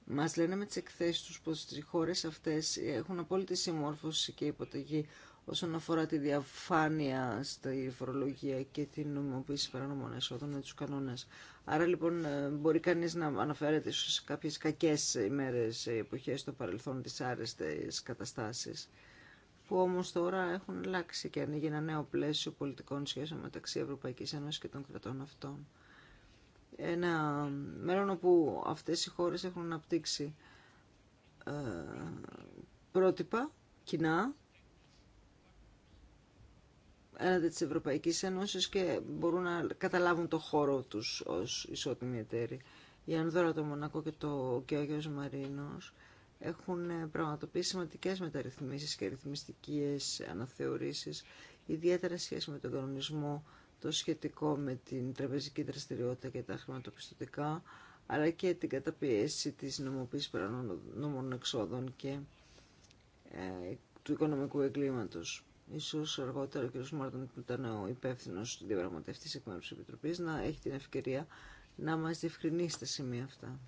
μας λένε με τις εκθέσεις τους πως οι χώρες αυτές έχουν απόλυτη συμμόρφωση και υποταγή όσον αφορά τη διαφάνεια στη φορολογία και την νομιμοποίηση παρανομών εσόδων με τους κανόνες. Άρα λοιπόν ε, μπορεί κανείς να αναφέρεται σε κάποιες κακές ημέρες, ε, εποχές στο παρελθόν, τις άρεστες καταστάσεις που όμως τώρα έχουν αλλάξει και ανοίγει ένα νέο πλαίσιο πολιτικών σχέσεων μεταξύ Ευρωπαϊκής Ένωσης και των κρατών αυτών. Ένα μέλλον όπου αυτές οι χώρες έχουν αναπτύξει ε, πρότυπα κοινά έναντι της Ευρωπαϊκής Ένωσης και μπορούν να καταλάβουν το χώρο τους ως ισότιμοι εταίροι. Η Ανδόρα, το Μονακό και, το, και ο Άγιος Μαρίνος έχουν ε, πραγματοποιήσει σημαντικέ μεταρρυθμίσεις και ρυθμιστικές αναθεωρήσεις, ιδιαίτερα σχέση με τον κανονισμό, το σχετικό με την τραπεζική δραστηριότητα και τα χρηματοπιστωτικά, αλλά και την καταπίεση της νομοποίησης παρανόμων εξόδων και ε, του οικονομικού εγκλήματος ίσως αργότερα ο κ. Μόρτον που ήταν ο υπεύθυνο διαπραγματεύτη εκ μέρου τη Επιτροπή, να έχει την ευκαιρία να μα διευκρινίσει τα σημεία αυτά.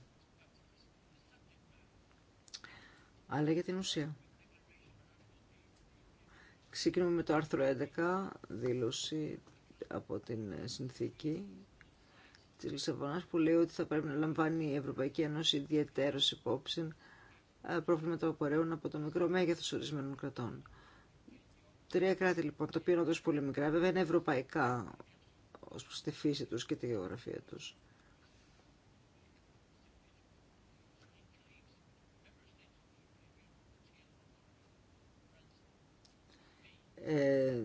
Αλλά για την ουσία. Ξεκινούμε με το άρθρο 11, δήλωση από την συνθήκη τη Λισαβονά, που λέει ότι θα πρέπει να λαμβάνει η Ευρωπαϊκή Ένωση ιδιαίτερω υπόψη ε, προβλήματα που απορρέουν από το μικρό μέγεθο ορισμένων κρατών. Τρία κράτη λοιπόν, τα οποία είναι όντως πολύ μικρά, βέβαια είναι ευρωπαϊκά ως προς τη φύση τους και τη γεωγραφία τους. Ε,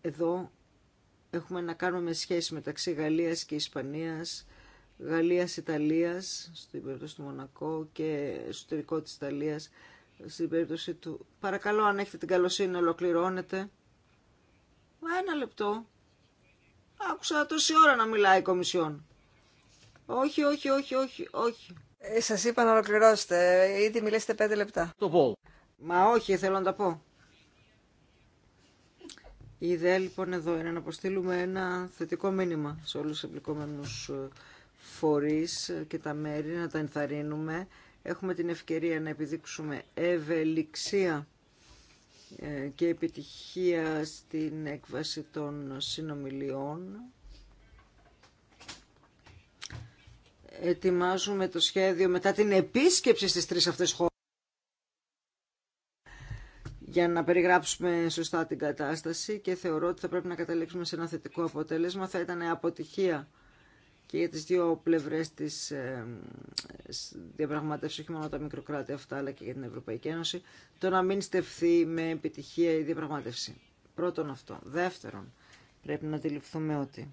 εδώ έχουμε να κάνουμε σχέση μεταξύ Γαλλίας και Ισπανίας, Γαλλίας-Ιταλίας, στην περίπτωση του Μονακό και εσωτερικό της Ιταλίας στην περίπτωση του. Παρακαλώ αν έχετε την καλοσύνη να ολοκληρώνετε. Μα ένα λεπτό. Άκουσα τόση ώρα να μιλάει η Κομισιόν. Όχι, όχι, όχι, όχι, όχι. Ε, σας είπα να ολοκληρώσετε. Ήδη μιλήσετε πέντε λεπτά. Το πω. Μα όχι, θέλω να τα πω. Η ιδέα λοιπόν εδώ είναι να αποστείλουμε ένα θετικό μήνυμα σε όλους τους εμπλικόμενους ε, φορείς και τα μέρη, να τα ενθαρρύνουμε έχουμε την ευκαιρία να επιδείξουμε ευελιξία ε, και επιτυχία στην έκβαση των συνομιλιών. Ετοιμάζουμε το σχέδιο μετά την επίσκεψη στις τρεις αυτές χώρες για να περιγράψουμε σωστά την κατάσταση και θεωρώ ότι θα πρέπει να καταλήξουμε σε ένα θετικό αποτέλεσμα. Θα ήταν αποτυχία και για τις δύο πλευρές της ε, όχι μόνο τα μικροκράτη αυτά, αλλά και για την Ευρωπαϊκή Ένωση, το να μην στεφθεί με επιτυχία η διαπραγμάτευση. Πρώτον αυτό. Δεύτερον, πρέπει να αντιληφθούμε ότι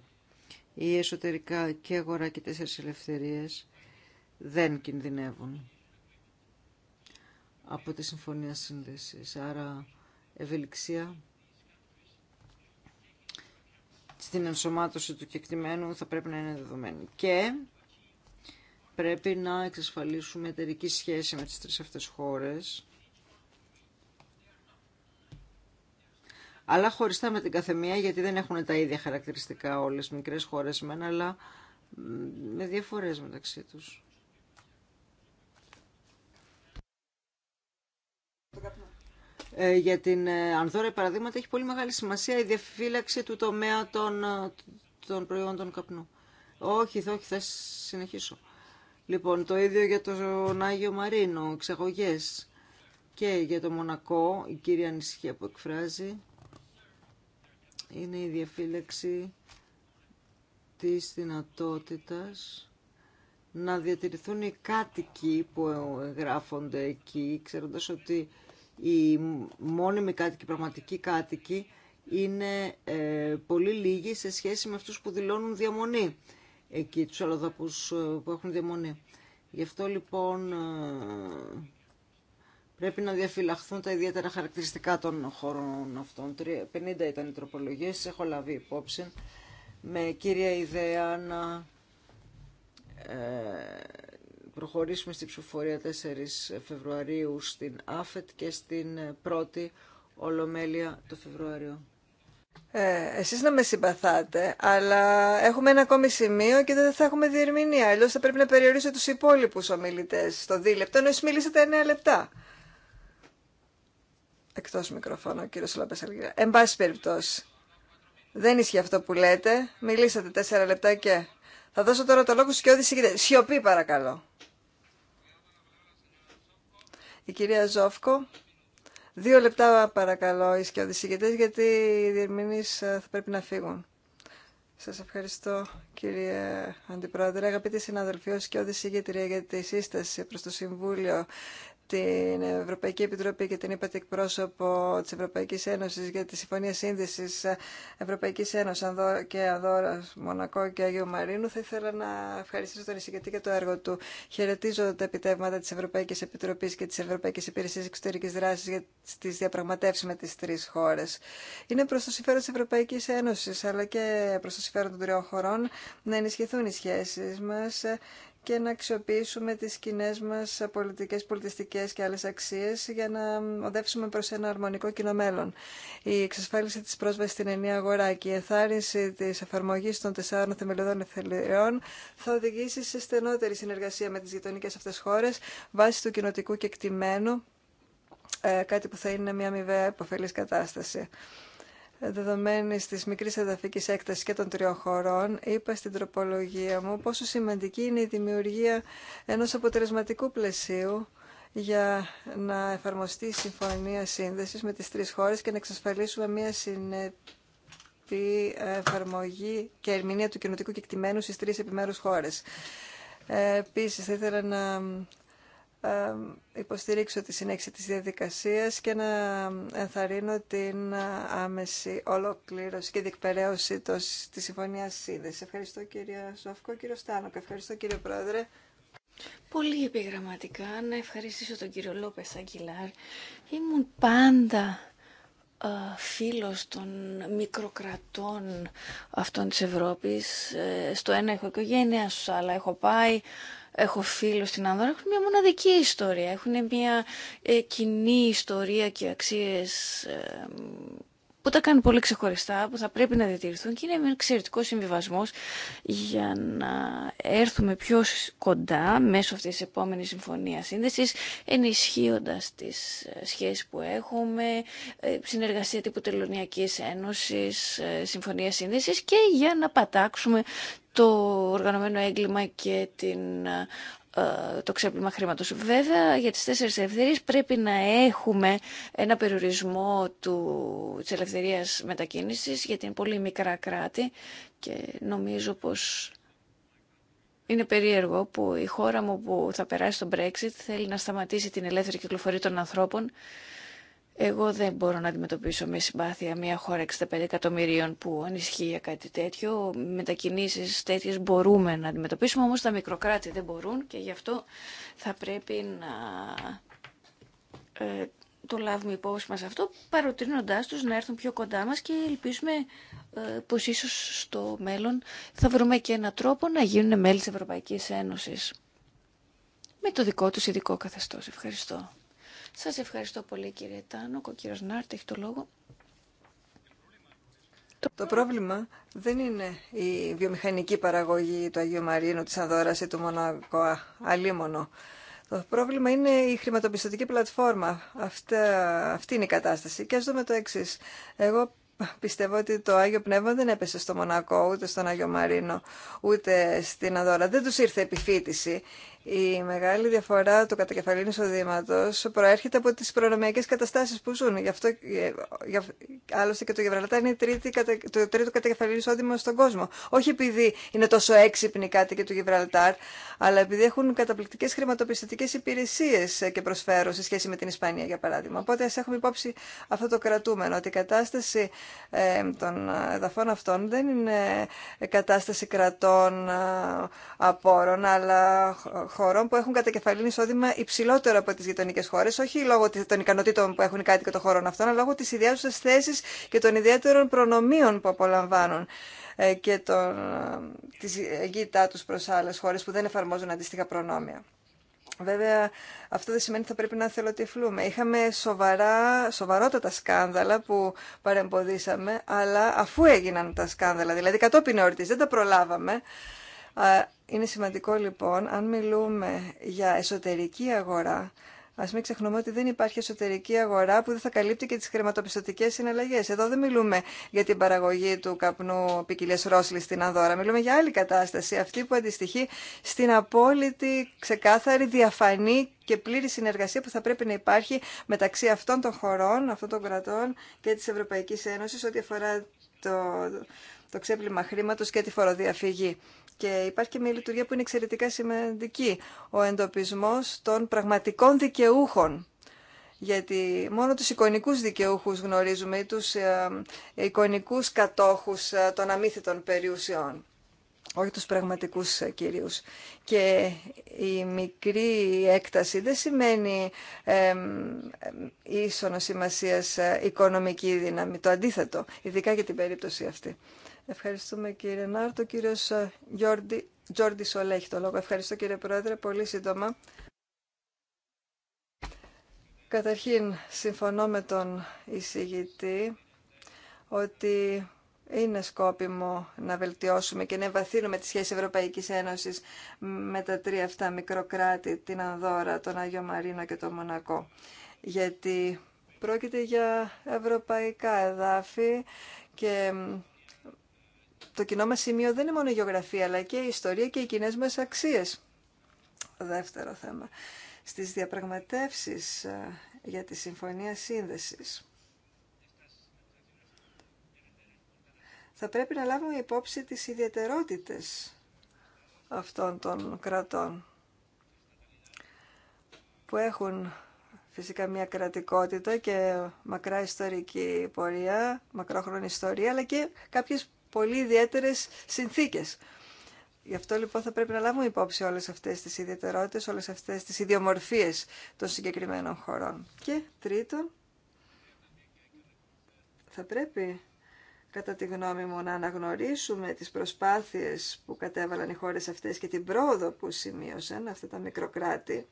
η εσωτερικά και αγορά και τέσσερι ελευθερίες δεν κινδυνεύουν από τη Συμφωνία Σύνδεσης. Άρα ευελιξία στην ενσωμάτωση του κεκτημένου θα πρέπει να είναι δεδομένη. Και πρέπει να εξασφαλίσουμε εταιρική σχέση με τις τρεις αυτές χώρες, αλλά χωριστά με την καθεμία γιατί δεν έχουν τα ίδια χαρακτηριστικά όλες μικρές χώρες μεν, αλλά με διαφορές μεταξύ τους. Ε, για την ε, Ανδόρα, παραδείγματα, έχει πολύ μεγάλη σημασία η διαφύλαξη του τομέα των, ε, των προϊόντων καπνού. Όχι, όχι, θα συνεχίσω. Λοιπόν, το ίδιο για τον Άγιο Μαρίνο, εξαγωγέ και για το Μονακό, η κύρια ανησυχία που εκφράζει είναι η διαφύλαξη της δυνατότητας να διατηρηθούν οι κάτοικοι που γράφονται εκεί, ξέροντας ότι οι μόνιμοι κάτοικοι, οι πραγματικοί κάτοικοι είναι ε, πολύ λίγοι σε σχέση με αυτούς που δηλώνουν διαμονή εκεί, τους αλλοδαπούς ε, που έχουν διαμονή. Γι' αυτό λοιπόν ε, πρέπει να διαφυλαχθούν τα ιδιαίτερα χαρακτηριστικά των χωρών αυτών. 50 ήταν οι τροπολογίες, έχω λάβει υπόψη, με κύρια ιδέα να προχωρήσουμε στην ψηφοφορία 4 Φεβρουαρίου στην ΑΦΕΤ και στην πρώτη Ολομέλεια το Φεβρουάριο. Ε, εσείς να με συμπαθάτε, αλλά έχουμε ένα ακόμη σημείο και δεν θα έχουμε διερμηνία. Αλλιώς θα πρέπει να περιορίσω τους υπόλοιπους ομιλητές στο δίλεπτο, ενώ εσείς μιλήσατε 9 λεπτά. Εκτός μικροφώνου, ο κύριος Λόπες Εν πάση περιπτώσει, δεν ισχύει αυτό που λέτε. Μιλήσατε 4 λεπτά και... Θα δώσω τώρα το λόγο στους και Σιωπή παρακαλώ. Η κυρία Ζόφκο. Δύο λεπτά παρακαλώ οι σκιοδησηγητές γιατί οι διερμηνείς ε, θα πρέπει να φύγουν. Σας ευχαριστώ κύριε Αντιπρόεδρε, αγαπητοί συναδελφοί, ως και ηγετρία για τη σύσταση προς το Συμβούλιο την Ευρωπαϊκή Επιτροπή και την είπατε εκπρόσωπο της Ευρωπαϊκής Ένωσης για τη Συμφωνία Σύνδεσης Ευρωπαϊκής Ένωσης και Ανδόρας Μονακό και Αγίου Μαρίνου, θα ήθελα να ευχαριστήσω τον εισηγητή και το έργο του. Χαιρετίζω τα επιτεύγματα της Ευρωπαϊκής Επιτροπής και της Ευρωπαϊκής Υπηρεσίας Εξωτερικής Δράσης για τις διαπραγματεύσεις με τις τρεις χώρες. Είναι προς το συμφέρον της Ευρωπαϊκής Ένωσης αλλά και προς το συμφέρον των τριών χωρών να ενισχυθούν οι σχέσεις μας και να αξιοποιήσουμε τις κοινέ μας πολιτικές, πολιτιστικές και άλλες αξίες για να οδεύσουμε προς ένα αρμονικό κοινό μέλλον. Η εξασφάλιση της πρόσβασης στην ενιαία αγορά και η εθάρρυνση της εφαρμογής των τεσσάρων θεμελιωδών ευθελειών θα οδηγήσει σε στενότερη συνεργασία με τις γειτονικές αυτές χώρες βάσει του κοινοτικού κεκτημένου, ε, κάτι που θα είναι μια αμοιβαία υποφελής κατάσταση δεδομένης της μικρής εδαφικής έκτασης και των τριών χωρών, είπα στην τροπολογία μου πόσο σημαντική είναι η δημιουργία ενός αποτελεσματικού πλαισίου για να εφαρμοστεί η Συμφωνία Σύνδεσης με τις τρεις χώρες και να εξασφαλίσουμε μια συνεπή εφαρμογή και ερμηνεία του κοινωτικού κεκτημένου στις τρεις επιμέρους χώρες. Ε, επίσης, θα ήθελα να ε, υποστηρίξω τη συνέχιση της διαδικασίας και να ενθαρρύνω την άμεση ολοκλήρωση και διεκπαιρέωση της Συμφωνίας Σύνδεσης. Ευχαριστώ κυρία Σοφκό, κύριο και Ευχαριστώ κύριε Πρόεδρε. Πολύ επιγραμματικά να ευχαριστήσω τον κύριο Λόπες Αγγιλάρ. Ήμουν πάντα ε, φίλος των μικροκρατών αυτών της Ευρώπης. Ε, στο ένα έχω οικογένεια, στο αλλά έχω πάει έχω φίλους στην Άνδρα, έχουν μια μοναδική ιστορία, έχουν μια ε, κοινή ιστορία και αξίες ε, που τα κάνουν πολύ ξεχωριστά, που θα πρέπει να διατηρηθούν και είναι ένα εξαιρετικό συμβιβασμό για να έρθουμε πιο κοντά μέσω αυτή τη επόμενη συμφωνία σύνδεση, ενισχύοντα τι ε, σχέσει που έχουμε, ε, συνεργασία τύπου Τελωνιακή Ένωση, ε, συμφωνία σύνδεση και για να πατάξουμε το οργανωμένο έγκλημα και την ε, το ξέπλυμα χρήματο. Βέβαια, για τις τέσσερι ελευθερίες πρέπει να έχουμε ένα περιορισμό τη ελευθερία μετακίνηση μετακίνησης, γιατί είναι πολύ μικρά κράτη και νομίζω πως είναι περίεργο που η χώρα μου που θα περάσει τον Brexit θέλει να σταματήσει την ελεύθερη κυκλοφορία των ανθρώπων εγώ δεν μπορώ να αντιμετωπίσω με συμπάθεια μια χώρα 65 εκατομμυρίων που ανισχύει για κάτι τέτοιο. Μετακινήσει τέτοιε μπορούμε να αντιμετωπίσουμε, όμω τα μικροκράτη δεν μπορούν και γι' αυτό θα πρέπει να ε, το λάβουμε υπόψη μα αυτό, παροτρύνοντά του να έρθουν πιο κοντά μα και ελπίζουμε ε, πως στο μέλλον θα βρούμε και έναν τρόπο να γίνουν μέλη τη Ευρωπαϊκή Ένωση. με το δικό του ειδικό καθεστώ. Ευχαριστώ. Σας ευχαριστώ πολύ κύριε Τάνοκ. Ο κύριος Νάρτ έχει το λόγο. Το πρόβλημα δεν είναι η βιομηχανική παραγωγή του Αγίου Μαρίνου, της Ανδόρας ή του Μονακό αλίμονο. Το πρόβλημα είναι η χρηματοπιστωτική πλατφόρμα. Αυτά, αυτή είναι η χρηματοπιστωτικη πλατφορμα αυτη ειναι η κατασταση Και ας δούμε το εξή. Εγώ πιστεύω ότι το Άγιο Πνεύμα δεν έπεσε στο Μονακό, ούτε στον Άγιο Μαρίνο, ούτε στην Ανδόρα. Δεν τους ήρθε επιφύτηση. Η μεγάλη διαφορά του κατακεφαλήν εισοδήματο προέρχεται από τι προνομιακέ καταστάσει που ζουν. Γι αυτό, ε, άλλωστε και το Γεβραλτάρ είναι τρίτη, το τρίτο κατακεφαλήν εισόδημα στον κόσμο. Όχι επειδή είναι τόσο έξυπνοι κάτι κάτοικοι του Γεβραλτάρ, αλλά επειδή έχουν καταπληκτικέ χρηματοπιστωτικέ υπηρεσίε ε, και προσφέρουν σε σχέση με την Ισπανία, για παράδειγμα. Οπότε α έχουμε υπόψη αυτό το κρατούμενο, ότι η κατάσταση ε, των εδαφών αυτών δεν είναι κατάσταση κρατών απόρων, αλλά χωρών που έχουν κατακεφαλήν εισόδημα υψηλότερο από τι γειτονικέ χώρε, όχι λόγω των ικανοτήτων που έχουν οι κάτοικοι των χωρών αυτών, αλλά λόγω τη ιδιάζουσα θέση και των ιδιαίτερων προνομίων που απολαμβάνουν ε, και των, ε, της γητά τους προς άλλες χώρες που δεν εφαρμόζουν αντίστοιχα προνόμια. Βέβαια, αυτό δεν σημαίνει ότι θα πρέπει να θελοτυφλούμε. Είχαμε σοβαρά, σοβαρότατα σκάνδαλα που παρεμποδίσαμε, αλλά αφού έγιναν τα σκάνδαλα, δηλαδή κατόπιν εορτής, δεν τα προλάβαμε, είναι σημαντικό λοιπόν, αν μιλούμε για εσωτερική αγορά, Α μην ξεχνούμε ότι δεν υπάρχει εσωτερική αγορά που δεν θα καλύπτει και τι χρηματοπιστωτικέ συναλλαγέ. Εδώ δεν μιλούμε για την παραγωγή του καπνού ποικιλία Ρόσλη στην Ανδώρα. Μιλούμε για άλλη κατάσταση, αυτή που αντιστοιχεί στην απόλυτη, ξεκάθαρη, διαφανή και πλήρη συνεργασία που θα πρέπει να υπάρχει μεταξύ αυτών των χωρών, αυτών των κρατών και τη Ευρωπαϊκή Ένωση ό,τι αφορά το, το ξέπλυμα χρήματο και τη φοροδιαφυγή. Και υπάρχει και μια λειτουργία που είναι εξαιρετικά σημαντική. Ο εντοπισμός των πραγματικών δικαιούχων. Γιατί μόνο τους εικονικούς δικαιούχους γνωρίζουμε ή τους ε, ε, εικονικούς κατόχους ε, των αμύθιτων περιουσιών όχι τους πραγματικούς κυρίους. Και η μικρή έκταση δεν σημαίνει ε, ίσονο σημασία οικονομική δύναμη. Το αντίθετο, ειδικά για την περίπτωση αυτή. Ευχαριστούμε κύριε Νάρτο. Κύριος ε, Γιόρντι, Τζόρντι έχει το λόγο. Ευχαριστώ κύριε Πρόεδρε. Πολύ σύντομα. Καταρχήν, συμφωνώ με τον εισηγητή ότι είναι σκόπιμο να βελτιώσουμε και να εμβαθύνουμε τη σχέση Ευρωπαϊκής Ένωσης με τα τρία αυτά μικροκράτη, την Ανδόρα, τον Άγιο Μαρίνο και τον Μονακό. Γιατί πρόκειται για ευρωπαϊκά εδάφη και το κοινό μας σημείο δεν είναι μόνο η γεωγραφία, αλλά και η ιστορία και οι κοινέ μας αξίες. Δεύτερο θέμα. Στις διαπραγματεύσεις ε, για τη Συμφωνία Σύνδεσης. Θα πρέπει να λάβουμε υπόψη τις ιδιαιτερότητες αυτών των κρατών που έχουν φυσικά μια κρατικότητα και μακρά ιστορική πορεία, μακρόχρονη ιστορία, αλλά και κάποιες πολύ ιδιαίτερε συνθήκες. Γι' αυτό λοιπόν θα πρέπει να λάβουμε υπόψη όλες αυτές τις ιδιαιτερότητες, όλες αυτές τις ιδιομορφίες των συγκεκριμένων χωρών. Και τρίτον, θα πρέπει κατά τη γνώμη μου να αναγνωρίσουμε τις προσπάθειες που κατέβαλαν οι χώρες αυτές και την πρόοδο που σημείωσαν αυτά τα μικροκράτη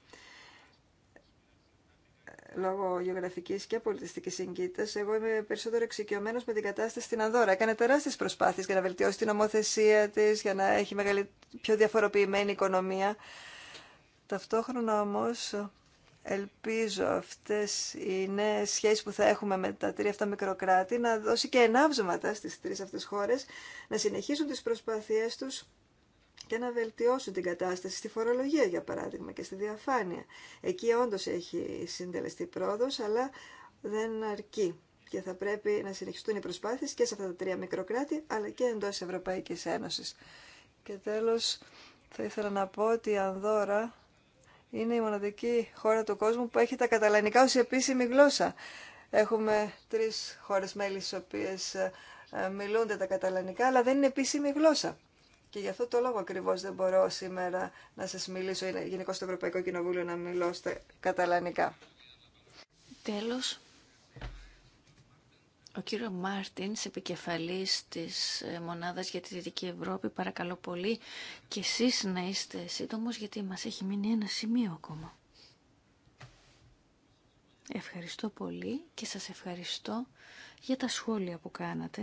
λόγω γεωγραφική και πολιτιστική συγκίτας, εγώ είμαι περισσότερο εξοικειωμένο με την κατάσταση στην Ανδώρα. Έκανε τεράστιε προσπάθειε για να βελτιώσει την ομοθεσία τη για να έχει πιο διαφοροποιημένη οικονομία. Ταυτόχρονα όμω, ελπίζω αυτέ οι νέε σχέσει που θα έχουμε με τα τρία αυτά μικροκράτη να δώσει και ενάψματα στι τρει αυτέ χώρε να συνεχίσουν τι προσπάθειές του και να βελτιώσουν την κατάσταση στη φορολογία, για παράδειγμα, και στη διαφάνεια. Εκεί όντως έχει συντελεστεί πρόοδος, αλλά δεν αρκεί και θα πρέπει να συνεχιστούν οι προσπάθειες και σε αυτά τα τρία μικροκράτη, αλλά και εντός Ευρωπαϊκής Ένωσης. Και τέλος, θα ήθελα να πω ότι η Ανδώρα είναι η μοναδική χώρα του κόσμου που έχει τα καταλανικά ως επίσημη γλώσσα. Έχουμε τρεις χώρες μέλη στις οποίες ε, μιλούνται τα καταλανικά, αλλά δεν είναι επίσημη γλώσσα. Και γι' αυτό το λόγο ακριβώ δεν μπορώ σήμερα να σα μιλήσω, είναι γενικώ στο Ευρωπαϊκό Κοινοβούλιο να μιλώ στα καταλανικά. Τέλο, ο κύριο Μάρτιν, επικεφαλή τη ε, Μονάδα για τη Δυτική Ευρώπη, παρακαλώ πολύ και εσεί να είστε σύντομο, γιατί μα έχει μείνει ένα σημείο ακόμα. Ευχαριστώ πολύ και σας ευχαριστώ για τα σχόλια που κάνατε.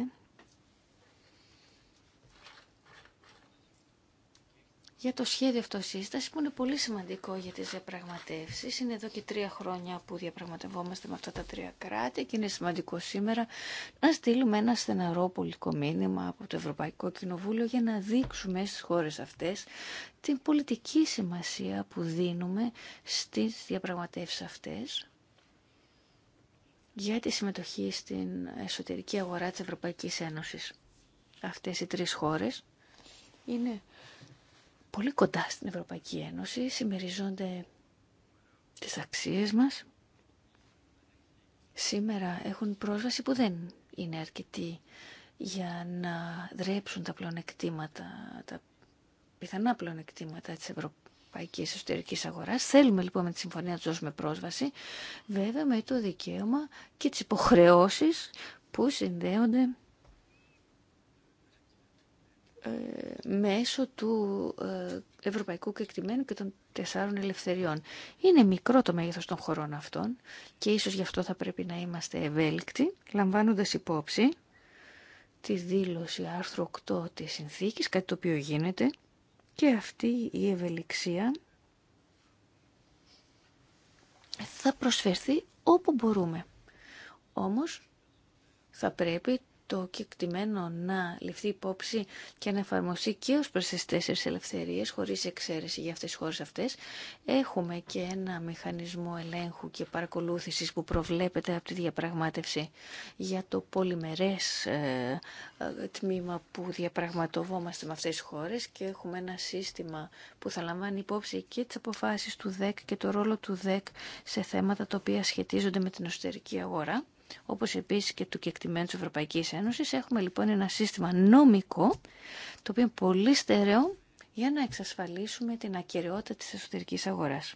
για το σχέδιο αυτοσύσταση που είναι πολύ σημαντικό για τις διαπραγματεύσεις. Είναι εδώ και τρία χρόνια που διαπραγματευόμαστε με αυτά τα τρία κράτη και είναι σημαντικό σήμερα να στείλουμε ένα στεναρό πολιτικό μήνυμα από το Ευρωπαϊκό Κοινοβούλιο για να δείξουμε στις χώρες αυτές την πολιτική σημασία που δίνουμε στις διαπραγματεύσεις αυτές για τη συμμετοχή στην εσωτερική αγορά της Ευρωπαϊκής Ένωσης. Αυτές οι τρεις χώρες είναι πολύ κοντά στην Ευρωπαϊκή Ένωση, συμμεριζόνται τις αξίες μας. Σήμερα έχουν πρόσβαση που δεν είναι αρκετή για να δρέψουν τα πλονεκτήματα, τα πιθανά πλονεκτήματα της Ευρωπαϊκής Εσωτερικής Αγοράς. Θέλουμε λοιπόν με τη συμφωνία να τους δώσουμε πρόσβαση, βέβαια με το δικαίωμα και τις υποχρεώσεις που συνδέονται ε, μέσω του ε, ευρωπαϊκού κεκτημένου και των τεσσάρων ελευθεριών. Είναι μικρό το μέγεθος των χωρών αυτών και ίσως γι' αυτό θα πρέπει να είμαστε ευέλικτοι, λαμβάνοντας υπόψη τη δήλωση άρθρου 8 της συνθήκης, κάτι το οποίο γίνεται, και αυτή η ευελιξία θα προσφερθεί όπου μπορούμε. Όμως θα πρέπει το κεκτημένο να ληφθεί υπόψη και να εφαρμοστεί και ως προς τις τέσσερις ελευθερίες χωρίς εξαίρεση για αυτές τις χώρες αυτές. Έχουμε και ένα μηχανισμό ελέγχου και παρακολούθησης που προβλέπεται από τη διαπραγμάτευση για το πολυμερές ε, ε τμήμα που διαπραγματοβόμαστε με αυτές τις χώρες και έχουμε ένα σύστημα που θα λαμβάνει υπόψη και τις αποφάσεις του ΔΕΚ και το ρόλο του ΔΕΚ σε θέματα τα οποία σχετίζονται με την εσωτερική αγορά Όπω επίσης και του κεκτημένου τη Ευρωπαϊκής Ένωσης. Έχουμε λοιπόν ένα σύστημα νομικό, το οποίο είναι πολύ στερεό για να εξασφαλίσουμε την ακαιρεότητα της εσωτερικής αγοράς.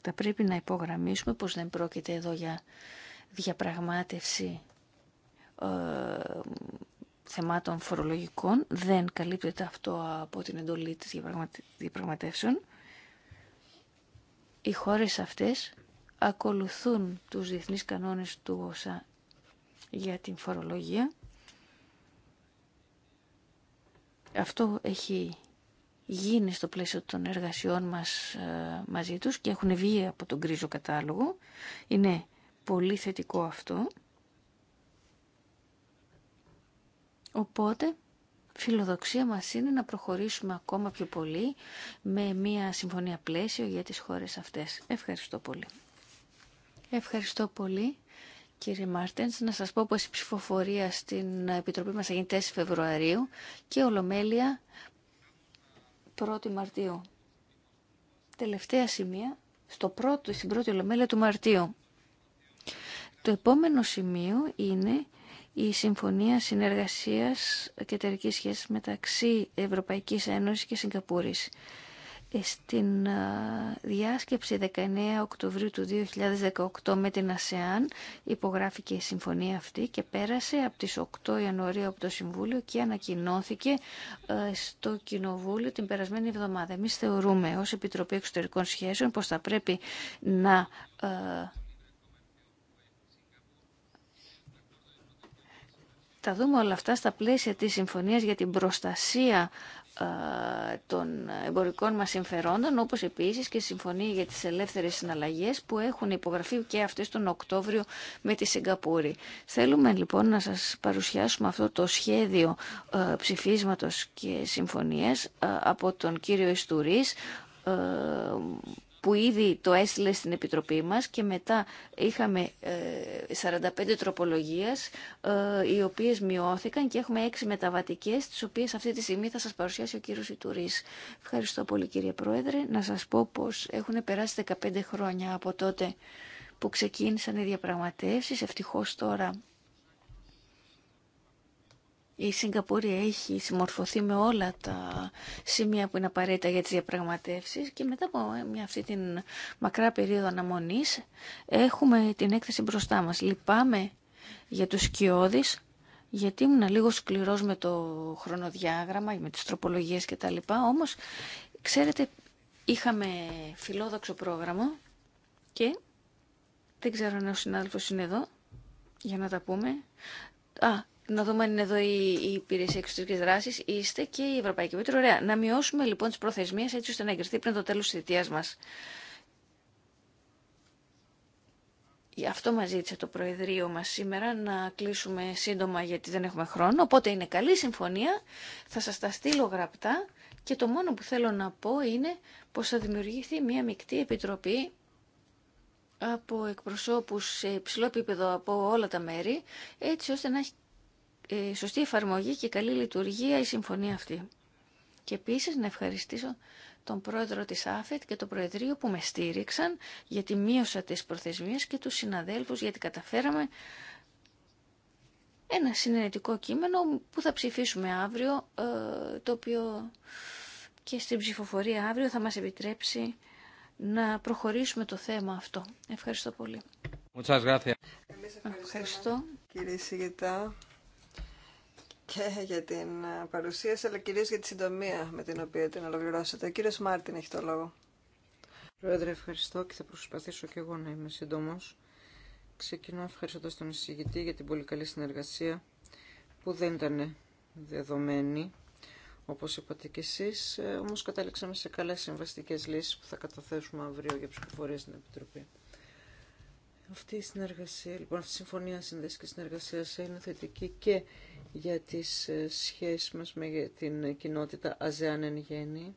Θα πρέπει να υπογραμμίσουμε πως δεν πρόκειται εδώ για διαπραγμάτευση ε, θεμάτων φορολογικών. Δεν καλύπτεται αυτό από την εντολή τη διαπραγματεύσεων. Οι χώρες αυτές ακολουθούν τους διεθνείς κανόνες του ΩΣΑ για την φορολογία. Αυτό έχει γίνει στο πλαίσιο των εργασιών μας ε, μαζί τους και έχουν βγει από τον κρίζο κατάλογο. Είναι πολύ θετικό αυτό. Οπότε, φιλοδοξία μας είναι να προχωρήσουμε ακόμα πιο πολύ με μια συμφωνία πλαίσιο για τις χώρες αυτές. Ευχαριστώ πολύ. Ευχαριστώ πολύ. Κύριε Μάρτενς, να σας πω πως η ψηφοφορία στην Επιτροπή μας θα γίνει 4 Φεβρουαρίου και Ολομέλεια 1η Μαρτίου. Τελευταία σημεία, στο πρώτο, στην πρώτη Ολομέλεια του Μαρτίου. Το επόμενο σημείο είναι η Συμφωνία Συνεργασίας και Εταιρικής Σχέσης μεταξύ Ευρωπαϊκής Ένωσης και Σιγκαπούρης στην ε, διάσκεψη 19 Οκτωβρίου του 2018 με την ΑΣΕΑΝ υπογράφηκε η συμφωνία αυτή και πέρασε από τις 8 Ιανουαρίου από το Συμβούλιο και ανακοινώθηκε ε, στο Κοινοβούλιο την περασμένη εβδομάδα. Εμείς θεωρούμε ως Επιτροπή Εξωτερικών Σχέσεων πως θα πρέπει να ε, τα δούμε όλα αυτά στα πλαίσια της συμφωνίας για την προστασία των εμπορικών μας συμφερόντων, όπως επίσης και συμφωνία για τις ελεύθερες συναλλαγές που έχουν υπογραφεί και αυτές τον Οκτώβριο με τη Σιγκαπούρη. Θέλουμε λοιπόν να σας παρουσιάσουμε αυτό το σχέδιο ψηφίσματος και συμφωνίες από τον κύριο Ιστούρης που ήδη το έστειλε στην Επιτροπή μας και μετά είχαμε 45 ε, τροπολογίες ε, οι οποίες μειώθηκαν και έχουμε 6 μεταβατικές τις οποίες αυτή τη στιγμή θα σας παρουσιάσει ο κύριος Ιτουρής. Ευχαριστώ πολύ κύριε Πρόεδρε. Να σας πω πως έχουν περάσει 15 χρόνια από τότε που ξεκίνησαν οι διαπραγματεύσεις. Ευτυχώς τώρα η Σιγκαπούρη έχει συμμορφωθεί με όλα τα σημεία που είναι απαραίτητα για τις διαπραγματεύσεις και μετά από μια αυτή την μακρά περίοδο αναμονής έχουμε την έκθεση μπροστά μας. Λυπάμαι για τους σκιώδεις γιατί ήμουν λίγο σκληρός με το χρονοδιάγραμμα, με τις τροπολογίες και τα λοιπά, όμως ξέρετε είχαμε φιλόδοξο πρόγραμμα και δεν ξέρω αν ο συνάδελφος είναι εδώ για να τα πούμε. Α, να δούμε αν είναι εδώ η, η υπηρεσία εξωτερική δράση, είστε και η Ευρωπαϊκή Επιτροπή. Ωραία. Να μειώσουμε λοιπόν τι προθεσμίε έτσι ώστε να εγκριθεί πριν το τέλο τη θητεία μα. Αυτό μα ζήτησε το Προεδρείο μα σήμερα, να κλείσουμε σύντομα γιατί δεν έχουμε χρόνο. Οπότε είναι καλή συμφωνία, θα σα τα στείλω γραπτά και το μόνο που θέλω να πω είναι πω θα δημιουργηθεί μια μεικτή επιτροπή από εκπροσώπους σε υψηλό επίπεδο από όλα τα μέρη, έτσι ώστε να έχει η ε, σωστή εφαρμογή και καλή λειτουργία η συμφωνία αυτή. Και επίσης να ευχαριστήσω τον πρόεδρο της ΑΦΕΤ και το Προεδρείο που με στήριξαν γιατί μείωσα τις προθεσμίες και τους συναδέλφους γιατί καταφέραμε ένα συνενετικό κείμενο που θα ψηφίσουμε αύριο, ε, το οποίο και στην ψηφοφορία αύριο θα μας επιτρέψει να προχωρήσουμε το θέμα αυτό. Ευχαριστώ πολύ. ευχαριστώ. Ευχαριστώ. Κύριε Σιγητά, και για την ε, παρουσίαση, αλλά κυρίω για τη συντομία με την οποία την ολοκληρώσατε. Ο κύριος Μάρτιν έχει το λόγο. Πρόεδρε, ευχαριστώ και θα προσπαθήσω και εγώ να είμαι σύντομο. Ξεκινώ ευχαριστώντα τον εισηγητή για την πολύ καλή συνεργασία που δεν ήταν δεδομένη, όπως είπατε και εσεί. Ε, Όμω καταλήξαμε σε καλέ συμβαστικέ λύσει που θα καταθέσουμε αύριο για ψηφοφορία στην Επιτροπή. Αυτή η συνεργασία, λοιπόν, αυτή η συμφωνία συνδέσης και συνεργασία είναι θετική και για τις ε, σχέσεις μας με την κοινότητα ΑΖΕΑΝ εν γέννη,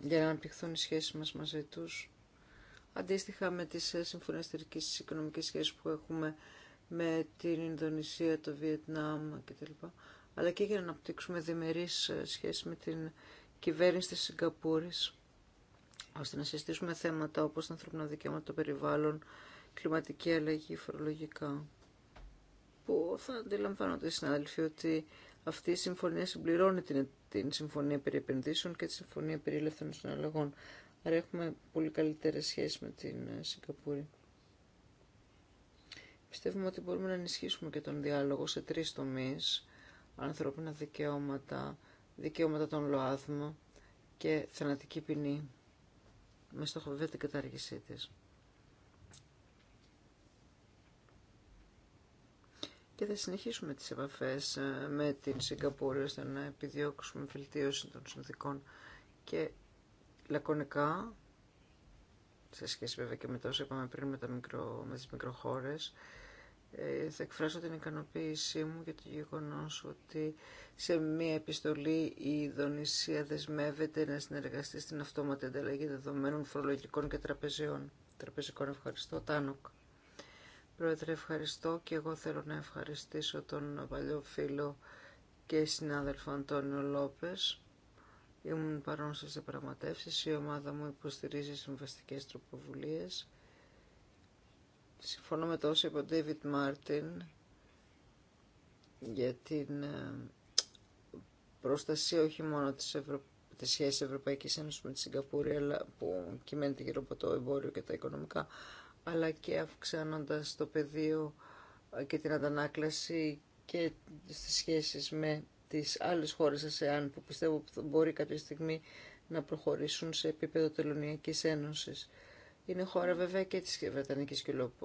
για να αναπτυχθούν οι σχέσεις μας μαζί τους. Αντίστοιχα με τις ε, συμφωνίες θερικής οικονομικής σχέσεις που έχουμε με την Ινδονησία, το Βιετνάμ κτλ. Αλλά και για να αναπτύξουμε διμερείς ε, σχέσεις με την κυβέρνηση της Συγκαπούρης ώστε να συζητήσουμε θέματα όπως τα ανθρώπινα δικαιώματα, το περιβάλλον, κλιματική αλλαγή, φορολογικά. Που θα αντιλαμβάνονται οι συνάδελφοι ότι αυτή η συμφωνία συμπληρώνει την, την συμφωνία περί επενδύσεων και τη συμφωνία περί ελεύθερων συναλλαγών. Άρα έχουμε πολύ καλύτερε σχέσει με την ε, Σιγκαπούρη. Πιστεύουμε ότι μπορούμε να ενισχύσουμε και τον διάλογο σε τρεις τομείς, ανθρώπινα δικαιώματα, δικαιώματα των ΛΟΑΔΜΑ και θανατική ποινή με στόχο βέβαια την κατάργησή τη. Και θα συνεχίσουμε τις επαφές ε, με την Σιγκαπούρη ώστε να επιδιώξουμε βελτίωση των συνθήκων και λακωνικά, σε σχέση βέβαια και με τόσο είπαμε πριν με, τα μικρο, με τις μικροχώρες, ε, θα εκφράσω την ικανοποίησή μου για το γεγονός ότι σε μία επιστολή η Ιδονησία δεσμεύεται να συνεργαστεί στην αυτόματη ανταλλαγή δεδομένων φορολογικών και τραπεζιών. Τραπεζικών ευχαριστώ. Τάνοκ. Πρόεδρε, ευχαριστώ και εγώ θέλω να ευχαριστήσω τον παλιό φίλο και συνάδελφο Αντώνιο Λόπες. Ήμουν παρόν σε διαπραγματεύσεις. Η ομάδα μου υποστηρίζει συμβαστικές τροποβουλίες Συμφωνώ με το όσο είπε ο David Μάρτιν για την ε, προστασία όχι μόνο της, Ευρω... της σχέσης Ευρωπαϊκής Ένωσης με τη Σιγκαπούρη αλλά που κυμαίνεται γύρω από το εμπόριο και τα οικονομικά αλλά και αυξάνοντας το πεδίο ε, και την αντανάκλαση και στις σχέσεις με τις άλλες χώρες ΑΣΕΑΝ που πιστεύω μπορεί κάποια στιγμή να προχωρήσουν σε επίπεδο τελωνιακής ένωσης. Είναι χώρα βέβαια και της Βρετανικής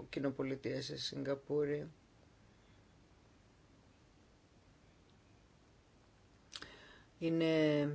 Κοινοπολιτείας σε Σιγκαπούρη. Είναι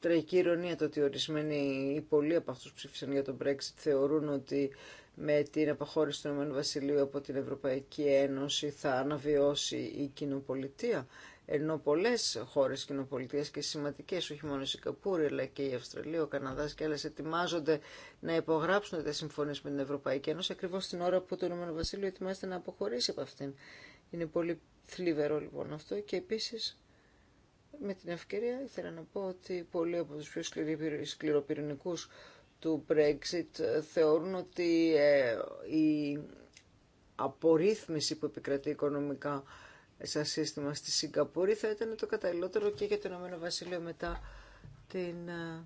τραγική ηρωνία το ότι ορισμένοι ή πολλοί από αυτούς που ψήφισαν για τον Brexit θεωρούν ότι με την απαχώρηση του Ηνωμένου Βασιλείου από την Ευρωπαϊκή Ένωση θα αναβιώσει η κοινοπολιτεία ενώ πολλέ χώρες κοινοπολιτείες και σημαντικές, όχι μόνο η Σικαπούρη, αλλά και η Αυστραλία, ο Καναδάς και άλλες ετοιμάζονται να υπογράψουν τα συμφωνίες με την Ευρωπαϊκή Ένωση, ακριβώς την ώρα που το Ηνωμένο Βασίλειο ετοιμάζεται να αποχωρήσει από αυτήν. Είναι πολύ θλιβερό λοιπόν αυτό και επίσης με την ευκαιρία ήθελα να πω ότι πολλοί από τους πιο σκληροπυρηνικούς του Brexit θεωρούν ότι ε, η απορρίθμιση που επικρατεί οικονομικά σαν σύστημα στη Σιγκαπούρη θα ήταν το καταλληλότερο και για το Ηνωμένο Βασίλειο μετά την ε,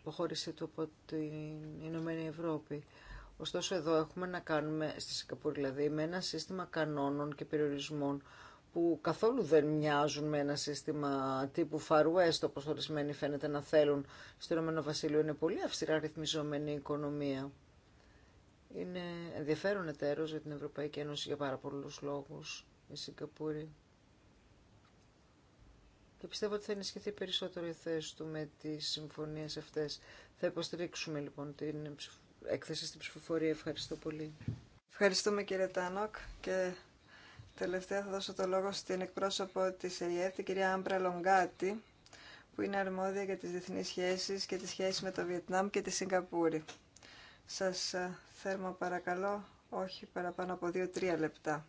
αποχώρηση του από την Ηνωμένη Ευρώπη. Ωστόσο εδώ έχουμε να κάνουμε στη Σιγκαπούρη δηλαδή με ένα σύστημα κανόνων και περιορισμών που καθόλου δεν μοιάζουν με ένα σύστημα τύπου Far West, όπως ορισμένοι φαίνεται να θέλουν. Στο Ηνωμένο Βασίλειο είναι πολύ αυστηρά ρυθμιζόμενη η οικονομία. Είναι ενδιαφέρον εταίρος για την Ευρωπαϊκή Ένωση για πάρα πολλούς λόγους η Σιγκαπούρη. Και πιστεύω ότι θα ενισχυθεί περισσότερο η θέση του με τις συμφωνίες αυτές. Θα υποστηρίξουμε λοιπόν την έκθεση στην ψηφοφορία. Ευχαριστώ πολύ. Ευχαριστούμε κύριε Τάνοκ και τελευταία θα δώσω το λόγο στην εκπρόσωπο της ΕΙΕΦ, την κυρία Άμπρα Λογκάτη, που είναι αρμόδια για τις διεθνείς σχέσεις και τις σχέσεις με το Βιετνάμ και τη Σιγκαπούρη. Σας ε, θέρμα παρακαλώ, όχι παραπάνω από 2-3 λεπτά.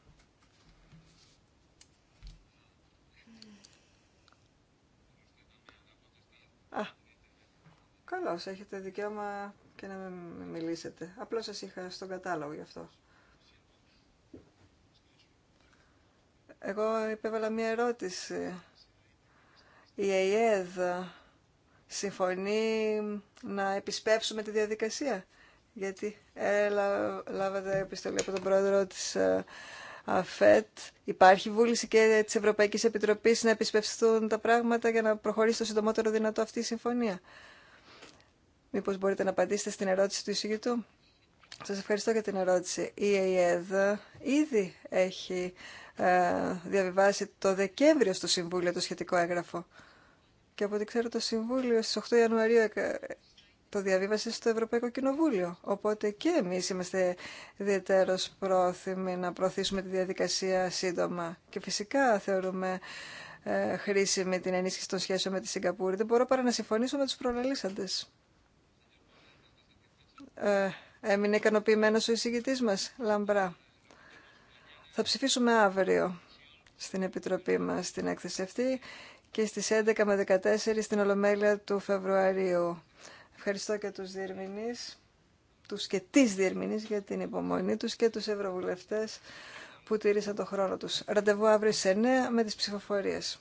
Α, καλώς, έχετε δικαίωμα και να με μιλήσετε. Απλώς σας είχα στον κατάλογο γι' αυτό. Εγώ υπέβαλα μία ερώτηση. Η ΑΕΔ συμφωνεί να επισπεύσουμε τη διαδικασία γιατί έλα, ε, λάβατε επιστολή από τον πρόεδρο της ε, ΑΦΕΤ. Υπάρχει βούληση και της Ευρωπαϊκής Επιτροπής να επισπευστούν τα πράγματα για να προχωρήσει το συντομότερο δυνατό αυτή η συμφωνία. Μήπως μπορείτε να απαντήσετε στην ερώτηση του εισηγητού. Σας ευχαριστώ για την ερώτηση. Η ΕΕΔ ήδη έχει ε, διαβιβάσει το Δεκέμβριο στο Συμβούλιο το σχετικό έγγραφο. Και από ό,τι ξέρω το Συμβούλιο στις 8 Ιανουαρίου το διαβίβασε στο Ευρωπαϊκό Κοινοβούλιο. Οπότε και εμεί είμαστε ιδιαίτερω πρόθυμοι να προωθήσουμε τη διαδικασία σύντομα. Και φυσικά θεωρούμε ε, χρήσιμη την ενίσχυση των σχέσεων με τη Σιγκαπούρη. Δεν μπορώ παρά να συμφωνήσω με του προλαλήσαντε. Ε, έμεινε ικανοποιημένο ο εισηγητής μα, Λαμπρά. Θα ψηφίσουμε αύριο στην Επιτροπή μας την έκθεση αυτή και στις 11 με 14 στην Ολομέλεια του Φεβρουαρίου. Ευχαριστώ και τους διερμηνείς, τους και τις διερμηνείς για την υπομονή τους και τους ευρωβουλευτές που τηρήσαν το χρόνο τους. Ραντεβού αύριο σε 9 με τις ψηφοφορίες.